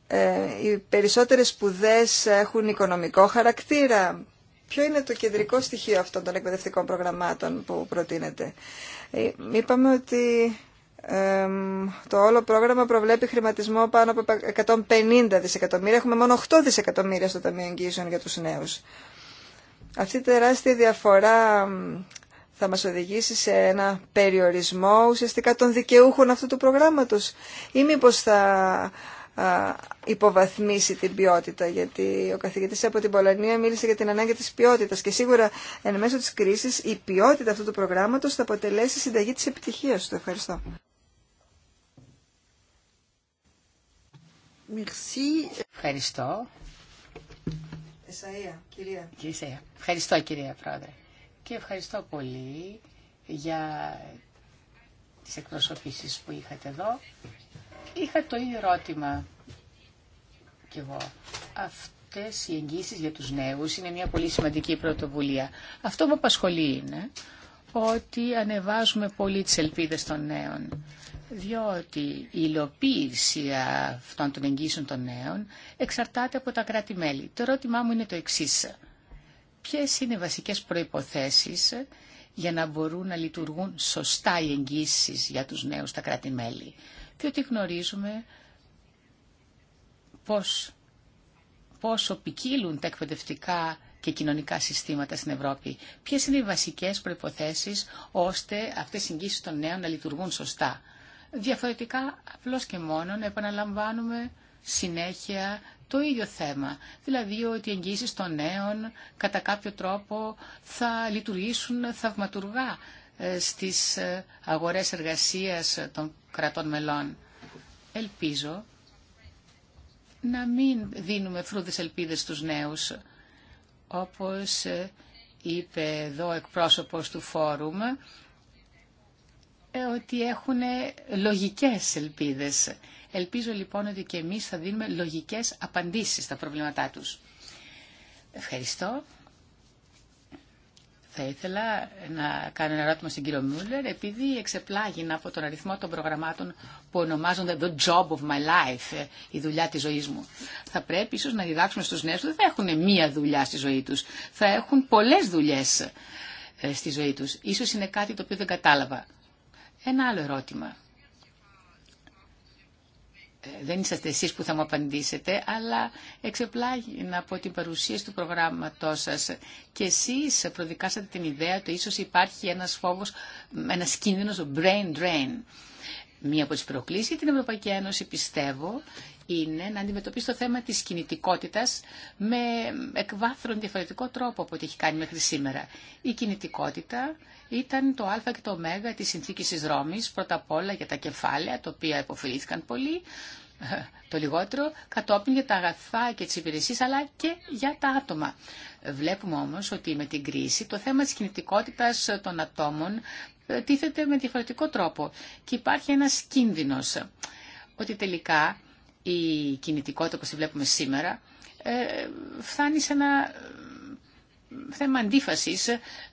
Ε, οι περισσότερες σπουδέ έχουν οικονομικό χαρακτήρα. Ποιο είναι το κεντρικό στοιχείο αυτών των εκπαιδευτικών προγραμμάτων που προτείνεται. Ε, είπαμε ότι το όλο πρόγραμμα προβλέπει χρηματισμό πάνω από 150 δισεκατομμύρια. Έχουμε μόνο 8 δισεκατομμύρια στο Ταμείο Εγγύσεων για τους νέους. Αυτή η τεράστια διαφορά θα μας οδηγήσει σε ένα περιορισμό ουσιαστικά των δικαιούχων αυτού του προγράμματος ή μήπως θα υποβαθμίσει την ποιότητα γιατί ο καθηγητής από την Πολωνία μίλησε για την ανάγκη της ποιότητας και σίγουρα εν μέσω της κρίσης η ποιότητα αυτού του προγράμματος θα αποτελέσει συνταγή της επιτυχίας του. Ευχαριστώ. Ευχαριστώ. Ευχαριστώ κυρία Πρόεδρε και ευχαριστώ πολύ για τις εκπροσωπήσεις που είχατε εδώ. Είχα το ίδιο ερώτημα κι εγώ. Αυτές οι εγγύσεις για τους νέους είναι μια πολύ σημαντική πρωτοβουλία. Αυτό που απασχολεί είναι ότι ανεβάζουμε πολύ τις ελπίδες των νέων διότι η υλοποίηση αυτών των εγγύσεων των νέων εξαρτάται από τα κράτη-μέλη. Το ερώτημά μου είναι το εξής. Ποιες είναι οι βασικές προϋποθέσεις για να μπορούν να λειτουργούν σωστά οι εγγύσει για τους νέους στα κράτη-μέλη. Διότι γνωρίζουμε πώς, πόσο ποικίλουν τα εκπαιδευτικά και κοινωνικά συστήματα στην Ευρώπη. Ποιες είναι οι βασικές προϋποθέσεις ώστε αυτές οι εγγύσεις των νέων να λειτουργούν σωστά. Διαφορετικά, απλώς και μόνο, επαναλαμβάνουμε συνέχεια το ίδιο θέμα. Δηλαδή ότι οι εγγύσεις των νέων κατά κάποιο τρόπο θα λειτουργήσουν θαυματουργά ε, στις ε, αγορές εργασίας των κρατών μελών. Ελπίζω να μην δίνουμε φρούδες ελπίδες στους νέους, όπως ε, είπε εδώ εκπρόσωπος του φόρουμ, ότι έχουν λογικές ελπίδες. Ελπίζω λοιπόν ότι και εμείς θα δίνουμε λογικές απαντήσεις στα προβλήματά τους. Ευχαριστώ. Θα ήθελα να κάνω ένα ερώτημα στον κύριο Μούλερ, επειδή εξεπλάγει από τον αριθμό των προγραμμάτων που ονομάζονται The Job of My Life, η δουλειά της ζωής μου. Θα πρέπει ίσως να διδάξουμε στους νέους ότι δεν θα έχουν μία δουλειά στη ζωή τους, θα έχουν πολλές δουλειές ε, στη ζωή τους. Ίσως είναι κάτι το οποίο δεν κατάλαβα. Ένα άλλο ερώτημα. Ε, δεν είσαστε εσείς που θα μου απαντήσετε, αλλά εξεπλάγει από την παρουσίαση του προγράμματός σας. Και εσείς προδικάσατε την ιδέα ότι ίσως υπάρχει ένας φόβος, ένας κίνδυνος brain drain. Μία από τι προκλήσει για την Ευρωπαϊκή Ένωση, πιστεύω, είναι να αντιμετωπίσει το θέμα τη κινητικότητα με εκβάθρον διαφορετικό τρόπο από ό,τι έχει κάνει μέχρι σήμερα. Η κινητικότητα ήταν το α και το ω τη συνθήκη τη Ρώμη, πρώτα απ' όλα για τα κεφάλαια, τα οποία υποφελήθηκαν πολύ, το λιγότερο, κατόπιν για τα αγαθά και τι υπηρεσίες, αλλά και για τα άτομα. Βλέπουμε όμω ότι με την κρίση το θέμα τη κινητικότητα των ατόμων τίθεται με διαφορετικό τρόπο. Και υπάρχει ένας κίνδυνος ότι τελικά η κινητικότητα όπως τη βλέπουμε σήμερα ε, φτάνει σε ένα ε, θέμα αντίφασης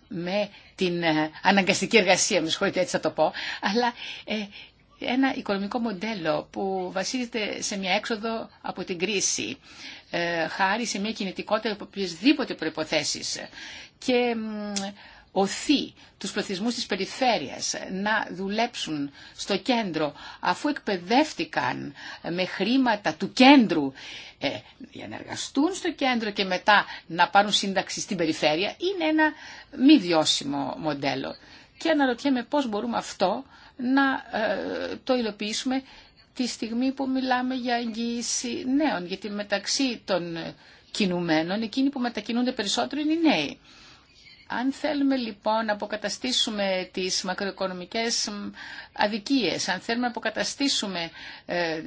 με την ε, αναγκαστική εργασία, με συγχωρείτε έτσι θα το πω, αλλά ένα οικονομικό μοντέλο που βασίζεται σε μια έξοδο από την κρίση, χάρη σε μια κινητικότητα από οποιασδήποτε προϋποθέσεις. Και οθεί τους πληθυσμούς της περιφέρειας να δουλέψουν στο κέντρο αφού εκπαιδεύτηκαν με χρήματα του κέντρου ε, για να εργαστούν στο κέντρο και μετά να πάρουν σύνταξη στην περιφέρεια είναι ένα μη βιώσιμο μοντέλο. Και αναρωτιέμαι πώς μπορούμε αυτό να ε, το υλοποιήσουμε τη στιγμή που μιλάμε για εγγύηση νέων, γιατί μεταξύ των κινουμένων εκείνοι που μετακινούνται περισσότερο είναι οι νέοι. Αν θέλουμε λοιπόν να αποκαταστήσουμε τις μακροοικονομικές αδικίες, αν θέλουμε να αποκαταστήσουμε ε,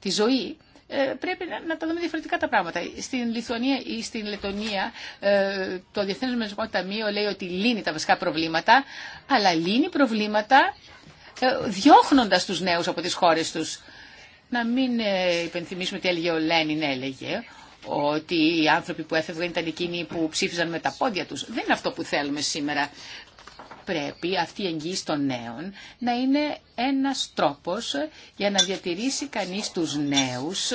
τη ζωή, ε, πρέπει να, τα δούμε διαφορετικά τα πράγματα. Στην Λιθουανία ή στην Λετωνία ε, το Διεθνές τα Ταμείο λέει ότι λύνει τα βασικά προβλήματα, αλλά λύνει προβλήματα ε, διώχνοντας τους νέους από τις χώρες τους. Να μην υπενθυμίσουμε τι έλεγε ο Λένιν, έλεγε ότι οι άνθρωποι που έφευγαν ήταν εκείνοι που ψήφιζαν με τα πόδια τους. Δεν είναι αυτό που θέλουμε σήμερα. Πρέπει αυτή η εγγύηση των νέων να είναι ένας τρόπος για να διατηρήσει κανείς τους νέους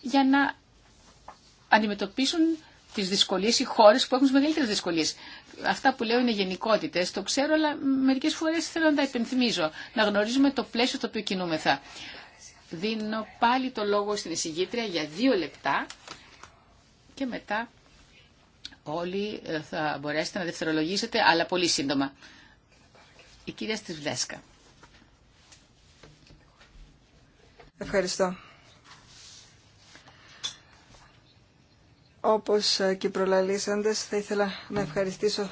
για να αντιμετωπίσουν τις δυσκολίες οι χώρες που έχουν τις μεγαλύτερες δυσκολίες. Αυτά που λέω είναι γενικότητες, το ξέρω, αλλά μερικές φορές θέλω να τα υπενθυμίζω, να γνωρίζουμε το πλαίσιο το οποίο κινούμεθα. Δίνω πάλι το λόγο στην εισηγήτρια για δύο λεπτά και μετά όλοι ε, θα μπορέσετε να δευτερολογήσετε, αλλά πολύ σύντομα. Η κυρία Στριβλέσκα. Ευχαριστώ. Όπως και οι προλαλήσαντες, θα ήθελα να ευχαριστήσω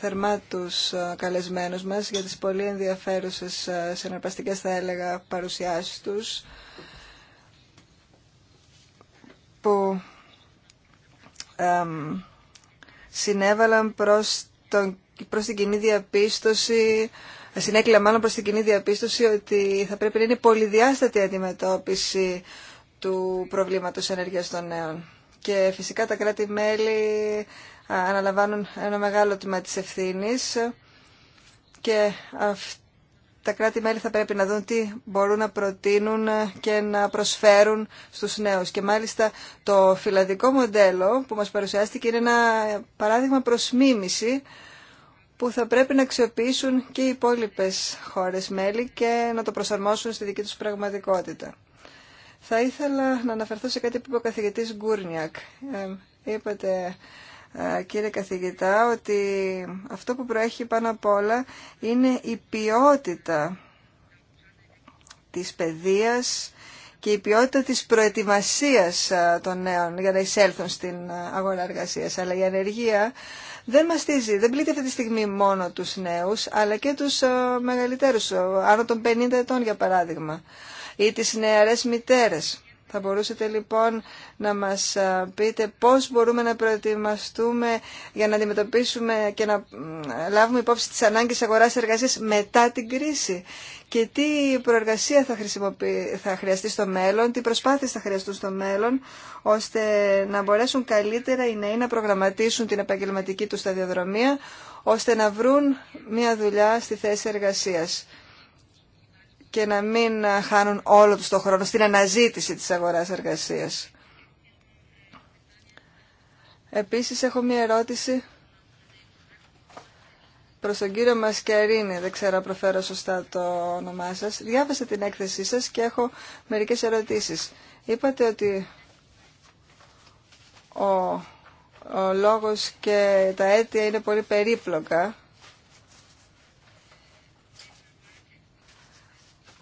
θερμά τους ε, καλεσμένους μας για τις πολύ ενδιαφέρουσες ε, συναρπαστικές θα έλεγα παρουσιάσεις τους που συνέβαλαν προς, τον, προς την κοινή διαπίστωση συνέκλεια μάλλον προς την κοινή διαπίστωση ότι θα πρέπει να είναι πολυδιάστατη αντιμετώπιση του προβλήματος ενέργειας των νέων. Και φυσικά τα κράτη-μέλη αναλαμβάνουν ένα μεγάλο τμήμα της ευθύνης και τα κράτη-μέλη θα πρέπει να δουν τι μπορούν να προτείνουν και να προσφέρουν στους νέους. Και μάλιστα το φιλανδικό μοντέλο που μας παρουσιάστηκε είναι ένα παράδειγμα προς μίμηση που θα πρέπει να αξιοποιήσουν και οι υπόλοιπε χώρες μέλη και να το προσαρμόσουν στη δική τους πραγματικότητα. Θα ήθελα να αναφερθώ σε κάτι που είπε ο καθηγητής Γκούρνιακ. Ε, είπατε ε, κύριε καθηγητά, ότι αυτό που προέχει πάνω απ' όλα είναι η ποιότητα της παιδείας και η ποιότητα της προετοιμασίας ε, των νέων για να εισέλθουν στην ε, αγορά εργασίας. Αλλά η ανεργία δεν μαστίζει, δεν πλήττει αυτή τη στιγμή μόνο τους νέους, αλλά και τους μεγαλύτερους, άνω των 50 ετών για παράδειγμα, ή τις νεαρές μητέρες. Θα μπορούσατε λοιπόν να μας ε, πείτε πώς μπορούμε να προετοιμαστούμε για να αντιμετωπίσουμε και να λάβουμε υπόψη τις ανάγκες αγοράς εργασίας μετά την κρίση και τι προεργασία θα, θα χρειαστεί στο μέλλον, τι προσπάθειες θα χρειαστούν στο μέλλον ώστε να μπορέσουν καλύτερα οι νέοι να προγραμματίσουν την επαγγελματική του σταδιοδρομία ώστε να βρουν μια δουλειά στη θέση εργασίας και να μην χάνουν όλο τους το χρόνο στην αναζήτηση της αγοράς εργασίας. Επίσης έχω μία ερώτηση προς τον κύριο Μασκερίνη. δεν ξέρω αν προφέρω σωστά το όνομά σας. Διάβασα την έκθεσή σας και έχω μερικές ερωτήσεις. Είπατε ότι ο, ο λόγος και τα αίτια είναι πολύ περίπλοκα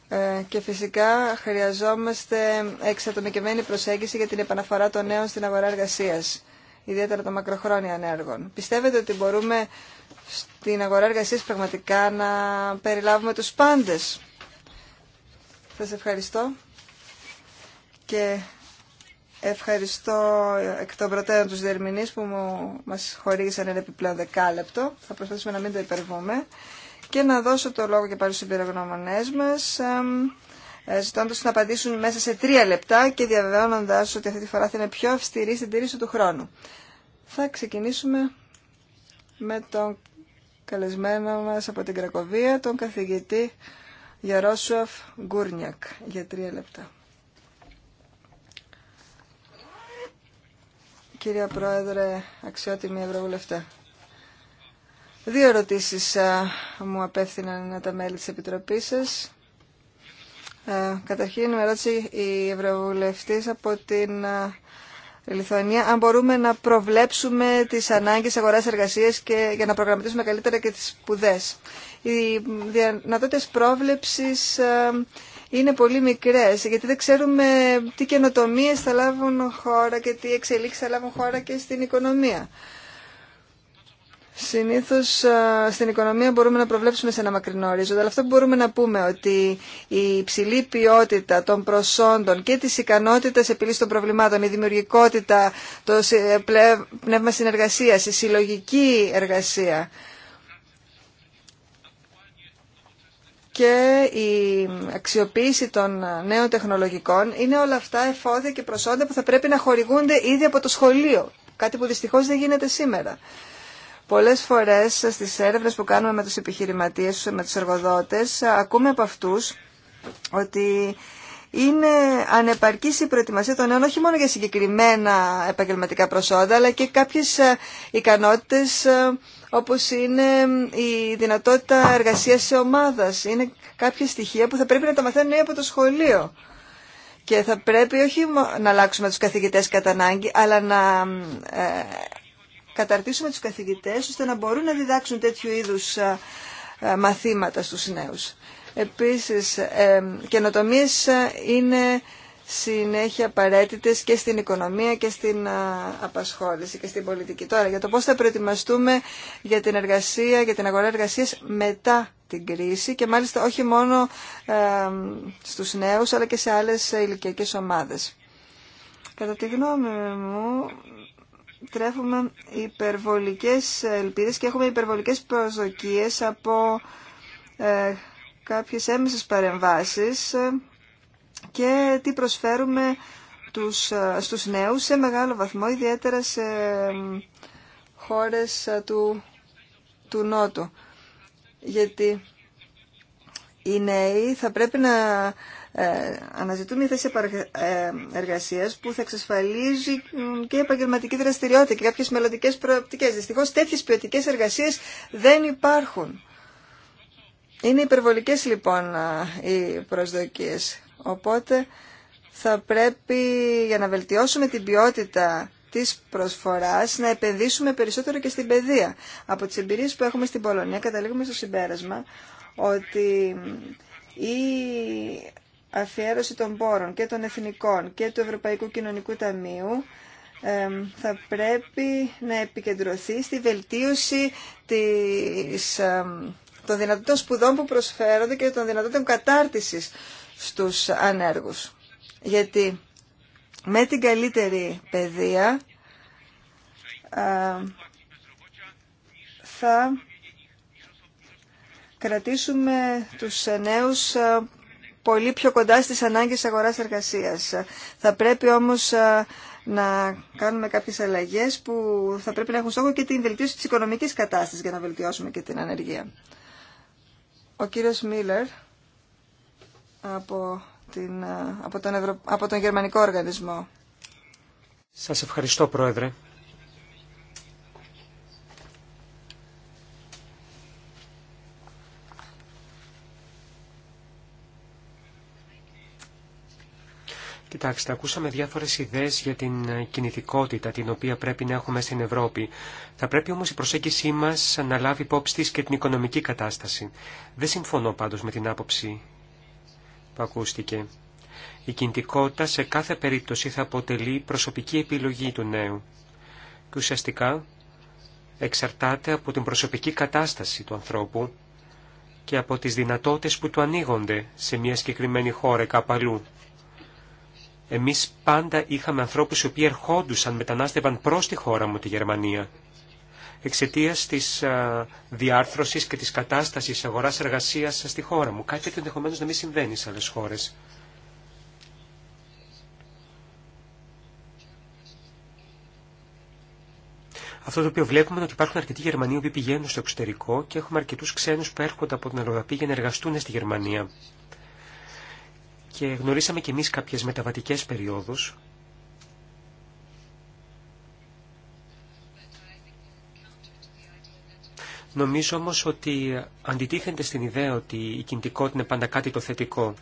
Ε, και φυσικά χρειαζόμαστε εξατομικευμένη προσέγγιση για την επαναφορά των νέων στην αγορά εργασία, ιδιαίτερα των μακροχρόνιων έργων. Πιστεύετε ότι μπορούμε στην αγορά εργασία πραγματικά να περιλάβουμε τους πάντες. Σα ευχαριστώ και ευχαριστώ εκ των προτέρων τους διερμηνείς που μου, μας χορήγησαν ένα επιπλέον δεκάλεπτο. Θα προσπαθήσουμε να μην το υπερβούμε και να δώσω το λόγο και πάλι στους εμπειρογνώμονές μας, ε, ζητώντας να απαντήσουν μέσα σε τρία λεπτά και διαβεβαιώνοντας ότι αυτή τη φορά θα είναι πιο αυστηρή στην τήρηση του χρόνου. Θα ξεκινήσουμε με τον καλεσμένο μας από την Κρακοβία, τον καθηγητή Γιαρόσουαφ Γκούρνιακ, για τρία λεπτά. Κύριε Πρόεδρε, αξιότιμη Ευρωβουλευτέ. Δύο ερωτήσεις μου απέφθηναν τα μέλη της Επιτροπής σας. καταρχήν με ρώτησε η Ευρωβουλευτής από την Λιθουανία αν μπορούμε να προβλέψουμε τις ανάγκες αγοράς εργασίας και για να προγραμματίσουμε καλύτερα και τις σπουδέ. Οι δυνατότητε πρόβλεψης είναι πολύ μικρές, γιατί δεν ξέρουμε τι καινοτομίες θα λάβουν χώρα και τι εξελίξεις θα λάβουν χώρα και στην οικονομία. Συνήθω στην οικονομία μπορούμε να προβλέψουμε σε ένα μακρινό ορίζοντα, αλλά αυτό που μπορούμε να πούμε ότι η υψηλή ποιότητα των προσόντων και τη ικανότητα επίλυση των προβλημάτων, η δημιουργικότητα, το ε, πνεύμα συνεργασία, η συλλογική εργασία και η αξιοποίηση των νέων τεχνολογικών είναι όλα αυτά εφόδια και προσόντα που θα πρέπει να χορηγούνται ήδη από το σχολείο. Κάτι που δυστυχώς δεν γίνεται σήμερα. Πολλέ φορές στις έρευνε που κάνουμε με του επιχειρηματίες, με τους εργοδότες, ακούμε από αυτού, ότι είναι ανεπαρκής η προετοιμασία των νέων όχι μόνο για συγκεκριμένα επαγγελματικά προσόντα, αλλά και κάποιες ε, ικανότητες ε, όπως είναι η δυνατότητα εργασίας σε ομάδας. Είναι κάποια στοιχεία που θα πρέπει να τα μαθαίνουν νέοι από το σχολείο. Και θα πρέπει όχι να αλλάξουμε τους καθηγητές κατά ανάγκη, αλλά να ε, καταρτήσουμε τους καθηγητές ώστε να μπορούν να διδάξουν τέτοιου είδους ε, ε, μαθήματα στους νέους. Επίσης, ε, καινοτομίες είναι συνέχεια απαραίτητε και στην οικονομία και στην απασχόληση και στην πολιτική. Τώρα, για το πώς θα προετοιμαστούμε για την εργασία, για την αγορά εργασίας μετά την κρίση και μάλιστα όχι μόνο ε, στους νέους αλλά και σε άλλες ηλικιακές ομάδες. Κατά τη γνώμη μου, τρέφουμε υπερβολικές ελπίδες και έχουμε υπερβολικές προσδοκίες από ε, κάποιες έμεσες παρεμβάσεις ε, και τι προσφέρουμε τους, ε, στους νέους σε μεγάλο βαθμό, ιδιαίτερα σε χώρες ε, του, του Νότου. Γιατί οι νέοι θα πρέπει να ε, αναζητούν μια θέση ε, εργασίας που θα εξασφαλίζει και επαγγελματική δραστηριότητα και κάποιε μελλοντικέ προοπτικές. Δυστυχώ τέτοιε ποιοτικέ εργασίες δεν υπάρχουν. Είναι υπερβολικές λοιπόν οι προσδοκίες. Οπότε θα πρέπει για να βελτιώσουμε την ποιότητα της προσφοράς να επενδύσουμε περισσότερο και στην παιδεία. Από τις εμπειρίες που έχουμε στην Πολωνία καταλήγουμε στο συμπέρασμα ότι η αφιέρωση των πόρων και των εθνικών και του Ευρωπαϊκού Κοινωνικού Ταμείου θα πρέπει να επικεντρωθεί στη βελτίωση της, των δυνατότητων σπουδών που προσφέρονται και των δυνατότητων κατάρτισης στους ανέργους. Γιατί με την καλύτερη παιδεία θα κρατήσουμε τους νέους πολύ πιο κοντά στις ανάγκες αγοράς εργασίας. Θα πρέπει όμως ε, να κάνουμε κάποιες αλλαγές που θα πρέπει να έχουν στόχο και την βελτίωση της οικονομικής κατάστασης για να βελτιώσουμε και την ανεργία. Ο κύριος Μίλλερ από, ε, από, τον από τον Γερμανικό Οργανισμό. Σας ευχαριστώ Πρόεδρε. Κοιτάξτε, ακούσαμε διάφορε ιδέε για την ε, κινητικότητα την οποία πρέπει να έχουμε στην Ευρώπη. Θα πρέπει όμω η προσέγγιση μα να λάβει υπόψη τη και την οικονομική κατάσταση. Δεν συμφωνώ πάντω με την άποψη που ακούστηκε. Η κινητικότητα σε κάθε περίπτωση θα αποτελεί προσωπική επιλογή του νέου και ουσιαστικά εξαρτάται από την προσωπική κατάσταση του ανθρώπου και από τις δυνατότητες που του ανοίγονται σε μια συγκεκριμένη χώρα κάπου αλλού. Εμείς πάντα είχαμε ανθρώπους οι οποίοι ερχόντουσαν, μετανάστευαν προς τη χώρα μου, τη Γερμανία. Εξαιτίας της α, διάρθρωσης και της κατάστασης αγοράς-εργασίας στη χώρα μου. Κάτι τέτοιο ενδεχομένω να μην συμβαίνει σε άλλες χώρες. Αυτό το οποίο βλέπουμε είναι ότι υπάρχουν αρκετοί Γερμανοί που πηγαίνουν στο εξωτερικό και έχουμε αρκετούς ξένους που έρχονται από την Ελλοδαπή για να εργαστούν στη Γερμανία και γνωρίσαμε κι εμείς κάποιες μεταβατικές περιόδους Νομίζω όμως ότι αντιτίθενται στην ιδέα ότι η κινητικότητα είναι πάντα κάτι το θετικό.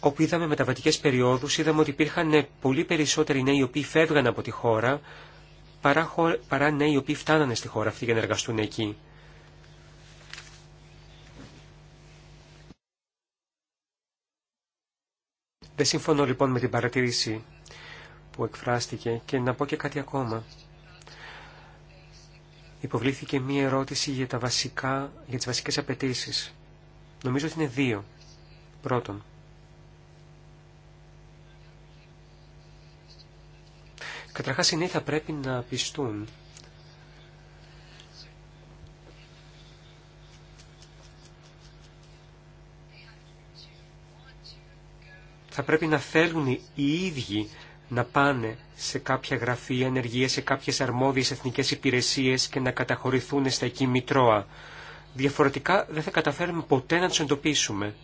Όπου είδαμε μεταβατικές περιόδους, είδαμε ότι υπήρχαν πολύ περισσότεροι νέοι οι οποίοι φεύγαν από τη χώρα, παρά, παρά νέοι οι οποίοι φτάνανε στη χώρα αυτή για να εργαστούν εκεί. Δεν συμφωνώ λοιπόν με την παρατήρηση που εκφράστηκε και να πω και κάτι ακόμα. Υποβλήθηκε μία ερώτηση για, τα βασικά, για τις βασικές απαιτήσει. Νομίζω ότι είναι δύο. Πρώτον, καταρχάς οι νέοι πρέπει να πιστούν θα πρέπει να θέλουν οι ίδιοι να πάνε σε κάποια γραφεία ενεργεία, σε κάποιες αρμόδιες εθνικές υπηρεσίες και να καταχωρηθούν στα εκεί μητρώα. Διαφορετικά δεν θα καταφέρουμε ποτέ να τους εντοπίσουμε.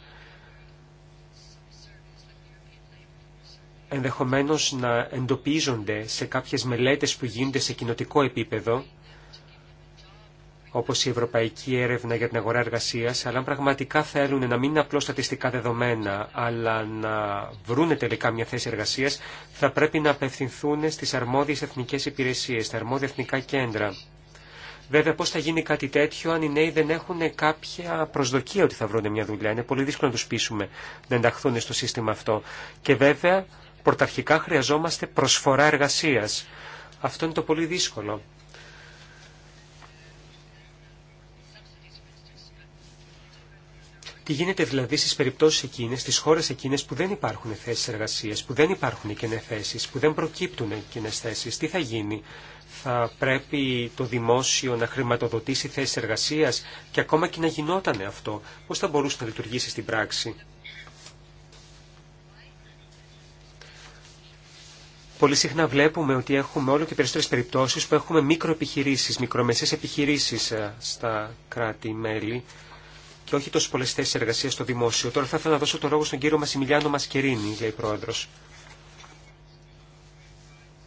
Ενδεχομένως να εντοπίζονται σε κάποιες μελέτες που γίνονται σε κοινοτικό επίπεδο, Όπω η ευρωπαϊκή έρευνα για την αγορά εργασία, αλλά αν πραγματικά θέλουν να μην είναι απλώ στατιστικά δεδομένα, αλλά να βρουν τελικά μια θέση εργασία, θα πρέπει να απευθυνθούν στι αρμόδιε εθνικέ υπηρεσίε, στα αρμόδια εθνικά κέντρα. Βέβαια, πώ θα γίνει κάτι τέτοιο αν οι νέοι δεν έχουν κάποια προσδοκία ότι θα βρουν μια δουλειά. Είναι πολύ δύσκολο να του πείσουμε να ενταχθούν στο σύστημα αυτό. Και βέβαια, πρωταρχικά χρειαζόμαστε προσφορά εργασία. Αυτό είναι το πολύ δύσκολο. Τι γίνεται δηλαδή στι περιπτώσει εκείνες, στι χώρε εκείνε που δεν υπάρχουν θέσει εργασία, που δεν υπάρχουν καινέ θέσει, που δεν προκύπτουν καινέ θέσει. τι θα γίνει. Θα πρέπει το δημόσιο να χρηματοδοτήσει θέσει εργασία και ακόμα και να γινόταν αυτό. Πώ θα μπορούσε να λειτουργήσει στην πράξη. Πολύ συχνά βλέπουμε ότι έχουμε όλο και περισσότερε περιπτώσει που έχουμε μικροεπιχειρήσεις, μικρομεσαίε επιχειρήσει ε, στα κράτη-μέλη και όχι τόσο πολλέ θέσει εργασία στο δημόσιο. Τώρα θα ήθελα να δώσω το λόγο στον κύριο Μασιμιλιάνο Μασκερίνη, λέει πρόεδρο.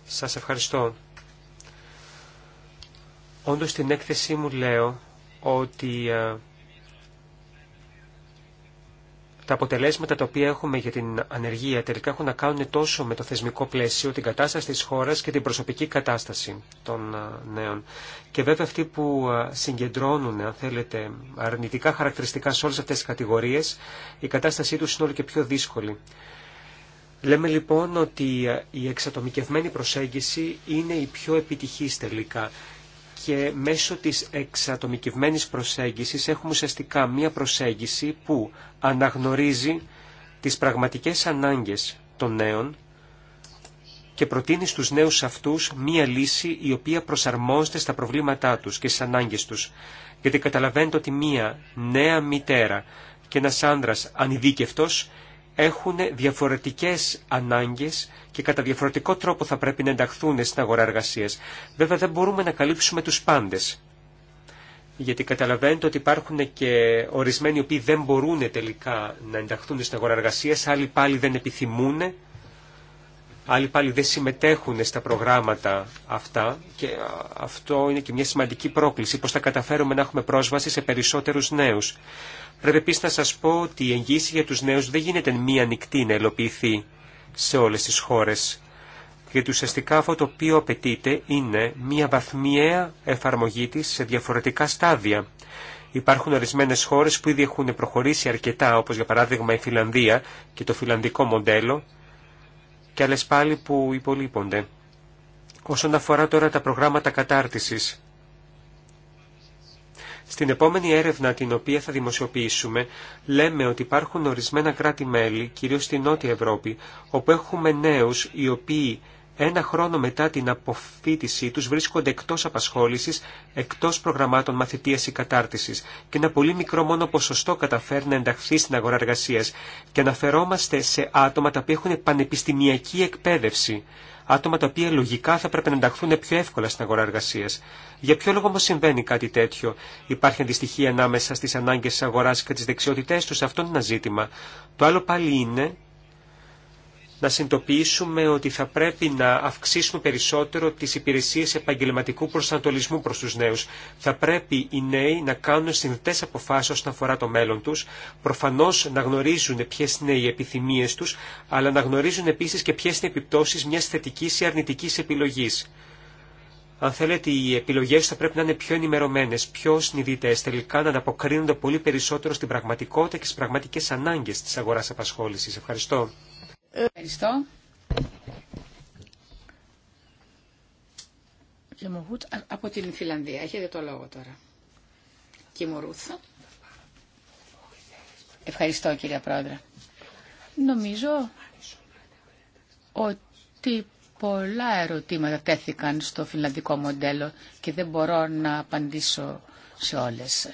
Σα ευχαριστώ. Όντω στην έκθεσή μου λέω ότι ε, τα αποτελέσματα τα οποία έχουμε για την ανεργία τελικά έχουν να κάνουν τόσο με το θεσμικό πλαίσιο, την κατάσταση της χώρας και την προσωπική κατάσταση των ε, νέων. Και βέβαια αυτοί που ε, συγκεντρώνουν, αν θέλετε, αρνητικά χαρακτηριστικά σε όλες αυτές τις κατηγορίες, η κατάστασή τους είναι όλο και πιο δύσκολη. Λέμε λοιπόν ότι ε, η εξατομικευμένη προσέγγιση είναι η πιο επιτυχής τελικά και μέσω της εξατομικευμένης προσέγγισης έχουμε ουσιαστικά μία προσέγγιση που αναγνωρίζει τις πραγματικές ανάγκες των νέων και προτείνει στους νέους αυτούς μία λύση η οποία προσαρμόζεται στα προβλήματά τους και στις ανάγκες τους. Γιατί καταλαβαίνετε ότι μία νέα μητέρα και ένας άνδρας ανειδίκευτος έχουν διαφορετικές ανάγκες και κατά διαφορετικό τρόπο θα πρέπει να ενταχθούν στην αγορά εργασίας. Βέβαια δεν μπορούμε να καλύψουμε τους πάντες. Γιατί καταλαβαίνετε ότι υπάρχουν και ορισμένοι οι οποίοι δεν μπορούν τελικά να ενταχθούν στην αγορά εργασίας, άλλοι πάλι δεν επιθυμούν, άλλοι πάλι δεν συμμετέχουν στα προγράμματα αυτά και αυτό είναι και μια σημαντική πρόκληση, πώς θα καταφέρουμε να έχουμε πρόσβαση σε περισσότερους νέους. Πρέπει επίση να σα πω ότι η εγγύηση για του νέου δεν γίνεται μία νυχτή να υλοποιηθεί σε όλε τι χώρε. Γιατί ουσιαστικά αυτό το οποίο απαιτείται είναι μία βαθμιαία εφαρμογή τη σε διαφορετικά στάδια. Υπάρχουν ορισμένε χώρε που ήδη έχουν προχωρήσει αρκετά, όπω για παράδειγμα η Φιλανδία και το φιλανδικό μοντέλο, και άλλε πάλι που υπολείπονται. Όσον αφορά τώρα τα προγράμματα κατάρτισης, στην επόμενη έρευνα την οποία θα δημοσιοποιήσουμε, λέμε ότι υπάρχουν ορισμένα κράτη-μέλη, κυρίως στη Νότια Ευρώπη, όπου έχουμε νέους οι οποίοι ένα χρόνο μετά την αποφύτισή τους βρίσκονται εκτός απασχόλησης, εκτός προγραμμάτων μαθητείας ή κατάρτισης και ένα πολύ μικρό μόνο ποσοστό καταφέρει να ενταχθεί στην αγορά εργασίας και αναφερόμαστε σε άτομα τα οποία έχουν πανεπιστημιακή εκπαίδευση άτομα τα οποία λογικά θα πρέπει να ενταχθούν πιο εύκολα στην αγορά εργασία. Για ποιο λόγο όμω συμβαίνει κάτι τέτοιο, Υπάρχει αντιστοιχία ανάμεσα στι ανάγκε τη αγορά και τι δεξιότητέ του, αυτό είναι ένα ζήτημα. Το άλλο πάλι είναι να συνειδητοποιήσουμε ότι θα πρέπει να αυξήσουμε περισσότερο τις υπηρεσίες επαγγελματικού προσανατολισμού προς τους νέους. Θα πρέπει οι νέοι να κάνουν συνδετές αποφάσεις όσον αφορά το μέλλον τους, προφανώς να γνωρίζουν ποιες είναι οι επιθυμίες τους, αλλά να γνωρίζουν επίσης και ποιες είναι οι επιπτώσεις μιας θετικής ή αρνητικής επιλογής. Αν θέλετε, οι επιλογές θα πρέπει να είναι πιο ενημερωμένες, πιο συνειδητές, τελικά να αναποκρίνονται πολύ περισσότερο στην πραγματικότητα και στις πραγματικές ανάγκες της αγοράς απασχόλησης. Ευχαριστώ. Ευχαριστώ. από την Φιλανδία. Έχετε το λόγο τώρα. Ευχαριστώ κύριε Πρόεδρε. Νομίζω ότι πολλά ερωτήματα τέθηκαν στο φιλανδικό μοντέλο και δεν μπορώ να απαντήσω σε όλες.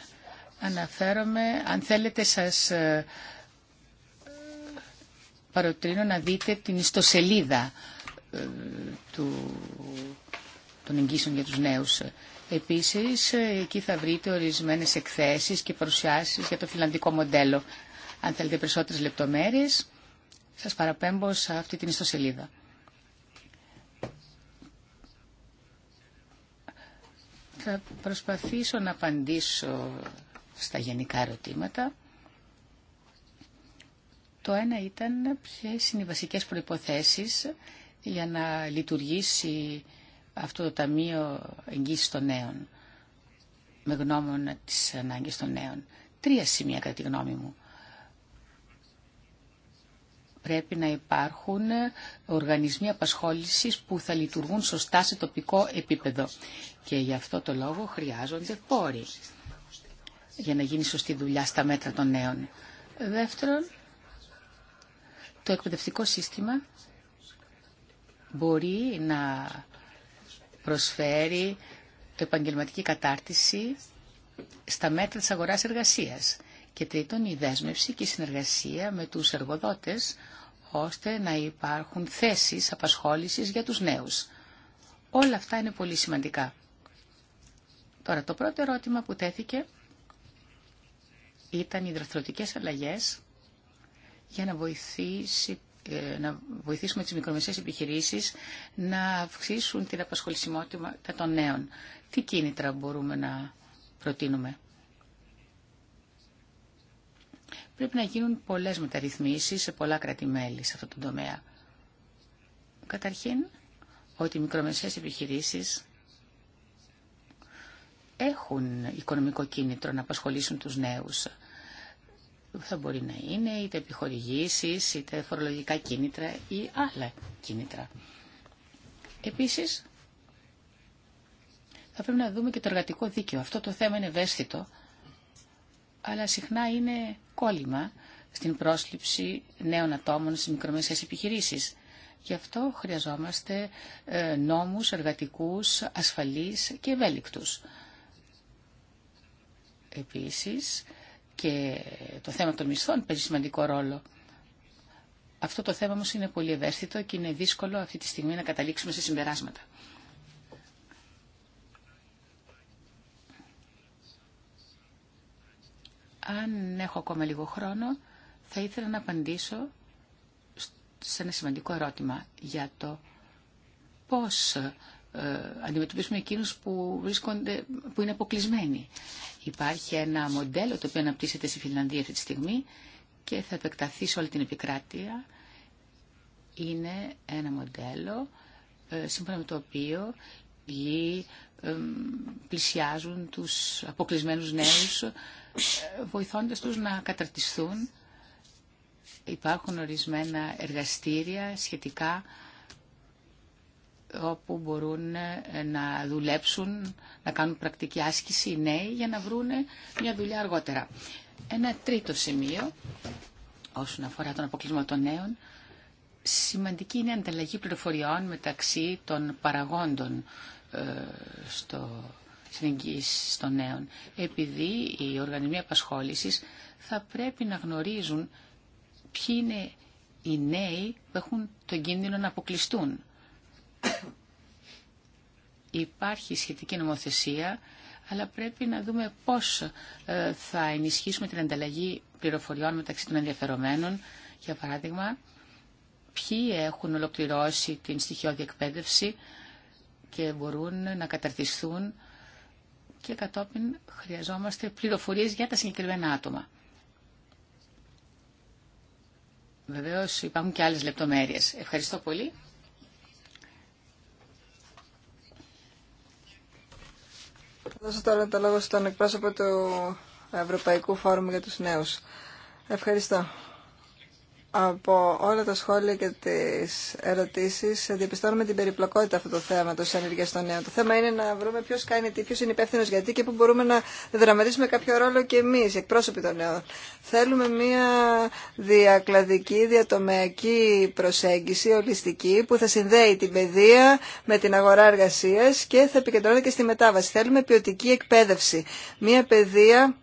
Αναφέρομαι, αν θέλετε σας ε, παροτρύνω να δείτε την ιστοσελίδα ε, του, των εγγύσεων για τους νέους. Επίσης, ε, εκεί θα βρείτε ορισμένες εκθέσεις και παρουσιάσεις για το φιλανδικό μοντέλο. Αν θέλετε περισσότερες λεπτομέρειες, σας παραπέμπω σε αυτή την ιστοσελίδα. Θα προσπαθήσω να απαντήσω στα γενικά ερωτήματα. Το ένα ήταν ποιε είναι οι βασικέ προϋποθέσεις για να λειτουργήσει αυτό το Ταμείο Εγγύηση των Νέων με γνώμονα τι ανάγκε των νέων. Τρία σημεία κατά τη γνώμη μου. Πρέπει να υπάρχουν οργανισμοί απασχόλησης που θα λειτουργούν σωστά σε τοπικό επίπεδο. Και γι' αυτό το λόγο χρειάζονται πόροι για να γίνει σωστή δουλειά στα μέτρα των νέων. Δεύτερον, το εκπαιδευτικό σύστημα μπορεί να προσφέρει επαγγελματική κατάρτιση στα μέτρα της αγοράς εργασίας και τρίτον η δέσμευση και η συνεργασία με τους εργοδότες ώστε να υπάρχουν θέσεις απασχόλησης για τους νέους. Όλα αυτά είναι πολύ σημαντικά. Τώρα το πρώτο ερώτημα που τέθηκε ήταν οι δραστηριοτικές αλλαγές για να, βοηθήσει, ε, να βοηθήσουμε τις μικρομεσαίες επιχειρήσεις να αυξήσουν την απασχολησιμότητα των νέων. Τι κίνητρα μπορούμε να προτείνουμε. Πρέπει να γίνουν πολλές μεταρρυθμίσεις σε πολλά κράτη-μέλη σε αυτό το τομέα. Καταρχήν, ότι οι μικρομεσαίες επιχειρήσεις έχουν οικονομικό κίνητρο να απασχολήσουν τους νέους θα μπορεί να είναι είτε επιχορηγήσεις, είτε φορολογικά κίνητρα ή άλλα κίνητρα. Επίσης, θα πρέπει να δούμε και το εργατικό δίκαιο. Αυτό το θέμα είναι ευαίσθητο, αλλά συχνά είναι κόλλημα στην πρόσληψη νέων ατόμων στις μικρομεσαίες επιχειρήσεις. Γι' αυτό χρειαζόμαστε ε, νόμους εργατικούς ασφαλείς και ευέλικτους. Επίσης, και το θέμα των μισθών παίζει σημαντικό ρόλο. Αυτό το θέμα όμως είναι πολύ ευαίσθητο και είναι δύσκολο αυτή τη στιγμή να καταλήξουμε σε συμπεράσματα. Αν έχω ακόμα λίγο χρόνο, θα ήθελα να απαντήσω σε ένα σημαντικό ερώτημα για το πώς ε, αντιμετωπίσουμε εκείνους που, βρίσκονται, που είναι αποκλεισμένοι. Υπάρχει ένα μοντέλο το οποίο αναπτύσσεται στη Φιλανδία αυτή τη στιγμή και θα επεκταθεί σε όλη την επικράτεια. Είναι ένα μοντέλο ε, σύμφωνα με το οποίο οι πλησιάζουν τους αποκλεισμένους νέους ε, βοηθώντας τους να καταρτιστούν. Υπάρχουν ορισμένα εργαστήρια σχετικά όπου μπορούν ε, να δουλέψουν, να κάνουν πρακτική άσκηση οι νέοι για να βρουν μια δουλειά αργότερα. Ένα τρίτο σημείο όσον αφορά τον αποκλεισμό των νέων σημαντική είναι η ανταλλαγή πληροφοριών μεταξύ των παραγόντων ε, στο εγγύηση των νέων, επειδή οι οργανισμοί απασχόλησης θα πρέπει να γνωρίζουν ποιοι είναι οι νέοι που έχουν τον κίνδυνο να αποκλειστούν. Υπάρχει σχετική νομοθεσία, αλλά πρέπει να δούμε πώς ε, θα ενισχύσουμε την ανταλλαγή πληροφοριών μεταξύ των ενδιαφερομένων. Για παράδειγμα, ποιοι έχουν ολοκληρώσει την στοιχειώδη εκπαίδευση και μπορούν να καταρτιστούν και κατόπιν χρειαζόμαστε πληροφορίες για τα συγκεκριμένα άτομα. Βεβαίως υπάρχουν και άλλες λεπτομέρειες. Ευχαριστώ πολύ. δώσω τώρα το λόγο στον εκπρόσωπο του Ευρωπαϊκού Φόρουμ για τους Νέους. Ευχαριστώ. Από όλα τα σχόλια και τις ερωτήσεις διαπιστώνουμε την περιπλοκότητα αυτού του θέματος τη ανεργίας των νέων. Το θέμα είναι να βρούμε ποιο κάνει τι, ποιο είναι υπεύθυνο γιατί και πού μπορούμε να δραματίσουμε κάποιο ρόλο και εμεί, εκπρόσωποι των νέων. Θέλουμε μια διακλαδική, διατομεακή προσέγγιση, ολιστική, που θα συνδέει την παιδεία με την αγορά εργασία και θα επικεντρώνεται και στη μετάβαση. Θέλουμε ποιοτική εκπαίδευση. Μια παιδεία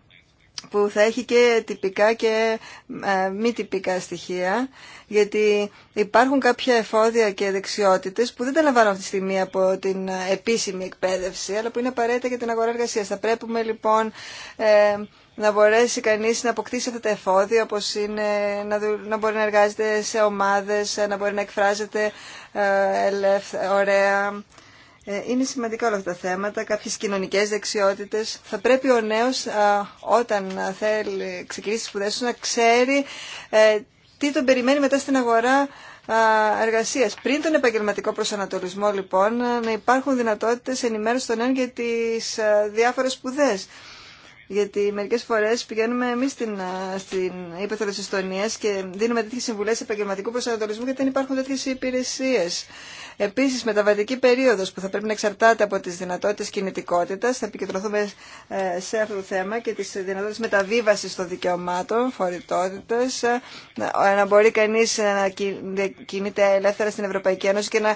που θα έχει και τυπικά και ε, μη τυπικά στοιχεία, γιατί υπάρχουν κάποια εφόδια και δεξιότητες που δεν τα λαμβάνω αυτή τη στιγμή από την ε, επίσημη εκπαίδευση, αλλά που είναι απαραίτητα για την αγορά εργασίας. Θα πρέπει λοιπόν ε, να μπορέσει κανείς να αποκτήσει αυτά τα εφόδια, όπως είναι να, μπορεί να εργάζεται σε ομάδες, να μπορεί να εκφράζεται ωραία, ε, είναι σημαντικά όλα αυτά τα θέματα, κάποιες κοινωνικές δεξιότητες. Θα πρέπει ο νέος όταν θέλει ξεκινήσει σπουδές του να ξέρει ε, τι τον περιμένει μετά στην αγορά εργασίας. Πριν τον επαγγελματικό προσανατολισμό λοιπόν ε, να υπάρχουν δυνατότητες ενημέρωση των νέων για τις διάφορες σπουδές. Γιατί μερικέ φορέ πηγαίνουμε εμεί στην, στην ύπεθρο τη Εστονία και δίνουμε τέτοιε συμβουλέ επαγγελματικού προσανατολισμού γιατί δεν υπάρχουν τέτοιε υπηρεσίε. Επίση, μεταβατική περίοδο που θα πρέπει να εξαρτάται από τι δυνατότητε κινητικότητα, Θα επικεντρωθούμε ε, σε αυτό το θέμα και τι δυνατότητε μεταβίβασης των δικαιωμάτων, φορητότητε. Ε, να μπορεί κανεί να κινείται ελεύθερα στην Ευρωπαϊκή Ένωση και να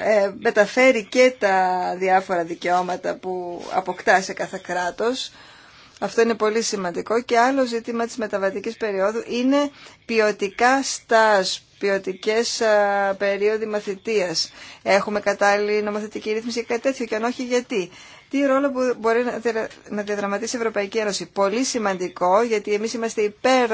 ε, μεταφέρει και τα διάφορα δικαιώματα που αποκτά σε κάθε κράτος. Αυτό είναι πολύ σημαντικό. Και άλλο ζήτημα της μεταβατικής περίοδου είναι ποιοτικά στάζ ποιοτικέ περίοδοι μαθητείας. Έχουμε κατάλληλη νομοθετική ρύθμιση και κάτι τέτοιο και αν όχι γιατί. Τι ρόλο που μπορεί να διαδραματίσει η Ευρωπαϊκή Ένωση. Πολύ σημαντικό, γιατί εμείς είμαστε υπέρ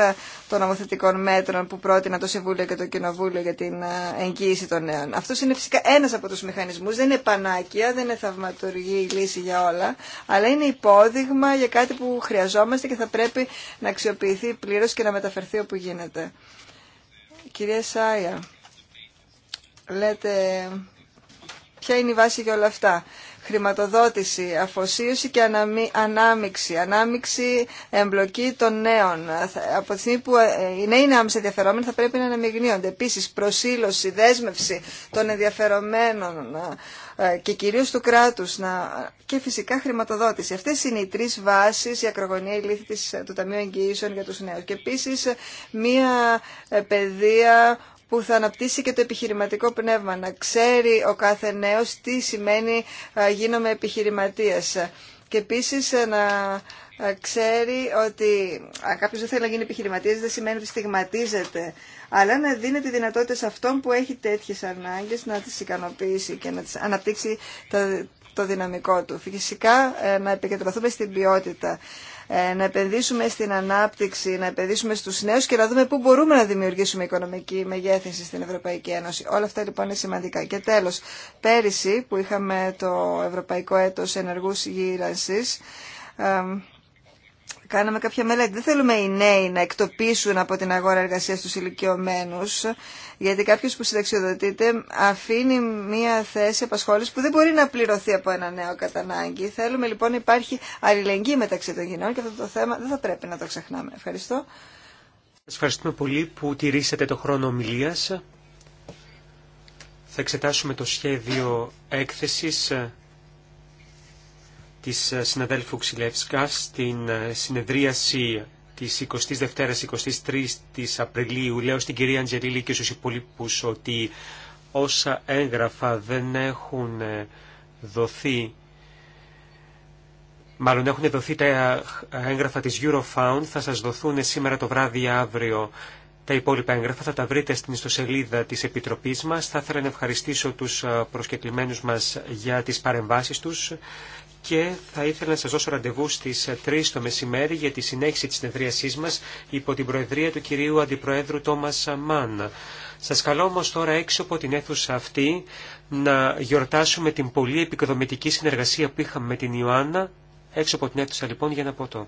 των νομοθετικών μέτρων που πρότεινα το Συμβούλιο και το Κοινοβούλιο για την εγγύηση των νέων. Αυτό είναι φυσικά ένας από τους μηχανισμούς, δεν είναι πανάκια, δεν είναι θαυματουργή λύση για όλα, αλλά είναι υπόδειγμα για κάτι που χρειαζόμαστε και θα πρέπει να αξιοποιηθεί πλήρως και να μεταφερθεί όπου γίνεται. Κυρία Σάια, λέτε ποια είναι η βάση για όλα αυτά χρηματοδότηση, αφοσίωση και ανάμιξη. Ανάμιξη εμπλοκή των νέων. Από τη στιγμή που ε, οι νέοι είναι άμεσα ενδιαφερόμενοι θα πρέπει να αναμειγνύονται. Επίσης προσήλωση, δέσμευση των ενδιαφερομένων ε, και κυρίως του κράτους και φυσικά χρηματοδότηση. Αυτές είναι οι τρεις βάσεις, η ακρογωνία, η λύθη ε, του Ταμείου Εγγυήσεων για τους νέους. Και επίσης μία παιδεία που θα αναπτύσσει και το επιχειρηματικό πνεύμα. Να ξέρει ο κάθε νέος τι σημαίνει γίνομαι επιχειρηματίας. Και επίσης ε, να ξέρει ότι αν κάποιος δεν θέλει να γίνει επιχειρηματίας δεν σημαίνει ότι στιγματίζεται. Αλλά να δίνει τη δυνατότητα σε αυτόν που έχει τέτοιες ανάγκες να τις ικανοποιήσει και να τις αναπτύξει το δυναμικό του. Φυσικά ε, να επικεντρωθούμε στην ποιότητα. Ε, να επενδύσουμε στην ανάπτυξη, να επενδύσουμε στους νέους και να δούμε πού μπορούμε να δημιουργήσουμε οικονομική μεγέθυνση στην Ευρωπαϊκή Ένωση. Όλα αυτά λοιπόν είναι σημαντικά. Και τέλος, πέρυσι που είχαμε το Ευρωπαϊκό Έτος Ενεργούς Γύρανσης, κάναμε κάποια μελέτη. Δεν θέλουμε οι νέοι να εκτοπίσουν από την αγορά εργασία του ηλικιωμένου, γιατί κάποιο που συνταξιοδοτείται αφήνει μια θέση απασχόληση που δεν μπορεί να πληρωθεί από ένα νέο κατά ανάγκη. Θέλουμε λοιπόν να υπάρχει αλληλεγγύη μεταξύ των γενναιών και αυτό το θέμα δεν θα πρέπει να το ξεχνάμε. Ευχαριστώ. Σας ευχαριστούμε πολύ που τηρήσατε το χρόνο ομιλία. Θα εξετάσουμε το σχέδιο έκθεση της ε, συναδέλφου Ξηλεύσκα στην ε, συνεδρίαση της 22ης-23ης της Απριλίου. Λέω στην κυρία Αντζελίλη και στους υπολείπους ότι όσα έγγραφα δεν έχουν ε, δοθεί Μάλλον έχουν δοθεί τα έγγραφα της Eurofound, θα σας δοθούν σήμερα το βράδυ ή αύριο. Τα υπόλοιπα έγγραφα θα τα βρείτε στην ιστοσελίδα της Επιτροπής μας. Θα ήθελα να ευχαριστήσω τους προσκεκλημένους μας για τις παρεμβάσεις τους και θα ήθελα να σα δώσω ραντεβού στι 3 το μεσημέρι για τη συνέχιση της συνεδρίασή μας υπό την Προεδρία του κυρίου Αντιπροέδρου Τόμας Μάν. Σας καλώ όμω τώρα έξω από την αίθουσα αυτή να γιορτάσουμε την πολύ επικοδομητική συνεργασία που είχαμε με την Ιωάννα έξω από την αίθουσα λοιπόν για να πω